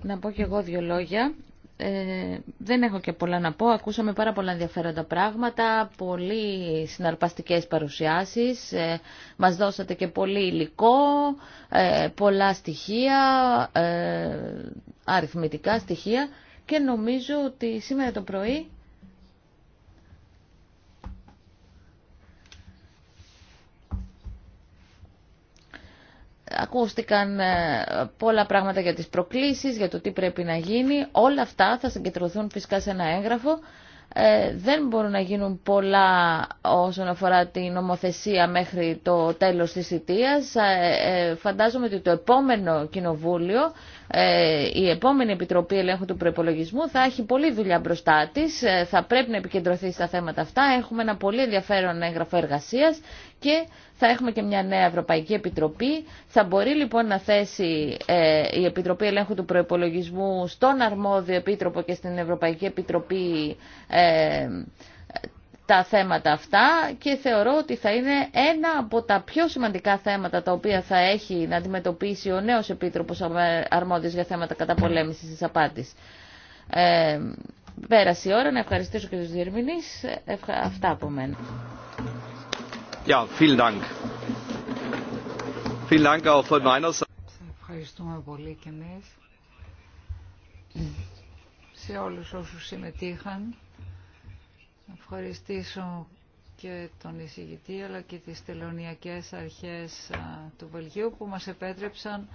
Να πω και εγώ δύο λόγια ε, δεν έχω και πολλά να πω. Ακούσαμε πάρα πολλά ενδιαφέροντα πράγματα, πολύ συναρπαστικές παρουσιάσεις. Ε, μας δώσατε και πολύ υλικό, ε, πολλά στοιχεία, ε, αριθμητικά στοιχεία και νομίζω ότι σήμερα το πρωί ακούστηκαν ε, πολλά πράγματα για τις προκλήσεις, για το τι πρέπει να γίνει. Όλα αυτά θα συγκεντρωθούν φυσικά σε ένα έγγραφο. Ε, δεν μπορούν να γίνουν πολλά όσον αφορά την νομοθεσία μέχρι το τέλος της ε, ε, φαντάζομαι ότι το επόμενο κοινοβούλιο ε, η επόμενη Επιτροπή Ελέγχου του Προπολογισμού θα έχει πολλή δουλειά μπροστά τη. Ε, θα πρέπει να επικεντρωθεί στα θέματα αυτά. Έχουμε ένα πολύ ενδιαφέρον έγγραφο εργασία και θα έχουμε και μια νέα Ευρωπαϊκή Επιτροπή. Θα μπορεί λοιπόν να θέσει ε, η Επιτροπή Ελέγχου του Προπολογισμού στον αρμόδιο επίτροπο και στην Ευρωπαϊκή Επιτροπή τα θέματα αυτά και θεωρώ ότι θα είναι ένα από τα πιο σημαντικά θέματα τα οποία θα έχει να αντιμετωπίσει ο νέος Επίτροπος Αρμόδιος για θέματα καταπολέμησης της απάτης. Ε, πέρασε η ώρα να ευχαριστήσω και τους διερμηνείς. Ευχα... Αυτά από μένα. Ja, vielen Dank. Vielen Dank auch von meiner Seite. Ευχαριστούμε πολύ και εμείς. Σε όλους όσους συμμετείχαν ευχαριστήσω και τον εισηγητή αλλά και τις τελωνιακές αρχές του Βελγίου που μας επέτρεψαν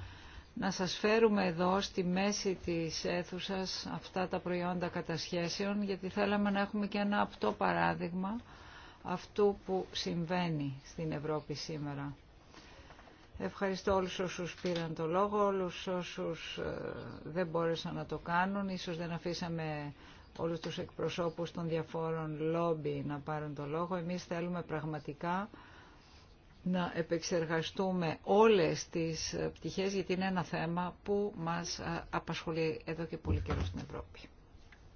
να σας φέρουμε εδώ στη μέση της αίθουσας αυτά τα προϊόντα κατασχέσεων γιατί θέλαμε να έχουμε και ένα απτό παράδειγμα αυτού που συμβαίνει στην Ευρώπη σήμερα. Ευχαριστώ όλους όσους πήραν το λόγο, όλους όσους ε, δεν μπόρεσαν να το κάνουν. Ίσως δεν αφήσαμε όλους τους εκπροσώπους των διαφόρων λόμπι να πάρουν το λόγο. Εμείς θέλουμε πραγματικά να επεξεργαστούμε όλες τις πτυχές γιατί είναι ένα θέμα που μας απασχολεί εδώ και πολύ καιρό στην Ευρώπη.